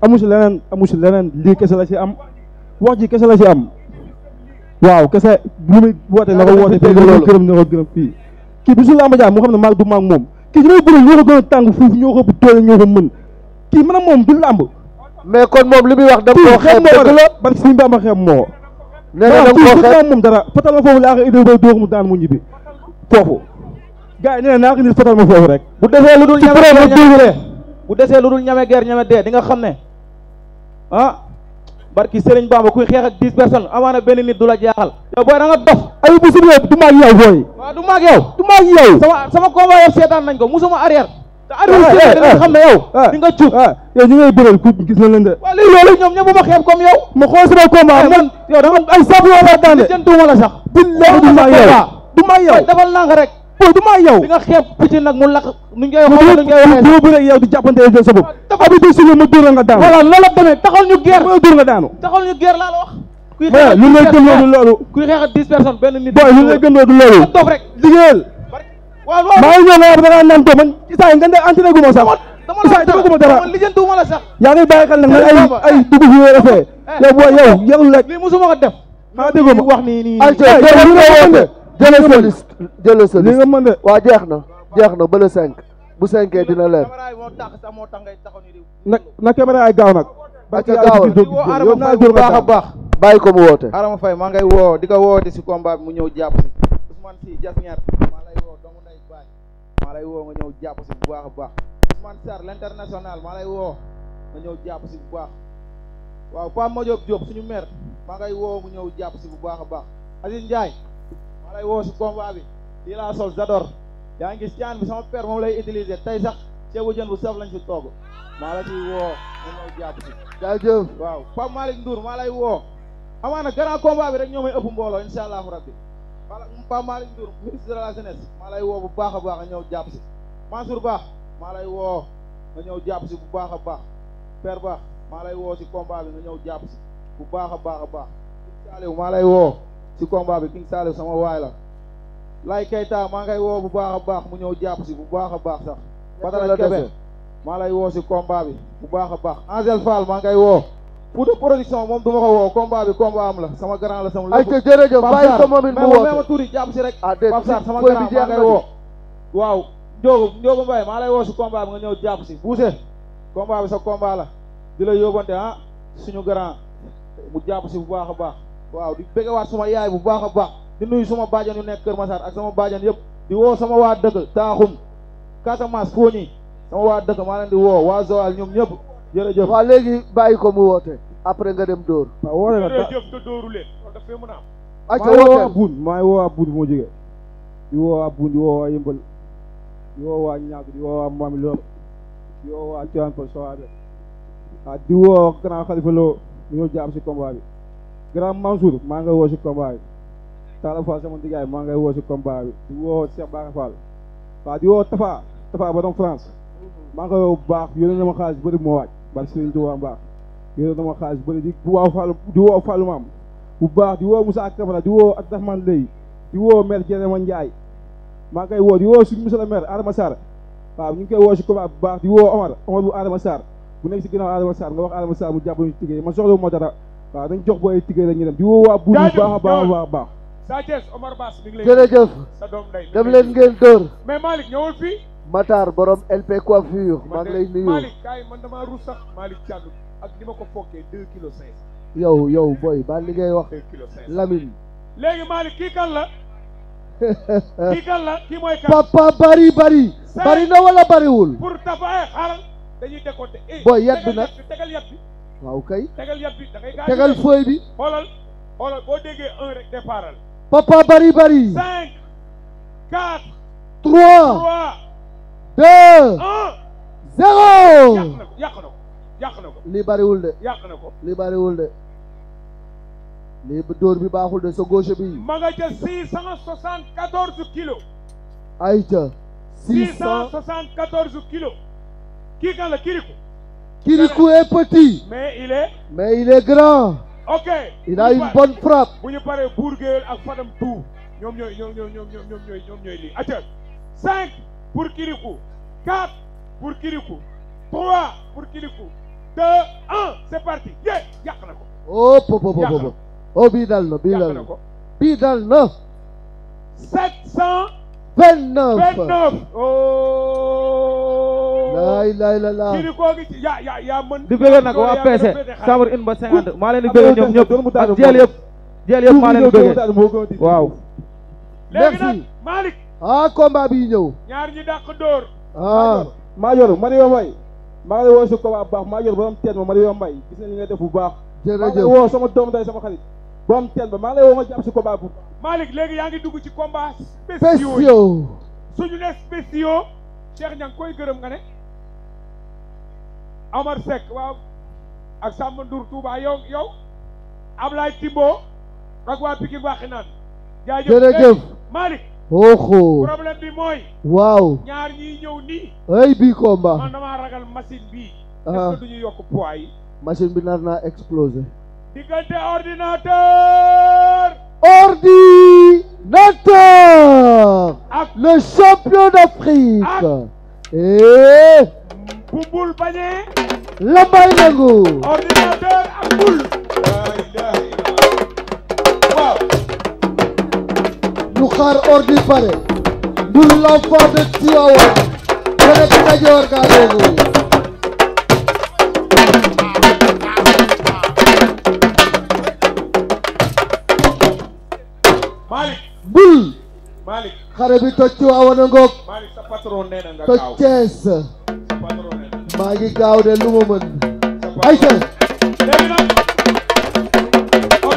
amu si leneen amu leneen lii kese la si am wax ji kese la si am waaw kese lu muy woote na ko woote fii gërëm na ko gërëm fii kii bi su làmb jaay mu xam ne maag du maag moom kii ñooy bëri ñoo ko gën tàng fuuf ñoo ko bu doole ñoo ko mën kii mën a moom du làmb mais kon moom li muy wax da koo xeeb dëgg la ban suñu bamba xeeb moo nee na da koo xeeb moom dara fatal ma foofu laa ko idée bay dóor mu daan mu ñibbi foofu gars yi nee na naa ko nit ma foofu rek bu desee lu dul ñame bu desee lu dul ñame geer ñame dee di nga xam ne ah. barki Serigne Bamba kuy xeex ak dix amaana benn nit du la jaaxal. yow booy da dof. ay bu subi yow du maag yow booy. du maag yow. sama sama yow seetaan nañ ko musuma arrière. te arrière eh, seetaan eh, xam ne yow. Eh, di nga yow ñu ngay bëral ku gis na leen de. waaw léegi ñoom ñoom ma xeeb comme yow. ma xool sama combat man yow dama ay saabu yoo la daan du maag yow du maag yow. defal naa nga rek. booy du maa yow. di nga a piccin nag mu lakk nu ñu koy waxee nu ñu bu bëree yow sa bopp. dafa bi suñu ma dóor nga daanu. voilà loolu demee taxal ñu guerre. ma dóor nga daanu. taxal ñu guerre laa la wax. kuy xeex lu ngay gëm loolu loolu. booy lu ngay gëm loolu loolu. toog maa ngi ñëw nga da ngaa naan ko man Issa nga ne entraîné sax. dama dama la dama yaa ngi bàyyi xel nag eh, ay ay dugub yu rafet. Eh. yow booy yow yow la. jëlee sa liste jëlee sa li nga mën waa jeex na jeex na ba le cinq bu cinquee dina leer na na caméra ay gaaw nag ba ca gaaw naa bu baax a baax bàyyi ko mu woote Adama fay maa ngay woo di ko woote si combat mu ñëw jàpp si Ousmane si jas ñaar maa lay woo doomu nday maa lay woo nga ñëw jàpp si bu baax a baax Ousmane Sarr l'international maa lay woo nga ñëw jàpp si bu baax waaw Pape Madiop suñu maire maa ngay woo mu ñëw jàpp si bu baax a baax Aziz Ndiaye ma lay woo si combat bi lii laa sol Zador yaa ngi gis caan bi sama père moom lay utiliser tey sax ceebu jën bu saf lañ si togg maa la ciy woo ñu ñëw jàpp si. jaajëf waaw Pape Malick Ndour maa lay woo. amaana grand combat bi rek ñoo may ëpp mbooloo incha allahu rabbi Pape Malick Ndour ministre de la jeunesse maa lay woo bu baax a baax nga ñëw jàpp si Mansour Ba maa lay woo nga ñëw jàpp si bu baax a baax père Ba maa lay woo si combat bi ñëw jàpp si bu baax a baax a baax Aliou maa lay woo. si combat bi King Saliou sama waay la Laye Keita maa ngay woo bu baax a baax mu ñëw jàpp si bu baax a baax sax Badara Kébé maa lay woo si combat bi bu baax a baax Angel Fall maa ngay woo pour de production moom du ma ko woo combat bi combat am la sama grand la sama lépp jërëjëf bàyyi ko moom it mu woo ma tuuti jàpp si rek ah, Pape Sarr sama grand maa ngay woo waaw Ndiogu Ndiogu Mbaye maa lay woo si combat bi nga ñëw jàpp si buuse combat bi sa combat la di la yóbbante ah suñu grand mu jàpp si bu baax a baax waaw di bégewaat sama yaay bu baax a baax di nuyu sama baajan yu nekk Kër Massar ak sama baajan yëpp di woo sama waa dëkk taaxum Casamance foo ñi sama waa dëkk maa leen di woo waa Joal ñoom ñëpp jërëjëf waaw léegi bàyyi ko mu woote après nga dem dóor waaw woote nga jërëjëf te dóoru leen maa buun woo waa buun fu ma di woo waa buun di woo waa yëmbal di woo waa ñaag di woo waa maami lool di woo waa Tivaouane Peulh di woo grand xalifa loo ñu ñëw si combat grand Mansour maa ngay woo si combat bi Talla Fall sama ndigaay maa ngay woo si combat bi di woo Cheikh Bara Fall waaw di woo Tafa Tafa ba doon France maa ngay woo bu baax yónnee na ma xaalis bëri moo waaj bari Serigne Touba mbaax yónnee na ma xaalis bëri di waaw Fall di woo Fall maam bu baax di woo Moussa Camara di woo Abdourahmane Leye di woo maire Jéréma Ndiaye maa ngay woo di woo suñu monsieur le maire Adama Sarr waaw ñu ngi koy woo si combat bu baax di woo Omar Omar bu Adama Sarr bu nekk si ginnaaw Adama Sarr nga wax Adama Sarr mu jàpp ñu ci liggéey man soxla moo dara waaw dañ jox booy ticket rek ñu dem di woo waa buur baax a baax a baax a baax Sa Thiès Omar Bass mi ngi lay dem leen ngeen dóor mais Malick ñëwul fii Matar borom LP coiffure maa ngi lay nuyu Malick ko fokkee deux yow yow boy ba li ngay wax Lamine léegi Malick kii kan la kii kan la kii mooy kan papa bari bari bari na wala bariwul pour tafa xaaral dañuy décoté eh, boy yat bi bi waaw kay. tegal yat bi da ngay tegal feuille déggee un rek départal. papa bari bari. cinq quatre. trois trois. zéro. yàq na ko yàq na ko yàq bariwul de. yàq ko lii bariwul de. lii dóor bi baaxul de sa gauche bi. ma nga ca six cent soixante quatorze kilos. ayca. kii kan kiriku. Kirikou est petit. Mais il est. Mais il est grand. il a une bonne frappe. bu ñu paree Bourguel ak Fadam Tou ñoom ñooy ñoom ñooy ñoom ñooy ñoom pour Kirikou quatre pour pour Kirikou deux un c'est parti yé yàq 29 29 oh. laay laay la laa. kii ni koo ngi ci yaa yaa yaa mën. di bëgg nag waa PC Sabar une ba cinquante maa leen di bëgg ñoom ñëpp ak jël yëpp. jël yëpp maa waaw. léegi nag Malick. bi ñëw. ñaar ñi dàq dóor. ah Major Mario Mbaye. maa ngi lay woo si combat baax Major borom teen ma Mario Mbaye gis nañ li bu baax. jërëjëf maa ngi woo sama doom day sama xarit. borom teen ba maa ngi lay woo nga jàpp bu Malick léegi yaa ngi dugg ci komba spéciaux suñu ne spéciaux Cheikh ña koy gërëm nga ne Omar Seck waaw ak Samba Ndour Touba yow yow Ablaye Timbo ak waa Pikine waxi naan jaajëf jërëjëf Malick oxo problème bi mooy waaw ñaar ñiy ñëw nii ay bii combat man damaa ragal machine bii ah. est-ce yokk poids bi nar naa exploser diggante ordinateur. ordinateur. le champion d'Afrique. et. bu bul lambay nangu. ordinateur ak bul. waaw. ñu xaar ordi pare. bul l'enfant de Tivaouane. dana dina joor gaa bul. Malick xare bi toj ci waaw ngoog. Malick maa ngi gaaw de lu ma mën. ayca.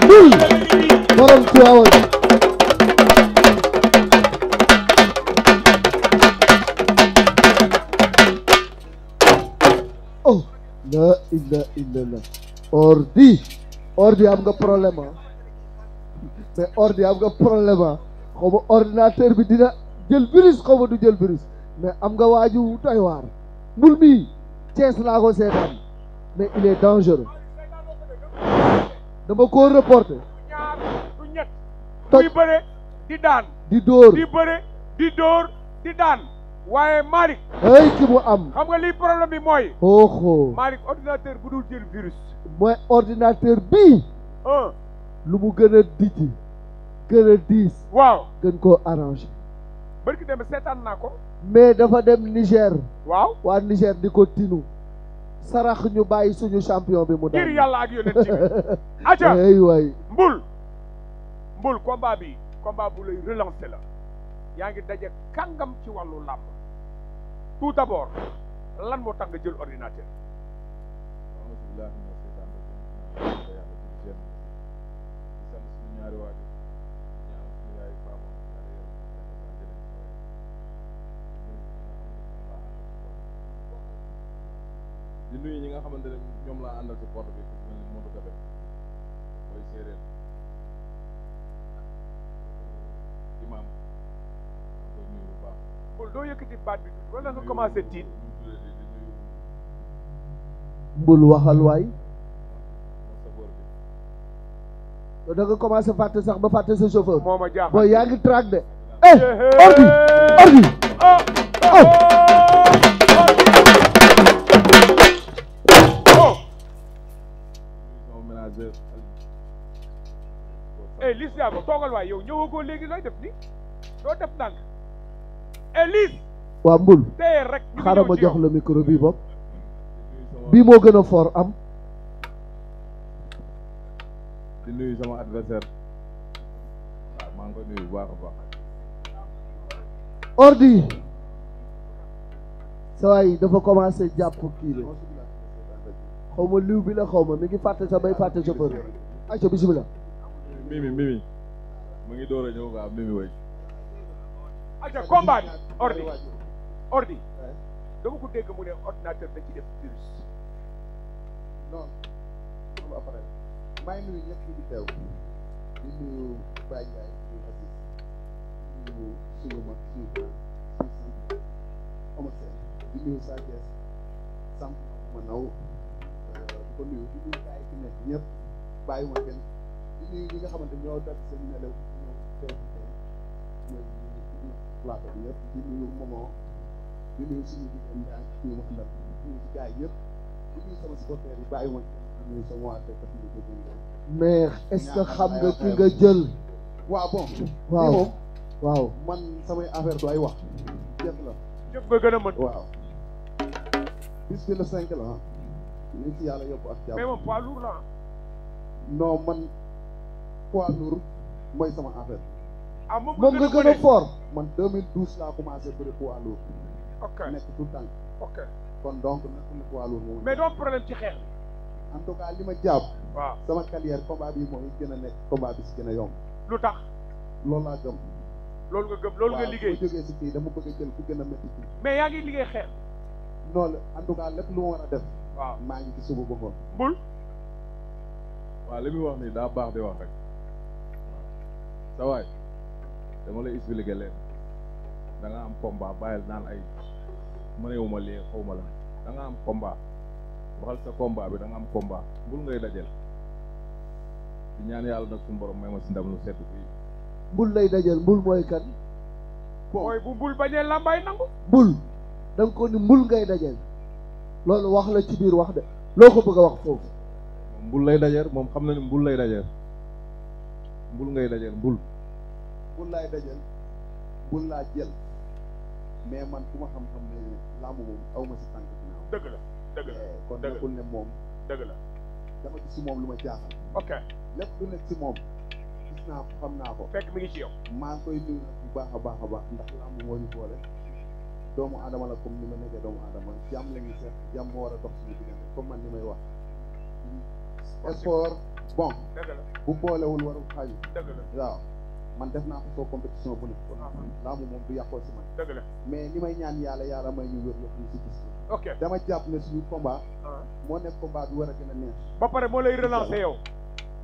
bul. borom ci waaw. oh. la ordi. am nga problème ah? mais ordi am nga problème ah xaw ordinateur bi dina jël virus xaw du jël virus mais am nga waaju doy waar mbul mii Thiès laa ko seetaan mais il est dama koo reporté toj bëre di daan di dóor di bëre di dóor di daan waaye Malick ay ki mu am xam nga lii problème bi mooy oho Malick ordinateur bu dul jël virus mooy ordinateur bii lu mu gën a dijji que le dix. waaw gën koo arrangé. barki dem seetaan naa ko. mais dafa dem Niger. waaw waa Niger di ko tinu. sarax ñu bàyyi suñu champion bi mu daal. ngir yàlla ak yonent ay waay mbul mbul combat bi combat bu lay relancer la yaa ngi daje kàngam ci wàllu làmb tout d'abord lan moo tax nga jël ordinateur di nga xamante ne ñoom laa àndal ci porte bi ku bu baax. kon doo yëkkati baat bi tuuti wala sax ba fàtte sa chauffeur. moo yaa ngi track de. eh ordi ordi ah, ah, oh. Ah. Albert. eh Liss léegi looy def ni waa Mbul tey jox la microbi bi bii moo gën a fort am. di nuyu ordi. saa dafa commencé jàpp kii de. xaw ma liw bi la xaw ma mi ngi fàtte sa bay fàtte chauffeur bi ayca bisimilah. mimi mimi mu ngi door a ñëw waaw mimi way ayca combat bi ordi ordi ci def virus. non loolu appareil maa ngi nuyu ñëpp ñu ngi teew di nuyu Baye Ndiaye di nuyu Habib di nuyu suñu mag suñu suñu Omar ko nuyu di nuyu gars yi fi nekk ñëpp bàyyi ma kenn di nuyu ñi nga xamante ñoo def seen nelaw ñoo teew tey mooy plateau bi yëpp di nuyu Momo di nuyu suñu jigéen daal ak ñu ma àndal di nuyu gars yi yëpp di nuyu sama supporter yi bàyyi ma kenn di nuyu sama waa tey parce que mais est-ce que xam nga ki nga jël. waaw bon. waaw waaw man samay affaire du ay wax jëf la. jëf nga gën a mën waaw. bis bi le cinq la nañ si yàlla yóbbu ak jàmm. mais moom poids lourd la non man poids lourd mooy sama affaire. ah moom nga gën a fort man 2012 laa commencé bëri poids lourd. ok nekk tout le temps. kon donc nekkul ne poids lourd mais doo ci xeex en tout li ma jàpp. waaw sama carrière combat bi mooy gën a nekk combat bi si a yomb. lu tax. loolu laa gëm. loolu nga gëm loolu nga liggéey waaw jógee si kii dama bëgg a jël ku gën a mais yaa ngi liggéey xeex. non en tout cas lépp lu ma war a def. waaw maa ngi gis suba ba ngoon bul waaw li muy wax nii daa baax di wax rek waaw sa waay dama lay expliquer leen da am combat bàyyil naan ay mënewuma lii xaw ma la da am combat waxal sa combat bi danga am combat bul ngay dajel di ñaan yàlla na suñu borom ma si ndam lu sedd bi mbul lay dajal mbul mooy kat mooy bu mbul bañee làmbaay nangu mbul da koo ni mbul ngay dajal loolu wax la ci biir wax de loo ko bëgg a wax foofu mbul lay dajeer moom xam na ni mbul lay dajeer mbul ngay dajeer mbul mbul laay dajeel mbul laa jël mais man ku ma xam-xam ne làmb moom aw ma si tànk ginnaaw dëgg la dëgg la eh, kon nekkul moom dëgg la dafa gis si moom lu ma jaaxal ok lépp lu nekk si moom gis naa ko xam naa ko mi maa ngi koy nuyu bu baax a baax a baax ndax làmb moo ñu boole doomu aadama la comme ni ma nekkee doomu aadama jàmm la ñuy xeex jàmm moo war a dox suñu diggante comme man ni may wax sport bon bu boolewul warul xaaju waaw man def naa ko soo compétition bu ne laa mu moom du yàqoo si man mais li may yàlla yàlla may ñu wér ñu si gis ok dama jàpp ne suñu combat ah. moo nekk combat bi war a gën a neex pare moo lay relancer yow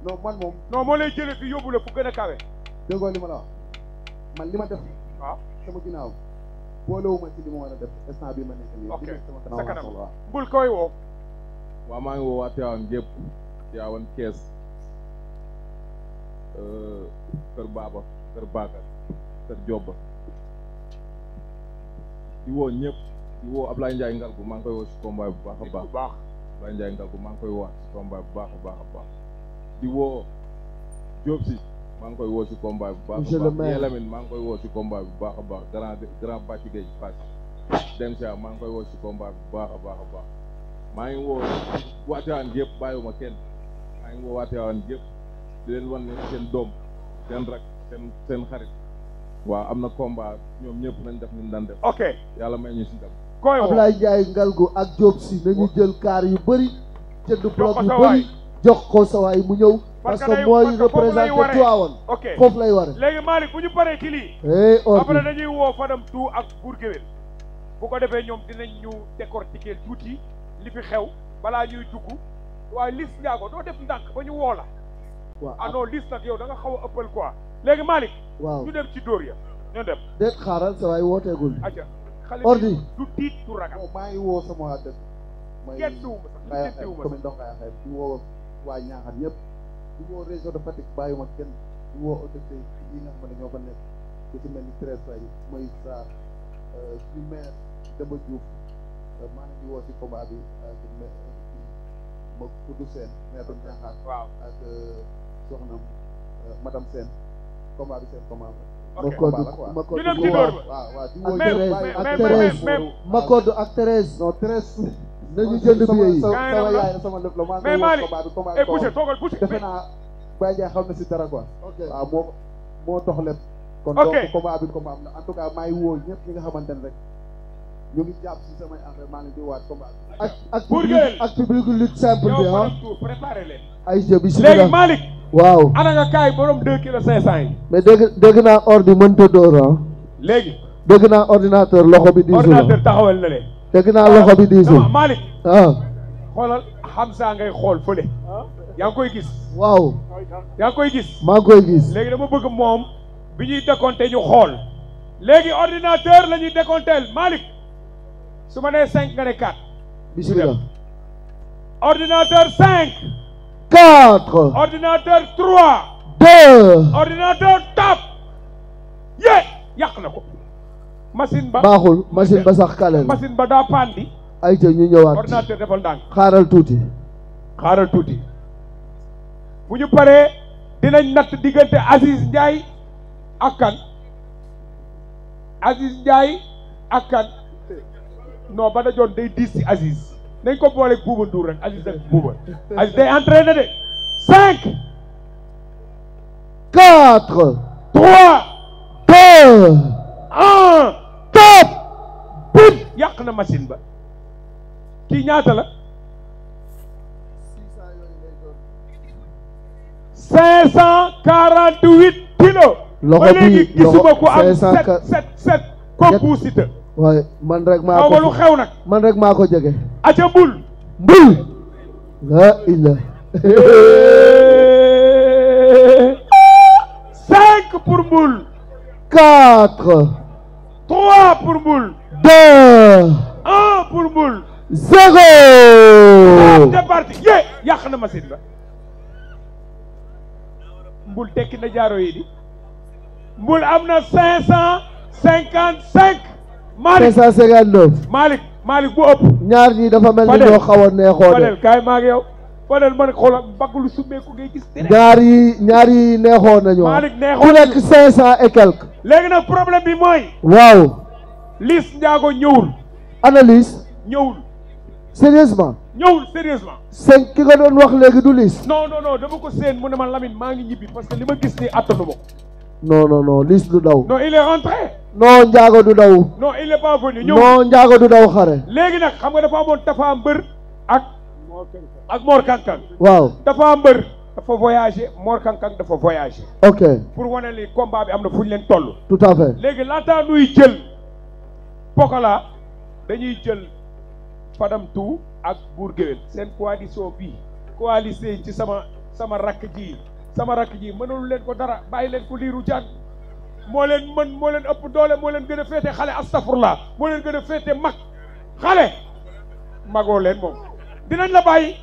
non man moom non moo lay jëlee fi yóbbu la fu gën a kawe déggoo li ma la wax man li ma def waaw ah. sama ginnaaw boolewuma ci li ma war a def instant bi ma nekk nii. ok sa kanam bul koy woo. waaw maa ngi woo waa Tivaouane gépp Tivaouane Thiès euh, Kër Baba Kër Bakar Kër Jobba di woo ñëpp di woo Ablaye Ndiaye Ngalgu maa ngi koy woo si combat bu baax a baax. baax Ablaye Ndiaye Ngalgu koy woo si combat bu baax a baax a baax di woo Diop maa ngi koy woo ci combat bu baax a baax Lamine maa ngi koy woo ci combat bu baax a baax grand grand bàcc géej pass dem maa ngi koy woo ci combat bu baax a baax a baax maa ngi woo waatewaan yëpp bàyyiwuma kenn maa ngi woo waatewaan yëpp di leen wan ne seen doom seen rak seen seen xarit waa am na combat ñoom ñëpp nañ def ni mu daan ok yàlla may ñu si dem. koy woo Ablaye Ndiaye Ngalgu ak Diop si nañu jël kaar yu bëri jënd bloc yu bëri. jox ko sa waay mu ñëw. parce que mooy représenté Tivaouane. ok foofu lay waree. léegi Malick bu ñu paree ci lii. eh on après dañuy woo Fadam tu ak Bour Gueweul. bu ko defee ñoom dinañ ñu décortiquer tuuti li fi xew balaa ñuy dugg waaye Liss Ndiago doo def ndànk ba ñu woo la. waaw ah non Liss nag yow da nga xaw a ëppal quoi léegi Malick. waaw ñu dem ci dóor ya ñu dem. déet xaaral sa waay wooteegul. atia ordi du tiit du ragal. maa ngi woo sama dëkk. mooy Kaya Xayma commune Ndox Kaya Xayma waa ñaaxar ñëpp di woo région de Fatick bàyyiwuma kenn di woo autorité yi nga xam ne ñoo fa nekk ku ci mel ni trésor yi mooy Sarr euh, suñu maire Demba Diouf euh, maa ngi di woo ci combat bi ak ma Koudou Sène maire ñaaxar waaw ak euh, soxnam madame Sène combat bi seen combat la Makodou Makodou waaw waaw di woo ak Thérèse Makodou ak Thérèse non Thérèse nañu jënd billet yi sama yaay sama lépp la maa ngi wax xam na si dara quoi waaw moo moo dox lépp kon donc combat bi combat am en tout cas maa ngi woo ñëpp ñi nga xamante ne rek ñu ngi jàpp si samay entraînement leen di waat combat bi ak ak ak public lutte simple bi ah ay jë bi si léegi Malick waaw ana nga kaay borom deux kilos cinq cent yi mais dégg dégg naa ordi mënta dóor ah. léegi dégg naa ordinateur loxo bi di ordinateur taxawal na leen dégg naa loxo bi diisul Malick ah xoolal Hamza ngay xool fële ah. yaa ngi koy gis waaw yaa ngi koy gis maa ngi koy gis léegi dama bëgg moom bi ñuy décompté ñu xool léegi ordinateur lañuy ñuy décompteel su ma nee cinq nga ne quatre ordinateur cinq quatre ordinateur trois deux ordinateur yàq na ko machine ba baaxul ba sax kale la machine ba daa pandi ay ca ñu ñëwaat ordinateur defal xaaral tuuti xaaral tuuti bu ñu paree dinañ natt diggante Aziz Ndiaye ak kan Aziz Ndiaye ak kan non ba dajoon day diis ci Aziz nañ ko booleeg Bouba Ndour rek Aziz ak Bouba Aziz day entraîné de cinq quatre trois deux un ah, top yàq na machine ba kii ñaata la cinq cent quarante huit kilos loxo bi gisuma ku am sept sept sept kooku waaye man rek maa ko lu xew nag man jege aca bul bul la illa eh. cinq pour mbul 4, 3 pour boule, 2, 1 pour boule, 0. C'est yàq na machine ba mbul tekki na jaaro yi di mbul am na cinq cent cinquante cinq Malick cinq cent cinquante neuf Malick Malick bu ëpp ñaar ñi dafa mel ni ñoo xaw neexoo de kaay maa gis ñaar yi ñaar yi neexoo nañu Malick ku nekk cinq cent et quelque léegi nag problème bi mooy. waaw. Liss Ndiago ñëwul. ana Liss. ñëwul. sérieusement. ñëwul sérieusement. seen ki nga doon wax léegi du Liss. non noo non dama ko seen mu ne ma Lamine maa ngi ñibbi parce que li ma gis nii attanu ma. non non non Liss du daw. non il est rentré. non Ndiago du daw. non il est pas venu ñëwul. non Ndiago du daw xare. léegi nag xam nga dafa amoon Tafa Mbër ak. ak Mor Kankan. waaw Tafa Mbër. dafa voyagé Mor Kang Kang dafa voyagé. ok pour wane li combat bi am na fu leen toll. tout à fait léegi laataa nuy jël Pokola dañuy jël Fadam tout ak Bour Guéwél seen coalition bii coalition ci sama sama rakk ji sama rakk ji mënalu leen ko dara bàyyi leen ko liiru jaan moo leen mën moo leen ëpp doole moo leen gën a féete xale astafurlaa moo leen gën a féete mag xale magoo leen moom dinañ la bàyyi.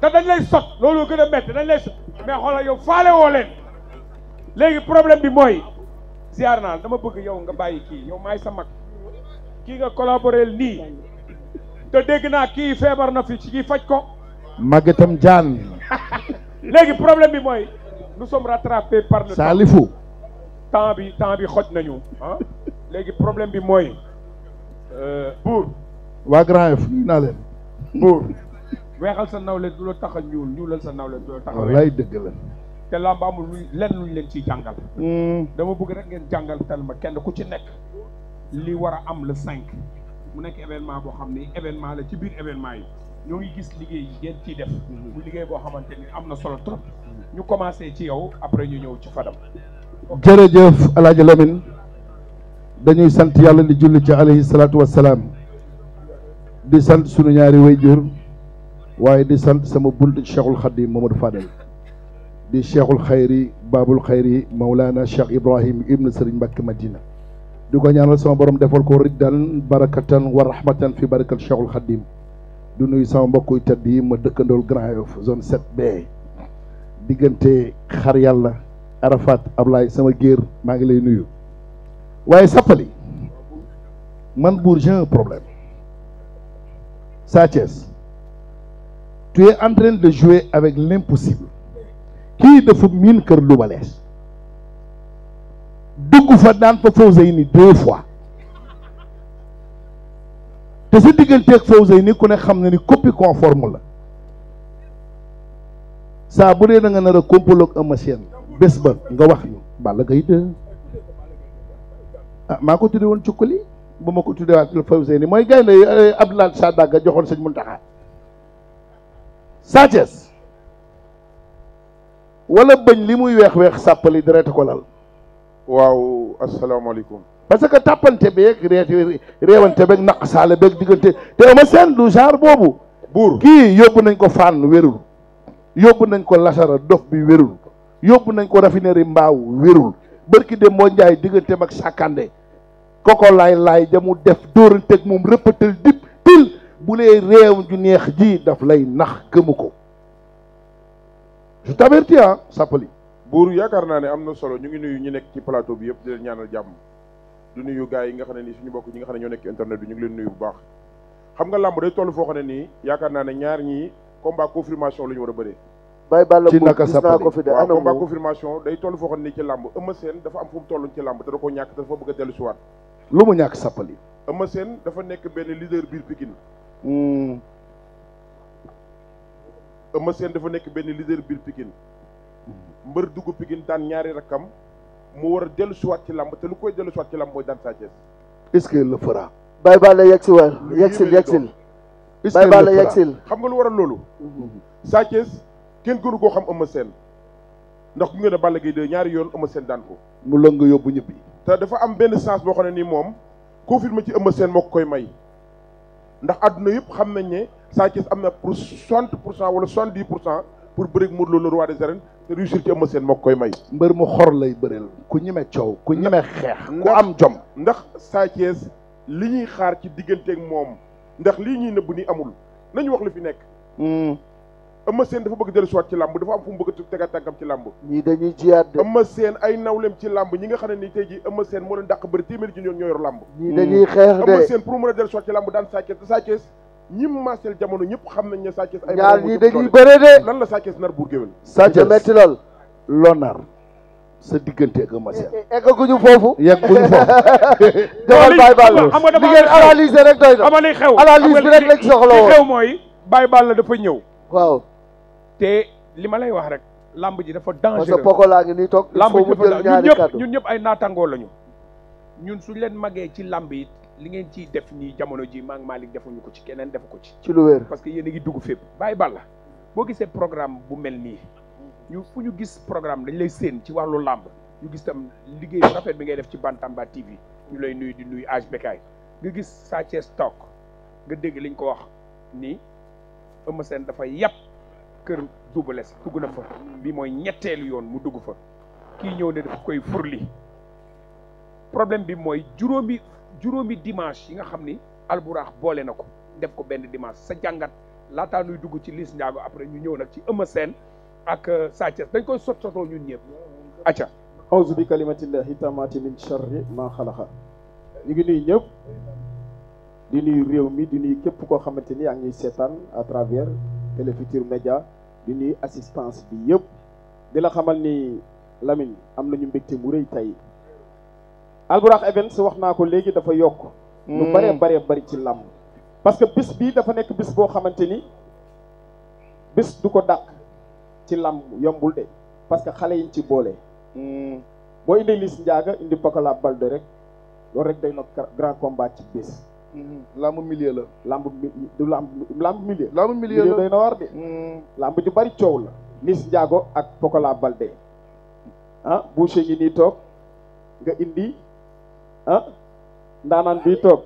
te dañ lay sot loolu gën a métti dañ lay sot mais xoolal yow faale woo leen léegi problème bi mooy ziar naa dama bëgg yow nga bàyyi kii yow maay sa mag kii nga collaboré nii te dégg naa kii feebar na fi ci kii faj ko. Magatam Diagne. léegi problème bi mooy nous sommes rattrapés par le. Salifou temps bi temps bi xoj nañu ah léegi problème bi mooy. Euh, Buur. waa Grand naa leen. Buur. weexal sa nawle du la tax a ñuul ñuulal sa nawle du la tax a wallaay dëgg la te làmb amul luñ lenn luñ leen ciy jàngal hmm. dama bëgg rek ngeen jàngal tel ma kenn ku ci nekk li war a am la cinq mu nekk événement boo xam ni événement la ci biir événement yi ñoo ngi gis liggéey yi ngeen ciy hmm. liggéey boo xamante ni am na solo trop ñu commencé ci yow après ñu ñëw ci Fadam jërëjëf dañuy sant yàlla di julli ci alayhi salaatu wassalaam di sant sunu ñaari wayjur waaye di sant sama bunt cheikhul xadim Mamadou Fadel di cheikhul xayri baabul xayri Maulana Cheikh Ibrahim ibnu Sëriñ Mbàkke Madina di ko ñaanal sama boroom defal ko riddan barakatan wa rahmatan fi barakat cheikhul xadim du nuyu sama mbokk yu tedd ma dëkkandool Grand Yoff zone 7B diggante xar yàlla Arafat Ablaye sama géer maa ngi lay nuyu waaye Sappali man Bour j'ai problème tu es en train de jouer avec l'impossible kii dafa miin kër Double Less dugg fa daan fa nii deux fois te sa digganteeg Fawzeyni ku ne xam na ni copie conforme la saa bu dee da nga nar a compoloog un bés ba nga wax ñu Balla Gaye de ah maa ko tuddee woon cukkali ba ma ko tuddee waat Fawzeyni mooy gaynde eh, Abdoulaye Sadaga joxoon sëñ Muntaxa Sathies wala bëñ li muy weex weex sàppali deret ko lal waaw asalaamaaleykum parce que tàppante beeg reet réewante beeg naq saale beeg diggante te ama seen du genre boobu buur kii yóbbu nañ ko fànn wérul yóbbu nañ ko lasara dof bi wérul yóbbu nañ ko raffinerie mbaaw wérul bërki de moo njaay diggante mag sàkkande koko laay laay jamu def dóorante ak moom rëppatal dip til bu lee réew ju neex ji daf lay nax gëmu ko je t'avertis a sàppali buur yaakaar naa ne am na solo ñu ngi nuyu ñu nekk ci plateau bi yëpp di ñaanal jàmm du nuyu gars yi nga xam ne nii suñu bokk ñi nga xam ne ñoo nekk internet bi ñu ngi leen nuyu bu baax xam nga làmb day toll foo xam ne nii yaakaar naa ne ñaar ñii combat confirmation la ñu war a bëree bay bàll ci naka sàppali gis naa confirmation day toll foo xam ne nii ci làmb Eumeu Sène dafa am fu mu toll ci làmb te da koo ñàkk te dafa bëgg a dellu dafa nekk benn leader biir Pikine Hmm. Eumeu dafa nekk benn leader biir Pikine mbër dugg Pikine daan ñaari rakkam mu war a dellu siwaat ci làmb te lu koy dellu siwaat ci làmb mooy daan Sa Thiès est-ce que le fera Baye Balla yegsi waay yegsil yegsil Baye xam nga lu waral loolu Sa Thiès kenn gënu koo xam Eumeu Sène ndax ku ngeen a Balla Gaye ñaari yoon Eumeu Sène daan ko mu lëng yóbbu ñëpp te dafa am benn chance boo xam ne nii moom confirmé ci Eumeu Sène moo ko koy may ndax àdduna yëpp xam nañ ne Sa am na pour soixante pour cent wala soixante dix pour cent pour bëreeg Modou Lo le roi des arènes te réussir ci Eumeu Sène moo koy may. mbër mu xor lay bëreel ku ñeme coow ku ñeme xeex ku am jom. ndax Sa li ñuy xaar ci digganteeg moom ndax lii ñuy nëbb ni amul nañu wax lu fi nekk. Hmm. Eumeu Sène dafa bëgg dellu si ci làmb dafa am fu mu bëgg tegaat tànkam ci làmb ñii dañuy jiyaat de Eumeu Sène ay nawleem ci làmb ñi nga xam ne ni tey ji Eumeu Sène moo leen dàq bëri téeméeri ji ñoon ñoo yor làmb ñii dañuy xeex de ñëpp xam nañ ne Sa Thiès ay ñaar ñii dañuy bëre de lan la Sa nar buur géwél Sa metti lool loo sa diggante ak Eumeu Sène e-, eggaguñu foofu yegguñu foofu dawal Baye Ball li ngeen analyser rek doy na analyse bi rek lañ soxla woon Baye Ball dafa ñëw waaw te li ma lay wax rek làmb ji dafa dangereux parce que Pokola ngi nii toog làmb ji dafa ñun ñëpp ay naatangoo lañu ñun suñ leen magee ci làmb yi li ngeen ci def nii jamono ji maa ngi Malick defuñu ko ci keneen defu ko ci ci lu wér parce que yéen a ngi dugg fépp bàyyi balla boo gisee programme bu mel nii ñu fu ñu gis programme dañ lay séen ci wàllu làmb ñu gis tam liggéey rafet bi ngay def ci Bantamba TV ñu lay nuyu di nuyu age Bekaay nga gis Sa Thiès toog nga dégg lañ ko wax nii Eumeu Sène dafa yàpp kër Double Less dugg na fa bi mooy ñetteelu yoon mu dugg fa kii ñëw ne daf koy furli problème bi mooy juróomi juróomi dimanche yi nga xam ni alburaax boole na ko def ko benn dimanche sa jàngat laataa nuy dugg ci Liss Ndiago après ñu ñëw nag ci Eumeu Sène ak euh, Sa Thiès dañ koy sot sotoo ñun ñëpp acca auzu bi kalimatillahi tamati min sharri ma xalaqa ñu ngi nuyu ñëpp di nuyu réew mi di nuyu képp koo xamante ni ak ñuy seetaan à travers Télé Futurs Médias di nuyu assistance bi yëpp di xamal ni lamin am nañu mbégte mu rëy tay Albourakh Events wax naa ko léegi dafa yokk lu hmm. bëree bëree bëri ci làmb parce que bis bii dafa nekk bis boo xamante ni bis du ko dàq ci lam yombul de parce que xale yiñ ci boole hmm. boo indee Liss Ndiaga indi Pokola Balde rek loolu rek day na grand combat ci bis lamb milieu la. lamb du lamb lamb milieu. lamb milieu la milieu doy na war de. Hmm. lamb ju bari coow la. Miss Ndiago ak Pokola Balde ah boucher ngi nii toog nga indi ah ndaanaan bii toog.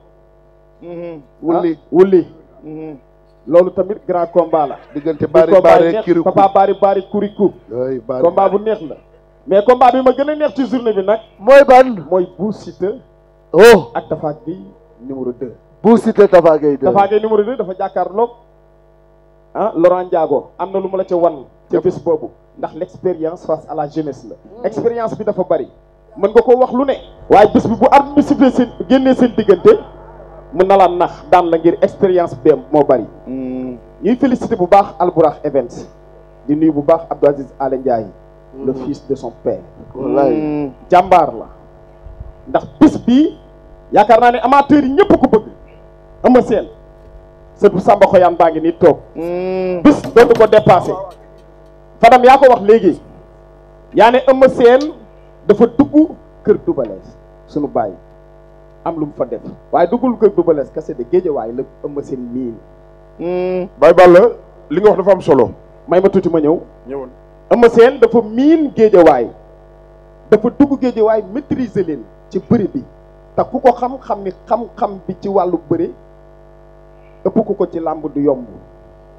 Hmm. Ah, wulli wulli. Hmm. loolu tamit grand combat la. diggante bari bari kirikou papa bari bari kurikou. yooyu bari combat bu neex la. mais combat bi ma gën a neex ci journée bi nag. mooy ban mooy Bou Siteu. oh ak Tapha Guèye. numéro 2. bu Siteu Tapha Gueye 2. Tapha dafa jàkkaarloog ah Laurent Ndiago am na lu ma la ca wan. ca bés boobu ndax lexpérience expérience face à la jeunesse la. Hmm. expérience bi dafa bari. mën nga koo wax lu ne. waaye bés bi bu arbitre seen génnee seen diggante mën na la nax daan la ngir expérience beem moo bari. Hmm. ñuy félicité bu baax Albourakh Events di nuyu bu baax Abdou Aziz Alé Ndiaye. le hmm. fils de son père. wallaay la. ndax bés bi yaakaar naa ne amateurs yi ñëpp ko bëgg ama seen sëtu Samba Xoyaan baa ngi nii toog hmm. bis dootu ko dépassé Fadam yaa ko wax léegi yaa ne ama seen dafa dugg kër dubalees sunu bàyyi am lu mu fa def waaye duggul kër dubalees kese de géejawaay la ama seen miin bàyyi hmm. bàll li nga wax dafa am solo may ma tuuti ma ñëw ñëwoon ama seen dafa miin géejawaay dafa dugg géejawaay maîtriser leen ci bëri bi te ku ko xam-xam ni xam-xam bi ci wàllu bëre ëpp ku ko ci làmb du yomb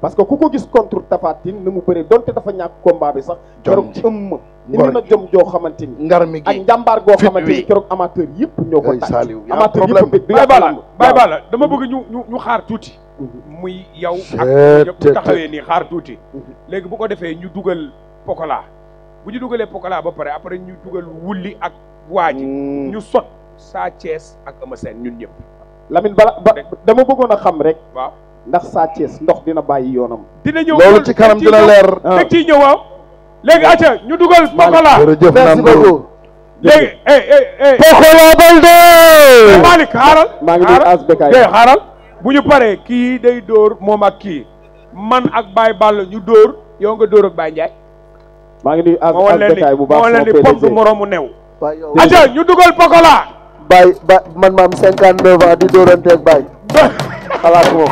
parce que ku ko gis contre Tafatine ni mu bëre donte dafa ñàkk combat bi sax keroog ci ma indi na jom joo xamante ni ngar mi ak njàmbaar goo xamante ni keroog amateur yëpp ñoo ko tàcc amateur yëpp bi bay bala bay bala dama bëgg ñu ñu ñu xaar tuuti mhm. muy yow ak bu taxawee ni xaar tuuti mhm. léegi bu ko defee ñu dugal pokola bu ñu dugalee pokola ba pare après ñu dugal wulli ak waa ji mm. ñu sot Sa Thiès ak Eumeu seen ñun ñëpp. Lamine bala ba dama bëggoon a xam rek. waaw ndax Sa Thiès ndox dina bàyyi yoonam. dina ñëw loolu ci kanam dina leer. Ah. teg ciy ñëw waaw. léegi acca ñu dugal. Pokola jërëjëf merci beaucoup. léegi eh eh eh. Pokola Balde. Eh, Malick xaaral. maa ngi dégg Asbekaay eh, bu ñu paree kii day dóor moom ak kii man ak Baye Ball ñu dóor yow nga dóor ak Baye Ndiaye. maa ngi nuyu as bu baax moo leen di moo leen di new. waaw ñu dugal Pokola. Baye man maam cinquante neuf ans di dóoranteeg Baye xalaat moom.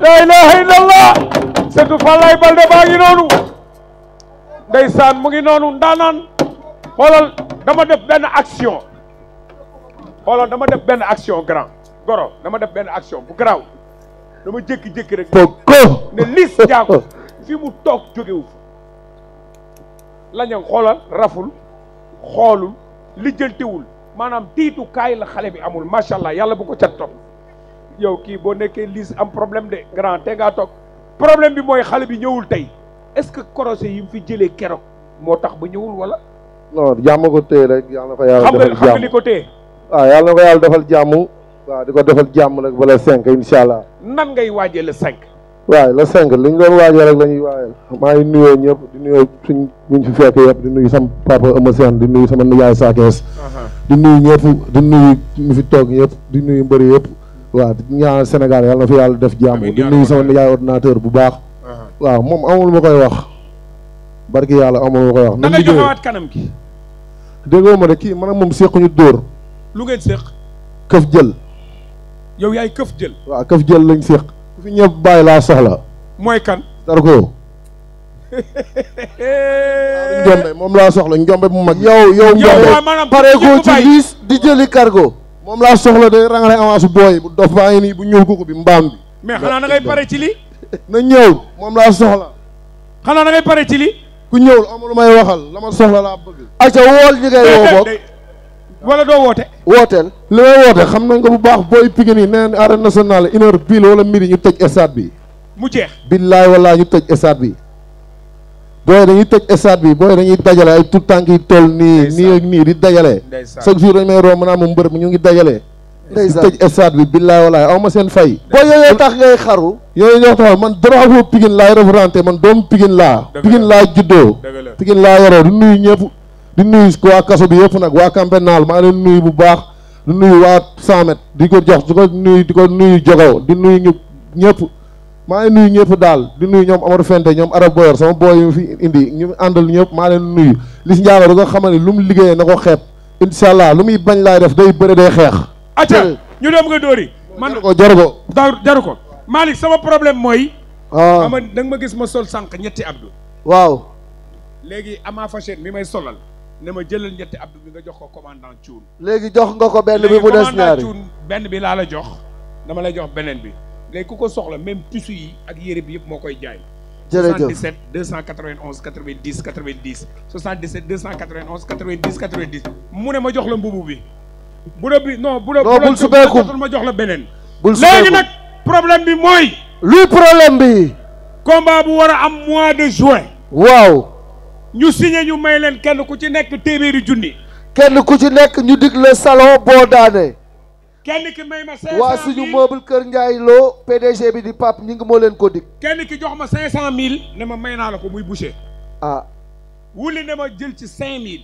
la ilaha illallah setu Falaye Balde baa ngi noonu ndeysaan mu ngi noonu ndaanaan xoolal dama def benn action xoolal dama def benn action grand goro dama def benn action bu garaaw dama jékki-jékki rek. ko ne Liss Ndiago fi mu toog jógewu la ñu xoolal raful xoolul lijjantiwul maanaam tiitu kaay la xale bi amul macha allah yàlla bu ko cat topp yow kii boo nekkee liis am problème de grand te ngaa toog problème bi mooy xale bi ñëwul tey est ce que corosé yi mu fi jëlee keroog moo tax ba ñëwul wala. non jàmm ko téye rek yàlla na ko yàlla defal jàmm xam li ko téye. waaw ah, yàlla defal jàmm. waaw di ko defal jàmm nag ba cinq incha allah. nan ngay waajee le cinq. waaye la cinq liñ doon waajal rek la ñuy waajal maa ngi nuyoo di nuyoo suñ buñ fi fekk yëpp di nuyu sama papa Eumeu di nuyu sama nijaay Sakess uh-huh. di nuyu ñëpp fi toog ñëpp di nuyu mbëri yëpp waaw di ñaanal Sénégal yàlla na fi yàlla def jàmm di nuyu sama nijaay ordinateur bu baax uh-huh. waaw moom amul ma koy wax barki yàlla amul ma koy wax na joxewaat kanam ki déggoo ma de kii man ak moom séquñu dóor lu ngeen séq këf jël yow yaay këf jël waaw këf jël lañ séq ku fi ñëpp bàyyi laa soxla. mooy kan. Zarko. Njombe moom laa soxla Njombe bu mag. yow yow Njombe pare ko ci liis di jëli cargo. moom laa soxla day rangale avance booy bu dof baa ngi nii bu ñuul kooku bi mbaam bi. mais xanaa da ngay pare ci lii. na ñëw moom laa soxla. xanaa da ngay pare ci lii. ku ñëwul amul may waxal la ma soxla laa bëgg. acca wool ñi ngay woo wala doo woote wooteel li may woote xam nañ ko bu baax booy Pikine yi neen arène nationale une heure pile wala midi ñu tëj stade bi mu jeex billaay walaay ñu tëj stade bi booy dañuy tëj stade bi booy dañuy dajale ay tout temps yi toll nii nii ak nii di dajale chaque jour dañ may roo mën a am mi ñu ngi dajale ndeysaan tëj stade bi billaay walaay aw ma seen fay booy yooyu tax ngay xaru yooyu ñoo tax man drapeau Pikine laay représenté man doomu Pikine laa Pikine laa juddoo Pikine laa di nuyu waa kaso bi yëpp nag waa campenal maa leen nuyu bu baax di nuyu waa samet di ko jox di ko nuy di ko nuyu jogaw di nuyu ñu ñëpp maa ngi nuyu ñëpp daal di nuyu ñoom Amadou Fente ñoom Arab Boyor sama booy yu fi indi ñu àndal ñëpp maa leen nuyu Liss Ndiago da ko xamal ni lu mu liggéeyee na ko xeeb incha allah lu muy bañ lay def day bëre day xeex acca ñu dem nga dóori man ko jaru ko jaru ko Malick sama problème mooy waaw ah. da ma gis ma sol sànq ñetti abdou waaw léegi amaa Fassé mi may solal ne ma jëlal ñetti abdu bi nga jox ko commandant Thioune léegi jox nga ko benn bi mu des ñaari benn bi laa la jox dama lay jox beneen bi léegi ko soxla même tissu yi ak yére bi yëpp moo koy jaay jërëjëf 77 291 90 90 77 291 90 90 mu ne ma jox la mbubu bi bu la bi non bu la bul subeeku ma jox la beneen bul subeeku léegi nag problème bi mooy luy problème bi combat bu war a am mois de juin waaw ñu signé ñu may leen kenn ku ci nekk téeméeri junni. kenn ku ci nekk ñu dig le salon boo daane. kenn ki may ma 500000 waa suñu meuble Kër Ndiaye loo PDG bi di Pape ñi ngi moo leen ko dig. kenn ki jox ma mille ne ma may naa la ko muy boucher. ah. wuli ne ma jël ci cinq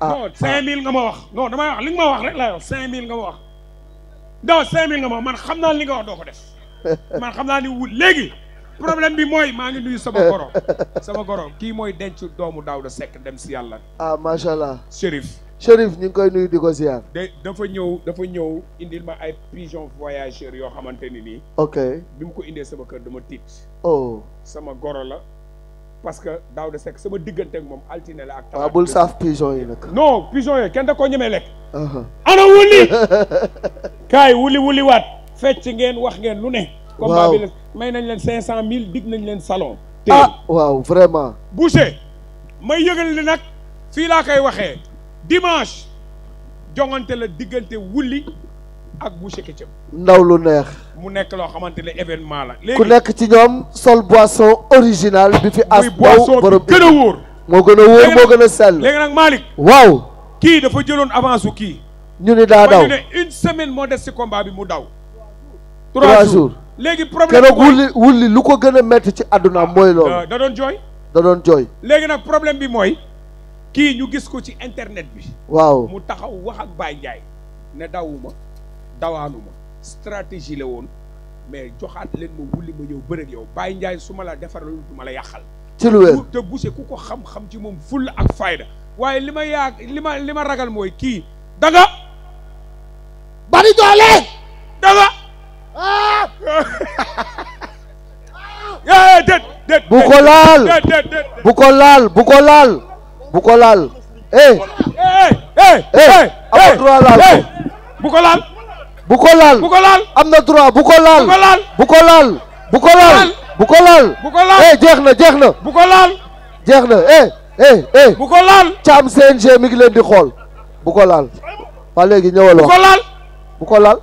ah non 5000 nga ma wax non damay wax li nga ma wax rek laa yor 5000 nga wax. non 5000 nga ma wax man xam naa li nga wax doo ko def man xam naa ni wu léegi. problème bi mooy maa ngi nuyu sama gorom sama gorom kii mooy denc doomu Daouda Seck dem si yàlla. ah macha allah. Chérif. Chérif ñu ngi koy nuyu di ko ziar. de dafa ñëw dafa ñëw indil ma ay pigeon voyageur yoo xamante ni nii. ok bi mu ko indee sama kër dama tiit. oh sama goro la. parce que Daouda Seck sama diggante moom altine la ak. waaw ah, bul saaf pigeon yi nag. non pigeon yooyu kenn da koo ñemee lekk. Uh-huh. ana wuli. kaay wuli wuli waat fecc ngeen wax ngeen lu ne. combat bi la may nañ leen cinq cent mille dig nañ leen salon te ah waaw vraiment Boucher may yëgal li nag fii laa koy waxee dimanche jongante la diggante wulli ak Boucher Ketchup ndaw lu neex mu nekk loo xamante ne événement la léegi ku nekk ci ñoom sol boisson original bi fi as boisson bi gën moo gën a wóor moo gën a sell léegi nag Malick waaw kii dafa jëloon avance su kii ñu ni daa daw ne une semaine moo des ci combat bi mu daw trois jours léegi problème bi mooy wulli lu ko gën a métti ci àdduna mooy loolu. da doon jooy. da doon jooy. léegi nag problème bi mooy kii ñu gis ko ci internet bi. waaw mu taxaw wax ak Baye Ndiaye ne dawuma dawaanuma stratégie la woon mais joxaat leen ma wulli ma ñëw bëreeg yow Baye Ndiaye su ma la defaraloon du ma la yàqal. ci lu wér te ku ko xam-xam ci moom fulla ak fayda waaye li ma yaa li ma li ma ragal mooy kii da bari doole da bu ko laal bu ko laal bu ko laal bu ko laal eh. eh eh am na droit laal bu ko laal. bu bu ko laal jeex na jeex na. bu ko laal jeex na bu ko laal caam CNG mi ngi leen di xool bu ko laal. waa léegi ñëwal wax bu ko laal laal.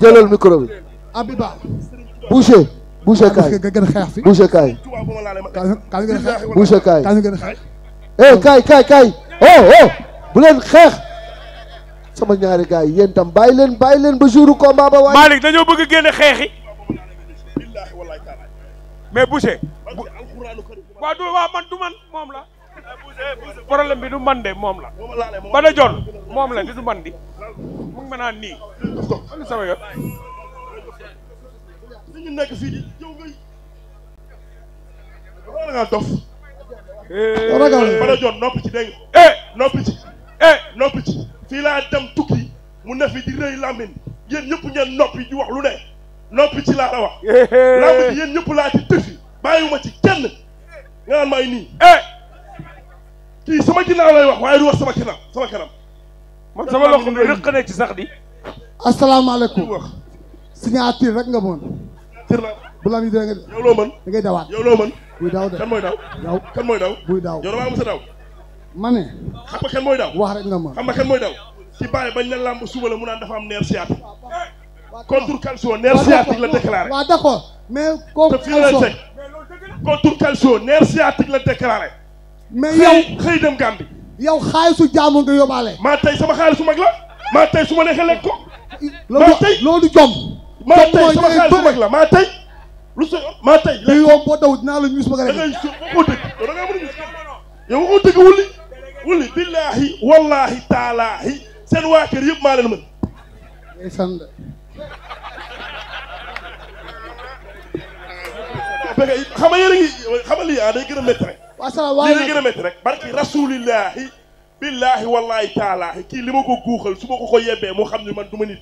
jëlal micro bi. Abiba. Boucher. kaay a xeex kaay. kaay nga gën a xeex. Boucher kaay. kaay nga gën a xeex. eh kaay kaay kaay. oh oh bu leen xeex. sama ñaari gars yi yéen tam bàyyi leen bàyyi leen ba jouru combat ba waaye. dañoo bëgg génne xeexi. mais Boucher. waa du waa man du man moom la. problème bi du man de moom la. Bada John moom la di du man di. mu ngi ma naan nii. sama yoon. ñu nekk fii di yow ngay. wala ngaa dof. Eh. ragal ba la eh. eh. fii laa dem tukki mu ne fi di rëy làmmiñ yéen ñëpp ngeen noppi di wax lu ne noppi ci laa la wax. làmmiñ yéen ñëpp laa ci tëfi bàyyiwuma ci kenn nga naan may nii. eh kii sama ginnaaw lay wax waaye du wax sama kanam sama kanam. man sama loxo bi rëq nekk ci sax di. asalaamaaleykum. signature rek nga mën. tir la bu la am nga def. yow loo mën da ngay dawaat yow loo mën. buy daw de kan mooy daaw. daaw kan mooy daaw. buy daaw yow damaa am sa daaw. ma ne. xam nga kan mooy daaw. wax rek nga mën xam nga kan mooy daaw. ci bàyyi bañ ne làmb suba la mu naan dafa am nerf sciatique. contour calcio nerf sciatique la déclaré. waaw d'accord mais. kooku calcio te fii la teg contour calcio nerf sciatique la déclaré. mais yow xëy dem Gambie. yow xaalisu jaamu nga yóbbaale. maa tey sama xaalisu mag la. maa tey su ma neexee lekk ko. maa tey loolu jom. maa tey sama xaalisu maa tey. lu so maa tey. léegi yow billaahi wallaahi taalaahi seen waa kër yëpp maa leen mën. a ngi xam li la gën a métti rek barki rasulillahi billahi wallahi taalaahi kii li ma ko guuxal su ma ko ko yebbee moo xam ne man du ma nit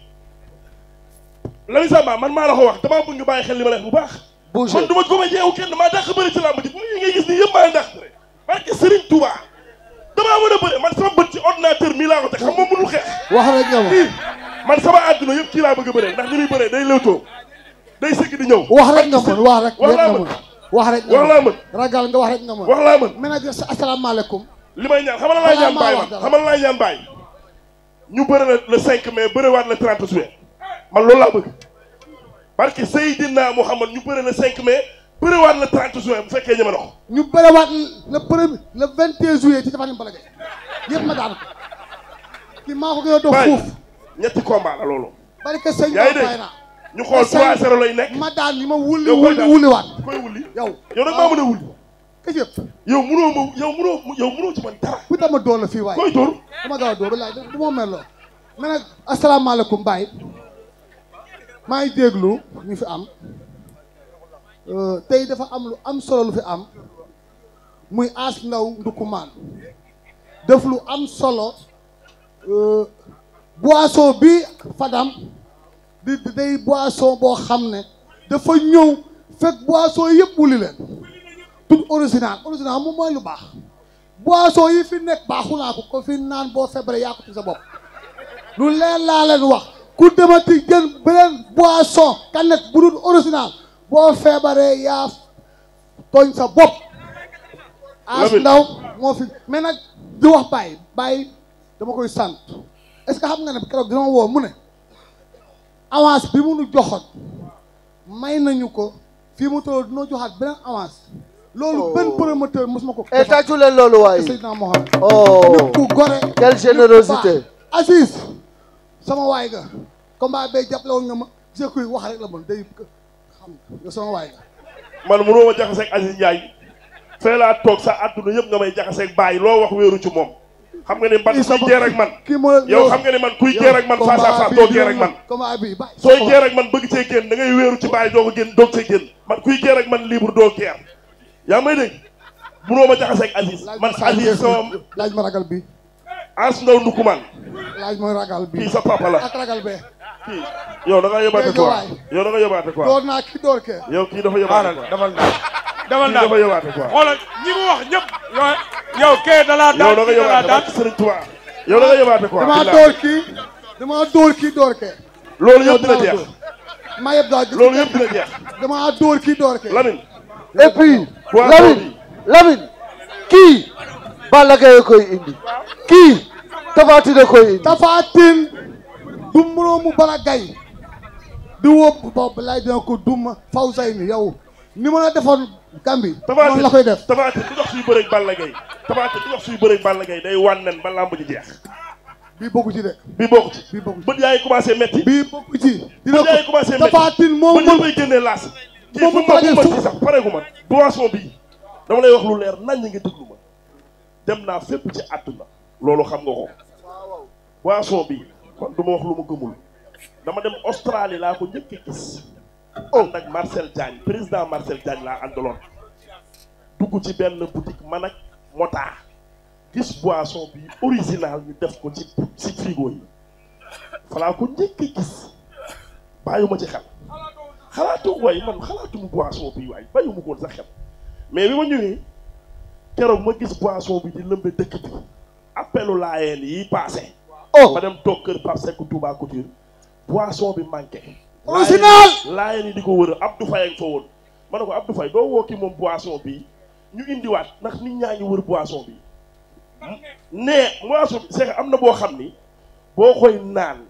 Lamine Samba man maa la ko wax damaa bëgg nga bàyyi xel li ma def bu baax man du ma ko ma kenn maa dàq bëri ci làmb ji bu ñu ngay gis nii yëpp maa ndax rek barki Serigne Touba damaa mën a bëri man sama bët ci ordinateur mii laa ko teg xam nga mënul xeex wax rek nga ma man sama àdduna yëpp kii laa bëgg a bëree ndax ni muy bëree day lewtoo day sëgg di wax rek nga mën wax rek wax laa wax rek wax laa mën ragal nga wax rek nga mën wax laa mën manager sa asalaamaaleykum li may ñaan xamal laa ñaan baay man ñu bëri la le cinq mais bëri waat le trente juin man loolu laa bëgg parce que Seydina Mouhamad ñu bëri la cinq mais bëri waat le trente juin bu fekkee ñëma na ñu bëri waat le premier le vingt et un juillet ci dafa ni bala gay yëpp ma daan ko ki maa ko gën a dox fuuf ñetti combat la loolu barke sëñ yaa ngi dégg ñu xool 3-0 lay nekk. ma daan li ma wuli wuli wuliwaat. koy yow. yow nag maa yow mënoo ma yow mënoo yow mënoo ci man dara. bu dama door la fii waaye. gaaw a door walaay du ma mel loo. mais nag asalaamaaleykum Baye maa ngi déglu ñu fi am euh, tey dafa am lu am solo lu fi am muy aas ndaw ndukumaan def lu am solo euh, boisson bi Fadam. di day boisson boo xam ne dafa ñëw fekk boisson yëpp wuli leen tout original original moom mooy baax boisson yi fi nekk baaxulaa ko ko fi naan boo feebaree yaa ko sa bopp lu leen laa leen wax ku demati jën beneen boisson kanet bu dul original boo feebaree yaa tooñ sa bopp as ndaw moo fi mais nag di wax bàyyi bàyyi dama koy sant est-ce que xam nga ne keroog dina woo mu ne avance bi mu nu joxoon may nañu ko fii mu toll dina joxaat beneen avance. loolu benn oh. promoteur mosuma ko. et eh, tàccu leen loolu waaye. Seydina Mohamed. oh nit ku gore. quelle générosité. Aziz sama waay ga combat bee jàppale nga ma gisee kuy wax rek la man day xam sama waay nga. man mënoo ma jaxaseeg Aziz Ndiaye. fee laa toog sa àdduna yëpp nga may jaxaseeg bàyyi loo wax wéeru ci moom. xam nga ne man kuy jeer ak man yow xam nga ne man kuy jeer man face à face doo jeer man sooy jeer ak man bëgg cee génn da ngay wéeru ci bàyyi doo ko génn doog cee génn man kuy jeer ak man libre doo jeer yaa may dégg mënoo ma jaxase ak Aziz man Aziz sama laaj ma ragal bi as ndaw ndukumaan. laaj mooy ragal bi kii sa papa la ak ragal bee. kii yow da nga yóbbaate quoi yow da nga yóbbaate quoi. naa ki door ke. yow kii dafa yóbbaate quoi dafa dafa dafa yóbbaate quoi. xoolal ñi mu wax ñëpp. yow kee da laa daan kii da laa daan Serigne Touba yow damaa door kii loolu yëpp dina jeex. damaa door kii door ke. Lamine. et kii. Balla Gaye koy indi kii Tapha Tine koy indi Tapha Tine du moroomu Balla Gaye di wóob boobu laay dina ko duma faw say ni yow ni ma a defoon Gambi noonu la koy def Tapha Tine du dox suy bëreeg Balla Gaye Tapha Tine du dox suy bëreeg day wànnen ba làmb ji jeex bii bokku ci de bii bokku ci bii bokku bët yaa ngi commencé métti bii bokku ci dina ko yaa ngi commencé métti Tapha Tine moom mën laas moom mën ma ci lay wax lu leer nañ ñi nga déglu ma dem naa fépp ci àdduna loolu xam nga ko boisson bi kon du ma wax lu ma gëmul dama dem Australie laa ko njëkk gis oh. ànd ak Marcel Diagne président Marcel Diagne laa àndaloon dugg ci benn boutique man ak mota gis boisson bi original ñu def ko ci ci frigo yi fa laa ko njëkk gis bàyyuma ci xel xalaatu waay man xalaatuma boisson bi waay bàyyuma koon sax xel mais bi ma ñëwee keroog ma gis boisson bi di lëmbe dëkk bi appelu laayeen yi passé oh ma dem toog kër Pape Seck Touba Couture boisson bi manqué original laayeen yi di ko wër Abdou Faye ak fa woon ma ne ko Abdou Faye doo woo kii moom boisson bi ñu indiwaat ndax nit ñaa ngi wër boisson bi ne boisson bi am na boo xam ni boo koy naan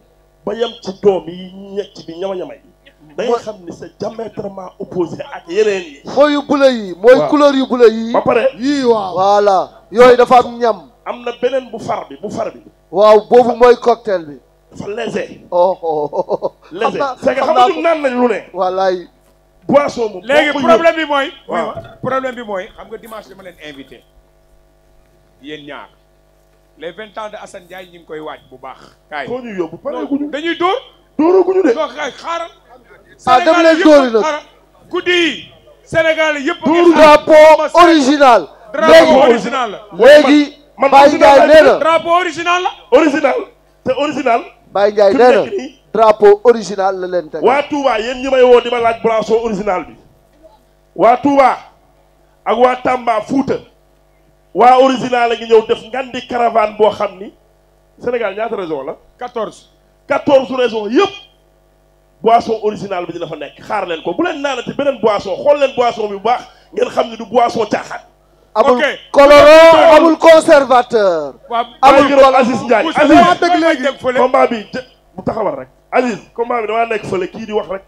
ba yem ci doom yi ñecc bi ñama-ñamay da ngay xam ni c'est diamétralement opposé ak yeneen yi. mooy yu bula yi. mooy couleur yu bula yi. ba pare yii waaw. voilà yooyu dafa am ñam. am na beneen bu far bi bu far bi. waaw boobu mooy cocktail bi. dafa léger. oh oh. oh, oh, oh. léger c'est que xam nga ñu naan nañ lu ne. wallaay. boisson moom léegi problème bi mooy. waaw problème bi mooy xam nga dimanche dama leen invité. yéen ñaar. les vingt ans de Assane Ndiaye ñu ngi koy waaj bu baax. kaay soo ñu yóbbu pare guñu dañuy dóor. dóoraguñu de. ah dama Sénégal yëpp duur drapeau original drapeau original la léegi Baye Ndiaye nee na original la original te original Baye Ndiaye nee na original la leen teg waa Touba yéen ñi may woo di ma laaj blason original bi waa Touba ak waa Tamba Fouta waa original a ñëw def ngan di caravane boo xam ni Sénégal ñaata région la quatorze quatorze région yëpp boisson originale bi dina fa nekk xaar leen ko bu leen naanati beneen boisson xool leen boisson bi bu baax ngeen xam ne du boisson caaxaan. amul colorant amul conservateur. amul gërëm Aziz Ndiaye Aziz dëgg léegi combat bi bu taxawal rek. Aziz combat damaa nekk fële kii di wax rek.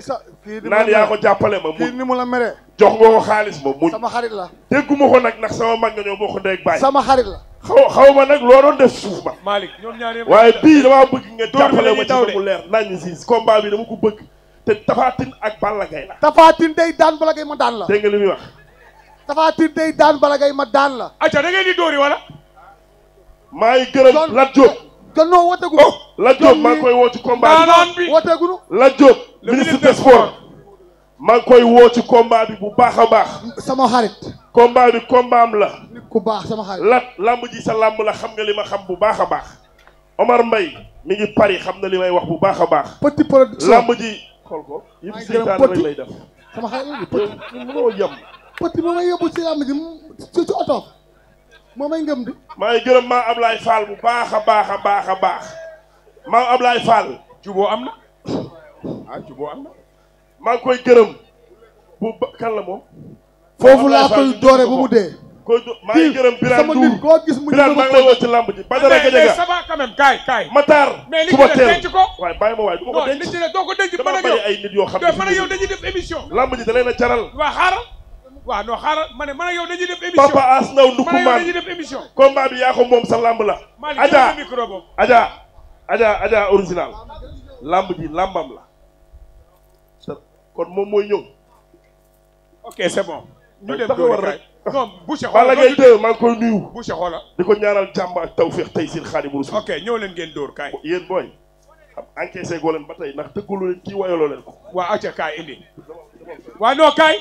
sa kii naan yaa ko jàppale ma. kii ni mu la meree. jox nga xaalis ma muñ. sama xarit la dégguma ko nag ndax sama mag nga ñoo boo ko dee sama xarit la. xaw xaw ma nag loo doon def suuf ba. Malick ñoom ñaar waaye bii damaa bëgg nga jàppale ma ci mu leer nañ si combat bi dama ko bëgg. te Tafatine ak Balla Gaye la. Tafatine day daan Balla ma daan la. dégg nga li muy wax. Tafatine day daan Balla Gaye ma daan la. acca da ngeen di dóori wala. maa ngi gërëm Lat Diop. kon non woteeku. oh Lat Diop maa ngi koy woo ci combat bi. woteeku nu. Lat Diop ministre des sports. maa ngi koy woo ci combat bi bu baax a baax. sama xarit. combat bi combat la. ku baax sama xarit lat lamb ji sa lamb la xam nga li ma xam bu baax a baax. Omar mbay mi ngi Paris xam na li may wax bu baax a baax. petit production lamb ji. xool ko yëpp seytaan lay def. sama xarit petit mënoo yem. petit moom may yóbbu ci lamb ji ci ci oto moo may ngëm di. maa ngi gërëm maa Ablaye Fall bu baax a baax a baax a baax maa Ablaye Fall. juboo am ah, juboo am na. maa ngi koy gërëm bu kan la moom. foofu laa koy doore ba mu dee. ko maa ngi gërëm Birane sama nit gis mu Birane maa ngi lay làmb ji Badara Gadiaga a va quand même kaay suba teel mais li ci denc ko waaye ay nit yoo xam ne da leen a jaral waaw xaaral waaw non xaaral ma ne mën yow dañuy def émission papa as naw ndukumaan dañuy def émission combat bi yaa ko moom sa làmb la Adja micro boobu Adja Adja Adja original làmb ji làmbam la kon moom mooy ñëw ok ñu dem bu rek non a xoolal Balla Gaye di ko ñaaral jàmm ak tawfeex tey sir xaadimu rasul ok ñëw leen ngeen dóor kaay. yéen booy xam encaissé goo leen ba tey leen kii wayaloo ko. waa acca kaay indi waa non kaay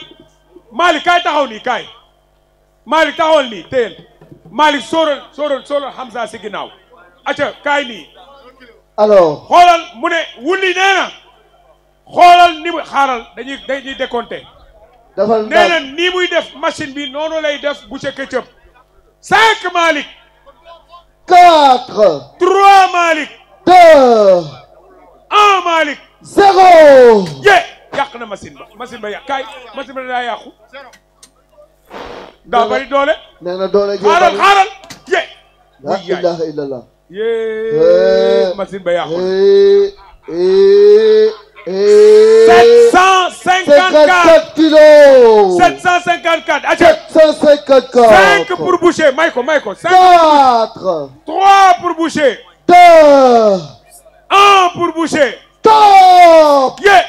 Malick kaay taxaw nii kaay Malick taxawal nii téyel Malick sóoral sóoral sóoral Hamza si ginnaaw acca kaay nii. alors xoolal mu ne wulli nee na xoolal ni xaaral dañuy dañuy dafa nee na nii muy def machine bi noonu lay def boucher këccëb cinq Malick quatre trois Malick deux un Malick zéro ye yàq na machine ba machine ba yàq kaay machine ba daa yàqu daa bëri doole nee na doole jë xaaral xaaral ye la ilaha illallah ye machine ba yàqu Et 754 kilos. 754. Achille. 754. 5 pour boucher. Maïko, Maïko. 5 4. Pour boucher. 2. 1 pour boucher. Top. Yeah.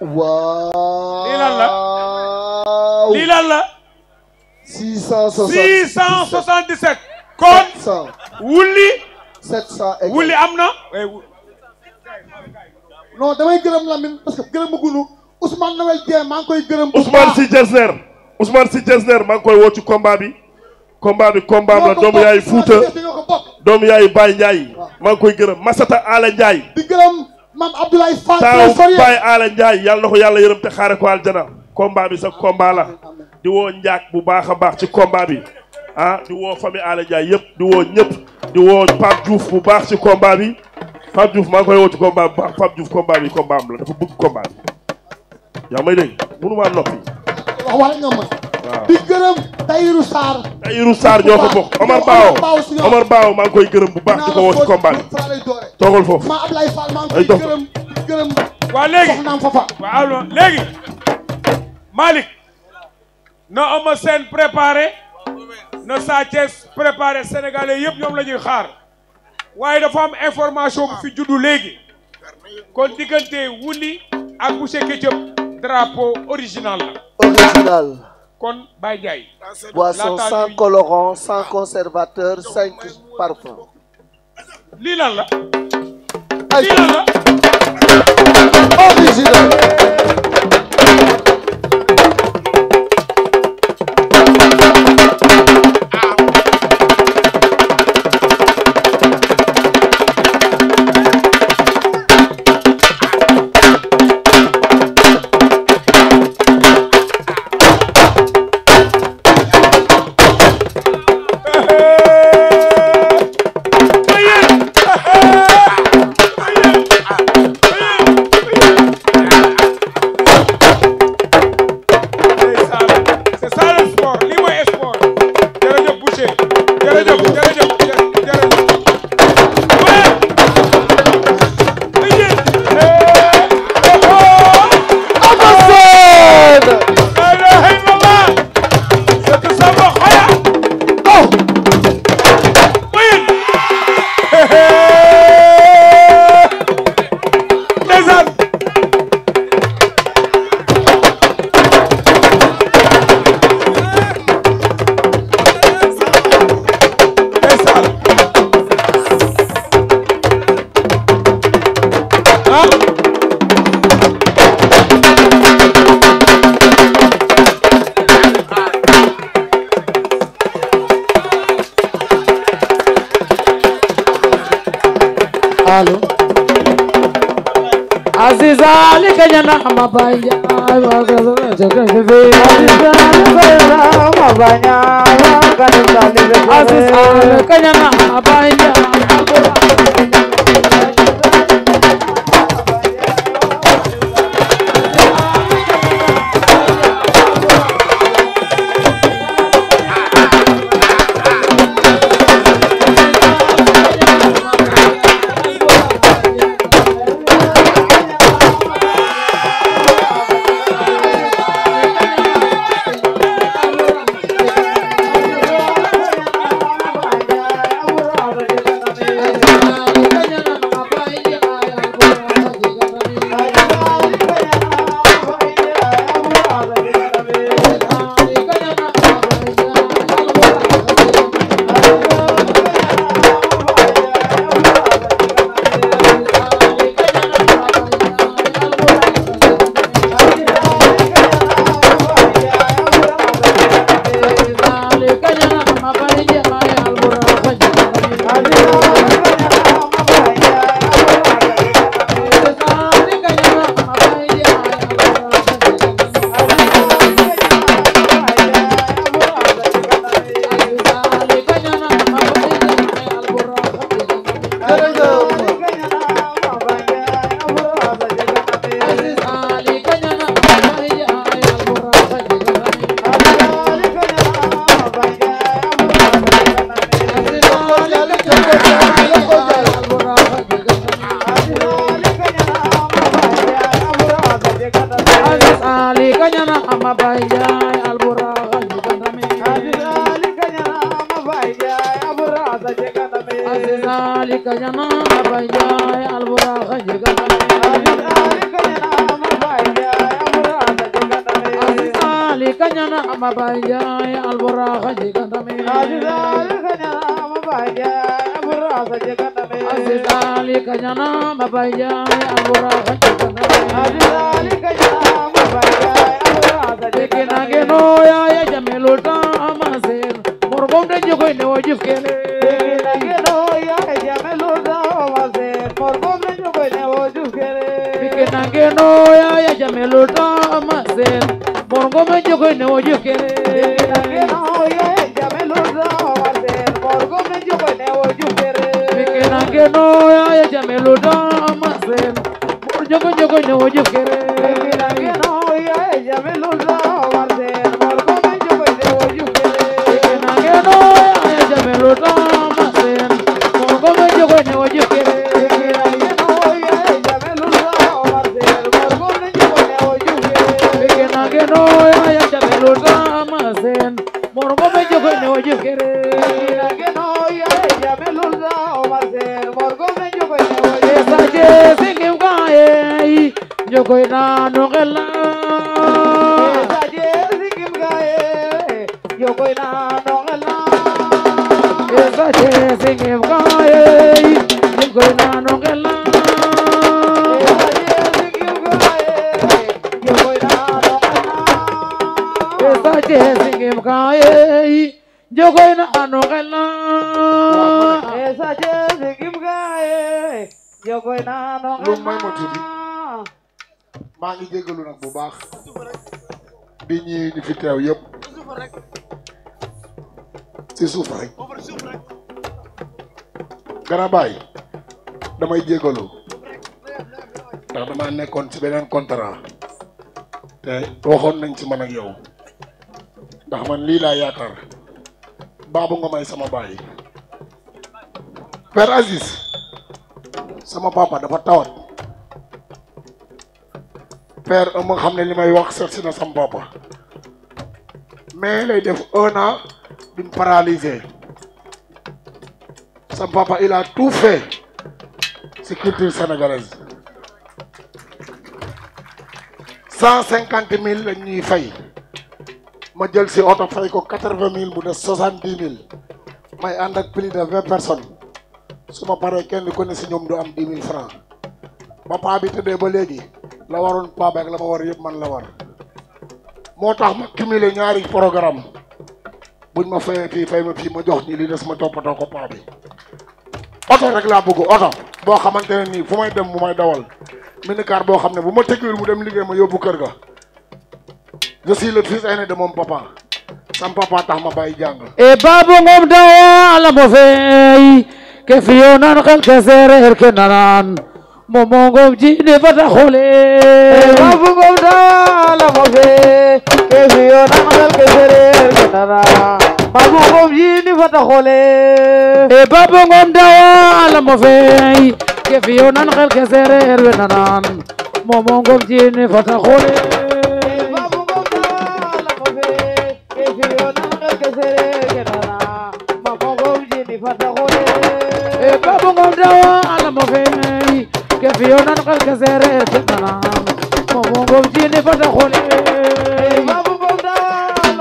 Wow. Lii lan la. Lii lan la. am na. non damay gërëm Lamine parce que gërëm gunu maa ngi koy gërëm. Ousmane Sy Diasner maa ngi koy woo ci combat bi. combat bi combat am la doomu yaay Fuuta doomu yaay Baye Ndiaye maa ngi koy gërëm Masata Ala Ndiaye. di gërëm maam Abdoulaye Fall. taaw Baye Ala Ndiaye yàlla na ko yàlla yërëm te xaare ko aljana. combat bi sa combat di woo njaak bu baax a baax ci combat bi ah di woo famille Ala Ndiaye yëpp di woo ñëpp di woo Pape Diouf bu baax ci combat Pape Diouf maa ngi koy woo ci combat bu baax Pape Diouf combat bi combat am la dafa bëgg may dégg mënu maa noppi. wax wax nga ma. waaw di gërëm Tayiru Sarr. Tayiru Sarr ñoo ko bokk Omar Baaw Omar Baaw maa ngi koy gërëm bu baax di ko woo ci bi. toogal foofu ma Ablaye Fall maa ngi koy gërëm gërëm. waaw léegi soxnaam préparé na Sa préparé Sénégalais yëpp ñoom la ñuy xaar. waaye dafa am information bu fi juddu léegi kon diggante Wouly ak monsieur Ketchup drapeau original original. Baye Ndiaye. boisson sans colorant sans conservateur cinq parfum. lii lan la. la. original. Namah no ya ya jamelo dama sen borgo me jogo ne o jukere no ya jamelo dama sen borgo me jogo ne o jukere mikena ke no ya ya jamelo dama sen borgo jogo jogo ne o jukere doom may ma tuuti maa ngi jégalu nag bu baax bi ñii ñu fi teew yëpp ci suuf rek garabaay damay jégalu ndax damaa nekkoon ci beneen contrat te waxoon nañ ci man ak yow ndax man lii laa yaakaar baabu nga may sama baay Père Aziz sama papa dafa tawat père ma xam ne li may wax seet na sam bopp mais lay def un an bi mu paralysé sa papa il a tout fait si culture sénégalaise cent cinquante mille la ñuy fay ma jël si oto fay ko quatre mille bu des soixante dix mille may ànd ak plus de vingt personnes su ma paree kenn ku si ñoom du am dix mille francs ba paa bi ba léegi. la waroon Baba ak la ma war yëpp man la war moo tax ma cumulé ñaari programme buñ ma fayee fii fay ma fii ma jox ñi li des ma toppatoo ko paa bi oto rek laa bëgg oto boo xamante ne nii fu may dem bu may dawal minicar boo xam ne bu ma tëggiwul mu dem liggéey ma yóbbu kër ga je suis le fils aîné de mon papa sam papa tax ma bàyyi jàng e babu ngom dawa ala mo fey ke fiyo nan xel ke seereer ke nanan momongom jine fata khole eh, mabugom da la mafe kesiyo namadal keserer kenana mabugom jine fata khole e babungom da la mafe kesiyo nan khel keserer kenanan momongom jine fata khole mabugom eh, da la mafe kesiyo nan khel keserer kenana mabugom jine fata khole e eh, babungom da la mafe ke fiyonan kal ke sereer ke tanam momo ngom fata xole babu bonda a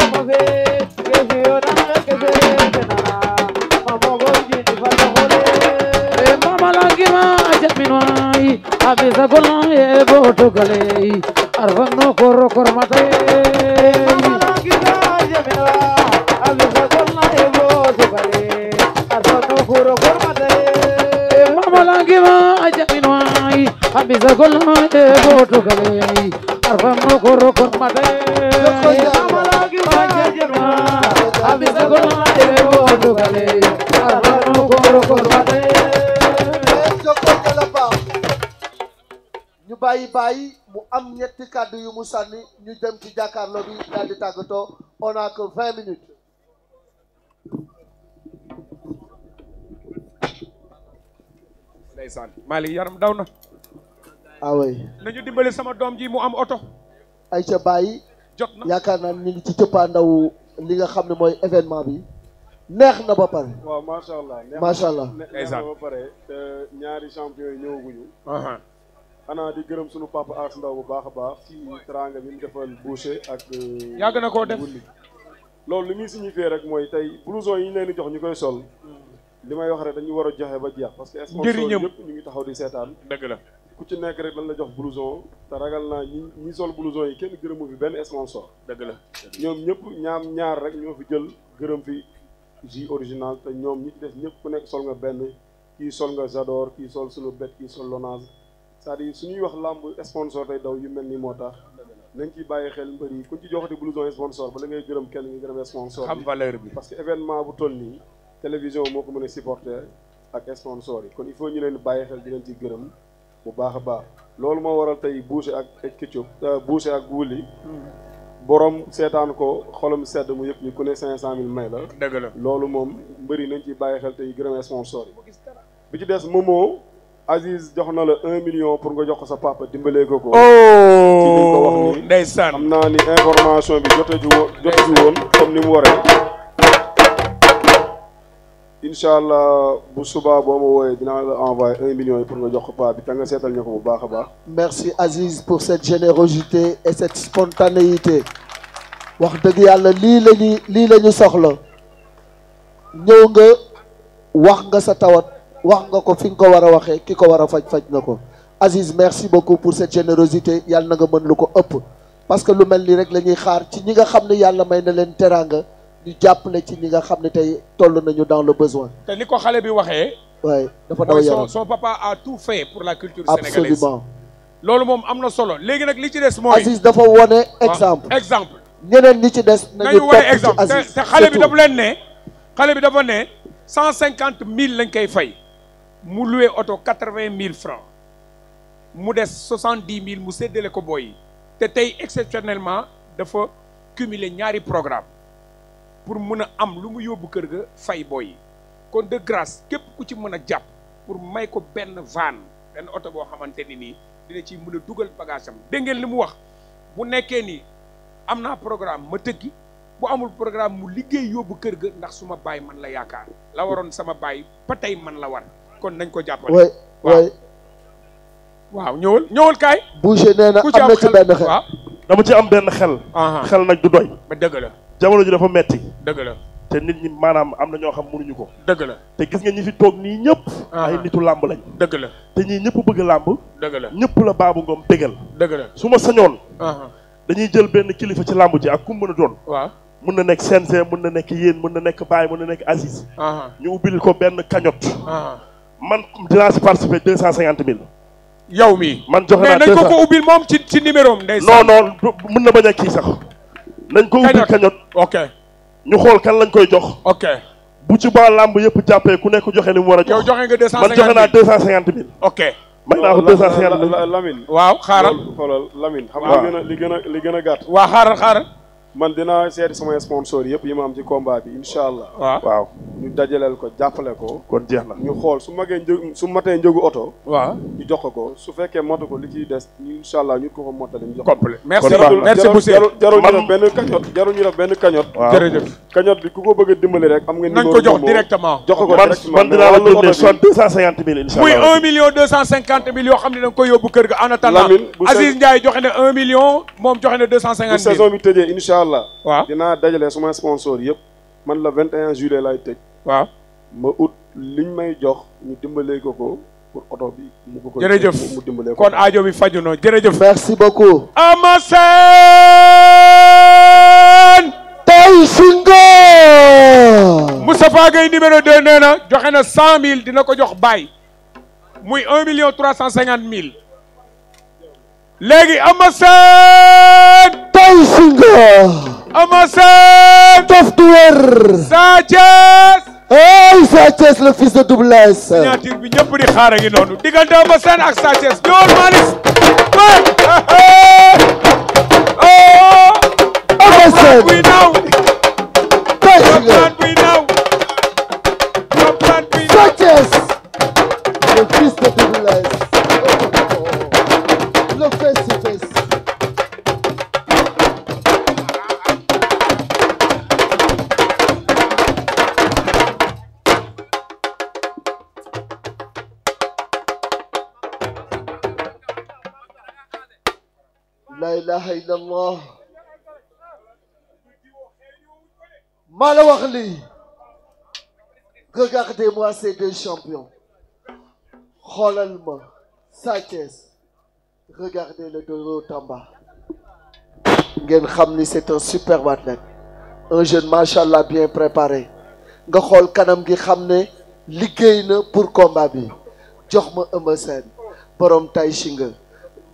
jamin way a bisa golan ye bo togale ar fang no koro e, kor حبيزة كل ما يبوتو كلي أرفع نكور كور ماتي حبيزة كل ما يبوتو كلي أرفع نكور كور ماتي ñu bàyyi bàyyi mu am ñetti kàddu yu mu sànni ñu dem ci jàkkaarloo bi daal di tàggatoo on a que vingt minutes ndeysaan Malick yaram daw na ah oui nañu dimbali sama doom ji mu am oto. Aïcha Baye. jot na yaakaar naa ñu ngi ci ndaw li nga xam ne mooy événement bi. neex na ba pare. waaw macha allah macha allah. neex na ba pare te ñaari champion yi ñëwaguñu. Uh-huh. xanaa di gërëm suñu papa As Ndaw bu baax a baax ci teraanga bi mu defal boucher ak. Euh, yàgg na koo def loolu li muy signifier rek mooy tey blouson yi ñu leen di jox ñu koy sol. Mm. li may wax rek dañuy war a joxe ba jeex. parce que sponsor yëpp ñu ngi taxaw di seetaan. dëgg la ku ci nekk rek lan la jox blouson te ragal naa ñi ñi sol blouson yi kenn gërëmu fi benn sponsor dëgg la ñoom ñëpp ñaam ñaar rek ñoo fi jël gërëm fi jus original te ñoom ñi ci des ñëpp ku nekk sol nga benn kii sol nga Zador kii sol sunu bet kii sol Lonase c'est-à-dire suñuy wax làmb sponsor tey daw yu mel ni moo tax nañ ciy bàyyi xel mbër yi kuñ ci joxati blouson sponsor ba la ngay gërëm kenn nga gërëm sponsor xam valeur bi parce que événement bu toll nii télévision moo ko mën a supporter ak sponsor yi kon il faut ñu leen bàyyi xel di leen ci gërëm bu baax a baax loolu moo waral tey Boucher ak Ketchup euh, Boucher ak Wouly hmm. borom seetaan ko xolam sedd mu yëpp ñu ku ne cinq cent mille may la dëgg la loolu moom mbëri nañ ci bàyyi xel tey gërëm sponsor yi bi ci des Momo Aziz jox na la un million pour nga jox ko sa papa dimbalee ko ko oh! ci ko wax ni ndeysaan naa ni information bi jote ju woon jote ju woon comme ni mu waree incha allah bu suba boo ma wooyee dinaa la envoyé un million yi pour nga jox ko paa bi te nga seetal ñu ko bu baax a baax. merci Aziz pour cette générosité et cette spontanéité wax dëgg yàlla lii la lii la ñu soxla ñëw nga wax nga sa tawat wax nga ko fi nga ko war a waxee ki ko war a faj faj na ko Aziz merci beaucoup pour cette générosité yàlla na nga mën lu ko ëpp parce que lu mel nii rek la ñuy xaar ci ñi nga xam ne yàlla may na leen teraanga. jàpp jàppale ci ñi nga xam ne tey toll nañu dans le besoin. te ni ko xale bi waxee. waay dafa daw yaram son papa a tout fait pour la culture sénégalaise absolument loolu moom am na solo léegi nag li ci des mooy. Aziz dafa wone exemple exemple. ñeneen ñi ci des. nañu topp ci Aziz te xale bi dafa leen ne. xale bi dafa ne cent cinquante mille lañ koy fay mu loué oto quatre vingt mille francs mu des soixante dix mille mu séddale ko booy te tey exceptionnellement dafa cumuler ñaari programme pour mën a am lu mu yóbbu kër ga fay booy yi kon de grâce képp ku ci mën a jàpp pour may ko benn van benn oto boo xamante ni nii dina ci mën a dugal bagage am dégg ngeen li mu wax bu nekkee nii am naa programme ma tëggi bu amul programme mu liggéey yóbbu kër ga ndax su ma baay man la yaakaar la waroon sama baay ba tey man la war kon nañ ko jàppale. waaw waaw waaw ñëwul ñëwul kaay. Boucher nee na am na ci benn xel. dama ci am benn xel. xel nag du doy. ba dëgg jamono ji dafa metti dëgg la te nit ñi maanaam am na ñoo xam mënuñu ko dëgg la te gis nga ñi fi toog nii ñëpp ay nitu làmb lañ dëgg la te ñii ñëpp bëgg làmb dëgg la ñëpp la baabu ngoom dëggal dëgg la su ma sañoon dañuy jël benn kilifa ci làmb ji ak ku mën a doon waaw mën na nekk CNG mën na nekk yéen mën na nekk Baye mën na nekk Aziz ñu ubbil ko benn cagnotte man dinaa si participer deux cent cinquante mille yow mii man joxe naa mais nañ ko ko ubbil moom ci ci numéro am ndeysaan non non mën na bañ a kii sax nañ ko ubbi cagnotte ok ñu xool kan lañ koy jox ok bu ci ba làmb yëpp jàppee ku nekk joxe li mu war a jox yow joxe nga deux cent cinquante man joxe naa deux cent cinquante mille ok may naa ko deux cent cinquante mille Lamine waaw xaaral xoolal xam nga li gën a li gën a li gën waaw xaaral xaaral man dinaa seeti samay sponsor yëpp yi ma am ci combat bi incha allah. waaw ah. waaw ñu dajaleel ko jàppale ko. kon jeex na ñu xool su magee njëg su oto. waaw ñu jox ko su fekkee matu ko li ciy des incha ñu ko ko mottali ñu jox ko. complet ko bëgg dimbali rek. am nga numéro nañ ko jox directement. jox ko directement muy un million xam ne da koy yóbbu kër ga en attendant Aziz joxe na un million moom joxe na deux cent cinquante incha allah. waaw dinaa dajale suma sponsor yëpp man la 21 juillet lay tëj. waaw ma ut liñ may jox ñu dimbalee ko ko pour oto bi. mu ko ko mu dimbalee ko kon aajo bi faju na jërëjëf. merci beaucoup. Ama Sène. tey singo. Moustapha Gueye numéro 2 nee joxe na 100000 dina ko jox Baye. muy 1 million 350 mille. léegi Ama Ndaw Singa. Eumeu Sène. Dof du wër. Sa Thiès. hey Sa de Double Less. signature bi ñëpp di xaar a ngi noonu diggante a Sène ak Sa Thiès ñëwal Malick. Eumeu Sène. ilaha maa la wax lii regardez-moi ces deux champions xoolal ma Sa Thiès regardez le Doro Tamba ngeen xam ni c'est un superbe athlète un jeune machallah bien préparé nga xool kanam gi xam ne liggéey na pour combat bi jox ma Eumeu borom tay shinga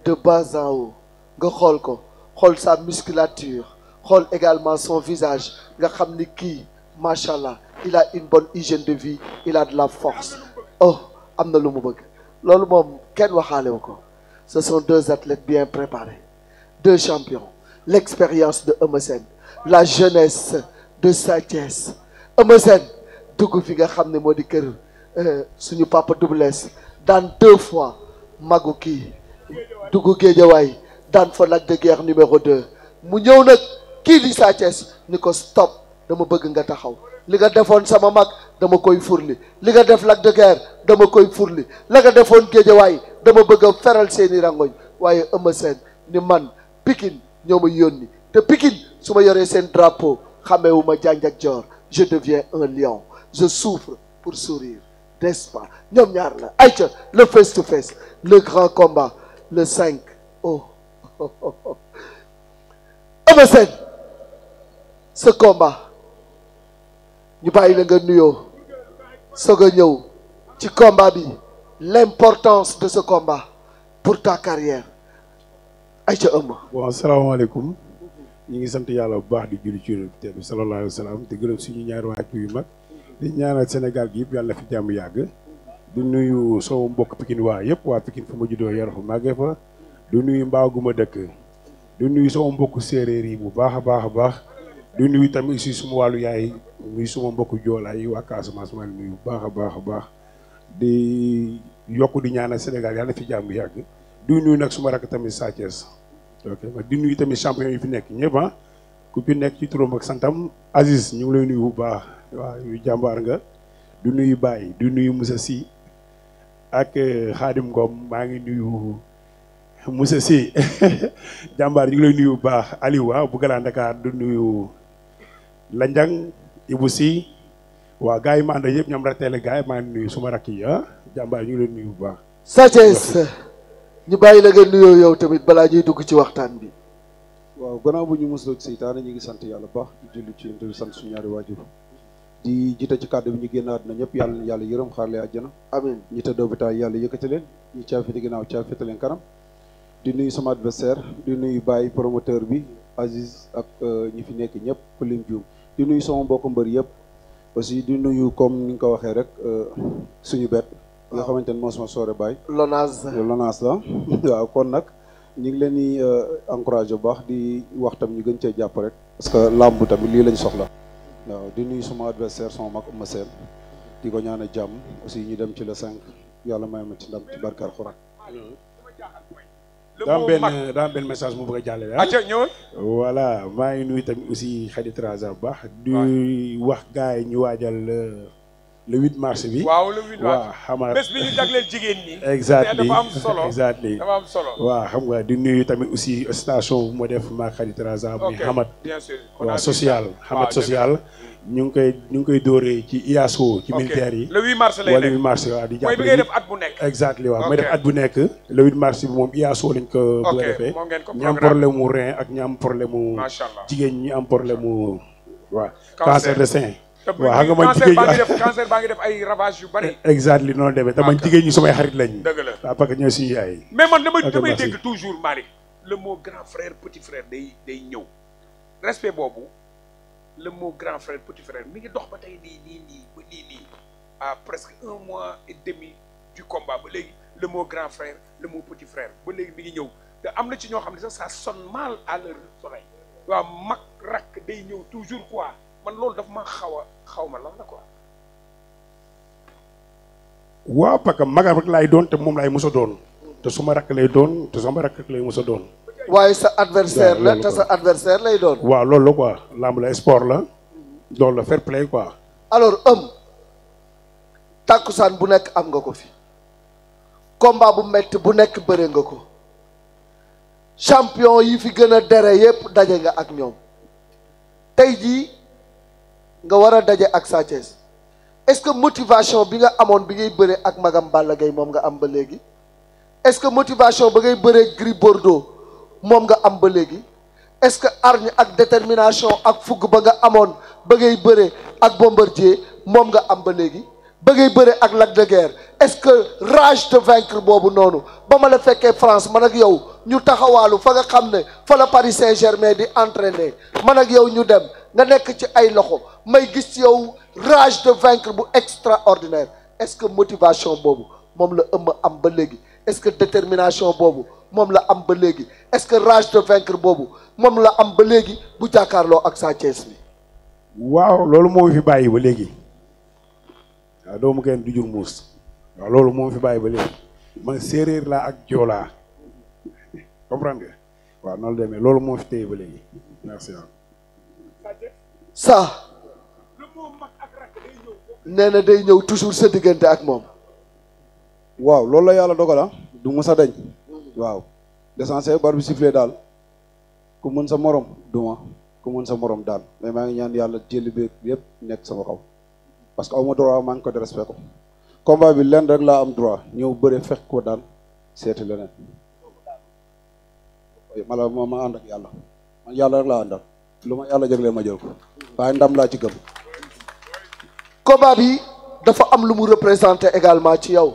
de bas en haut nga xool ko xool sa musculature xool également son visage nga xam ni kii macha allah il a une bonne hygiène de vie il a de la force oh am na lu mu bëgg loolu moom kenn waxaale wu ko ce sont deux athlètes bien préparés deux champions l'expérience de Eumeu la jeunesse de Sa Thiès Eumeu Sène dugg fi nga xam ne moo di kër euh, suñu papa Double Less deux fois magu kii dugg géejawaay daan fa Lac de Guiers numéro 2 mu ñëw nag kii di Sa ni ko stop dama bëgg nga taxaw li nga defoon sama mag dama koy furli li nga def Lac de Guiers dama koy furli la nga defoon géejawaay dama bëgg a feral seeni rangoñ waaye Eumeu Sène ni man Pikine ñoo ma yónni te Pikine su ma yoree seen drapeau xameewu ma janj ak joor je deviens un lion je souffre pour sourire nest ñoom ñaar la ayca le face to face le grand combat le 5 oh Eumeu Sène sa combat ñu bàyyi la nga nuyoo soog a ñëw ci combat bi l'importance de ce combat pour ta carrière ay ca Eumeu waaw asalaamaaleykum ñu ngi sant yàlla bu baax di julli ci yonent bi sallallahu alayhi wa sallam te gërëm suñu ñaari waajur yu mag di ñaanal Sénégal gi yëpp yàlla fi jàmm yàgg di nuyu sama mbokk Pikine waa yëpp waa Pikine fu ma juddoo yar fa màggee fa du nuyu mbaaguma dëkk du nuyu sama mbokk séeréer yi bu baax a baax a baax du nuyu tamit si suma wàllu yaay muy suma mbokku joolaa yi waa Casamance maa ngi nuyu bu baax a baax a baax di yokk di ñaanal Sénégal yàlla na fi yàgg du nuyu nag suma rakk tamit Sa Thiès di nuyu tamit champion yi fi nekk ñëpp ah. ku fi nekk ci turam ak santam Aziz ñu ngi lay bu baax waaw jàmbaar nga du nuyu Baye du nuyu Moussa ak eh, Khadim Ngom maa ngi nuyu. monsieur si jàmbaar ñu ngi nuyu bu baax Aliou waaw bu galaan Dakar du nuyu Lanjang Ibou Sy waa gars yi ma àndal yëpp ñoom rateele gars yi maa ngi nuyu suma rakk yi ah jàmbaar ñu ngi lay nuyu baax. Sathiès ñu bàyyi la nga nuyoo yow tamit balaa ñuy dugg ci waxtaan bi. waaw gannaaw bu ñu mosloo seytaane ñu ngi sant yàlla baax di julli ci yéen sant suñu ñaari waajur di jiite ci kàddu bi ñu génn àdduna ñëpp yàlla na yàlla yërëm xaarale àjjana. amiin ñi tëdd hôpital yàlla yëkkati leen ñi ginaaw ginnaaw caafite leen kanam di nuyu sama adversaire di nuyu bàyyi promoteur bi Aziz ak euh, ñi fi nekk ñëpp kulim juum di nuyu sama mbokku mbër yëpp aussi di nuyu comme ni nga ko waxee rek euh, suñu bet nga xamante ne moo sama soore Baye. Lonase Lonase la waaw kon nag ñu ngi leen di euh, encouragé bu baax di wax tam ñu gën cee jàpp rek. parce que làmb tamit lii lañ soxla. waaw di nuyu sama adversaire sama mag Eumeu Sène di ko ñaanal jàmm aussi ñu dem ci le cinq yàlla may ma ci ndam ci barkar Alxuraan. daam benn daam benn message mu bëgg a jàllale ah. acca ñëwal. maa ngi nuyu tamit aussi Khady Traza bu baax. di wax gars yi ñu waajal euh, le huit marché bi. waaw le 8 solo exactly dafa am xam nga di nuyu tamit aussi station bu ma def ma Khady Traza. ok xamat waa social. xamat social. ñu ngi koy ñu ngi koy dóoree ci IASO. ci militaire yi. le 8 mars lay nekk wala 8 mars waaw di. jàppale bi ngay def at bu nekk. exactement waaw mooy def at bu nekk. le 8 mars bi moom IASO lañ ko. bëgg a defee ñi problème mu rein ak ñi am problème mu. macha allah jigéen ñi am problème mu. waaw de sein. waaw xam nga man jigéen ñi def cancer baa ngi def ay ravage yu bari. exact li noonu demee te man jigéen ñi samay xarit lañ. dëgg la waaw parce que ñoo suñu ay. mais man damay damay dégg toujours Malick le mot grand frère petit frère le mot grand frère petit frère mi ngi dox ba tey nii nii nii ba nii nii presque un mois et demi du combat ba léegi le mot grand frère le mot petit frère ba léegi mi ngi ñëw te am na ci ñoo xam ne sax ça sonne mal à leur oreille waaw mag rakk day ñëw toujours quoi man loolu dafa ma xaw a xaw ma lan la ko waaw parce que rek laay doon te moom lay musa doon te suma rakk lay doon te ma rakk lay mos a doon. waaye sa adversaire la sa adversaire lay doon. waa loolu la quoi làmb la sport la. loolu la fair play quoi. alors ëm tàkkusaan bu nekk am nga ko fi. combat bu metti bu nekk bëree nga ko. champion yi fi gën a dere yépp daje nga ak ñoom. tey jii nga war a daje ak Sa est-ce que motivation bi nga amoon bi ngay bëree ak magam Balla Gaye moom nga am ba léegi. est-ce que motivation ba ngay bëree Gris Bordeaux. moom nga am ba léegi est-ce que hargne ak détermination ak fugg ba nga amoon ba ngay ak bombardier moom nga am ba léegi ba ngay bëre ak Lac de Guiers est-ce que rage de vaincre boobu noonu ba ma la fekkee France man ak yow ñu taxawaalu fa nga xam ne fa la Paris Saint-Germain di entraîner man ak yow ñu dem nga nekk ci ay loxo may gis ci yow rage de vaincre bu extraordinaire est-ce que motivation boobu moom la ëmb am ba léegi est-ce que détermination boobu moom la am ba léegi est-ce que rage de vaincre boobu moom la am ba léegi bu jàkkaarloo ak Sa Thiès bi waaw loolu moo fi bàyyi ba léegi waaw doomu kenn du jur muus waaw loolu moo fi bàyyi ba léegi man séeréer la ak joolaa comprendre nga waaw noonu demee loolu moo fi téye ba léegi merci ça nee na day ñëw toujours sa diggante ak moom waaw loolu la yàlla dogal ah. du a dañ waaw l'essentiel bar bi daal ku mën sa morom duma ku mën sa moroom daal mais maa ngi ñaan yàlla jëli bi yëpp nekk sama kaw parce que aw ma droit maa ngi ko de respect ko combat bi lenn rek laa am droit ñëw bëre fekk ko daal seeti leneen mala ma ma ànd ak yàlla yàlla rek laa àndal lu ma yàlla jëglee ma jël waaye ndam laa ci gëm combat dafa am lu mu représenté également ci yow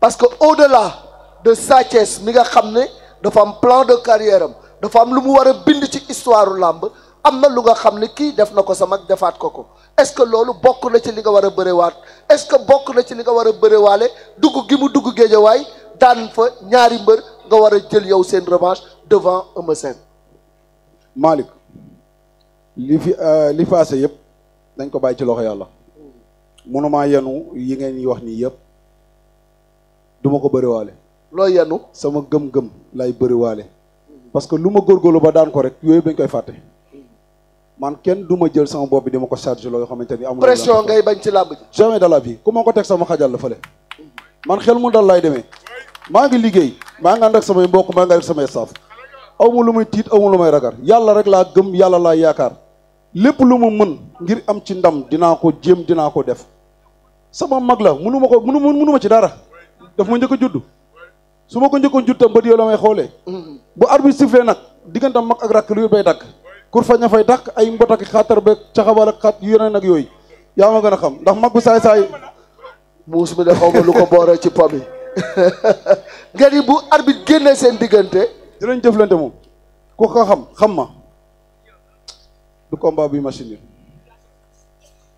parce que au-delà de Sa mi nga xam ne dafa am plan de carrière am dafa am lu mu war a bind ci histoire làmb am na lu nga xam ne kii def na ko sama defaat ko ko est-ce que loolu bokk na ci li nga war a bërewaat est-ce que bokk na ci li nga war a bërewaale dugg gi mu dugg géejawaay daan fa ñaari mbër nga war a jël yow seen revanche devant Eumeu Sène Malick li fi euh, li passé yëpp dañ ko bàyyi ci loxo yàlla mënumaa yenu yi ngeen wax nii yëpp duma ko bëriwaale loo yenu sama gëm-gëm lay bëriwaale parce que lu ma góorgóorlu ba daan ko rek yooyu bañ koy fàtte man kenn du ma jël sama bopp bi di ma ko chargé loo xamante ni amul pression ngay bañ ci làmb ji jamais de la vie ku ma ko teg sama xajal la fële man xel mu dal laay demee maa ngi liggéey maa ngi ànd samay mbokk maa ngi ànd ak samay staff aw ma lu muy tiit aw lu may ragar yàlla rek laa gëm yàlla laa yaakaar lépp lu ma mën ngir am ci ndam dinaa ko jéem dinaa ko def sama mag la munu ko munu munu ma ci dara daf ma njëkk judd su ma ko njëkkoon juttam bët yow la may xoolee mm-hmm. bu arbitre sifflé nag diggantam mag ak rakk lu bay dakk kur fa a fay dakk ay mbot ak xaatar beeg caxabal ak xaat yeneen ak yooyu yaa ma gën a xam ndax mag bu saay saay muus mi de xaw ma lu ko boore ci po bi nga ni bu arbitre génnee seen diggante dinañ lante moom ku xam xam ma du combat buy match nul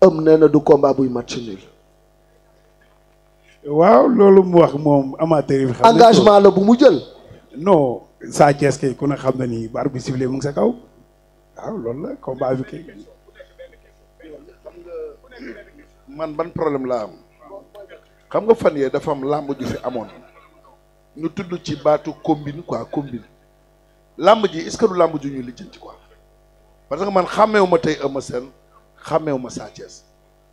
am nee du combat buy waaw loolu mu wax moom amateur yi. engagement la bu mu jël. non Sa Thiès kay ku ne xam ni bar bi sifflé mu ngi sa kaw waaw loolu la combat bi kay. man ban problème laa am xam nga fan yee dafa am làmb ji fi amoon ñu tudd ci baatu combine quoi combine làmb ji est-ce que du làmb ji ñuy lijjanti quoi parce que man xàmmeewu ma tey Eumeu Sène xàmmeewu ma Sa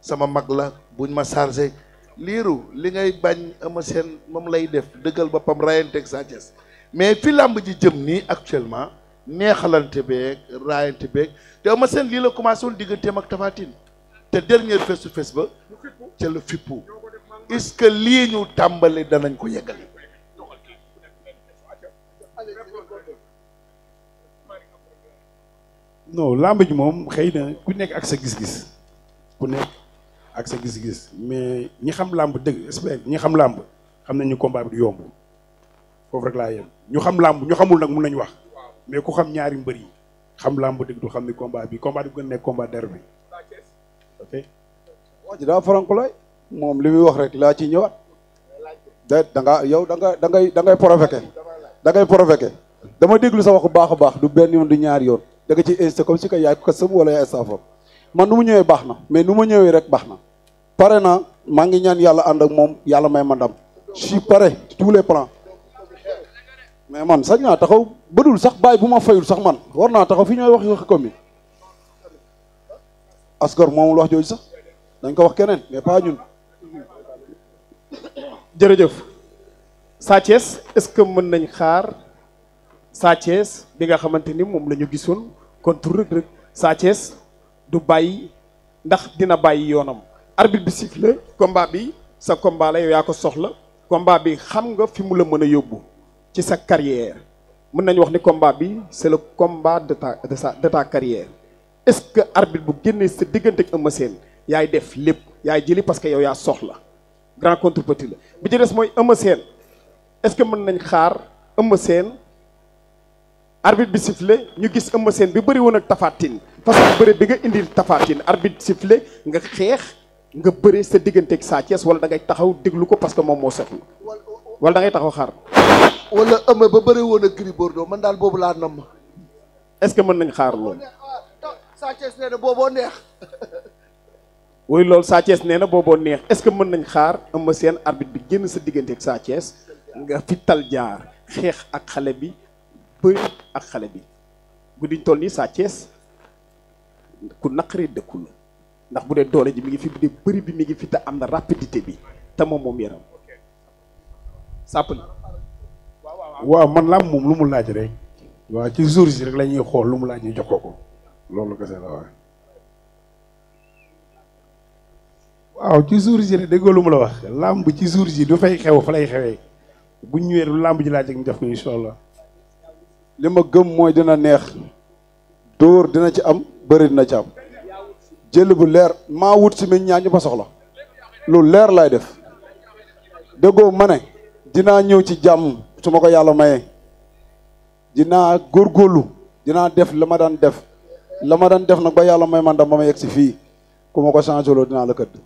sama mag la buñ ma chargé. liiru li ngay bañ ama seen moom lay def dëggal boppam rayanteeg Sa Thiès mais fi làmb ji jëm nii actuellement neexalante beeg raayante beeg te ama seen lii la commencé woon digganteem ak Tapha te dernier face to face ba ca la fippu est-ce que lii ñu tàmbali danañ ko yeggale non làmb ji moom xëy na ku nekk ak sa gis-gis ku nekk ak sa gis-gis mais ñi xam làmb dëgg j'espère ñi xam làmb xam nañu combat yomb foofu rek laa yem ñu xam làmb ñu xamul nag mun nañu wax mais ku xam ñaari mbër yi xam làmb dëgg du xam ni combat bi combat bi gën nekk combat derby ok. waa ji moom li muy wax rek laa ciy ñëwaat da da nga yow da nga da ngay da ngay provoqué da ngay provoqué dama déglu sax wax bu baax a baax du benn yoon du ñaari yoon da nga ciy insisté comme si ko yaay ko sam wala yaay saafam man nu mu ñëwee baax na mais nu ma ñëwee rek baax na. pare na maa ngi ñaan yàlla ànd ak moom yàlla may ma ndam je pare paré tous les plans mais man sañ naa taxaw bëdul sax bàyyi bu ma fayul sax man war naa taxaw fi ñooy wax wax comme yi askor moomul wax jooju sax dañ ko wax keneen mais pas ñun jërëjëf Sa est-ce que mën nañ xaar Sa bi nga xamante ni moom la ñu gisoon contre Reug Reug du bàyyi ndax dina bàyyi yoonam arbitre bi siffle combat bi sa combat la yow yaa ko soxla combat bi xam nga fi mu la mën a yóbbu ci sa carrière mën nañ wax ni combat bi c'est le combat de ta de sa que arbitre bu génnee sa diggante ak Eumeu Sène yaay def lépp yaay jëli parce que yow yaa soxla grand contre la bi ci mooy Eumeu Sène ce que mën nañ xaar Eumeu Sène arbitre bi sifflé ñu gis Eumeu Sène bi bëri woon ak Tapha Tine façon bëri bi nga indi Tapha Tine arbitre nga xeex nga bëre sa digganteeg Sa Thiès wala dangay ngay taxaw déglu ko parce que moom moo seetlu wala da taxaw xaar. wala ëmb ba bëre woon ak Gris Bordeaux man daal boobu laa nam est ce que mën nañ xaar ah, loolu. Sa Thiès nee na booboo neex. loolu Sa nee na booboo neex ce que mën nañ xaar ëmb seen arbit bi génn sa digganteeg Sa Thiès nga fi tal jaar xeex ak xale bi bëri ak xale bi guddiñ toll nii Sa Thiès ku naqaree dëkku la ndax bu dee doole ji mi ngi fi bu dee bëri bi mu ngi fi te am na rapidité bi te moom moom yaram sàppali waaw man làmb moom lu mu laaj rek waaw ci jour yi rek la ñuy xool lu mu laaj ñu ko loolu kese la waaye waaw ci jour yi lu mu la wax làmb ci jour yi du fay xew fa lay xewee bu ñëwee lu làmb ji laaj rek ñu jox ko incha allah li ma gëm mooy dina neex dóor dina ci am bëri dina ci am jël bu leer maa wut si mi ñaa ñu ba soxla lu leer laay def déggoo ma ne dinaa ñëw ci jàmm su ma ko yàlla mayee dinaa lu dinaa def la ma daan def la ma daan def na ba yàlla may man dama ma yegg si fii ku ma ko changé loo dinaa la këdd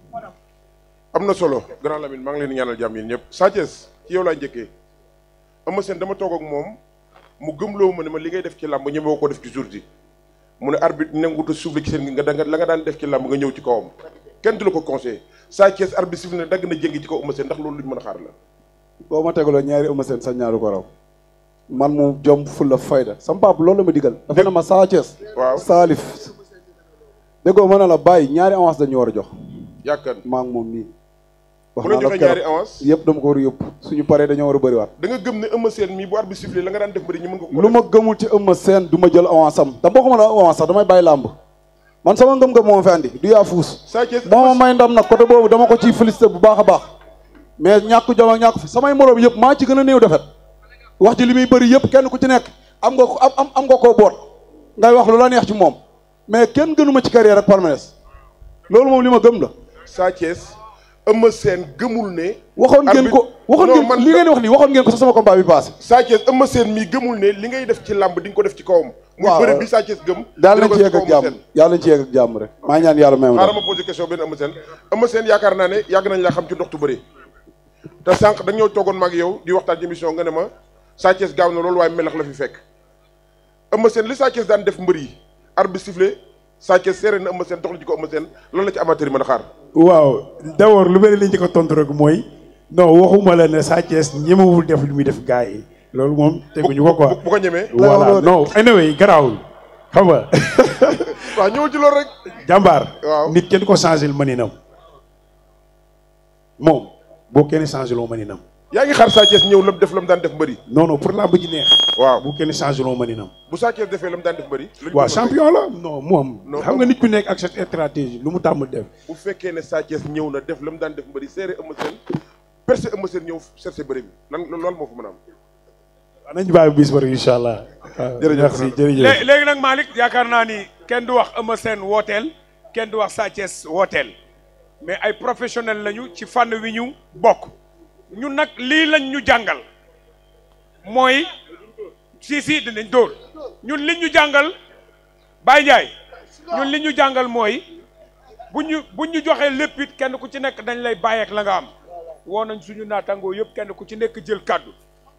am na solo grand Lamine maa ngi leen di ñaanal jàmm yéen ñëpp Sa Thiès ci yow laa njëkkee ama seen dama toog ak moom mu gëmloo ma ne ma li ngay def ci làmb ñëme ko def ci jour ji mu ne arbitre nanguwut a suuf la ci seen nga da nga la nga daan def ci làmb nga ñëw ci kawam kenn du la ko conseillé saa Thiès arbitre suuf ne dagg na jéngi ci kaw Eumeu Sène ndax loolu luñ mën a xaar la. boo ma tegaloo ñaari Eumeu Sène sa ñaaru ko raw man mu jom fulla fayda sama pap loolu la ma digal. dafa ne ma saa Thiès. waaw saalif. déggoo ma ne la bàyyi ñaari avance dañu war a jox. yaakaar maa ngi moom nii. wax naa la joxe ñaari avance yëpp dama ko war a yóbbu suñu paree dañoo war a bëriwaat da nga gëm ne Eumeu Sène mii bu arbitre lu ma gëmul ci Eumeu Sène du jël avance am te boo ko a avance sax damay bàyyi làmb man sama ngëm-ngëm moom fi andi du yaa fuus mooma may ndam nag côté boobu dama ko ciy félicité bu baax a baax mais ñàkk jom ak ñàkk fi samay moroom yëpp maa ci gën a néew defet wax ci li muy bëri yëpp kenn ku ci nekk am nga ko am am nga koo boot ngay wax lu la neex ci moom mais kenn gënuma ci carrière ak palmarès loolu moom li ma gëm la Sa Eumeu Sène gëmul ne. waxoon ngeen ko waxoon ngeen li ngeen wax nii waxoon ngeen ko sax sama combat bi passé. Sa Thiès Eumeu Sène mii gëmul ne li ngay def ci làmb di nga ko def ci kawam. waaw muy bëri bi Sa gëm. daal nañ ci yegg ak jàmm yàlla nañ ci yegg ak jàmm rek. maa ñaan yàlla may ma xaaral ma posé benn Eumeu Sène yaakaar naa ne yàgg nañ laa xam ci ndoxtu bëri te sànq dañoo toogoon ma yow di waxtaan ci mission nga ne ma Sa Thiès gaaw na loolu waaye melax la fi fekk Eumeu Sène li Sa Thiès daan def mbër yi arbitre sifflé Sa Thiès na Eumeu Sène dox la ci ko Eumeu Sène loolu la ci amateur yi a waaw d'abord lu mel ni liñu tontu rek mooy non waxuma la ne Sa Thiès def lu muy def gars yi loolu moom teguñu ko quoi bu ko ñemee voilà non anyway garaawul xam nga waaw ñëw ci loolu rek jàmbaar waaw nit kenn ko changé mëninam moom boo kenn changé loo mëninam yaa ngi xaar Sa Thiès ñëw lam def lam daan def mbëri non non pour làmb ji neex waaw bu kenn ma loo nam bu Sa Thiès defee lam daan def mbëri waaw champion la non moom xam nga nit ku nekk ak cette stratégie lu mu tàmm def bu fekkee ne Sa Thiès ñëw na def la mu daan def mbëri seere Eumeu Sène percé Eumeu Sène ñëw cherché bëri bi lan loolu moo fa mën a am waaw nañ bàyyi bis bëri allah jërëjëf merci léegi nag Malick yaakaar naa ni kenn du wax Eumeu Sène wooteel kenn du wax Sa wooteel mais ay professionnel lañu ci fànn wi ñu bokk ñun nag lii lañ ñu jàngal mooy si si dinañ dóor ñun liñ ñu jàngal Baye Ndiaye ñun li ñu jàngal mooy bu ñu bu ñu joxee lépp it kenn ku ci nekk dañ lay bàyyeek la nga am woo nañ suñu naatangoo yëpp kenn ku ci nekk jël kàddu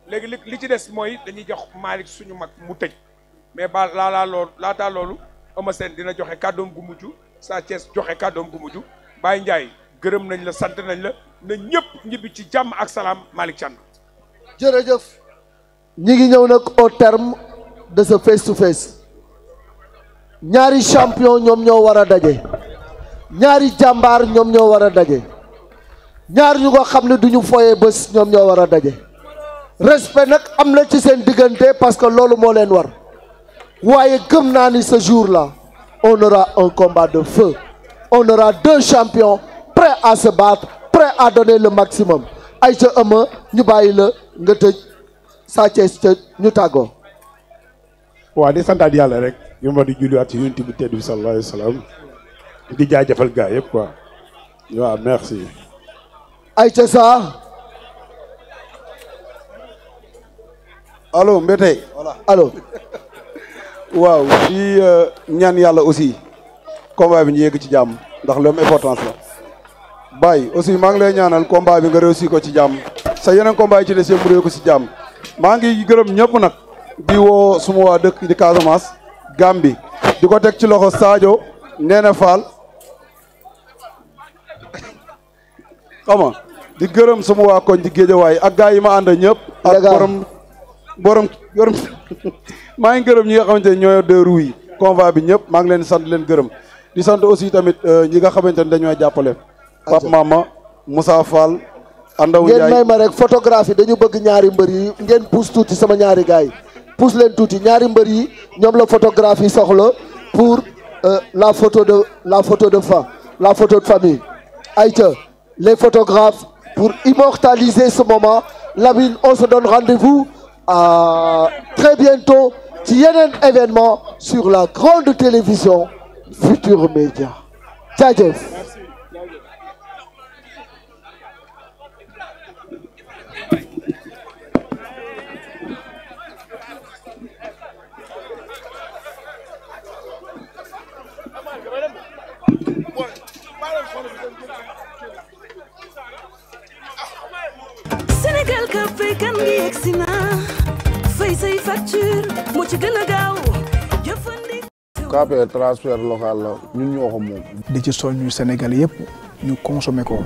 léegi li li ci des mooy dañuy jox Malick suñu mag mu tëj mais ba laalaa loolu laataa loolu Eumeu Sène dina joxe kàddoom gu mujj Sa Thiès joxe kàddoom gu mujj Baye njaay gërëm nañ la sant nañ la na ñëpp ñibbi ci jàmm ak salaam Malick jërëjëf ñi ngi ñëw nag au terme de ce face to ñaari champion ñoom ñoo war a daje ñaari jàmbaar ñoom ñoo war a daje ñaar ñu ko xam ne duñu foye foyee bés ñoom ñoo war a daje respect nag am na ci seen diggante parce que loolu moo leen war waaye gëm naa ni sa jour là on aura un combat de feu on deux champions prêts à se battre prêt à donner le maximum Aïcha Ama ñu bàyyi la nga tëj Sa Thiès tëj ñu tàggoo waaw di santaat yàlla rek ñu ma di julliwaat ci yonent bi tedd bi sallallahu alayhi wa sallam di jaajëfal gaa yëpp quoi waaw merci waaw di euh, ñaan yàlla aussi combat bi ñu yegg ci jàmm ndax lu am importance la Baye aussi maa ngi lay ñaanal combat bi nga réussi ko ci jàmm sa yeneen combat yi ci des yëpp mu ko ci jàmm maa ngi gërëm ñëpp nag di woo suma waa dëkk di Casamance bi di ko teg ci loxo Sadio Nene Fall xam nga di gërëm suma waa koñ di Géejawaay ak gars yi ma ànd ñëpp. ak borom borom borom maa ngi gërëm ñi nga xamante ne ñooy deux roues yi convoi bi ñëpp maa ngi leen di sant leen gërëm di sant aussi tamit euh, ñi nga xamante ne dañoo jàppale. Pape Mama Moussa Fall. Andaw Ndiaye ngeen may ma rek photographie dañu bëgg ñaari mbër yi ngeen pousse tuuti sama ñaari gaay pousse leen tuuti ñaari mbër yi ñoom la photographie soxla pour euh, la photo de la photo de fa la photo de famille. Aïcha les photographes pour immortaliser ce moment Lamine on se donne rendez-vous à très bientôt ci yeneen événement sur la grande télévision Futurs Médias jaajëf. KPR transfert local la ñun ñoo ko moom. di ci soññu Sénégal yëpp ñu consommer ko.